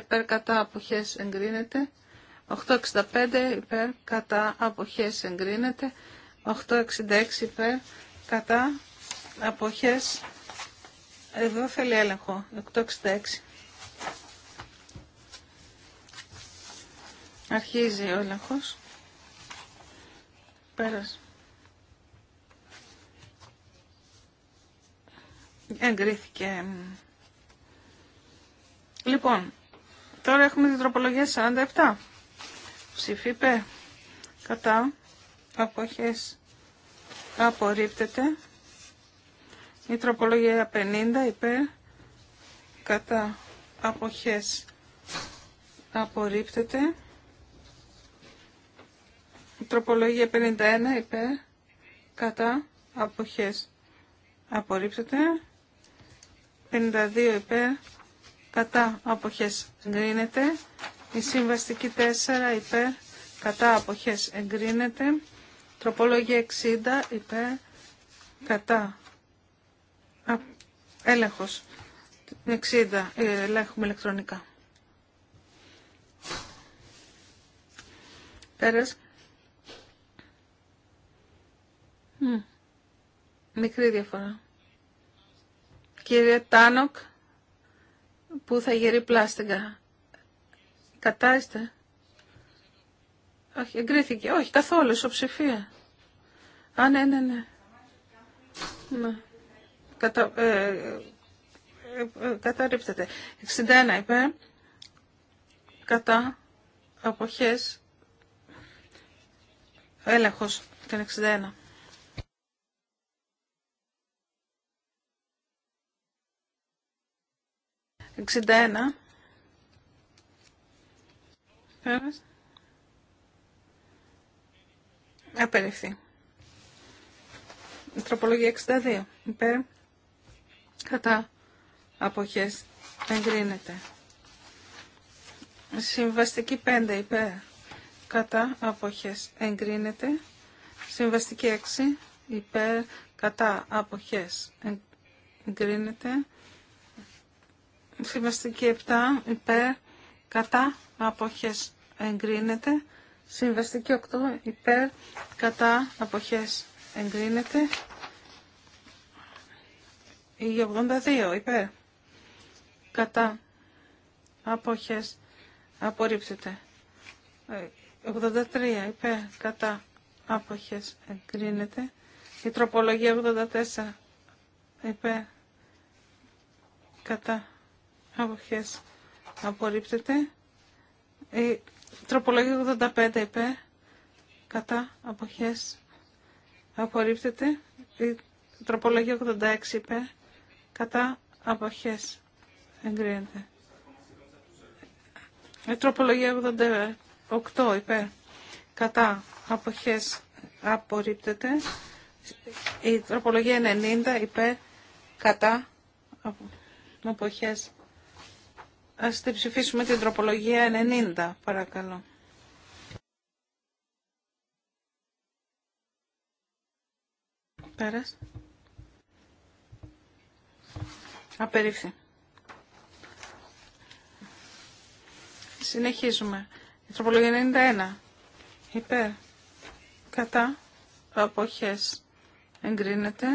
υπέρ κατά αποχές εγκρίνεται. 865 υπέρ κατά αποχές εγκρίνεται. 866 υπέρ κατά αποχές εδώ θέλει έλεγχο 866 αρχίζει ο έλεγχος πέρας εγκρίθηκε λοιπόν τώρα έχουμε την τροπολογία 47 Ψηφίπε. κατά αποχές απορρίπτεται η τροπολογία 50 υπέρ κατά αποχές απορρίπτεται. Η τροπολογία 51 υπέρ κατά αποχές απορρίπτεται. 52 υπέρ κατά αποχές εγκρίνεται. Η συμβαστική 4 υπέρ κατά αποχές εγκρίνεται. Τροπολογία 60 υπέρ κατά Α, έλεγχος. 60. Ε, ελέγχουμε ηλεκτρονικά. Πέρας. Μικρή διαφορά. Κύριε Τάνοκ, που θα γυρεί πλάστιγκα. Κατά Όχι, εγκρίθηκε. Όχι, καθόλου, ισοψηφία. Α, ναι, ναι, ναι. Ναι κατα, ε, ε, ε καταρρύπτεται. 61 είπε κατά αποχές έλεγχος την 61. Εξήντα Απεριφθεί. Τροπολογία 62. Υπέρ κατά αποχές εγκρίνεται. Συμβαστική 5 υπέρ κατά αποχές εγκρίνεται. Συμβαστική 6 υπέρ κατά αποχές εγκρίνεται. Συμβαστική 7 υπέρ κατά αποχές εγκρίνεται. Συμβαστική 8 υπέρ κατά αποχές εγκρίνεται. Η 82 υπέρ. Κατά. Αποχές. Απορρίπτεται. Ε, 83 είπε Κατά. Αποχές. Εγκρίνεται. Η τροπολογία 84 υπέρ. Κατά. Αποχές. Απορρίπτεται. Η τροπολογία 85 υπέρ. Κατά. Αποχές. Απορρίπτεται. Η τροπολογία 86 είπε κατά αποχές εγκρίνεται. Η ε, τροπολογία 88 υπέρ κατά αποχές απορρίπτεται. Η τροπολογία 90 υπέρ κατά αποχές. Ας την ψηφίσουμε την τροπολογία 90 παρακαλώ. Πέρας. Απερίφθη. Συνεχίζουμε. Η τροπολογία 91. Υπέρ. Κατά. Αποχές. Εγκρίνεται.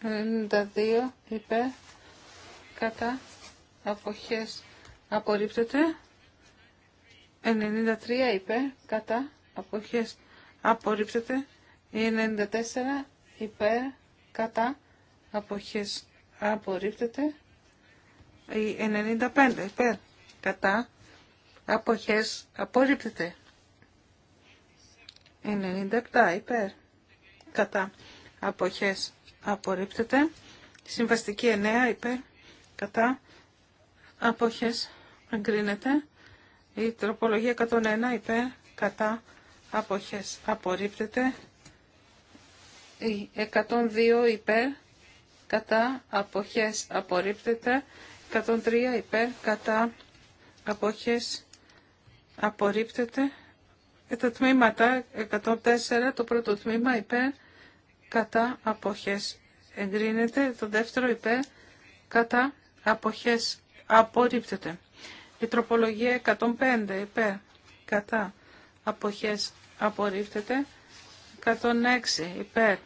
92. Υπέρ. Κατά. Αποχές. Απορρίπτεται. 93. Υπέρ. Κατά. Αποχές. Απορρίπτεται. 94. Υπέρ. Κατά. Αποχές. Απορρίπτεται. Η 95 υπέρ κατά αποχές απορρίπτεται. 97 υπέρ κατά αποχές απορρίπτεται. Συμβαστική 9 υπέρ κατά αποχές εγκρίνεται. Η τροπολογία 101 υπέρ κατά αποχές απορρίπτεται. Η 102 υπέρ κατά αποχές απορρίπτεται. 103 υπέρ κατά αποχές απορρίπτεται. Ε, τα τμήματα 104 το πρώτο τμήμα υπέρ κατά αποχές εγκρίνεται. Το δεύτερο υπέρ κατά αποχές απορρίπτεται. Η τροπολογία 105 υπέρ κατά αποχές απορρίπτεται. 106 υπέρ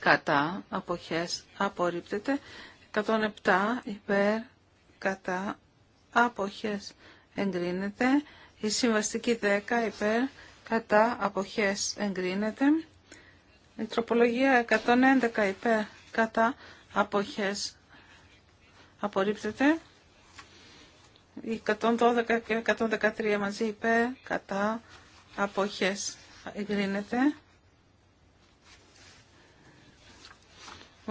κατά αποχές απορρίπτεται. 107 υπέρ κατά αποχές εγκρίνεται. Η συμβαστική 10 υπέρ κατά αποχές εγκρίνεται. Η τροπολογία 111 υπέρ κατά αποχές απορρίπτεται. Η 112 και 113 μαζί υπέρ κατά αποχές εγκρίνεται.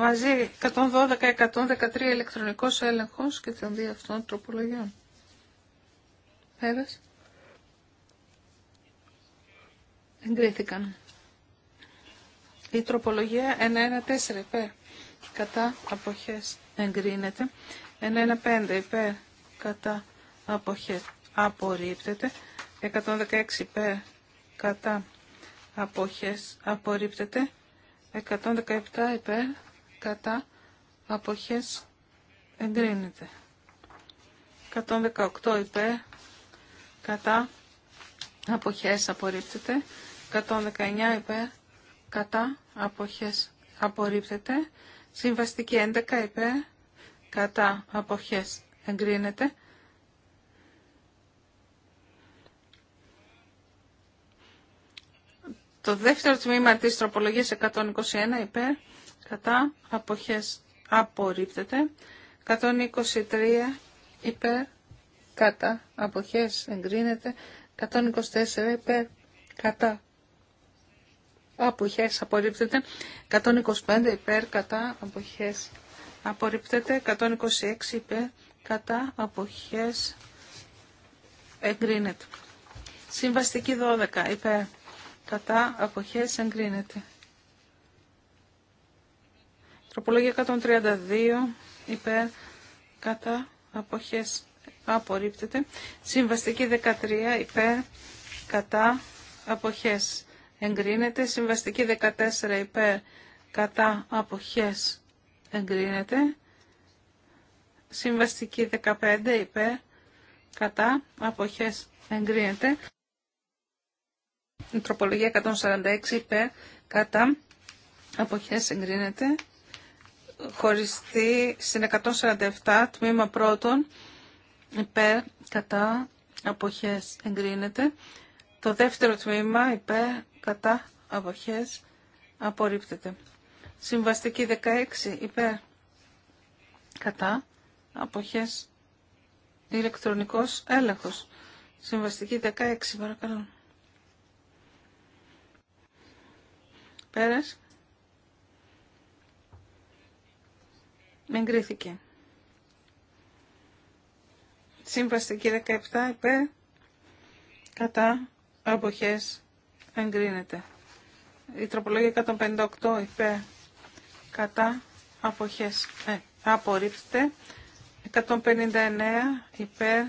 Μαζί 112-113 ηλεκτρονικός έλεγχος και των δύο αυτών τροπολογιών. Πέρας. Εγκρίθηκαν. Η τροπολογία 114 υπέρ. Κατά αποχές εγκρίνεται. 115 υπέρ. Κατά αποχές απορρίπτεται. 116 υπέρ. Κατά αποχές απορρίπτεται. 117 υπέρ κατά αποχές εγκρίνεται. 118 υπέ κατά αποχές απορρίπτεται. 119 υπέ κατά αποχές απορρίπτεται. Συμβαστική 11 υπέ κατά αποχές εγκρίνεται. Το δεύτερο τμήμα της τροπολογίας 121 υπέρ κατά αποχές απορρίπτεται 123 υπέρ κατά αποχές εγκρίνεται 124 υπέρ κατά αποχές απορρίπτεται 125 υπέρ κατά αποχές απορρίπτεται 126 υπέρ κατά αποχές εγκρίνεται συμβαστική 12 υπέρ κατά αποχές εγκρίνεται Τροπολογία 132 υπέρ κατά αποχές απορρίπτεται. Συμβαστική 13 υπέρ κατά αποχές εγκρίνεται. Συμβαστική 14 υπέρ κατά αποχές εγκρίνεται. Συμβαστική 15 υπέρ κατά αποχές εγκρίνεται. τροπολογία 146 υπέρ κατά αποχές εγκρίνεται χωριστεί στην 147 τμήμα πρώτον υπέρ κατά αποχές εγκρίνεται. Το δεύτερο τμήμα υπέρ κατά αποχές απορρίπτεται. Συμβαστική 16 υπέρ κατά αποχές ηλεκτρονικός έλεγχος. Συμβαστική 16 παρακαλώ. Πέρας. Εγκρίθηκε. και 17 υπέρ κατά αποχές εγκρίνεται. Η τροπολογία 158 υπέρ κατά αποχές ε, απορρίπτεται. 159 υπέρ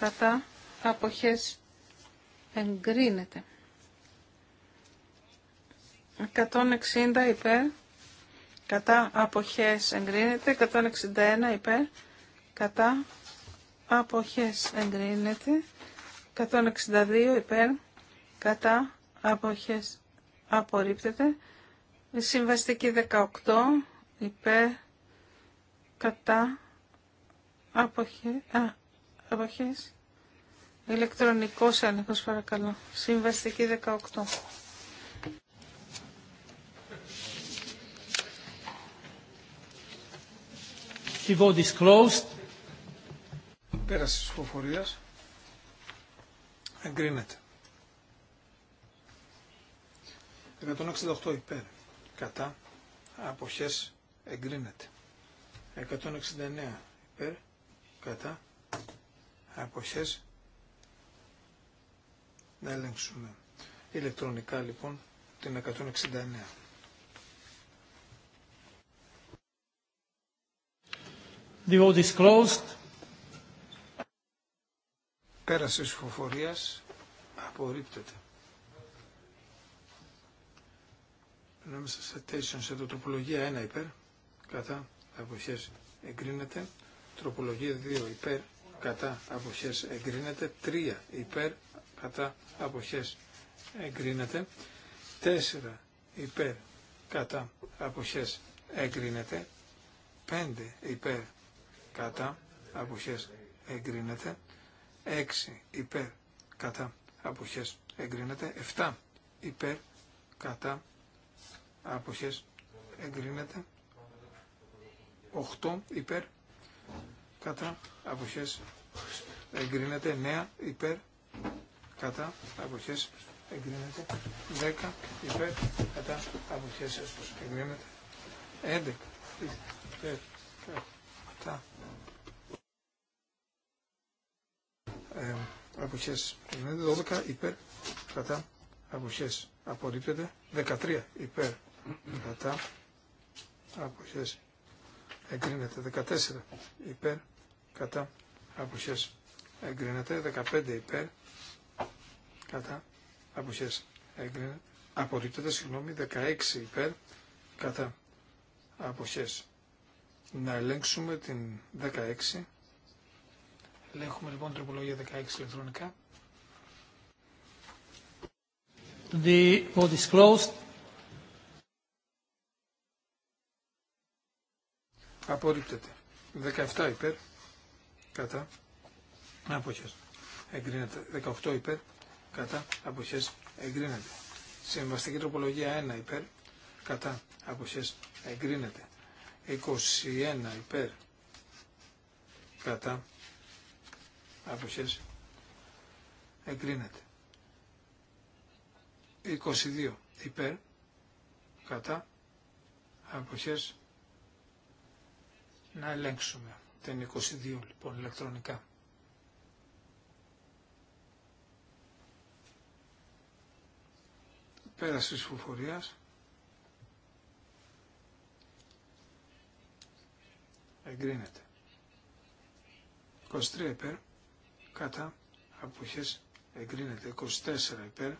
κατά αποχές εγκρίνεται. 160 υπέρ κατά αποχές εγκρίνεται, 161 υπέρ, κατά αποχές εγκρίνεται, 162 υπέρ, κατά αποχές απορρίπτεται, συμβαστική 18 υπέρ, κατά αποχές. α, αποχές, ηλεκτρονικός έλεγχος παρακαλώ, συμβαστική 18. The Πέραση τη ψηφοφορίας. Εγκρίνεται. 168 υπέρ. Κατά. αποχέ, Εγκρίνεται. 169 υπέρ. Κατά. αποχέ. Να ελέγξουμε ηλεκτρονικά λοιπόν την 169. The vote is closed. Πέρασε η Απορρίπτεται. Ανάμεσα σε τέσσερα σε το τροπολογία 1 υπέρ. Κατά αποχέ εγκρίνεται. Τροπολογία 2 υπέρ. Κατά αποχέ εγκρίνεται. 3 υπέρ. Κατά αποχέ εγκρίνεται. 4 υπέρ. Κατά αποχέ εγκρίνεται. 5 υπέρ κατά αποχές εγκρίνεται 6 υπέρ κατά αποχές εγκρίνεται 7 υπέρ κατά αποχές εγκρίνεται 8 υπέρ κατά αποχές εγκρίνεται 9 υπέρ κατά αποχές εγκρίνεται 10 υπέρ κατά αποχές εγκρίνεται 11 υπέρ κατά ε, αποχές 12 υπέρ κατά αποχές απορρίπτεται 13 υπέρ κατά αποχές εγκρίνεται 14 υπέρ κατά αποχές εγκρίνεται 15 υπέρ κατά αποχές εγκρίνεται απορρίπτεται συγγνώμη 16 υπέρ κατά αποχές να ελέγξουμε την 16 Ελέγχουμε λοιπόν τροπολογία 16 ηλεκτρονικά. The vote is closed. Απορρίπτεται. 17 υπέρ. Κατά. Αποχές. Εγκρίνεται. 18 υπέρ. Κατά. Αποχές. Εγκρίνεται. Συμβαστική τροπολογία 1 υπέρ. Κατά. Αποχές. Εγκρίνεται. 21 υπέρ. Κατά αποχές εγκρίνεται. 22 υπέρ κατά αποχές να ελέγξουμε την 22 λοιπόν ηλεκτρονικά. Πέραση της φουφορίας εγκρίνεται. 23 υπέρ κατά αποχές εγκρίνεται 24 υπέρ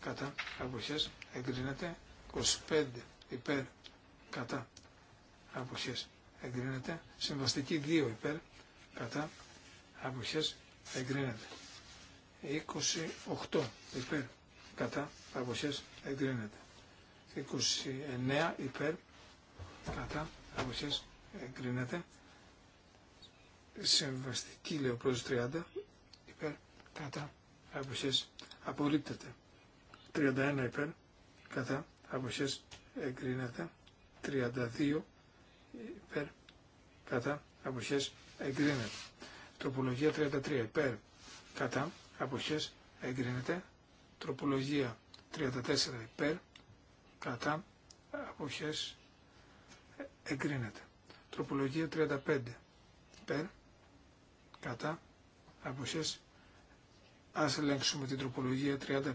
κατά αποχές εγκρίνεται 25 υπέρ κατά αποχές εγκρίνεται συμβαστική 2 υπέρ κατά αποχές εγκρίνεται 28 υπέρ κατά αποχές εγκρίνεται 29 υπέρ κατά αποχές εγκρίνεται Συμβαστική λέει ο 30 υπέρ κατά αποχές απορρίπτεται. 31 υπέρ κατά αποχές εγκρίνεται. 32 υπέρ κατά αποχές εγκρίνεται. Τροπολογία 33 υπέρ κατά αποχές εγκρίνεται. Τροπολογία 34 υπέρ κατά αποχές εγκρίνεται. Τροπολογία 35 υπέρ κατά αποχές ας ελέγξουμε την τροπολογία 35.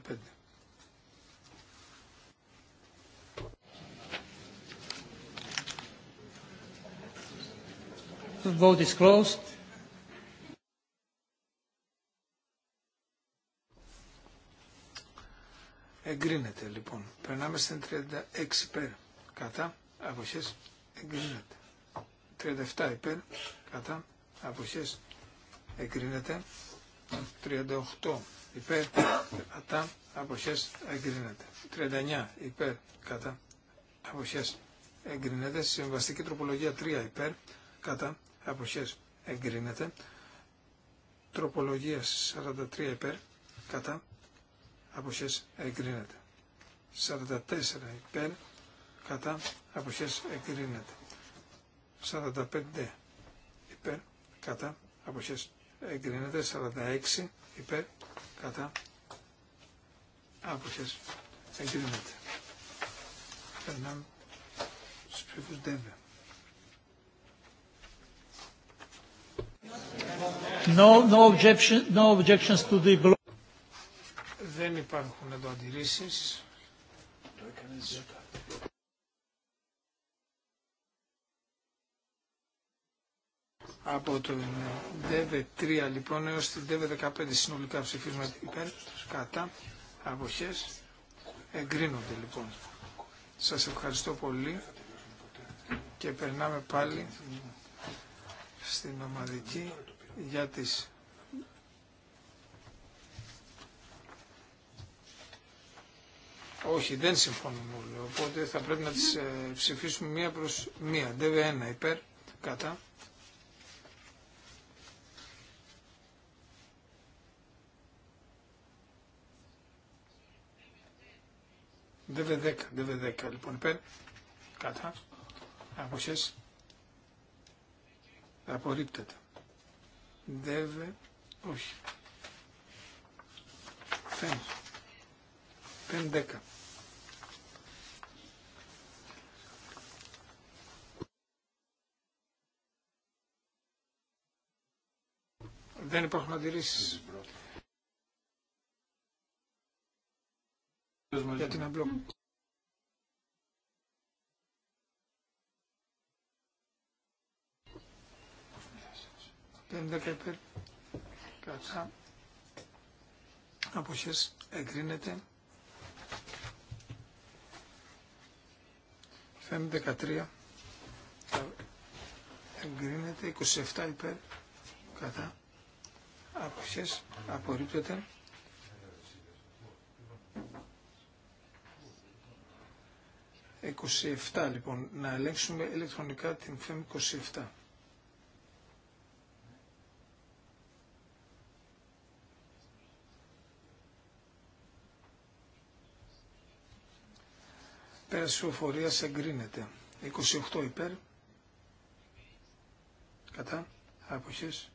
The vote is closed. Εγκρίνεται λοιπόν. Περνάμε στην 36 υπέρ. Κατά. Αποχές. Εγκρίνεται. 37 υπέρ. Κατά. Αποχές εγκρίνεται 38 υπέρ κατά αποχές εγκρίνεται 39 υπέρ κατά αποχές εγκρίνεται συμβαστική τροπολογία 3 υπέρ κατά αποχές εγκρίνεται τροπολογία 43 υπέρ κατά αποχές εγκρίνεται 44 υπέρ κατά αποχές εγκρίνεται 45 υπέρ κατά αποχές εγκρίνεται 46 υπέρ κατά άποχες εγκρίνεται. Περνάμε στους ψήφους Ντέβε. No, no, objection, no objections to the Δεν υπάρχουν εδώ αντιρρήσεις. από το ΔΕΒΕ 3 λοιπόν έως το ΔΕΒΕ 15 συνολικά ψηφίζουμε υπέρ, κατά, αποχές, εγκρίνονται λοιπόν. Σας ευχαριστώ πολύ και περνάμε πάλι στην ομαδική για τις Όχι, δεν συμφωνούμε όλοι. Οπότε θα πρέπει να τις ε, ψηφίσουμε μία προς μία. ΔΕΒΕ 1 υπέρ, κατά, DV10, DV10 λοιπόν υπέρ, κατά, αποχές, απορρίπτεται. DV, όχι. 5, 5, 10. Δεν υπάρχουν αντιρρήσεις. για την Πέντε υπέρ κατά αποχές εγκρίνεται 513 εγκρίνεται 27 υπέρ κατά αποχές απορρίπτεται 27 λοιπόν. Να ελέγξουμε ηλεκτρονικά την ΦΕΜ 27. Πέραση εγκρίνεται. 28 υπέρ. Κατά. Αποχές.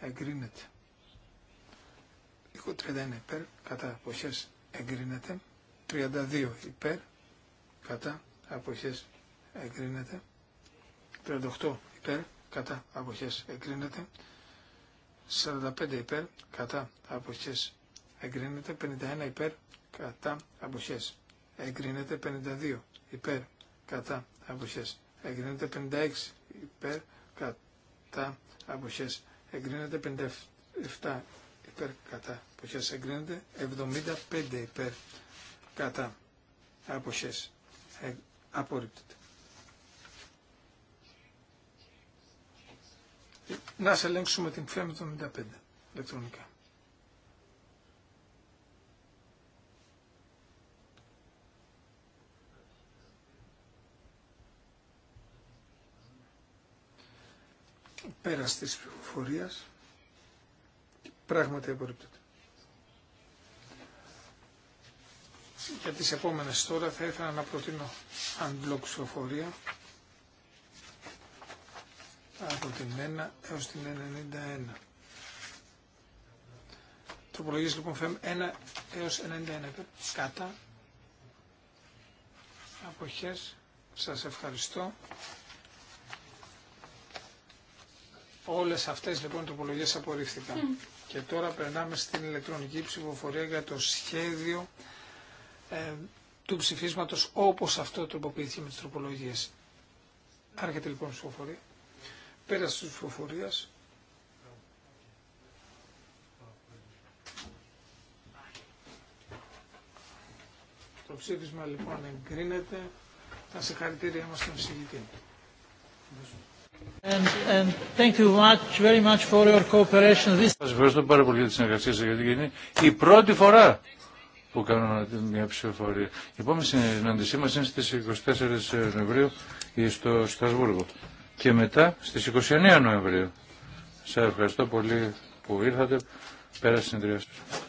Εγκρίνεται. 31 υπέρ. Κατά. Αποχές. Εγκρίνεται. 32 υπέρ κατά αποχές εγκρίνεται 38 υπέρ κατά αποχές εγκρίνεται 45 υπέρ κατά αποχές εγκρίνεται 51 υπέρ κατά αποχές εγκρίνεται 52 υπέρ κατά αποχές εγκρίνεται 56 υπέρ κατά αποχές εγκρίνεται 57 υπέρ κατά αποχές εγκρίνεται 75 υπέρ κατά αποχές ε, απορρίπτεται. Να σε ελέγξουμε την ΦΕΜ 75 ηλεκτρονικά. Πέρας της πληροφορίας πράγματι απορρίπτεται. Για τις επόμενες τώρα θα ήθελα να προτείνω unblock από την 1 έως την 91. Τροπολογίες λοιπόν φέμ 1 έως 91 κατά αποχές. Σας ευχαριστώ. Όλες αυτές λοιπόν οι απορρίφθηκαν. Και τώρα περνάμε στην ηλεκτρονική ψηφοφορία για το σχέδιο ε, του ψηφίσματο όπω αυτό τροποποιήθηκε με τι τροπολογίε. Άρχεται λοιπόν η ψηφοφορία. Πέρασε τη ψηφοφορία. Το ψήφισμα λοιπόν εγκρίνεται. Τα συγχαρητήριά μα στον εισηγητή. Σας ευχαριστώ πάρα πολύ για τη συνεργασία σας γιατί είναι η πρώτη φορά που κάνουν μια ψηφοφορία. Η επόμενη συνάντησή μας είναι στις 24 Νοεμβρίου στο Στρασβούργο και μετά στις 29 Νοεμβρίου. Σα ευχαριστώ πολύ που ήρθατε. Πέρα συνεδρία